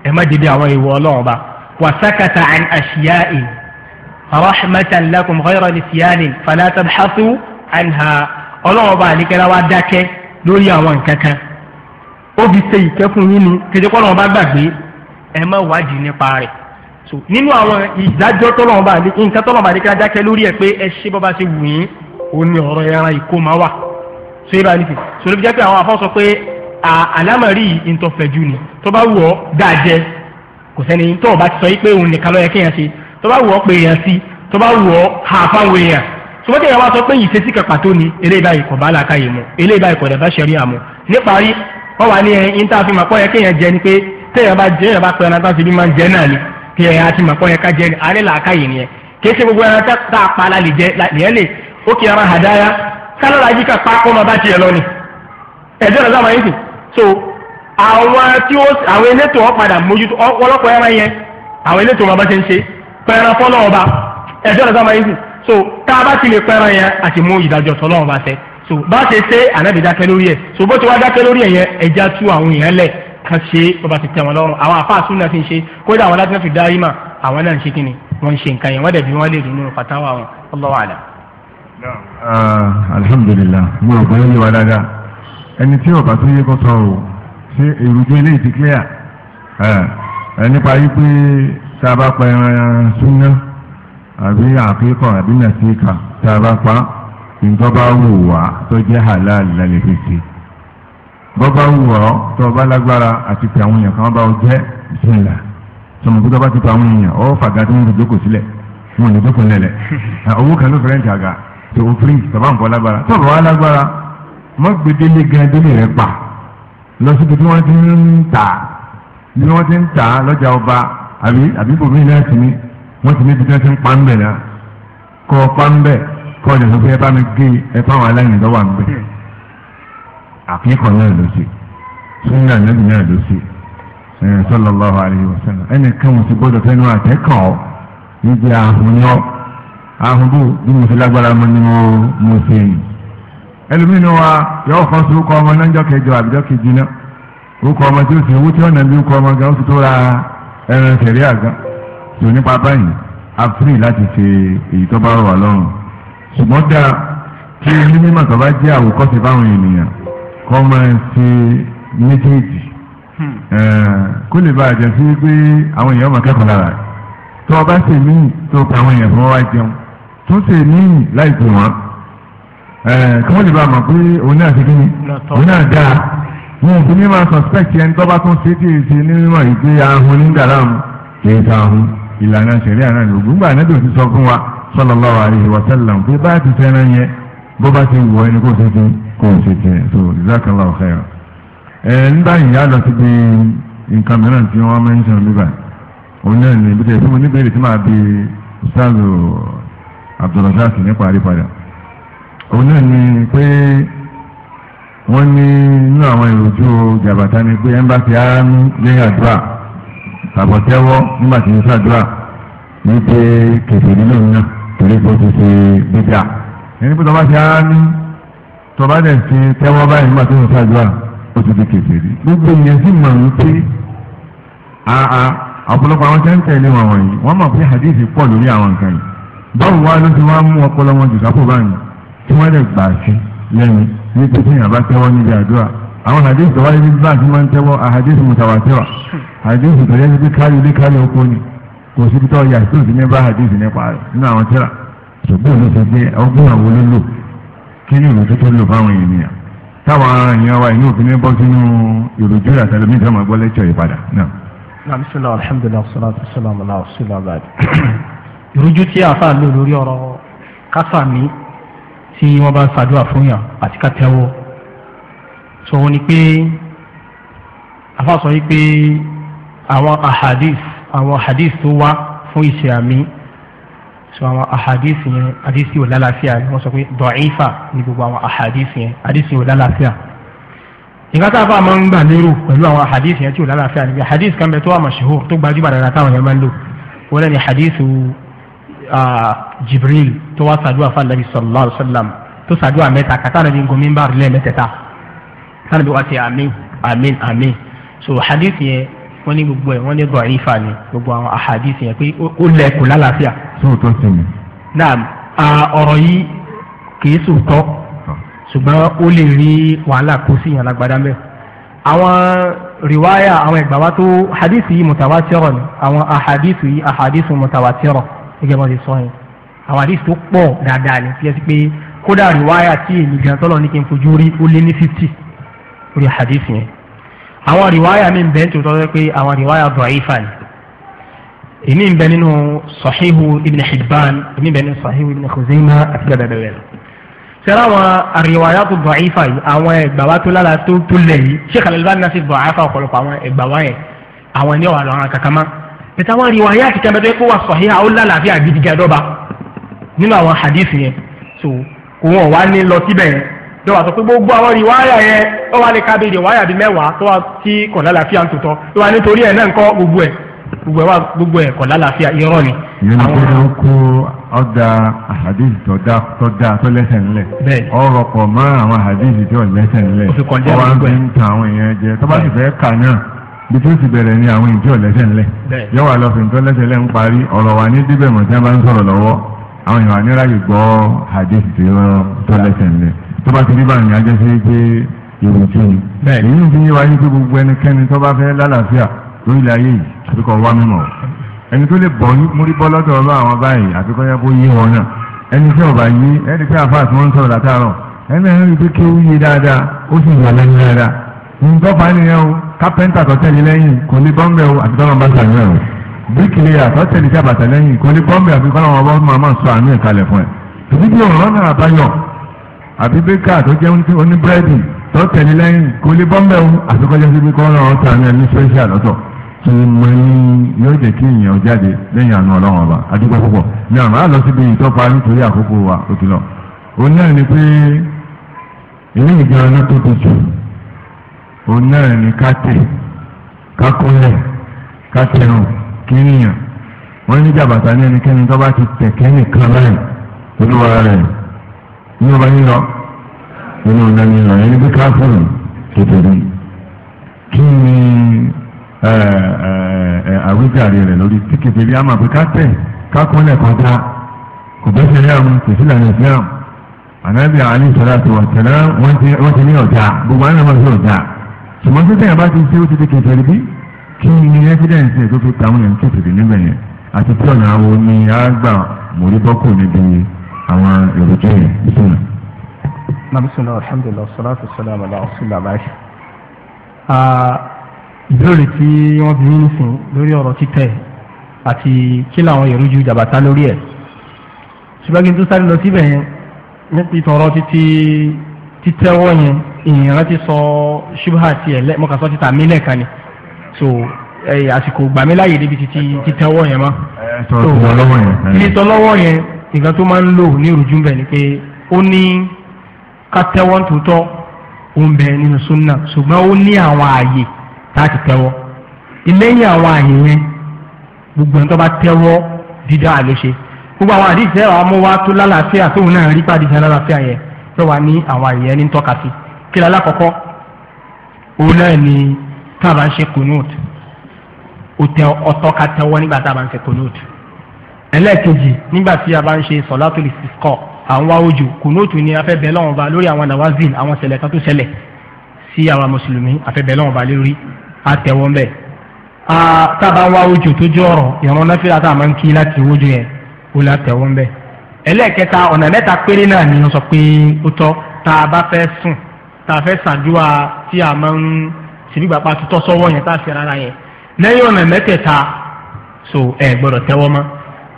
ẹ má dìde àwọn ìwọ ọlọ́run ba wa sakata an ashiyan rahmatan lakum ghayra nisyanin fala tabhasu anha ọlọ́run ba àdìgá wa dákẹ́ lórí àwọn kankan ó fi ṣe ìkẹ́kùn yín ni kejì kọ́ ọlọ́run gbàgbé ẹ má wádìí nípa rẹ̀ so nínú àwọn ìdájọ́ tọ́lọ́mọba ní nǹkan tọ́lọ́mọba ní kí a dákẹ́ lórí ẹ̀ pé ẹ ṣe bọ́ba ṣe wù yín òun ni ọ̀rọ̀ ẹran ìkómà wà so yìí bá nìkan so ló fi jẹ́ pé àwọn afọ́ sọ pé àlámọ̀rí ìtọ̀fẹ̀jù ni tó bá wù ọ́ dájẹ́ kò sẹ́ni tó o bá ti sọ yìí pé òun nìkan ló yẹ kéèyàn ṣe tó bá wù ọ́ pé èèyàn sí tó bá wù ọ́ ha fáwọn èèyàn so wọ́n tẹ̀yà wá sọ pé ìṣesí kan pàtó bá jẹ́ èèyàn bá pẹ́ ẹran tá a ti bí máa ń jẹ náà ni kí ẹ àti màkọ́ yẹn ká jẹ ní alẹ́ làákà yìí nìyẹn kìí ṣe gbogbo ẹran tá a pa la lè jẹ lẹ́yìn lè ó kì í ara àdáyà kálọ̀rọ̀ ají ká pa kọ́ ma bá tiẹ̀ lọ ni ẹ̀jẹ̀ rẹ̀ sábà yín sì so àwọn tí ó àwọn elétò wọn padà mójútó ọ̀pọ̀lọpọ̀ ẹran yẹn àwọn elétò wọn bá ṣe ń ṣe pẹ̀ran fọ́lọ́ ọba ẹ̀jẹ̀ rẹ̀ sábà yín sì so tá a bá ti lè pẹ̀ran yẹn àti mú ìdájọ́ tọ́lọ́ ọba ṣẹ so bá ṣe ṣe ànábì dákẹ́ lórí ẹ̀ so bó ti wá dákẹ́ lórí ẹ̀ kan ṣe bàbá ti tẹ̀ wọ́n lọ́rùn àwọn àfa àsúnà ti ń ṣe kódà àwọn láti náà fi dárí mà àwọn náà ń ṣe kí ni wọ́n ń ṣe nǹkan yẹn wọ́n dẹ̀ bí wọ́n lè rí nínú wọn Allahu alam. Ah, alhamdulilah mo rò bóyá yíwa dáadáa ẹni tí ọba tó yẹ kó sọ o ṣé èròjọ ilé ti clear eh, ẹ nípa yí pé tá a bá pa ẹran súnná àbí àkíkọ àbí nàṣíkà tá a bá pa nǹkan bá wù wá tó jẹ́ halal lálẹ́ fi bọ́bá wù ọ́ tó o bá lágbára àti pé àwọn èèyàn kan bá o jẹ́ ìsinla sọmọ pé tó bá ti pa àwọn èèyàn ọ́ fàgà tó ń fi jókòó sílẹ̀ fún òní jókòó lẹ̀lẹ̀ owó kan ló fẹ́rẹ̀ ń jàgà tó o prince tó bá ń bọ́ lágbára tó o bá wà lágbára mọ́ gbedele gan délé rẹ̀ pa lọ síbi tí wọ́n ti ń tà bí wọ́n ti ń tà lọ́jà ọba àbí àbí bòmí náà ti ní wọ́n ti ní ibi wọ́n ti ń pa ń bẹ̀ náà àkíkọ̀ náà ló ṣe sunna nàbì náà ló ṣe sallallahu alayhi wa sallam ẹnì kan wọn ti gbọ́dọ̀ fẹnu àtẹkọọ níbi àhùnyọ àhùnbù bí mo ṣe lágbára mo ni mo mo ṣe yìí ẹlòmínú wa yọ kọ sí orúkọ ọmọ náà jọ kẹjọ àbíjọ náà orúkọ ọmọ tí ó ṣe owó tí ọ̀nà bí orúkọ ọmọ gan ó ti tó ra ẹran ṣẹ̀rí àgá tó nípa báyìí àfírí láti ṣe èyí tó bá wà lọ́rùn ṣùgbọ́n dáa kí onímọ̀ tó bá jẹ́ àwòkọ́ṣe báwọn ènìyàn kọ́ máa ṣe méjèèjì hmm. eh, kó lè bá àjẹ́ sí pé àwọn èèyàn máa kẹ́kọ̀ọ́ lára tó o bá ṣe míì tó o pa àwọn èèyàn fún wa jẹun tó ṣe míì láì pè wọ́n eh, kí wọ́n lè bá mọ̀ pé òun náà ṣe kíni òun náà dáa wọn ò fi ní máa suspect ẹni tó bá tún ṣe tí èsì ní mímọ̀ yìí pé ahun ní gàlámù kì í ta ahun ìlànà ṣẹ̀rí àná ni ògùn gbà nẹ́bí òsì sọ fún wa sallallahu alaihi wa sallam pé bá ti fẹ́ràn yẹn bó bá ti wù ọ́ ẹni kó ṣe fún un kó o ṣe tiẹ̀ so jazakallahu khairan. ẹ nígbà yìí á lọ síbi nǹkan mìíràn tí wọ́n mẹ́ńsàn níbà òun náà ní ibi tẹ̀ fún mi níbèrè tí màá bi sáàlù abdulrasaq nípa àrípadà òun náà ní pé wọ́n ní inú àwọn ìròjú jàbàtà ni pé ẹ̀ ń bá ti ara ní lẹ́yìn àdúrà àbọ̀tẹ́wọ́ nígbà tí ń ṣàdúrà ní pé kẹfẹ́ nínú náà torí pé ó ti ṣe bíbíà ẹni pé tọ́ bá ti ara ní tọba dẹ̀ ti tẹ́wọ́ báyìí nígbà tó ń ṣàdúrà ó ti di kèfèrí gbogbo ìyẹn sì mọ̀ ń pé a ọ̀pọ̀lọpọ̀ àwọn tẹ́ ń tẹ̀lé wọn wọ̀nyí wọ́n mọ̀ pé hadith pọ̀ lórí àwọn nǹkan yìí báwo wá ló ti wá mú ọpọlọ wọn jù sápò báyìí tí wọ́n dẹ̀ gbà sí lẹ́nu ní pé tí yàrá tẹ́wọ́ níbi àdúrà àwọn hadith tó wáyé níbi bá ti máa ń tẹ́wọ́ ahadith mutawatira hadith tó yẹ kí kárí ilé kárí oko ni kò síbi tó yà tó ti ní bá hadith nípa nínú àwọn tẹ́ra ṣùgbọ́n ló ti gbé ọgbọ́n àwọn olólò kí ni ìròjú tó lò fáwọn ènìyàn táwọn ará ènìyàn wa inú òfin ní bọ́ sínú ìròjú àtàlẹ́mí tí wọ́n máa gbọ́ lẹ́tọ̀ ìpadà náà. naam sọlá alhamdulilayi salatu salam ala sọlá abad. ìròjú tí àfa lò lórí ọ̀rọ̀ kásàmì tí wọ́n bá ń ṣàdúrà fún yàn àti kátẹ́wọ́ sọ wọn ni pé àfa sọ yìí pé àwọn ahadith àwọn ahadith tó wá fún ìṣe àmì so àwọn ahadisi yẹn hadisi ò lálàáfíà ni wọ́n sọ pé dọ̀ífà ni gbogbo àwọn ahadisi yẹn hadisi ò lálàáfíà nǹkan tá a fà máa ń gbà lérò pẹ̀lú àwọn hadisi yẹn tí ò lálàáfíà níbi hadisi kan bẹ tó wà mashhur tó gbajúmọ̀ dáadáa táwọn yẹn máa ń lò wọ́n ní hadisi jibril tó wá sàdúrà fún anabi sallallahu alayhi wa sallam tó sàdúrà mẹ́ta kàtà nàbí ngomi ń bá rẹ̀ lẹ́ẹ̀mẹ́tẹ̀ta sanabi wá sí àmín àmín àmín so hadisi yẹn wọ́n ní gbogbo ẹ̀ wọ́n ní bọ̀ ìfà ni gbogbo àwọn àhàdìsì yẹn pé ó lẹ́kùn lálàáfíà. sóòótọ́ sí mi. naam ọ̀rọ̀ yìí kìí sòótọ́ ṣùgbọ́n ó lè rí wàhálà kó sí yàn lágbádá mẹ́. àwọn rìwáyà àwọn ẹ̀gbà wa tó àhàdìsì yìí mùtàwátìrọ̀ ni àwọn àhàdìsì yìí àhàdìsì mùtàwátìrọ̀ gẹ́gẹ́ bọ́ ti sọ yẹn. àwọn àhàdìsì tó pọ̀ dáadáa ni fi ẹsí pé kódà rìwáyà tí èmi gan tọ́lọ̀ ní kí n fojú rí ó lé ní fifty orí àhàdìsì yẹn àwọn rìwáyà mi ń bẹ nítorí tọ́jú pé àwọn rìwáyà dọ̀ọ́yìfà ni èmi ń bẹ nínú sọ̀híhu ibn hibban èmi ń bẹ nínú sọ̀híhu ibn khuzaima àti bẹ́ẹ̀ bẹ́ẹ̀ bẹ́ẹ̀ lọ. sẹ́rẹ́ àwọn àríwáyà tó dọ̀ọ́yìfà yìí àwọn ẹgbàá tó lára tó tó lẹ̀ yìí sheikh al-Albani náà sì dọ̀ọ́yìfà ọ̀pọ̀lọpọ̀ àwọn ẹgbàá yẹn àwọn ní ọ̀rọ̀ àwọn kankanmá pẹ̀tẹ́ àwọn àríwáyà dọ́wà sọ pé gbogbo àwọn rìwáyà yẹn ó wà lè kábíyè rìwáyà bíi mẹ́wàá tó wà tí kò lálàáfíà ń tutọ́ ó wà nítorí ẹ̀ náà ń kọ́ gbogbo ẹ̀ gbogbo ẹ̀ wà gbogbo ẹ̀ kò lálàáfíà irọ́ ni. ìyẹn ní pé ó kó ọ̀dà àhàdìsì tó dá tó dá tó lẹ́sẹ̀ ńlẹ̀ ọ̀rọ̀ pọ̀ mọ́ àwọn àhàdìsì tó lẹ́sẹ̀ ńlẹ̀ ọ̀wá ń bẹ̀rẹ̀ ni àwọn ìjọ lẹ́sẹ̀ ńlẹ̀ yóò wà lọ fi nǹkan lẹ́sẹ̀ ńlẹ̀ parí ọ̀rọ̀ wa ní díbẹ̀ tí wọ́n bá ń sọ̀rọ̀ lọ́wọ́ àwọn èèyàn níráyè gbọ́ àdéhùn tó lẹ́sẹ̀ ńlẹ̀ tó bá ti rí báyìí ajẹ́ sí pé ìròjú ni. èyí ti yé wa yí pé gbogbo ẹnikẹ́ni tó bá fẹ́ lálàáfíà lórílẹ̀ ayé yìí àbíkọ́ wá mímọ́ ẹni tó lè bọ̀ mórí bọ́ lọ́dọ̀ ọlọ́ àwọn báyìí àbíkọ́ yẹ kó yé wọn náà ẹni tí ọba yí ẹni pé àfáà tí wọ́n ń sọ̀rọ̀ látàárọ̀ ẹni ẹni rí pé kí ó yé dáadáa ó sì yà lẹ́nu dáadáa nǹkan fa o kápẹ́ńtà tó tẹ̀lé lẹ́yìn kò ní o àti lẹ́yìn kò ní bọ́m̀bẹ̀ àbí bíkà tó jẹ́ oní búrẹ́dì tó tẹ̀lé lẹ́yìn kò lè bọ́m̀bẹ̀ o àtúkọ́jọ́ sí pé kọ́ńtà ọ̀tà ní ẹni special lọ́tọ̀ ní yóò jẹ́ kí jáde ọba adúgbò púpọ̀ ní àná àlọ́ síbi ìtọ́pa nítorí àkókò wa lọ. òun náà ni pé ilé ìgbìmọ̀ náà tó ti jù náà ni ká tẹ̀ ká ká tẹ̀rùn kí nìyàn wọ́n ní jàbàtà ní inú ọba yín lọ inú ọ̀nà yín lọ ẹni bí káfíìn kékeré kí ni àwíjàre rẹ̀ lórí tí kékeré á máa pé kápẹ́ kákúnlẹ̀ kọjá kò bẹ́sẹ̀ yàrá kò sí lànà ìfẹ́ àwọn ànábì àlẹ́ ìṣọ̀rọ̀ àti wọ̀tẹ̀lẹ́ wọ́n ti ní ọ̀já gbogbo àwọn ọmọ sí ọ̀já ṣùgbọ́n tó tẹ̀yà bá ti ṣe ó ti di kékeré bí kí ni ẹ́fídẹ́ǹsì ẹ̀ tó fi kàwọn yẹn kékeré níbẹ̀ yẹn àti tí ọ̀nà àwọn omi á gbà mórí bọ́kù níbi àwọn èròjà yẹn sínú. mabisulawo alhamdulilayi salatu salam ala rasulillah abayi. ìbéèrè tí wọ́n bí nínú sìn lórí ọ̀rọ̀ títẹ̀ àti kí làwọn èròjú jàbàtà lórí ẹ̀ ṣùgbọ́n kí n tó sáré lọ síbẹ̀ yẹn nípa ìtọ̀rọ̀ títí títẹ́wọ́ yẹn ìyìnrán ti sọ ṣubha tiẹ̀ lẹ́ mọ́ka sọ títà mí lẹ́ẹ̀kan ni so àsìkò gbàmíláyè débi títí títẹ́wọ́ yẹn mọ́. ẹ sọ ìtọ́lọ́wọ́ yẹn. ìtọ́lọ́wọ́ yẹn nǹkan tó máa ń lò ní ìrújú bẹ̀ ni pé ó ní ká tẹ́wọ́ ń tòótọ́ ó ń bẹ nínú súnà ṣùgbọ́n ó ní àwọn ààyè láti tẹ́wọ́ ìlẹ́yìn àwọn ààyè yẹn gbogbo ẹni tó bá tẹ́wọ́ dídá àlóṣe gbogbo àwọn àdìsí ẹ̀rọ amúwá tó lálàáfíà tóun náà rí pàdé ìṣẹ́ lálàáfíà yẹn ló wà ní àwọn ààyè yẹn ní tọ́ka sí kí lálá kọ́kọ́ òun náà ni tá a bá ń ṣe kùnúùtù ó tẹ ká tẹ́wọ́ nígbà tá ń ṣe kùnúùtù ẹlẹ́ẹ̀kejì nígbà tí a bá ń ṣe sọ̀látò lè kọ́ àwọn àwòjù kùnóòtù ni afẹ́bẹ̀ lọ́wọ́n ba lórí àwọn nawazil àwọn ṣẹlẹ̀ kan tó ṣẹlẹ̀ sí àwa mùsùlùmí afẹ́bẹ̀ lọ́wọ́n ba lórí àtẹ̀wọ́ ń tábà ń wá àwòjù tó jẹ́ ọ̀rọ̀ ìran náfìlà tá a máa ń kí láti wójú yẹn ó lá tẹ̀wọ́ ń bẹ̀. ẹlẹ́ẹ̀kẹta ọ̀nà mẹ́ta péré náà ni wọ́n sọ pé ó tọ́ tá a bá fẹ́ sùn tá a fẹ́ sàdúrà tí a máa ń sìgbà so ẹ̀ gbọ́dọ̀ tẹ́wọ́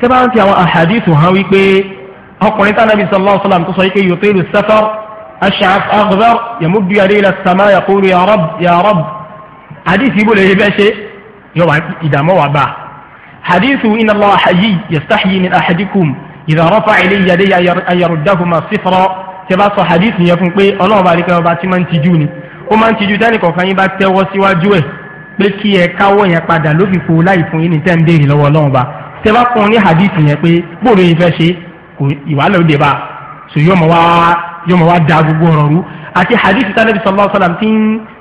tẹ́bá ń fi àwọn àhàdìsù hàn wípé ọkùnrin tá nàbí sallallahu alayhi wa sallam tó sọ wípé yòtẹ́lù safar aṣáf agbára yamuddu yàrá ilẹ̀ sàmá yaqulu ya rab ya rab àdìsù ibo lè yẹ bẹ́ẹ̀ ṣe yọ wà ìdààmú wà bá àdìsù inna Allaha hayyi yastahyi min ahadikum idha rafa'a ilayhi yadayhi an yaruddahuma sifra tẹ́bá sọ àdìsù yẹn fún pé ọlọ́run bá rí kẹ́ ọba tí máa tẹ́ bá fún un ní hadith yẹn pé bóòlù yìí fẹ́ ṣe kò ìwàlẹ̀ òde bá so yóò mọ̀ wá yóò mọ̀ wá da gbogbo ọ̀rọ̀ rú àti hadith tí Ànábì sallallahu alaihi wasallam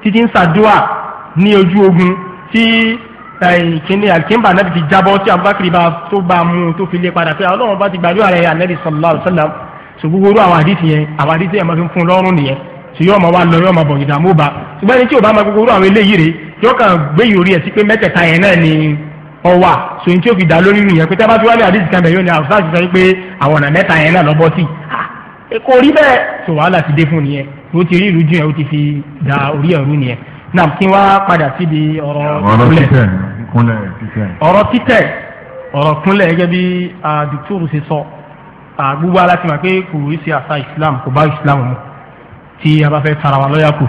títí ń ṣàdúà ní ojú ogun tí ìkíni àkínbà Ànábì ti jábọ́ tí Abubakar bá tó bá mú un tó fi lé padà pé Ọlọ́run bá ti gbàdúrà rẹ̀ Ànábì sallallahu alaihi wasallam so gbogbo orú àwọn hadith yẹn àwọn hadith yẹn máa fi ń fún lọ́rùn nìyẹn tí yóò máa wá lọ yóò máa bọ̀ ìdààmú ni ọwà sòyìn tí ó fi dá lórí rìn yẹn pé tẹ́ bá fi wálé àdìsí kan bẹ̀ yóò ní àwùjọ àti sọ pé àwọn ọ̀nà mẹ́ta yẹn náà lọ́bọ́ sí kò rí bẹ́ẹ̀ tó wàhálà ti dé fún nìyẹn ó ti rí ìlú yẹn ó ti fi da orí ẹ̀rú nìyẹn náà kí wá padà síbi ọ̀rọ̀ kúnlẹ̀ ọ̀rọ̀ títẹ̀ ọ̀rọ̀ kúnlẹ̀ gẹ́gẹ́ bí dùkúrù ṣe sọ gbogbo aláti máa pé kò rí sí àṣà Islam kò bá Islam mu tí a bá fẹ́ tara wa lọ́yà kù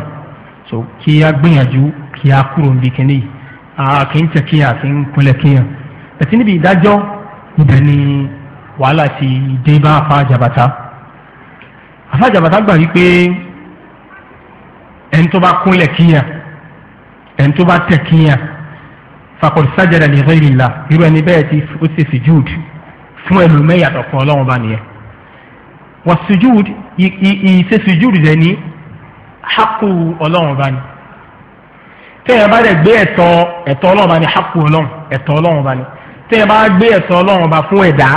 kí a gbìyànjú kí a kúrò níbi kíní yìí Ah, kì í tẹ̀kíyà kì í kúnlẹ̀ kíyàn ẹ̀tí níbi ìdájọ́ ibẹ̀ ni wàhálà ti dé bá afa àjàbàtà afa àjàbàtà gbà wípé ẹni tó bá kúnlẹ̀ kíyàn ẹni tó bá tẹ̀kíyàn faqad sajada li ghayrillah irú ẹni bẹ́ẹ̀ ti ó ti sujud fún ẹlòmẹ́yà ọ̀kan ọlọ́run bá nìyẹn wà sujud ìṣe sujud rẹ̀ ní hákù ọlọ́run bá nìyẹn téèyàn bá dẹ̀ gbé ẹ̀tọ́ ẹ̀tọ́ ọlọ́run bá ní hapò ọlọ́run ẹ̀tọ́ ọlọ́run bá ní téèyàn bá gbé ẹ̀tọ́ ọlọ́run bá fún ẹ̀dá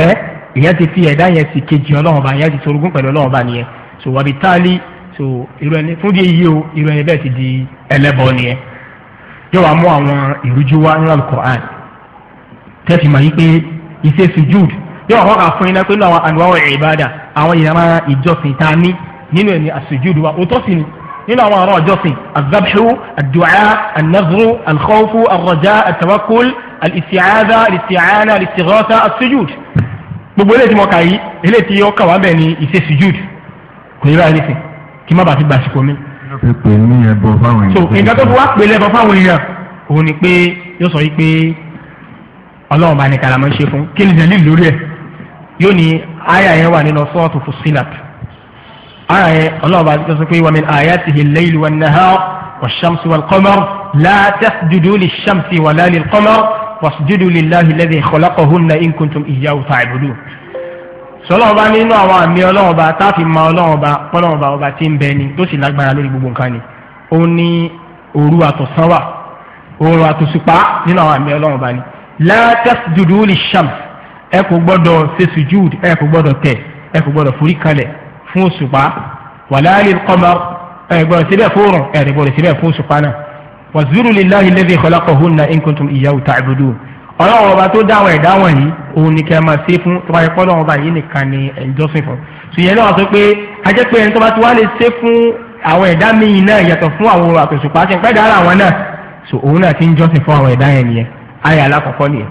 ẹ̀ ìyẹn ti fi ẹ̀dá yẹn sí kejì ọlọ́run bá ìyẹn ti sorogún pẹ̀lú ọlọ́run bá nìyẹn so wàbí táálí so irú ẹni fún díẹ̀ yìí o irú ẹni bẹ́ẹ̀ ti di ẹlẹ́bọ nìyẹn yóò wá mú àwọn ìrújú wá nínú alukoran tẹ́tì máa yí pé iṣẹ́ sujud yóò wá kọ́ka fún iná pé nínú àwọn àdúrà ìbádà àwọn ìyàrá ìjọsìn tá a ní nínú ẹni àsujud wa òótọ́ sí ni nínú àwọn ọ̀rọ̀ ọjọ́sìn azabhu adu'a anazru alkhawfu arraja atawakul alisiaza alisiana alisighatha asujud gbogbo eléyìí tí mo kà yìí eléyìí tí ó kà wá bẹ́ẹ̀ ni ìṣe sujud kò ní báyìí nísìn kí má bàa fi gbàsíkò mi. so nǹkan tó fi wá pèlè ẹbọ fáwọn èèyàn òun ni pé yóò sọ yìí ọlọ́run bá ní kàlámọ́ ṣe fún kí ni dẹ̀lí lórí ẹ̀ yóò ní àyà yẹn wà nínú sọ́ọ̀tù fusilat ara yẹn ọlọ́ọ̀bá ti sọ pé wàmí ayatihi al-layl wan-nahar wash-shamsu wal-qamar la tasjudu lish-shamsi wala lil-qamar wasjudu lillahi alladhi khalaqahunna in kuntum iyyahu ta'budun. sọlọ́ọ̀bá nínú àwọn àmì ọlọ́ọ̀bá tá ma ọlọ́ọ̀bá ọlọ́ọ̀bá ọba tí ń bẹ ni tó sì lágbára lórí gbogbo nǹkan ni ó ní òru àtọ̀sán òru àtòṣùpá nínú àwọn àmì ọlọ́ọ̀bá ni la tasjudu lish-shams ẹ kò gbọ́dọ̀ ṣe ẹ kò gbọ́dọ̀ tẹ̀ ẹ kò gbọ́dọ̀ forí fún òṣùpá wàláàlì kọ́mọ́r ẹ̀gbọ́n síbẹ̀ fóòrùn ẹ̀rìnbọ̀n síbẹ̀ fún òṣùpá náà wàzúrù lillahi lẹ́sìn kọ́lákọ̀ọ́hún na inkuntum ìyàwó tàbùdù ọlọ́run ọba tó dáwọn ẹ̀dá wọ̀nyí òun ni kẹ́ máa ṣe fún tó bá yẹ kọ́lọ́run ọba yìí nìkan ni ẹ̀jọ́sìn fún ṣùgbọ́n náà sọ pé ajẹ́ pé ẹni tó bá ti wá lè ṣe fún àwọn ẹ̀dá míì náà yàtọ̀ fún àwọn àtòṣùpá ṣe ń pẹ́ dára àwọn náà so òun náà ti ń jọ́sìn fún àwọn ẹ̀dá yẹn nìyẹn ayé alákọ̀ọ́kọ́ nìyẹn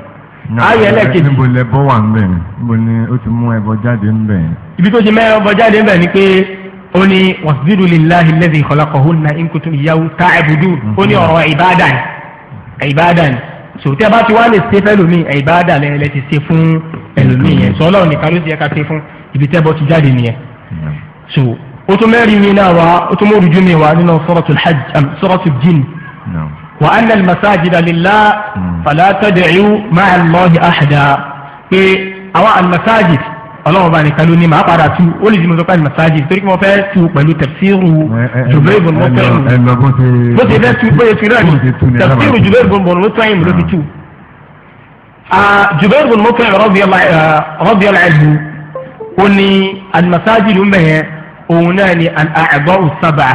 ayé ẹlẹ́kejì. níbo lẹ bọ́ wà ńbẹ̀ ni níbo ni ó ti mú ẹbọ jáde ńbẹ̀ yẹn. ibi tó ti mẹ́ ẹbọ jáde ńbẹ̀ ni pé ó ní wasjudu lillahi alladhi khalaqahunna in kuntum iyyahu ta'budun mm-hmm. ó ní ọ̀rọ̀ ìbáàdà ni ìbáàdà ni sòtẹ́ bá ti wá lè ṣe fẹ́lòmíì ìbáàdà lẹ́yìn lẹ́ ti ṣe fún ẹlòmíì yẹn sọ́lọ́ nìkan ló ti yẹ ká ṣe fún ibi tẹ́bọ ti jáde nìyẹn. Mm-hmm. so ó tún mẹ́rin mi náà wá ó tún mú òrùjú mi wá nínú suratul hajj um, wa anna al-masajida lillah fala tad'u ma'a Allahi ahada pé àwọn al-masajid ọlọ́run bá nìkan ló ní màá padà tu ó lè di mo sọ pé al-masajid torí kí mo fẹ́ tu pẹ̀lú tafsiru Jubair ibn Mut'im bó ti fẹ́ tu bóyá tu rẹ̀ ni tafsiru Jubair ibn Mut'im ló fi tu. Jubair ibn Mut'im radiyallahu anhu ó ní al-masajid ló ń bẹ̀yẹn òun náà ni al-a'dha'u sab'a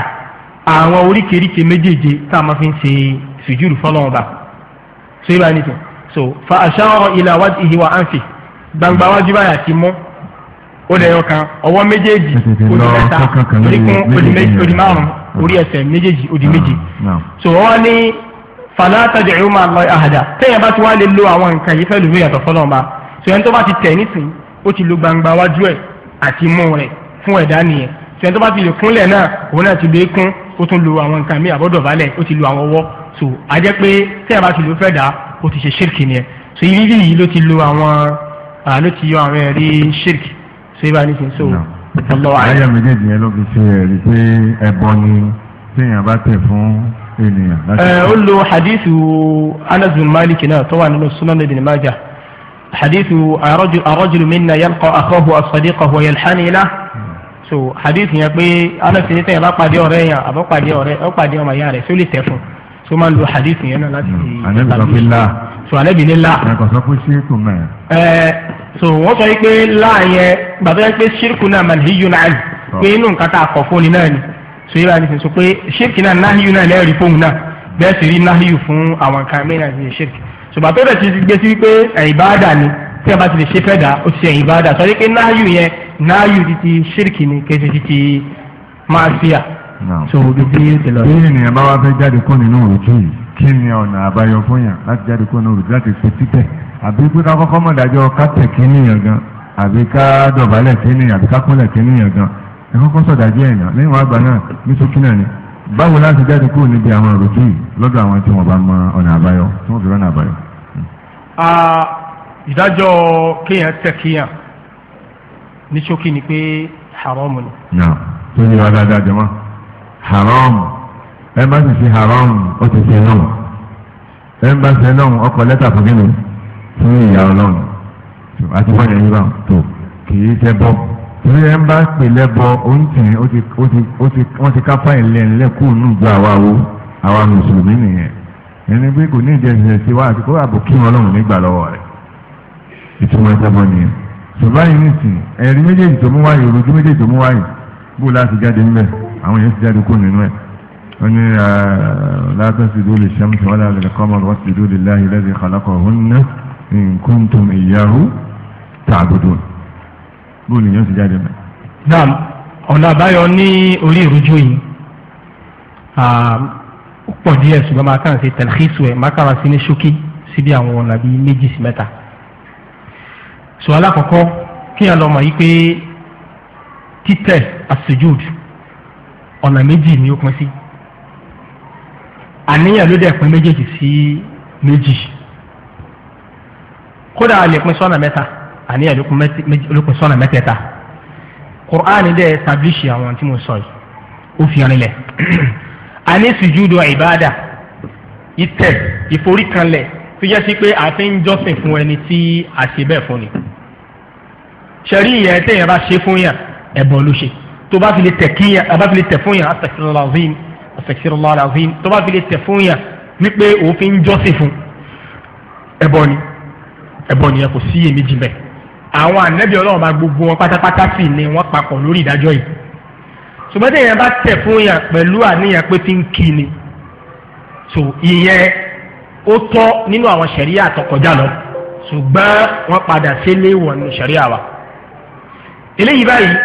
àwọn oríkèéríkèé méjèèjé tá a máa fi ń ṣe sùjúdù fọlọ́wọ́n bá so yìí bá nìkan so fa ashara ila wajhihi wa anfi gbangba wájú báyà ti mú ó lè yọ kan ọwọ́ méjèèjì odi mẹ́ta odi kún odi márùn orí ẹsẹ̀ méjèèjì odi ah, méjì ah. so wọ́n ní fala tad'u ma'a Allahi ahada téèyàn bá ti wá lè lo àwọn nǹkan yìí fẹ́ẹ́ lùmí yàtọ̀ fọlọ́wọ́n bá so ẹni tó bá ti tẹ̀ nísìnyí ó ti lo gbangba wájú ẹ̀ àti mú rẹ̀ fún ẹ̀dá nìyẹn sẹ́ni tó bá ti lè kúnlẹ̀ náà òun náà ti lè kún ó tún lo àwọn nǹkan míì àbọ̀dọ̀ balẹ̀ ó ti lo àwọn ọwọ́ so a jẹ́ pé tí a bá ti lò fẹ́ dà ó ti ṣe ṣírkì nìyẹn so ibi bí yìí ló ti lo àwọn ló ti yọ àwọn ẹ̀rí ṣírkì so ibà ní sin so ọlọ́wà. ayé méjèèjì yẹn ló fi ṣe ẹ̀rí pé ẹ̀bọ ni téèyàn bá tẹ̀ fún ènìyàn. Eh, ẹ ó lo hadithu Anas bin Malik náà tó wà nínú Sunan Ibn Majah hadithu arọ́jùlù minna yalqa akhahu as-sadiqahu wa so hadith yẹn pé Anas ní téèyàn bá pàdé ọ̀rẹ́ yẹn àbọ̀ pàdé ọ̀rẹ́ ọ̀ pàdé ọmọ ìyá rẹ̀ tó lè tẹ̀ fún un tó máa ń lo hadith yẹn náà láti. Hmm. ànábì sọ pé la. so ànábì ní la. ẹ kò sọ pé ṣírkù mẹ. ẹ so wọ́n sọ pé la yẹn gbàtọ́ yẹn pé ṣírkù náà manhiyun náà ni pé inú nǹkan tá a kọ̀ fóni náà ni so yíra nìsín so pé ṣírkì náà náhíyù náà lẹ́ẹ̀rí fóun náà bẹ́ẹ̀ sì rí náhíyù fún àwọn nǹkan mẹ́rin àti ṣírkì so bàtọ́ rẹ̀ ti gbé sí wípé ẹ̀yìn báàdà ni tí a bá ti lè ṣe fẹ́dà ó ti ṣe ẹ̀yìn báàdà sọ pé náhíyù yẹn náhíyù ti ti so ojú bí yóò ti lọ. bí ènìyàn bá wá fẹ́ jáde kó nínú òrùjú yìí kí ni ọ̀nà àbáyọ fún yàn láti jáde kó nínú òrùjú láti fi títẹ̀ àbí pé ká kọ́kọ́ mọ̀ dájọ́ ká tẹ̀ kí nìyàn gan àbí ká dọ̀bálẹ̀ kí nìyàn àbí ká kúnlẹ̀ kí nìyàn gan ẹ kọ́kọ́ sọ̀dájú ẹ̀yàn lẹ́yìn wá gbà náà ní sókí náà ni báwo láti jáde kúrò níbi àwọn òrùjú yìí lọ́dọ̀ àwọn tí wọ́n bá mọ ọ̀nà àbáyọ tí wọ́n fi rọ́nà àbáyọ. ìdájọ́ kéèyàn tẹ̀ kéèyàn ní ṣókí ni pé haramu ni. tó yẹ wá dáadáa jẹ mọ́ haram ẹ má sì ṣe haram ó ti ṣe náà ẹ má ṣe náà ọkọ̀ lẹ́tà fún kínní fún ìyá ọlọ́run àti wọ́n yẹn yíra tó kì í ṣe bọ́ torí ẹ bá pè lẹ́bọ oúnjẹ wọ́n ti kápá ìlẹ̀ ńlẹ̀ kú nù ju àwa wo àwa mùsùlùmí nìyẹn ẹni pé kò ní ìjẹsìn ẹ̀sìn wa àti kó àbò kí wọn lọ́run nígbà lọ́wọ́ rẹ̀ ìtumọ̀ ìjọba nìyẹn ṣùgbọ́n yìí nìsín ẹ̀rí méjèèjì tó mú wáyé òrùjú méjèèjì tó mú wáyé bó láti jáde ńbẹ̀ àwọn èèyàn ti jáde kó nínú ẹ̀ wọ́n ní látọ́sídó lè ṣẹ́mùsì wọ́n lára lè kọ́mọ̀ wọ́n sídó lè láyé lẹ́sìn kàlákọ̀ ọ̀hún ná nǹkan tó ìyàwó tààbùdù bóun èèyàn ti jáde mẹ́. náà ọ̀nà àbáyọ ní orí ìrújú yìí ó pọ̀ díẹ̀ ṣùgbọ́n máa kàn ṣe tẹ̀lẹ́kìsù ẹ̀ máa kàwá sí ní ṣókí síbi àwọn ọ̀nà bíi méjì sí mẹ́ta. sọ alákọ̀ọ́kọ́ kí ọ̀nà méjì ni ó pín sí àníyàn ló dẹ̀ pín méjèèjì sí méjì kódà a lè pín sọ́nà mẹ́ta àníyàn ló pín sọ́nà mẹ́tẹ̀ẹ̀ta Qur'an dẹ̀ establish àwọn tí mo sọ yìí ó fi hàn nílẹ̀ àní sùjúdù ìbáàdà ìtẹ̀ ìforíkanlẹ̀ tó jẹ́ sí pé a ń jọ́sìn fún ẹni tí a ṣe bẹ́ẹ̀ fún ni ṣẹ̀rí ìyẹn téèyàn bá ṣe fún yàn ẹ̀bọ ló ṣe tó bá fi lè tẹ̀ kíyàn tó bá fi lè tẹ̀ fún yàn astaghfirullah alazim astaghfirullah alazim tó bá fi lè tẹ̀ fún yàn wípé òfin jọ́sìn fún ẹbọ ni ẹbọ ni ẹ kò sí èmi jìnbẹ àwọn ànẹ́bí ọlọ́run bá gbogbo wọn pátápátá sì ni wọ́n papọ̀ lórí ìdájọ́ yìí ṣùgbọ́n tí èèyàn bá tẹ̀ fún yàn pẹ̀lú àníyàn pé ti ń kí ni so ìyẹn ó tọ́ nínú àwọn ṣẹ̀ríyà àtọkọjá lọ ṣùgbọ́n wọ́n padà sílé wọ̀nù ṣẹ̀ríyà wa eléyìí báyìí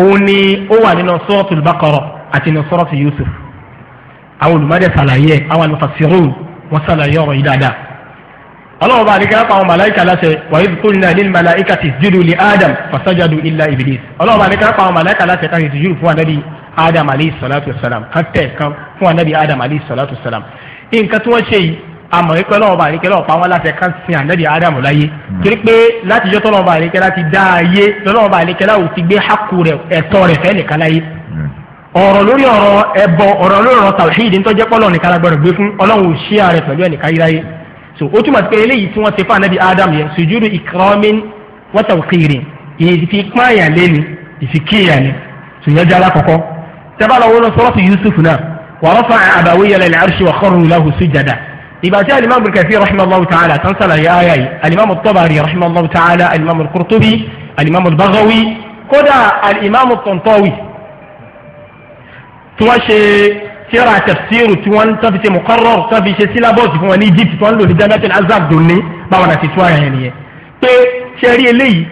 òun ni ó wà nínú suratul Baqara àti nínú suratu Yusuf àwọn olùmọdé sàlàyé ẹ àwọn alufasirun wọn sàlàyé ọ̀rọ̀ yìí dáadáa ọlọ́run bá àdìgá pa àwọn màláìka láṣẹ wa idh qulna lil malaikati isjudu li Adam fasajadu illa Iblis ọlọ́run bá àdìgá pa àwọn màláìka láṣẹ káyọ̀ ìtìjú fún anabi Adam alayhi salatu wa salam kan tẹ̀ kan fún anabi Adam alayhi salatu wa salam nǹkan tí wọ́n ṣe yìí àmọ́ ìpẹ́ lọ́wọ́ bàálí kẹ́ lọ́wọ́ pa wọ́n láti ẹ̀ka sin ànábì ádámù láyé kiri hmm. pé láti jọ́ tọ́lọ́wọ́ bàálí kẹ́ láti dá ayé lọ́wọ́ bàálí kẹ́ láwùjọ ti gbé hakù rẹ̀ ẹ̀tọ́ rẹ̀ fẹ́ nìkan láyé hmm. ọ̀rọ̀ lórí ọ̀rọ̀ ẹ̀bọ ọ̀rọ̀ lórí ọ̀rọ̀ tawhid ń tọ́jẹ́ pọ́lọ́ nìkan lágbọ́dọ̀ gbé fún ọlọ́run òṣìṣẹ́ rẹ̀ pẹ̀lú ẹnìkan yí láyé so ó túmọ̀ sí pé eléyìí ìgbàtí alimami kẹfì rahimahu ta'ala tán sàlàyé aya yìí alimami tọ́bari rahimahu ta'ala alimami kurtubi alimami bagawi kódà alimami tọ́ntọ́wi tí wọ́n ṣe tíra tafsiru tí wọ́n tán fi ṣe muqarrar tán fi ṣe sílábọ̀sì fún wọn ní egypt tí wọ́n lò ní jamiatul azhar dùnní báwọn àti tí wọ́n yẹn nìyẹn pé ṣe rí eléyìí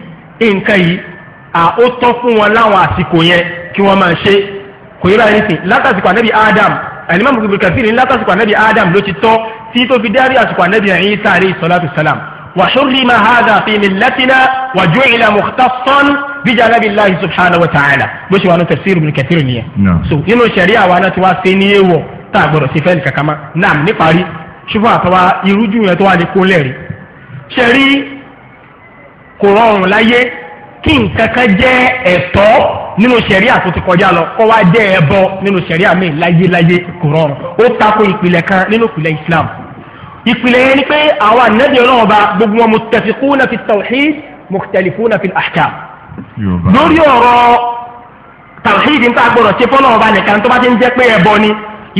nǹkan yìí à ó tọ́ fún wọn láwọn àsìkò yẹn kí wọ́n máa ṣe kò yẹ báyìí nísìn látàsìkò ànábì adam alimami gbogbo kafiri ńlá sásìkò anabi adam ló ti tọ́ tí tó fi dárí àsìkò anabi isa alayhi salatu salam wa hurrima hadha fi millatina wa ju'ila mukhtassan bi janabi allahi subhanahu wa ta'ala bó ṣe wà ní tafsir ibn kathir nìyẹn. so nínú sariya wa náà ti wá sí ní ewọ tá a gbọdọ̀ sí fẹ́ẹ́ nìkankan ma naam níparí ṣùgbọ́n àtàwọn irújú yẹn tó wà ní kólẹ́rì sẹ́rí kò rọrùn láyé kí nǹkan kan jẹ́ ẹ̀tọ́ nínú sẹ̀ríà tó ti kọjá lọ kó wá jẹ́ ẹbọ nínú sẹ̀ríà mi láyéláyé kò rọrùn ó tako ìpìlẹ̀ kan nínú ìpìlẹ̀ Islam ìpìlẹ̀ yẹn ni pé àwọn ànábì ọlọ́run ba gbogbo wọn muttafiquna fi tawhid mukhtalifuna fi al-ahkam lórí ọ̀rọ̀ tawhid nípa gbọ́dọ̀ ṣe fọ́lọ́run ba nìkan tó bá ti ń jẹ́ pé ẹbọ ni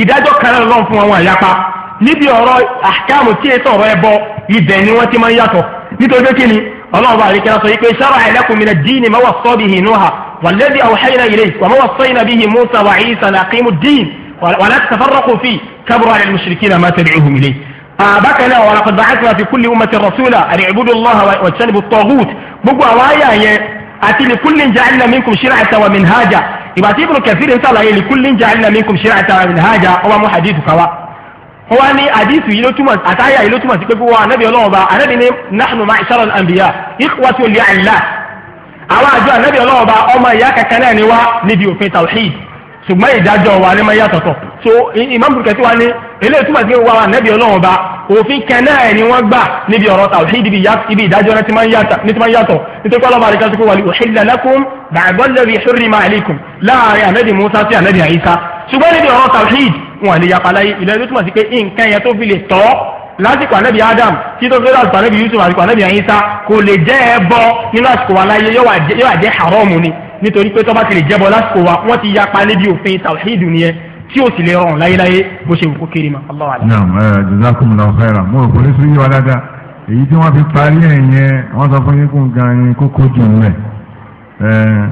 ìdájọ́ kan náà lọ́n الله ذلك نصيك شرع لكم من الدين ما وصى به نوح والذي أوحينا إليه وما وصينا به موسى وعيسى لأقيموا الدين ولا تفرقوا فيه كبر على المشركين ما تبعوهم إليه آه، بكنا ولقد بعثنا في كل أمة رسولا أن اعبدوا الله واجتنبوا الطاغوت بقوا وايا أتي لكل جعلنا منكم شرعة ومنهاجا يبقى تيبر كثير إن شاء الله لكل جعلنا منكم شرعة ومنهاجا هو مو حديث كواه wọ́n wá ní àdìsù yìí ló túmọ̀ àtàyà yìí ló túmọ̀ sí pé fún wa anábì ọlọ́run ọba anábì ní nahnu ma'shara al-anbiya ikhwatu li Allah àwọn àjọ anábì ọlọ́run ọba ọmọ ìyá kankan náà ni wá níbi òfin tawhid ṣùgbọ́n ìdájọ́ wa ni máa yàtọ̀tọ̀ so ìmáàmù kẹsí wa ní eléyìí túmọ̀ sí pé wà anábì ọlọ́run ọba òfin kan náà ni wọ́n gbà níbi ọ̀rọ̀ tawhid ibi ìdájọ́ náà ti máa yàtọ̀ nítorí pé ọlọ́run àríkà tó kó wà ní uhilla lakum ba'da alladhi hurrima alaykum láàrin anábì Musa sí anábì Isa ṣùgbọ́n níbi ọ̀rọ̀ tawhid wọn lè yapa láyé ìlẹ́yìn tó túmọ̀ sí pé nǹkan yẹn tó fi lè tọ́ lásìkò ànábì Adam tí tó fi lọ́dọ̀ àsìkò ànábì Yusuf àsìkò ànábì ayinsa kò lè jẹ́ ẹbọ nínú àsìkò wa láyé yóò wà jẹ́ haramu ni nítorí pé tó bá ti lè jẹ́bọ lásìkò wa wọ́n ti yapa níbi òfin tàwíìdù nìyẹn tí o sì lè rọrùn láyéláyé bó ṣe wù kó kiri ma allah wa. naam ẹ jazakumullahu khairan mo rò pé oníṣẹ́ yìí wá dáadáa èyí tí wọ́n fi parí ẹ̀ yẹn wọ́n sọ fún yín kó gan-an kókó jù ń lẹ̀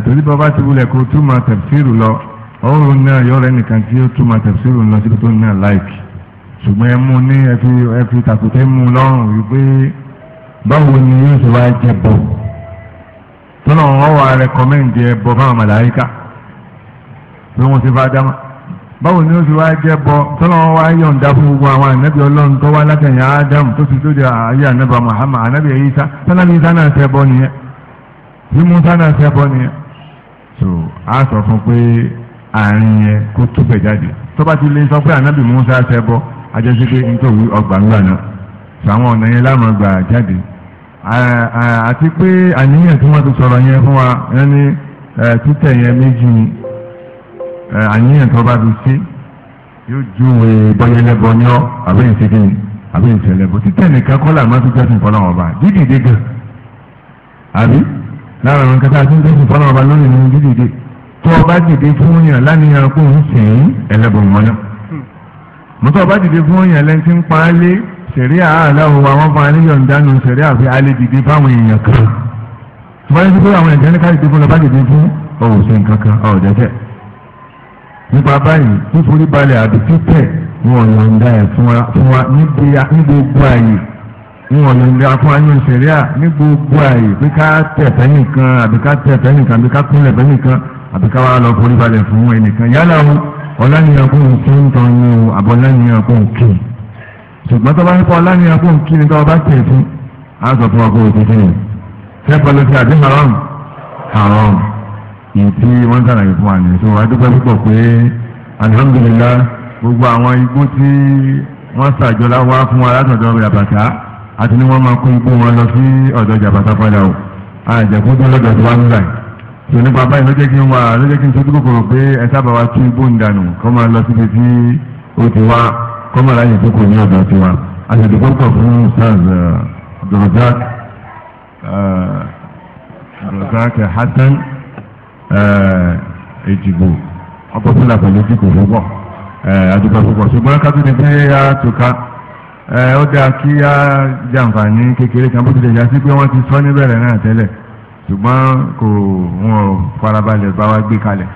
torí bọ́ bá ti wulẹ̀ kó túmọ̀ tafsiru lọ ọ̀rọ̀ náà yọ̀rọ̀ ẹnìkan tí ó túmọ̀ tẹ̀síìrù lọ síbi tó náà láìkì ṣùgbọ́n ẹ mú ní ẹ fi ẹ fi tàkùtẹ́ mú lọ́rùn wípé báwo ni yóò ṣe wáá jẹ bọ̀ tọ́nà wọn wà rẹkọmẹ́ǹdì ẹ bọ fáwọn màláyíkà pé wọ́n ti bá dáma báwo ni yóò ṣe wáá jẹ bọ tọ́nà wọn wá yọ̀ǹda fún gbogbo àwọn ànábì ọlọ́run tó wá látẹ̀yìn ádámù tó ti lóde ayé ànábì Muhammad ànábì Ìsá tánàbí Ìsá náà ṣẹ bọ nìyẹn bí Mùsá náà ṣẹ bọ nìyẹn so a sọ fún pé. àárín yẹn kó tó fẹ̀ jáde tó bá ti lè sọ pé ànábì Musa ṣe bọ́ ajẹ́sí pé nítorí ọgbà ńlá náà sàwọn ọ̀nà yẹn láwọn ọgbà jáde àti pé àníyàn tí wọ́n ti sọ̀rọ̀ yẹn fún wa yẹn ní títẹ̀ yẹn méjì ni àníyàn tó bá ti yóò ju ni títẹ̀ nìkan kọ́ làmọ́ tó jẹ́ ọba dídìde gan àbí tó o bá dìde fún yàn lánìyàn kó ń sìn ín ẹlẹ́bùn wọn náà mọ́tò o bá dìde fún yàn lẹ́ni tí ń pa á lé sẹ̀rí àláwọ̀ àwọn fún aníyàn dánú sẹ̀rí àfi alẹ́ dìde fáwọn èèyàn kan tí wọ́n ti pé àwọn ẹ̀jẹ̀ ní ká dìde fún lọ bá dìde fún ọ̀sẹ̀ kankan ọ̀dẹ́tẹ̀ nípa báyìí fíforí balẹ̀ àbí títẹ̀ wọn yọ̀ǹda ẹ̀ fún wa ní gbogbo ààyè wọn yọ̀ǹda fún aníyàn sẹ̀rí à ní gbogbo ààyè pé ká tẹ̀ fẹ́nìkan àbí ká tẹ̀ fẹ́nìkan àbí ká kúnlẹ̀ fẹ́nìkan àbí ká wá lọ forí balẹ̀ fún ẹnìkan yálà o ọ̀lànìyàn kò ń kí ń tọ́ ní o àbọ̀lànìyàn kò ń kí ṣùgbọ́n tó bá ń kọ́ ọ̀lànìyàn kò ń kí ni tó bá tẹ̀ fún á sọ fún ọkọ̀ òkú fún yẹn ṣé pẹ̀lú ti àbí haram haram ìyí tí wọ́n sàlàyé fún wa nìyẹn tó wàá dúpẹ́ púpọ̀ pé alihamudulilayi gbogbo àwọn igbó tí wọ́n ṣàjọlá wá fún wa látọ̀dọ̀ yàbàtà àti ni wọ́n máa kó igbó wọn lọ sí ọ̀dọ̀ yàbàtà padà o àjẹkùn tó lọ́dọ̀ tó wá ń báyìí tò nípa báyìí ló jẹ́ kí n wà ló jẹ́ kí n sojú kòkòrò pé ẹ sábà wá tún ibò ń dànù kọ́ máa lọ síbi tí ó ti wá kọ́ máa láyè tó kò ní ọ̀dọ̀ ti wá àṣẹjù pọ́pọ̀ fún stars uh, abdulrasaq uh, abdulrasaq hasan uh, ejigbo ọkọ̀ fúnra pẹ̀lú ojú kò àdúgbò púpọ̀ ṣùgbọ́n ká tó ní pé a tó ó dáa kí a jàǹfààní kékeré kan bó tilẹ̀ yá sí pé wọ́n ti sọ níbẹ̀rẹ̀ náà tẹ́lẹ̀ ṣùgbọ́n kò wọn farabalẹ̀ bá wa gbé kalẹ̀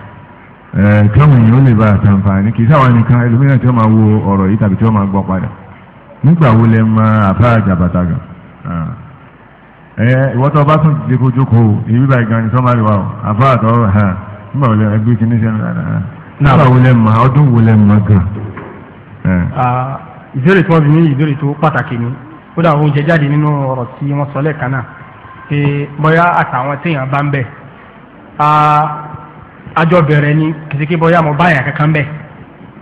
tí ọmọ èèyàn lè bá àtàǹfààní kì í sáwọn nìkan ẹlòmíràn tí wọ́n máa wo ọ̀rọ̀ yìí tàbí tí wọ́n máa gbọ́ padà nígbà wo lẹ máa àfáà àjàbàtà gan ìwọ́n tó bá tún ti kó jókòó ìbí báyìí gan ni sọ́mari wa àfáà àtọ́ nígbà wo lẹ ẹgbẹ́ kìíní sẹ́mi dáadáa nígbà wo lẹ máa ọdún wo lẹ máa gan. ìbéèrè tí wọ́n fi ní ìbéèrè tó pàtàkì ni kódà oúnjẹ jáde nínú ọ̀rọ̀ tí wọ́n sọ lẹ́ẹ̀kan náà pé bóyá àtàwọn téèyàn bá ń bẹ̀ àjọ bẹ̀rẹ̀ ni kìsìkì bóyá mo bá àyàn kankan bẹ̀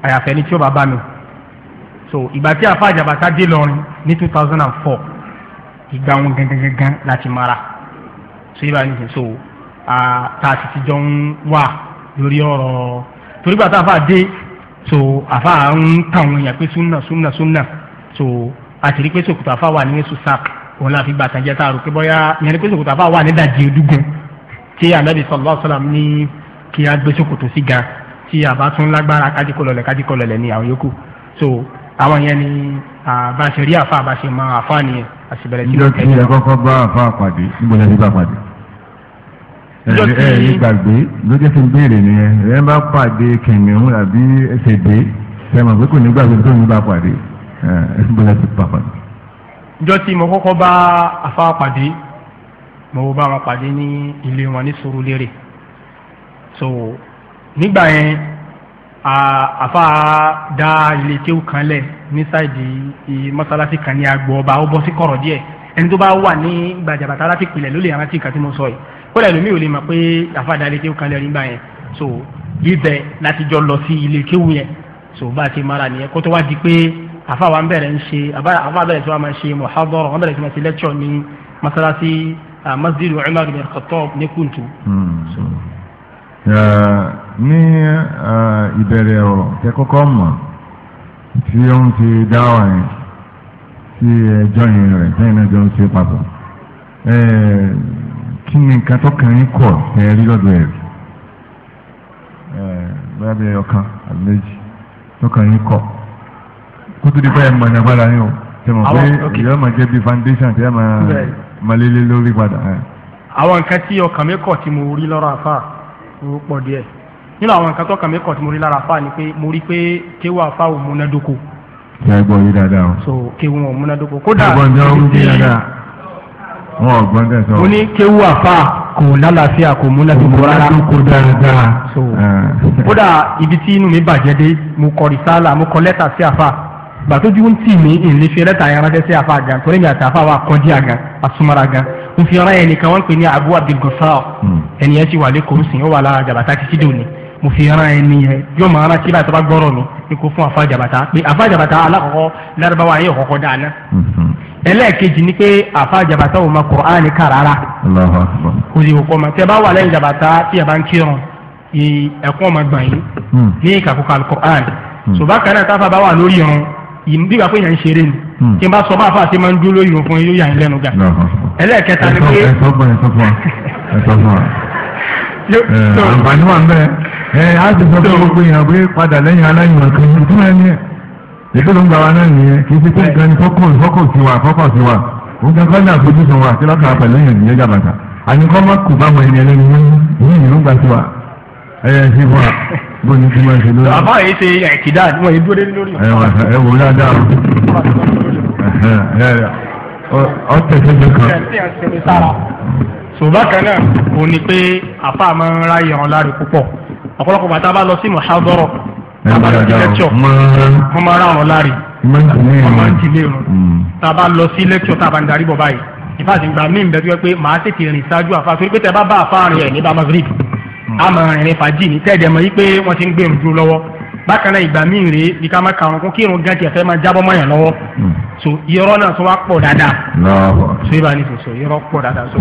àyàfẹ́ ni tí ó bá bá mi so ìgbà tí àfa àjàbàtà dé lọrin ní two thousand and four ìgbà wọn gangan láti mara so ìgbà yẹn so tá a sì ti jọ ń wà lórí ọ̀rọ̀ torí gbà tá a fà dé so àfa ń tàwọn èèyàn pé súnà súnà súnà so àti rí pé sòkòtò àfa wà ní èso òun láti gbà tán jẹ́ tá a rò pé bóyá ìyẹn ni pé sòkòtò àbá wà nídàjì ojúgun tí anabi sallallahu alaihi ní kí a gbé sòkòtò sí ga tí àbá tún lágbára kájíkọ lọlẹ kájíkọ lọlẹ ní àwọn yòókù so àwọn yẹn ni àbáṣe rí àfa àbáṣe mọ àfa nìyẹn àṣìbẹ̀rẹ̀ sí lọ tẹ̀lé. ìjọ tí ẹ kọ́kọ́ bá àfa pàdé níbo lẹ́sìn bá pàdé. ẹ ẹ gbàgbé ló jẹ́ fi béèrè nìyẹn ẹ bá pàdé kìnìún àbí ẹsẹ̀ dé ẹ mọ̀ pé kò ní gbàgbé tó ní bá pàdé ẹ níbo njọ́ tí mo kọ́kọ́ bá afa pàdé mo bá wọn pàdé ní ilé wọn ní Surulere so nígbà yẹn afa da ilé tí ó kan lẹ̀ ní sáìdì mọ́sálásí kan ní agbo ọba ó bọ́ sí kọ̀rọ̀ díẹ̀ ẹni tó bá wà ní gbajàbàtà láti pilẹ̀ ló lè rántí nǹkan tí mo sọ yìí kódà lómi ò lè mọ̀ pé afa dá ilé tí ó kan lẹ̀ nígbà yẹn so ibẹ̀ láti jọ lọ sí ilé kéwù yẹn so bá a ti mara nìyẹn kó tó wá di pé afa wa bẹ̀rẹ̀ ń ṣe afa bẹ̀rẹ̀ tí wọ́n máa ṣe muhadara wọ́n bẹ̀rẹ̀ tí wọ́n ti lẹ́kṣọ̀ ní masalasi masjid umar bin khattab ní kuntu. Hmm. Uh, ní uh, ìbẹ̀rẹ̀ ọ̀rọ̀ tẹ kọ́kọ́ mọ̀ tí ó ń ti dáwà yẹn tí ẹjọ́ yẹn rẹ̀ tẹ́yìn náà jọ ń ṣe papọ̀ kí ni nǹkan tó kàn yín kọ̀ tẹ́ rí lọ́dọ̀ ẹ̀ bóyá bí ẹyọ àbí méjì tó kàn yín kọ̀ kó tó di pé ẹ mọ̀ ìdàgbára yín o ṣe mọ̀ pé ìyá máa jẹ́ bí foundation tí ẹ máa lé lé lórí padà. àwọn nǹkan tí ọkàn mi kọ̀ tí mo rí lọ́rọ̀ àfà ó pọ̀ díẹ̀ nínú àwọn nǹkan tọ́kàn mi kọ̀ tí mo rí lára àfà ni pé mo rí pé kéwọ́ àfà ò múnádóko. ṣe é gbọ́ yí dáadáa o. so kéwọ́ ò múnádóko kódà. ẹ̀gbọ́n ní ọ̀rùn mi dáadáa wọn ò gbọ́n tẹ̀sán. mo ní kéwú àfa kò lálàáfíà kò múnádóko rárá. múnádóko dáadáa. kódà ibi tí inú mi bàjẹ́ dé mo kọ rìsálà mo kọ lẹ́tà sí àfa gbàtójú ń mi mí ìlè fi lẹ́tà yẹn ránṣẹ́ sí afa gan torí mi àti afa wa kọjí àgan asumara gan n fi rán ẹnìkan wọn pè ní abu abdulgosar hmm. ẹni yẹn ti wà lẹ́kọ̀ọ́ sìn ó wà lára jàbàtà títí dòní mo fi rán ẹni yẹn yóò máa rán síbà tó bá gbọ́rọ̀ mi ní kó fún afa jàbàtà pé afa jàbàtà alákọ̀ọ́kọ́ lárúbáwá yẹn kọ́kọ́ dáná hmm. ẹlẹ́ẹ̀kejì ni pé afa jàbàtà ò ma kùránì kà rárá kò sì kọ́ ma tẹ́ bá wà lẹ́yìn jàbàtà tí yàrá ń kírun ẹ̀kọ́ ọmọ gbọ̀n yìí hmm. ní ìkàkùkà alukur'an ṣùgbọ́n ìdí ìgbà pé yàn ń ṣeré ni hmm. tí n bá sọ bá fà ṣe máa ń dúró lóyún fún yóò yà ń lẹ́nu gà ẹlẹ́ẹ̀kẹta ni pé. Eh, àǹfààní wà ń bẹ ẹ á ti sọ fún gbogbo èèyàn pé padà lẹ́yìn aláìní ọ̀kan yìí fún ẹni èdè ló ń gbà wá náà nìyẹn kì í ṣe pé nǹkan ni fọ́kọ̀ sí wa fọ́kọ̀ sí wa ó ń ní àfojúsùn wa tí lọ́kàn apẹ̀ lẹ́yìn ìyẹn jàbàtà àníkọ́ má kù bá mọ ẹni ẹlẹ́ni yìí ló ń gbà ṣe fún wa bó ni kí máa ṣe lórí. àbá yìí ṣe ẹ̀kídà wọ́n yìí dúró lórí. ẹ wà ẹ wò dáadáa o ọ tẹsẹ ju kan. ṣùgbọ́n kan náà òun ni pé àfa máa ń ráyè ọ̀hún láre púpọ̀ ọ̀pọ̀lọpọ̀ bàtà bá lọ sí mọ̀ṣáfọ́rọ̀ tábà lọ sí lẹ́kṣọ̀ wọ́n máa rá ọ̀hún láre wọ́n máa ń tilé irun tábà lọ sí lẹ́kṣọ̀ tábà ń darí bọ̀ báyìí ìfàsìgbà mí ń bẹ́ẹ̀ pé màá tètè rìn ṣáájú àfa torí pé tẹ bá bá àfa rìn ẹ̀ ní bá Madrid àmọ́ hmm. ìrìn fàájì ní tẹ́ẹ̀dẹ̀ mọ́ wípé wọ́n ti ń gbèrú dúró lọ́wọ́ bákan náà ìgbà míì rèé ní ká má karùn kún kí irun gan tiẹ̀ fẹ́ máa jábọ́ mọ́yàn lọ́wọ́ hmm. so irọ́ náà tó wá pọ̀ dáadáa. so ibà ní sòsò irọ́ pọ̀ dáadáa. so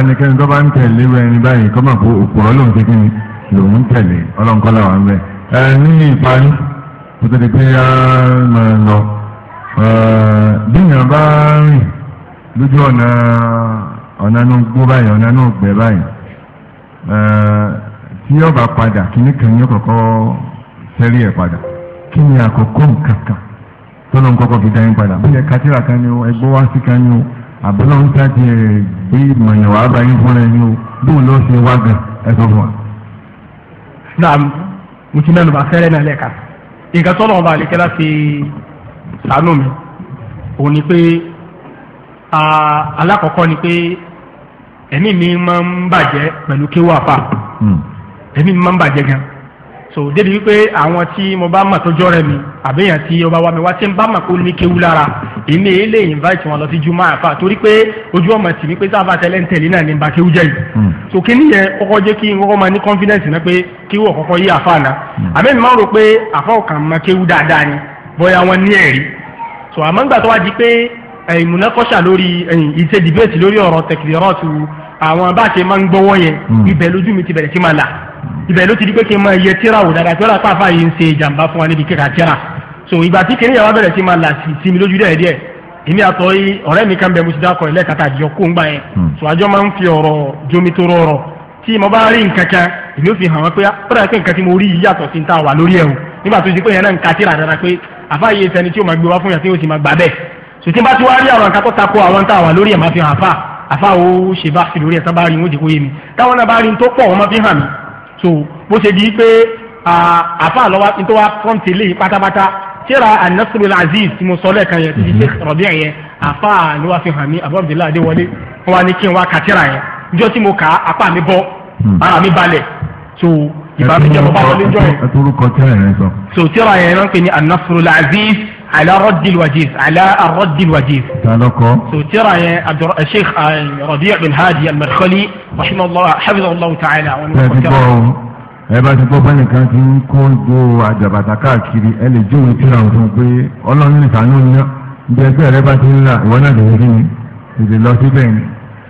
ẹnikẹ́ni tó bá ń tẹ̀lé ẹni báyìí kọ́ máa kó òpùrọ́ lòun ti kíni lòun tẹ̀lé ọlọ́nkọ́lá wà ń bẹ̀. ẹ ní ìparí kó tó di pé á máa lọ bí èèyàn bá rìn lójú ọ̀nà ọ̀nà inú gbó báyìí ọ̀nà inú ọ̀gbẹ́ báyìí tí ọba padà kíní kan yóò kọ́kọ́ sẹ́rí ẹ̀ padà kí ni àkọ́kọ́ nǹkan tọ́lọ́ ń fi padà bóyá kátìrà kan ni o ẹgbọ́ wá sí kan ni o àbúlọ̀ ń wàá bá yín fúnra ni o bóun ló ṣe wá gan ẹ sọ fún wa. naam mo ti mẹ́nu mi òun ni pé alákọ̀ọ́kọ́ ni èmi máa ń bàjẹ́ gan so débi wípé àwọn tí mo bá mà tọjọ́ rẹ mi àbẹ̀yàn tí ọba wa mi wá tí ń bá mà kó ní kéwú lára èmi èyí lè invite wọn lọ sí juma àfa torí pé ojú ọmọ tì mí pé sábà tẹlẹ ń tẹ̀lé náà ní ba kéwú jẹ́ yìí hmm. so kí nìyẹn kọ́kọ́ jẹ́ kí n kọ́kọ́ máa ní confidence náà pé kéwú ọ̀kọ́kọ́ yí àfa náà hmm. àbẹ̀mí máa ń rò pé àfa ọ̀kan máa kéwú dáadáa ni bóyá wọn ní ẹ̀rí so àmọ́ ńgbà tó wá di pé eh, ìmúnákọ́ṣà lórí eh, ìṣe debate lórí ọ̀rọ̀ tẹkìlì ọ̀rọ̀ tu àwọn bá a ṣe máa ń gbọ́wọ́ yẹn hmm. ibẹ̀ lójú mi ti bẹ̀rẹ̀ sí máa là ibẹ̀ ló ti di pé kí n máa yẹ tíra wò dáadáa tíra pàápàá yìí ń ṣe jàǹbá fún wa níbi kíkà tíra so ìgbà tí kìnìyà wa bẹ̀rẹ̀ sí máa là sí sí mi lójú díẹ̀ díẹ̀ èmi àtọ́ yìí ọ̀rẹ́ mi kan bẹ̀ mo ti dákọ̀ ilé kàtà àjọ kó ń gbà yẹn hmm. so àjọ máa ń fi ọ̀rọ̀ jomi tó rọrọ̀ tí mo bá rí nǹkan kan èmi ò fi hàn wọ́n pé pẹ́rẹ́ ah, pé nǹkan tí mo rí yìí yàtọ̀ sí ta wà lórí ó so tí n bá ti wá rí àwọn nǹkan tó tako àwọn tá wà lórí ẹ̀ máa fi hàn àfà àfà ó ṣe wọn ó so bó ṣe di pé àfa àlọ́wà tó wá pọ́ǹtì lè pátápátá tíra anasirul aziz tí mo sọ lẹ́ẹ̀kan yẹn ti ṣe rọ̀bíà yẹn àfa àlọ́wà fi hàn mí àbúrò abdullahi adéwọlé wọn wá ní kí n wá ka tíra yẹn níjọ́ tí mo kà á apá mi bọ́ hmm. ara mi balẹ̀ so ìbámu jẹ́ mo bá wọlé jọ yẹn. so tíra yẹn náà ń pè ní anasirul aziz على رد الوجيز على الرد الوجيز so, ترى الشيخ ربيع بن هادي المدخلي رحمه الله حفظه الله تعالى ẹ bá ti gbọ́ báyìí kan ti ń kó ju àjàbàtà káàkiri ẹ lè jóun tíra òfin pé ọlọ́run lè sànú ní ibi ẹgbẹ́ rẹ bá ti ń la ìwọ náà lè rí ni tètè lọ síbẹ̀ ni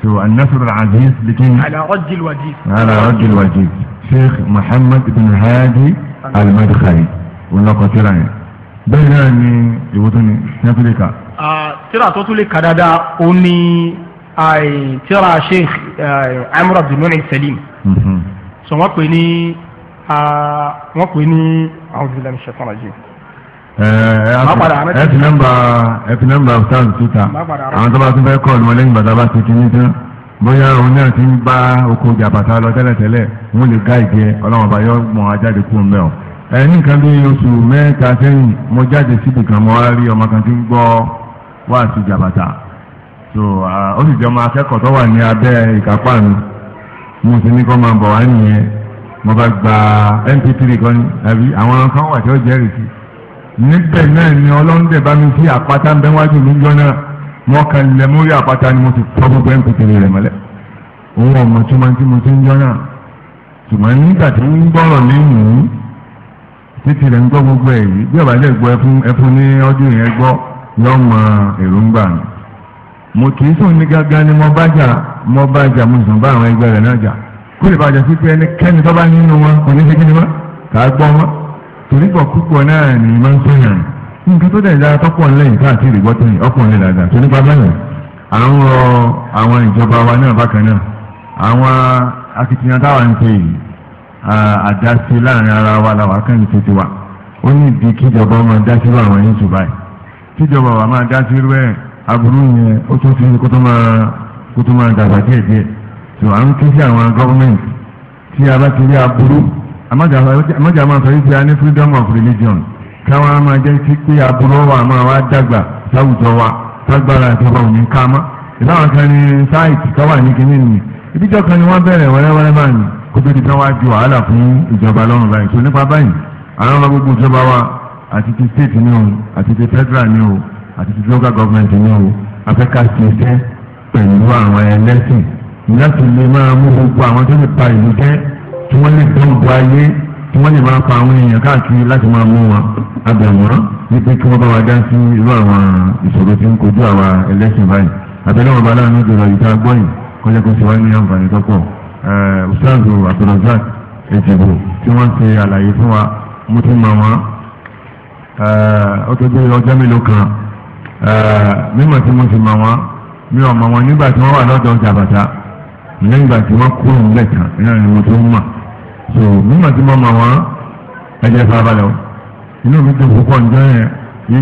so anasur aziz bikin ala rajil wajiz ala rajil wajiz sheikh muhammad bin hadi al-madkhali wọn lọkọ tíra yẹn. bẹ́ẹ̀ náà ni èwo tó ni ní ẹ̀tún lè kà. tíra tó tún lè kà dáadáa ó ní tíra sheikh eh, amr abdulmuni salim mhm. sọ wọ́n pè ní ah, wọ́n pè ní àwọn ìdílé mi ṣẹ̀tàn ọ̀jẹ̀. ẹ fi nọ́mbà ẹ eh, fi nọ́mbà ọ̀sán tuta àwọn tó bá tún fẹ́ kọ́ ọ̀nà lẹ́yìn bàtà bá ti kíní tán bóyá òun náà ti ń bá oko jàbàtà lọ tẹ́lẹ̀tẹ́lẹ̀ wọ́n lè gá ìgbẹ́ ọlọ́run yọ mọ́ ajáde kú mẹ́ ẹni kan bí oṣù mẹ́ta sẹ́yìn mo jáde síbi kan mo rí ọmọ kan tí ń gbọ́ wá sí jàbàtà so ó sì ọmọ akẹ́kọ̀ọ́ tó wà ní abẹ́ ìkápá mi mo ní kó máa bọ̀ wá nìyẹn mo bá gba mp3 kan ní àbí àwọn kan wà tí ó jẹ́rìí sí níbẹ̀ náà ni ọlọ́ndẹ̀ bá mi fi àpáta ń bẹ́ wájú mi jọ mo kàn lẹ̀ mórí àpáta ni mo ti fọ́ gbogbo mp3 títí rẹ̀ ń gbọ́ gbogbo ẹ̀ yìí bí ọ̀bàjẹ́ gbọ́ ẹfun ní ọdún yẹn gbọ́ mọ mi. mo kì í sùn ní gángan ni mo bá jà mo bá jà mo sùn bá àwọn ẹgbẹ́ rẹ̀ náà jà kó lè bàjẹ́ pípẹ́ ẹnikẹ́ni tó bá nínú wọn kò ní ṣe kí ni kà á gbọ́ wọn. torí pọ̀ púpọ̀ náà ni máa ń sọ̀yà nǹkan tó dẹ̀ dára tọ́pọ̀ káàkiri ọkùnrin tó àdásí láàrin ara wa làwọn akẹ́yìntì ti wà ó ní ìdí kíjọba máa dásí rú àwọn yìí báyìí kíjọba wa máa dásí rú ẹ̀ aburú yẹn ó tún fi kó tó máa kó tó máa dàgbà díẹ̀ díẹ̀ tó à ń ké sí àwọn gọ́ọ̀mẹ̀ntì tí a bá ti rí aburú amájà máa sọ wípé a ní freedom of religion káwọn á máa jẹ́ sí pé aburú wa máa wá dàgbà láwùjọ wa tágbára ìjọba ò ní ká mọ́ ìbáwọn kan ní sáìtì káwà ní kinní nìyí ibíjọ́ kan ni wọ́n bẹ̀rẹ̀ wẹ́rẹ́wẹ́rẹ́ báyìí kó tó di ká wá ju wàhálà fún ìjọba lọ́rùn báyìí tó nípa báyìí àwọn ọmọ gbogbo ìjọba wa àti ti state ni o àti ti federal ni o àti ti local government ni o afẹ́ká ṣiṣẹ́ pẹ̀lú àwọn ẹlẹ́sìn láti lè máa mú gbogbo àwọn tó lè pa ìlú jẹ́ tí wọ́n lè dán bu ayé tí wọ́n lè máa pa àwọn èèyàn káàkiri láti máa mú wọn abẹ̀wọ́n ní pé kí wọ́n bá wa dá sí irú àwọn ìṣòro tí ń kojú àwa ẹlẹ́sìn báyìí àbẹ̀lẹ́wọ̀n bá láàánú ìjọba ìta gbọ́yìn kọjá kó ṣe wá ní àǹfààní tó pọ̀. Eh, ustazu abdulrasaq ètìbò tí wọ́n ṣe àlàyé fún wa mo ti mọ̀ wọ́n eh, ó tó bí ọjọ́ mélòó kan eh, mímọ̀ tí mo ti mọ̀ wọ́n mi ò mọ̀ wọ́n nígbà tí wọ́n wà tí kúrò so mímọ̀ tí mo mọ̀ wọ́n ẹ̀jẹ̀ farabalẹ̀ o inú mi dùn púpọ̀ njọ́ yẹn yí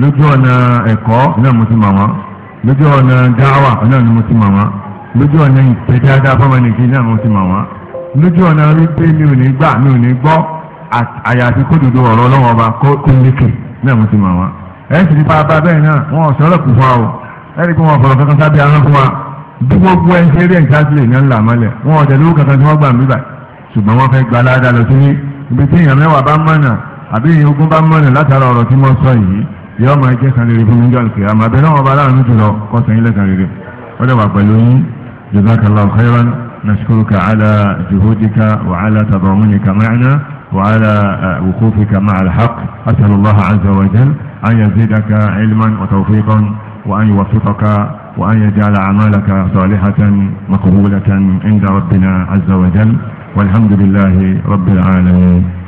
lójú ọ̀nà ẹ̀kọ́ mo ti lójú ọ̀nà dáwà lójú ọ̀nà ìpè dáadáa fáwọn nàìjíríà wọn ti mọ̀ wọ́n lójú ọ̀nà wípé mi ò ní gbà mi ò ní gbọ́ àyàfi kó dodo ọ̀rọ̀ ọlọ́wọ́n ọba kó lékè náà wọ́n ti mọ̀ wọ́n ẹ̀ sì ní bá a bá bẹ́ẹ̀ náà wọ́n ọ̀sẹ̀ ọlọ́kùn fún wa o ẹ̀rí pé wọ́n fọ̀rọ̀ kankan sábẹ́ ahọ́n fún wa bí gbogbo ẹ̀ ń ṣe eré ẹ̀ka sílẹ̀ ní ńlá mọ́lẹ̀ wọ́n ọ̀dẹ̀ lówó kankan tí wọ́n gbà ń bíbà ṣùgbọ́n wọ́n fẹ́ gba aládàá lọ sí ní ibi kìí àmọ́ abẹ́rẹ́ wọn bá láàánú jùlọ kọ́sẹ̀ yín lẹ́sàn rere wọ́n wà pẹ̀lú yín جزاك الله خيرا نشكرك على جهودك وعلى تضامنك معنا وعلى آه، وقوفك مع الحق أسأل الله عز وجل أن يزيدك علما وتوفيقا وأن يوفقك وأن يجعل أعمالك صالحة مقبولة عند ربنا عز وجل والحمد لله رب العالمين